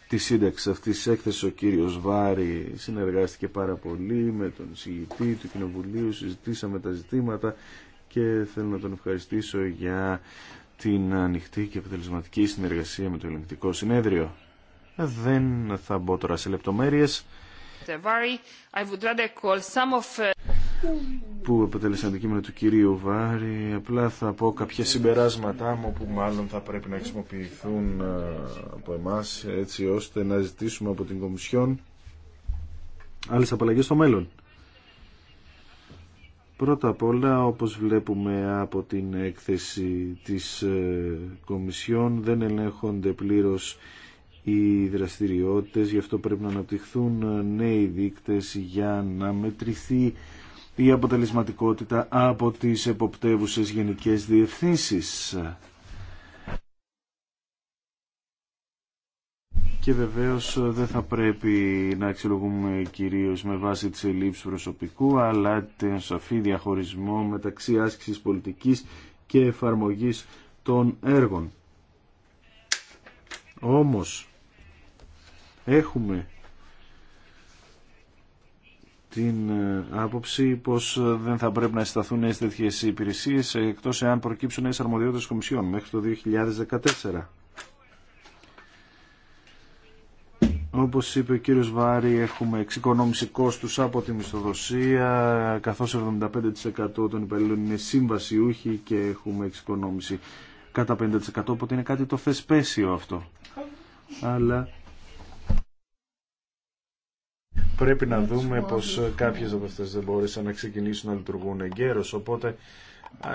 τη σύνταξη αυτή τη έκθεση ο κύριο Βάρη συνεργάστηκε πάρα πολύ με τον συγητή του Κοινοβουλίου. Συζητήσαμε τα ζητήματα και θέλω να τον ευχαριστήσω για την ανοιχτή και αποτελεσματική συνεργασία με το Ελληνικό Συνέδριο. Δεν θα μπω τώρα σε λεπτομέρειες uh, που αποτέλεσαν αντικείμενο του κυρίου Βάρη. Απλά θα πω κάποια συμπεράσματά μου που μάλλον θα πρέπει να χρησιμοποιηθούν ε, από εμάς έτσι ώστε να ζητήσουμε από την Κομισιόν άλλες απαλλαγές στο μέλλον. Πρώτα απ' όλα, όπως βλέπουμε από την έκθεση της ε, Κομισιόν, δεν ελέγχονται πλήρως οι δραστηριότητες, γι' αυτό πρέπει να αναπτυχθούν ε, νέοι δείκτες για να μετρηθεί η αποτελεσματικότητα από τις εποπτεύουσες γενικές διευθύνσεις. και βεβαίως ε, δεν θα πρέπει να αξιολογούμε κυρίως με βάση τις ελλείψεις προσωπικού αλλά τον σαφή διαχωρισμό μεταξύ άσκησης πολιτικής και εφαρμογής των έργων. Όμως έχουμε την ε, άποψη πως ε, δεν θα πρέπει να συσταθούν νέες υπηρεσίες εκτός εάν προκύψουν νέες αρμοδιότητες κομισιών μέχρι το 2014. Όπως είπε ο κύριος Βάρη, έχουμε εξοικονόμηση κόστους από τη μισθοδοσία, καθώς 75% των υπαλλήλων είναι σύμβασιούχοι και έχουμε εξοικονόμηση κατά 50%, οπότε είναι κάτι το θεσπέσιο αυτό. Αλλά πρέπει να δούμε πως κάποιες από αυτές δεν μπορούσαν να ξεκινήσουν να λειτουργούν εγκαίρως, οπότε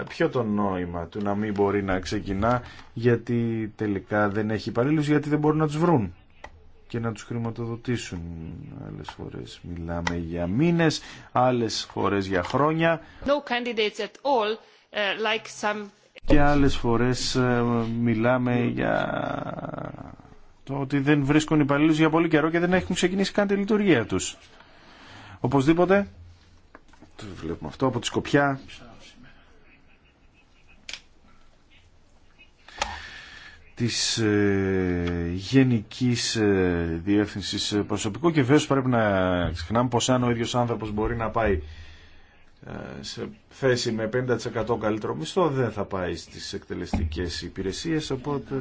ποιο το νόημα του να μην μπορεί να ξεκινά γιατί τελικά δεν έχει υπαλλήλους, γιατί δεν μπορούν να τους βρουν και να τους χρηματοδοτήσουν. Άλλες φορές μιλάμε για μήνες, άλλες φορές για χρόνια no at all, uh, like some... και άλλες φορές ε, μιλάμε για το ότι δεν βρίσκουν υπαλλήλους για πολύ καιρό και δεν έχουν ξεκινήσει καν τη λειτουργία τους. Οπωσδήποτε, το βλέπουμε αυτό από τη Σκοπιά, της ε, Γενικής ε, Διεύθυνσης Προσωπικού και βέβαια πρέπει να ξεχνάμε πως αν ο ίδιος άνθρωπος μπορεί να πάει ε, σε θέση με 50% καλύτερο μισθό δεν θα πάει στις εκτελεστικές υπηρεσίες οπότε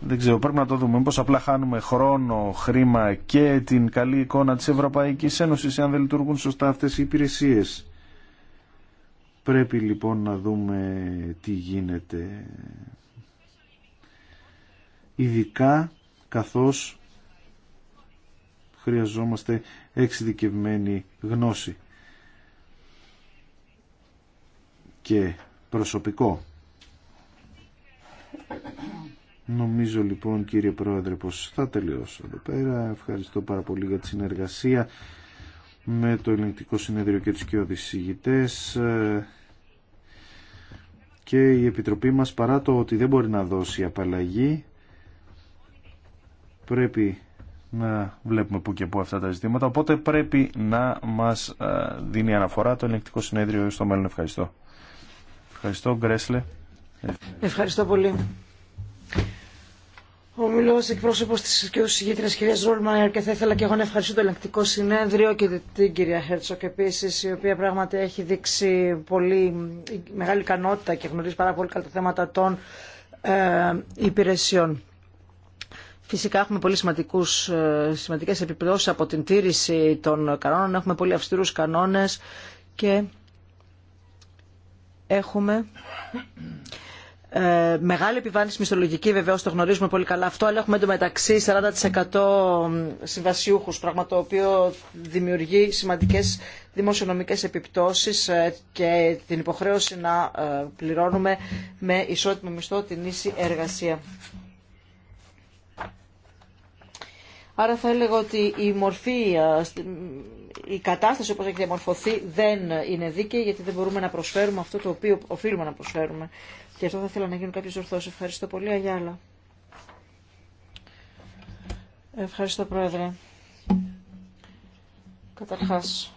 δεν ξέρω πρέπει να το δούμε πως απλά χάνουμε χρόνο, χρήμα και την καλή εικόνα της Ευρωπαϊκής Ένωσης αν δεν λειτουργούν σωστά αυτές οι υπηρεσίες πρέπει λοιπόν να δούμε τι γίνεται ειδικά καθώς χρειαζόμαστε εξειδικευμένη γνώση και προσωπικό. Νομίζω λοιπόν κύριε Πρόεδρε πως θα τελειώσω εδώ πέρα. Ευχαριστώ πάρα πολύ για τη συνεργασία με το Ελληνικό Συνέδριο και τους Κιώδης και η Επιτροπή μας παρά το ότι δεν μπορεί να δώσει απαλλαγή πρέπει να βλέπουμε που και που αυτά τα ζητήματα. Οπότε πρέπει να μας ε, δίνει αναφορά το ελεγκτικό συνέδριο στο μέλλον. Ευχαριστώ. Ευχαριστώ, Γκρέσλε. Ευχαριστώ πολύ. Ο μιλό εκπρόσωπο τη κυρία Συγγήτρια κυρία Ρόλμανερ και θα ήθελα και εγώ να ευχαριστήσω το ελεγκτικό συνέδριο και την κυρία Χέρτσοκ επίση, η οποία πράγματι έχει δείξει πολύ μεγάλη ικανότητα και γνωρίζει πάρα πολύ καλά τα θέματα των ε, υπηρεσιών. Φυσικά έχουμε πολύ σημαντικούς, ε, σημαντικές επιπτώσεις από την τήρηση των κανόνων, έχουμε πολύ αυστηρούς κανόνες και έχουμε ε, μεγάλη επιβάλληση μισθολογική βεβαίως το γνωρίζουμε πολύ καλά αυτό αλλά έχουμε εντωμεταξύ 40% συμβασιούχους πράγμα το οποίο δημιουργεί σημαντικές δημοσιονομικές επιπτώσεις ε, και την υποχρέωση να πληρώνουμε με ισότιμο μισθό την ίση εργασία. Άρα θα έλεγα ότι η μορφή, η κατάσταση όπως έχει διαμορφωθεί δεν είναι δίκαιη γιατί δεν μπορούμε να προσφέρουμε αυτό το οποίο οφείλουμε να προσφέρουμε. Και αυτό θα ήθελα να γίνουν κάποιες ορθώσει. Ευχαριστώ πολύ, Αγιάλα. Ευχαριστώ, Πρόεδρε. Καταρχάς,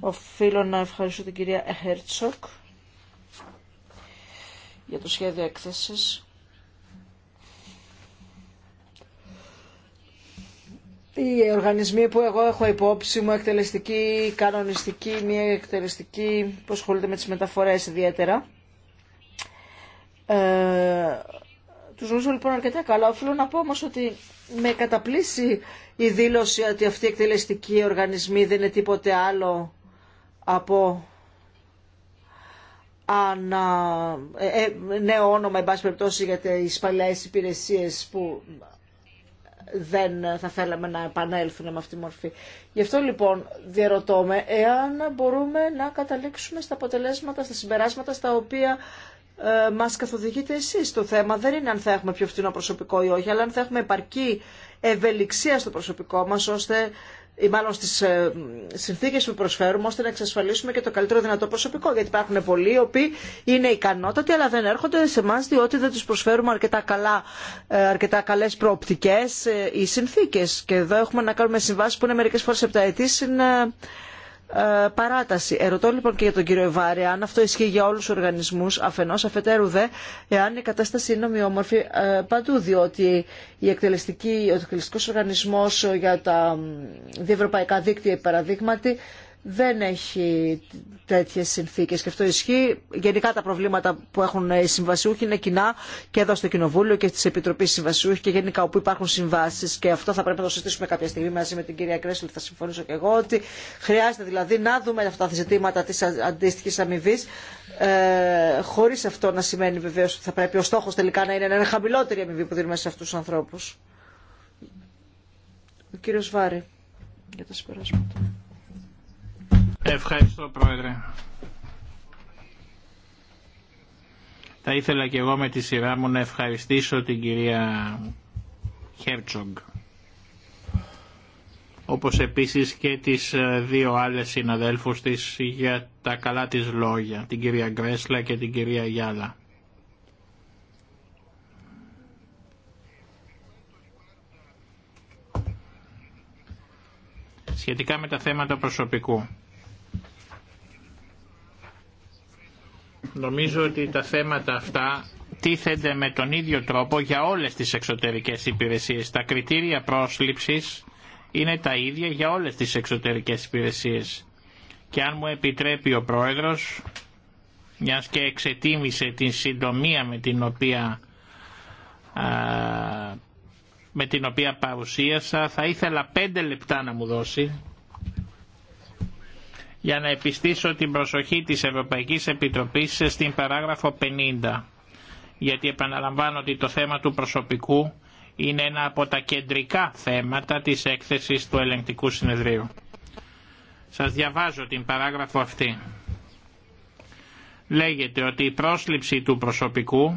οφείλω να ευχαριστώ την κυρία Χέρτσοκ για το σχέδιο έκθεσης οι οργανισμοί που εγώ έχω υπόψη μου, εκτελεστική, κανονιστική, μια εκτελεστική που ασχολείται με τις μεταφορές ιδιαίτερα. Ε, τους γνωρίζω λοιπόν αρκετά καλά. Οφείλω να πω όμως ότι με καταπλήσει η δήλωση ότι αυτοί οι εκτελεστικοί οργανισμοί δεν είναι τίποτε άλλο από ανα, ε, ε, νέο όνομα, εν πάση περιπτώσει, για τις παλιές υπηρεσίες που δεν θα θέλαμε να επανέλθουν με αυτή τη μορφή. Γι' αυτό λοιπόν διαρωτώ με εάν μπορούμε να καταλήξουμε στα αποτελέσματα, στα συμπεράσματα στα οποία ε, μας καθοδηγείτε εσείς. Το θέμα δεν είναι αν θα έχουμε πιο φθηνό προσωπικό ή όχι, αλλά αν θα έχουμε επαρκή ευελιξία στο προσωπικό μας, ώστε ή μάλλον στις ε, συνθήκες που προσφέρουμε ώστε να εξασφαλίσουμε και το καλύτερο δυνατό προσωπικό. Γιατί υπάρχουν πολλοί οι οποίοι είναι ικανότατοι αλλά δεν έρχονται σε εμά διότι δεν τους προσφέρουμε αρκετά, καλά, ε, αρκετά καλές προοπτικές ε, οι συνθήκες. Και εδώ έχουμε να κάνουμε συμβάσεις που είναι μερικές φορές επτά είναι ε, παράταση. Ερωτώ λοιπόν και για τον κύριο Ευάρη αν αυτό ισχύει για όλους τους οργανισμούς αφενός, αφετέρου δε, εάν η κατάσταση είναι ομοιόμορφη ε, παντού, διότι η εκτελεστική, ο εκτελεστικός οργανισμός για τα διευρωπαϊκά δίκτυα, παραδείγματι, δεν έχει τέτοιες συνθήκες και αυτό ισχύει. Γενικά τα προβλήματα που έχουν οι συμβασιούχοι είναι κοινά και εδώ στο Κοινοβούλιο και στις Επιτροπές Συμβασιούχοι και γενικά όπου υπάρχουν συμβάσεις και αυτό θα πρέπει να το συζητήσουμε κάποια στιγμή μαζί με την κυρία Κρέσλη, θα συμφωνήσω και εγώ ότι χρειάζεται δηλαδή να δούμε αυτά τα ζητήματα της αντίστοιχης αμοιβή. Ε, χωρίς αυτό να σημαίνει βεβαίω ότι θα πρέπει ο στόχος τελικά να είναι ένα χαμηλότερη αμοιβή που δίνουμε σε αυτούς τους ανθρώπους. Ο κύριος Βάρη για τα συμπεράσματα. Ευχαριστώ Πρόεδρε. Θα ήθελα και εγώ με τη σειρά μου να ευχαριστήσω την κυρία Χέρτσογκ όπως επίσης και τις ε, δύο άλλες συναδέλφους της για τα καλά της λόγια, την κυρία Γκρέσλα και την κυρία Γιάλα. Σχετικά με τα θέματα προσωπικού. Νομίζω ότι τα θέματα αυτά τίθενται με τον ίδιο τρόπο για όλες τις εξωτερικές υπηρεσίες. Τα κριτήρια πρόσληψης είναι τα ίδια για όλες τις εξωτερικές υπηρεσίες. Και αν μου επιτρέπει ο Πρόεδρος, μιας και εξετίμησε την συντομία με την οποία, με την οποία παρουσίασα, θα ήθελα πέντε λεπτά να μου δώσει για να επιστήσω την προσοχή της Ευρωπαϊκής Επιτροπής στην παράγραφο 50 γιατί επαναλαμβάνω ότι το θέμα του προσωπικού είναι ένα από τα κεντρικά θέματα της έκθεσης του ελεγκτικού συνεδρίου. Σας διαβάζω την παράγραφο αυτή. Λέγεται ότι η πρόσληψη του προσωπικού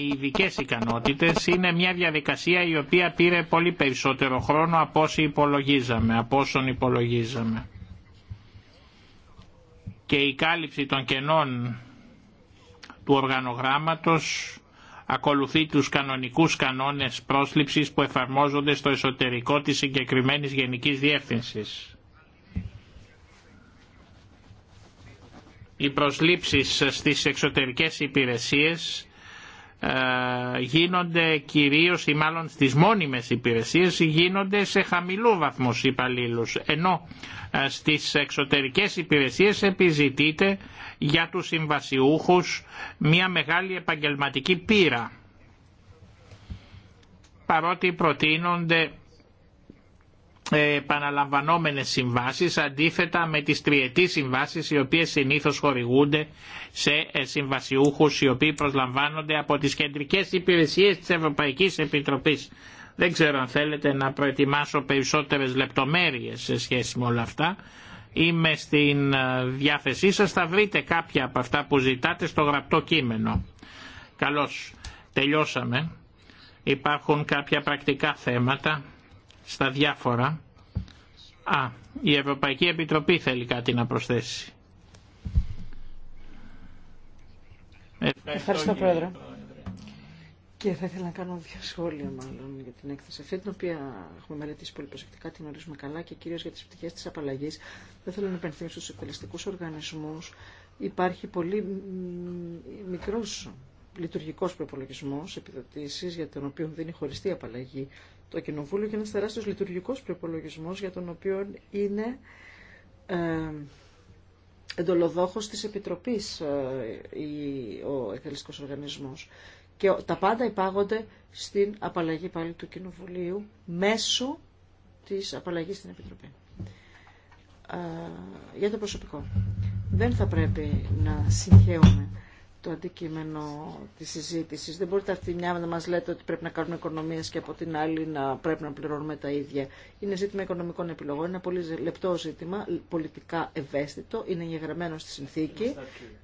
οι ειδικέ ικανότητες είναι μια διαδικασία η οποία πήρε πολύ περισσότερο χρόνο από όσοι υπολογίζαμε, από όσον υπολογίζαμε. Και η κάλυψη των κενών του οργανογράμματος ακολουθεί τους κανονικούς κανόνες πρόσληψης που εφαρμόζονται στο εσωτερικό της συγκεκριμένη Γενικής Διεύθυνσης. Οι προσλήψεις στις εξωτερικές υπηρεσίες ε, γίνονται κυρίως ή μάλλον στις μόνιμες υπηρεσίες γίνονται σε χαμηλού βαθμού υπαλλήλου, ενώ ε, στις εξωτερικές υπηρεσίες επιζητείται για τους συμβασιούχους μια μεγάλη επαγγελματική πείρα παρότι προτείνονται επαναλαμβανόμενες συμβάσεις αντίθετα με τις τριετή συμβάσεις οι οποίες συνήθως χορηγούνται σε ε, συμβασιούχους οι οποίοι προσλαμβάνονται από τις κεντρικές υπηρεσίες της Ευρωπαϊκής Επιτροπής. Δεν ξέρω αν θέλετε να προετοιμάσω περισσότερες λεπτομέρειες σε σχέση με όλα αυτά. Είμαι στην ε, διάθεσή σας, θα βρείτε κάποια από αυτά που ζητάτε στο γραπτό κείμενο. Καλώς, τελειώσαμε. Υπάρχουν κάποια πρακτικά θέματα στα διάφορα. Α, η Ευρωπαϊκή Επιτροπή θέλει κάτι να προσθέσει. Ευχαριστώ, Πρόεδρε. Και θα ήθελα να κάνω δύο σχόλια μάλλον για την έκθεση αυτή, την οποία έχουμε μελετήσει πολύ προσεκτικά, την γνωρίζουμε καλά και κυρίω για τι πτυχέ τη απαλλαγή. Δεν θέλω να υπενθυμίσω στου εκτελεστικού οργανισμού. Υπάρχει πολύ μικρό λειτουργικό προπολογισμό επιδοτήσει, για τον οποίο δίνει χωριστή απαλλαγή το Κοινοβούλιο είναι ένας τεράστιος λειτουργικός προϋπολογισμός για τον οποίο είναι ε, εντολοδόχος της Επιτροπής ε, ο εκτελεστικό οργανισμός. Και τα πάντα υπάγονται στην απαλλαγή πάλι του Κοινοβουλίου μέσω της απαλλαγής στην Επιτροπή. Ε, για το προσωπικό. Δεν θα πρέπει να συγχαίουμε το αντικείμενο της συζήτηση. Δεν μπορείτε αυτή μια να μας λέτε ότι πρέπει να κάνουμε οικονομίες και από την άλλη να πρέπει να πληρώνουμε τα ίδια. Είναι ζήτημα οικονομικών επιλογών, είναι ένα πολύ λεπτό ζήτημα, πολιτικά ευαίσθητο, είναι εγγεγραμμένο στη συνθήκη,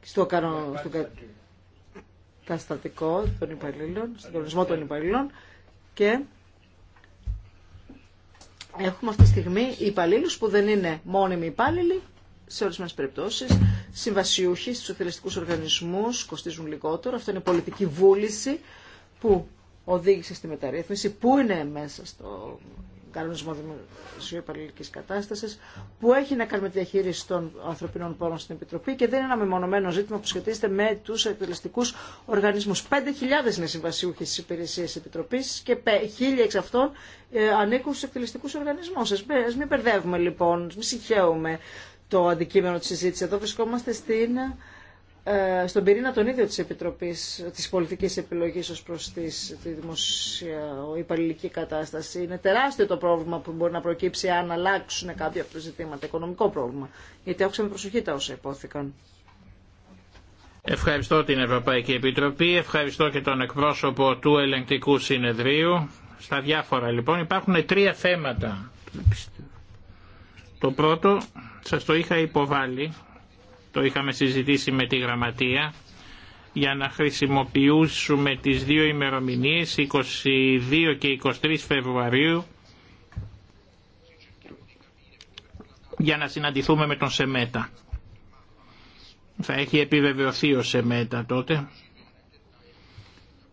στο κανο... καταστατικό των υπαλλήλων, στον κανονισμό των υπαλλήλων και έχουμε αυτή τη στιγμή υπαλλήλου που δεν είναι μόνιμοι υπάλληλοι σε ορισμένε περιπτώσει. Συμβασιούχοι στου εκτελεστικού οργανισμού κοστίζουν λιγότερο. Αυτό είναι πολιτική βούληση που οδήγησε στη μεταρρύθμιση, που είναι μέσα στο κανονισμό υπαλληλική κατάσταση, που έχει να κάνει με τη διαχείριση των ανθρωπινών πόρων στην Επιτροπή και δεν είναι ένα μεμονωμένο ζήτημα που σχετίζεται με του εκτελεστικού οργανισμού. 5.000 είναι συμβασιούχοι στι υπηρεσίε Επιτροπή και 1.000 εξ αυτών ε, ανήκουν στου εκτελεστικού οργανισμού. μην μπερδεύουμε λοιπόν, μην συγχαίουμε το αντικείμενο της συζήτηση. Εδώ βρισκόμαστε στην, ε, στον πυρήνα τον ίδιο της, επιτροπής, της πολιτικής επιλογής ως προς τη δημοσιοϊπαλληλική κατάσταση. Είναι τεράστιο το πρόβλημα που μπορεί να προκύψει αν αλλάξουν κάποια από τα ζητήματα, οικονομικό πρόβλημα. Γιατί άκουσα με προσοχή τα όσα υπόθηκαν. Ευχαριστώ την Ευρωπαϊκή Επιτροπή, ευχαριστώ και τον εκπρόσωπο του Ελεγκτικού Συνεδρίου. Στα διάφορα λοιπόν υπάρχουν τρία θέματα. Το πρώτο σας το είχα υποβάλει, το είχαμε συζητήσει με τη γραμματεία, για να χρησιμοποιήσουμε τις δύο ημερομηνίες, 22 και 23 Φεβρουαρίου, για να συναντηθούμε με τον Σεμέτα. Θα έχει επιβεβαιωθεί ο Σεμέτα τότε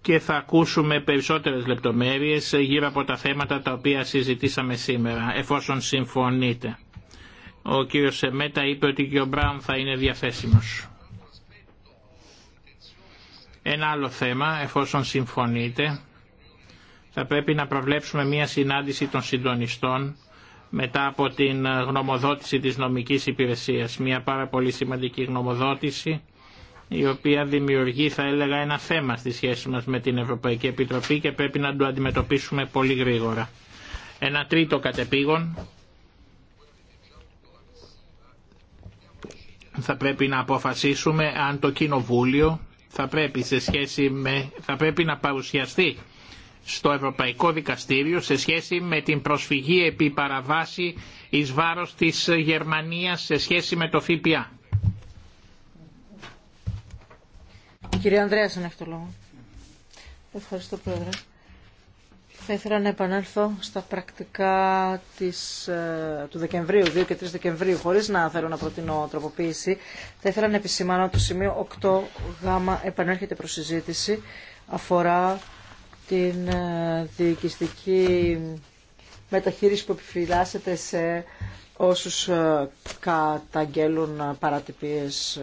και θα ακούσουμε περισσότερες λεπτομέρειες γύρω από τα θέματα τα οποία συζητήσαμε σήμερα, εφόσον συμφωνείτε. Ο κύριος Σεμέτα είπε ότι και ο Μπράουν θα είναι διαθέσιμος. Ένα άλλο θέμα, εφόσον συμφωνείτε, θα πρέπει να προβλέψουμε μία συνάντηση των συντονιστών μετά από την γνωμοδότηση της νομικής υπηρεσίας. Μία πάρα πολύ σημαντική γνωμοδότηση η οποία δημιουργεί θα έλεγα ένα θέμα στη σχέση μας με την Ευρωπαϊκή Επιτροπή και πρέπει να το αντιμετωπίσουμε πολύ γρήγορα. Ένα τρίτο κατεπήγον θα πρέπει να αποφασίσουμε αν το Κοινοβούλιο θα πρέπει, σε σχέση με, θα πρέπει να παρουσιαστεί στο Ευρωπαϊκό Δικαστήριο σε σχέση με την προσφυγή επί παραβάση εις βάρος της Γερμανίας σε σχέση με το ΦΠΑ. Κύριε Ανδρέας, Ευχαριστώ, Πρόεδρε. Θα ήθελα να επανέλθω στα πρακτικά της, ε, του Δεκεμβρίου, 2 και 3 Δεκεμβρίου, χωρίς να θέλω να προτείνω τροποποίηση. Θα ήθελα να επισημάνω το σημείο 8 8Γ επανέρχεται προς συζήτηση, αφορά την ε, διοικηστική μεταχείριση που επιφυλάσσεται σε όσους ε, καταγγέλουν παρατυπίες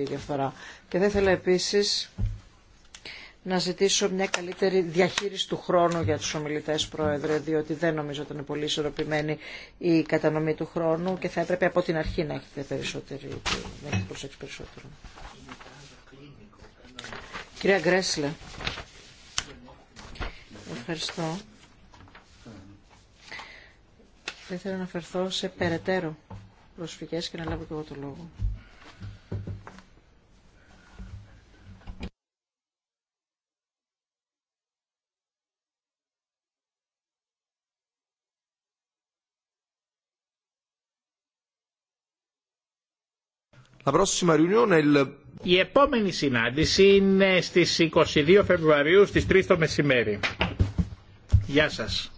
ή διαφθορά. Και θα ήθελα επίσης να ζητήσω μια καλύτερη διαχείριση του χρόνου για τους ομιλητές, Πρόεδρε, διότι δεν νομίζω ότι είναι πολύ ισορροπημένη η κατανομή του χρόνου και θα έπρεπε από την αρχή να έχετε περισσότερη, να έχετε προσέξει περισσότερο. Κυρία Γκρέσλε, ευχαριστώ. Θα ήθελα να αναφερθώ σε περαιτέρω προσφυγές και να λάβω και εγώ το λόγο. Η επόμενη συνάντηση είναι στις 22 Φεβρουαρίου στις 3 το μεσημέρι. Γεια σας.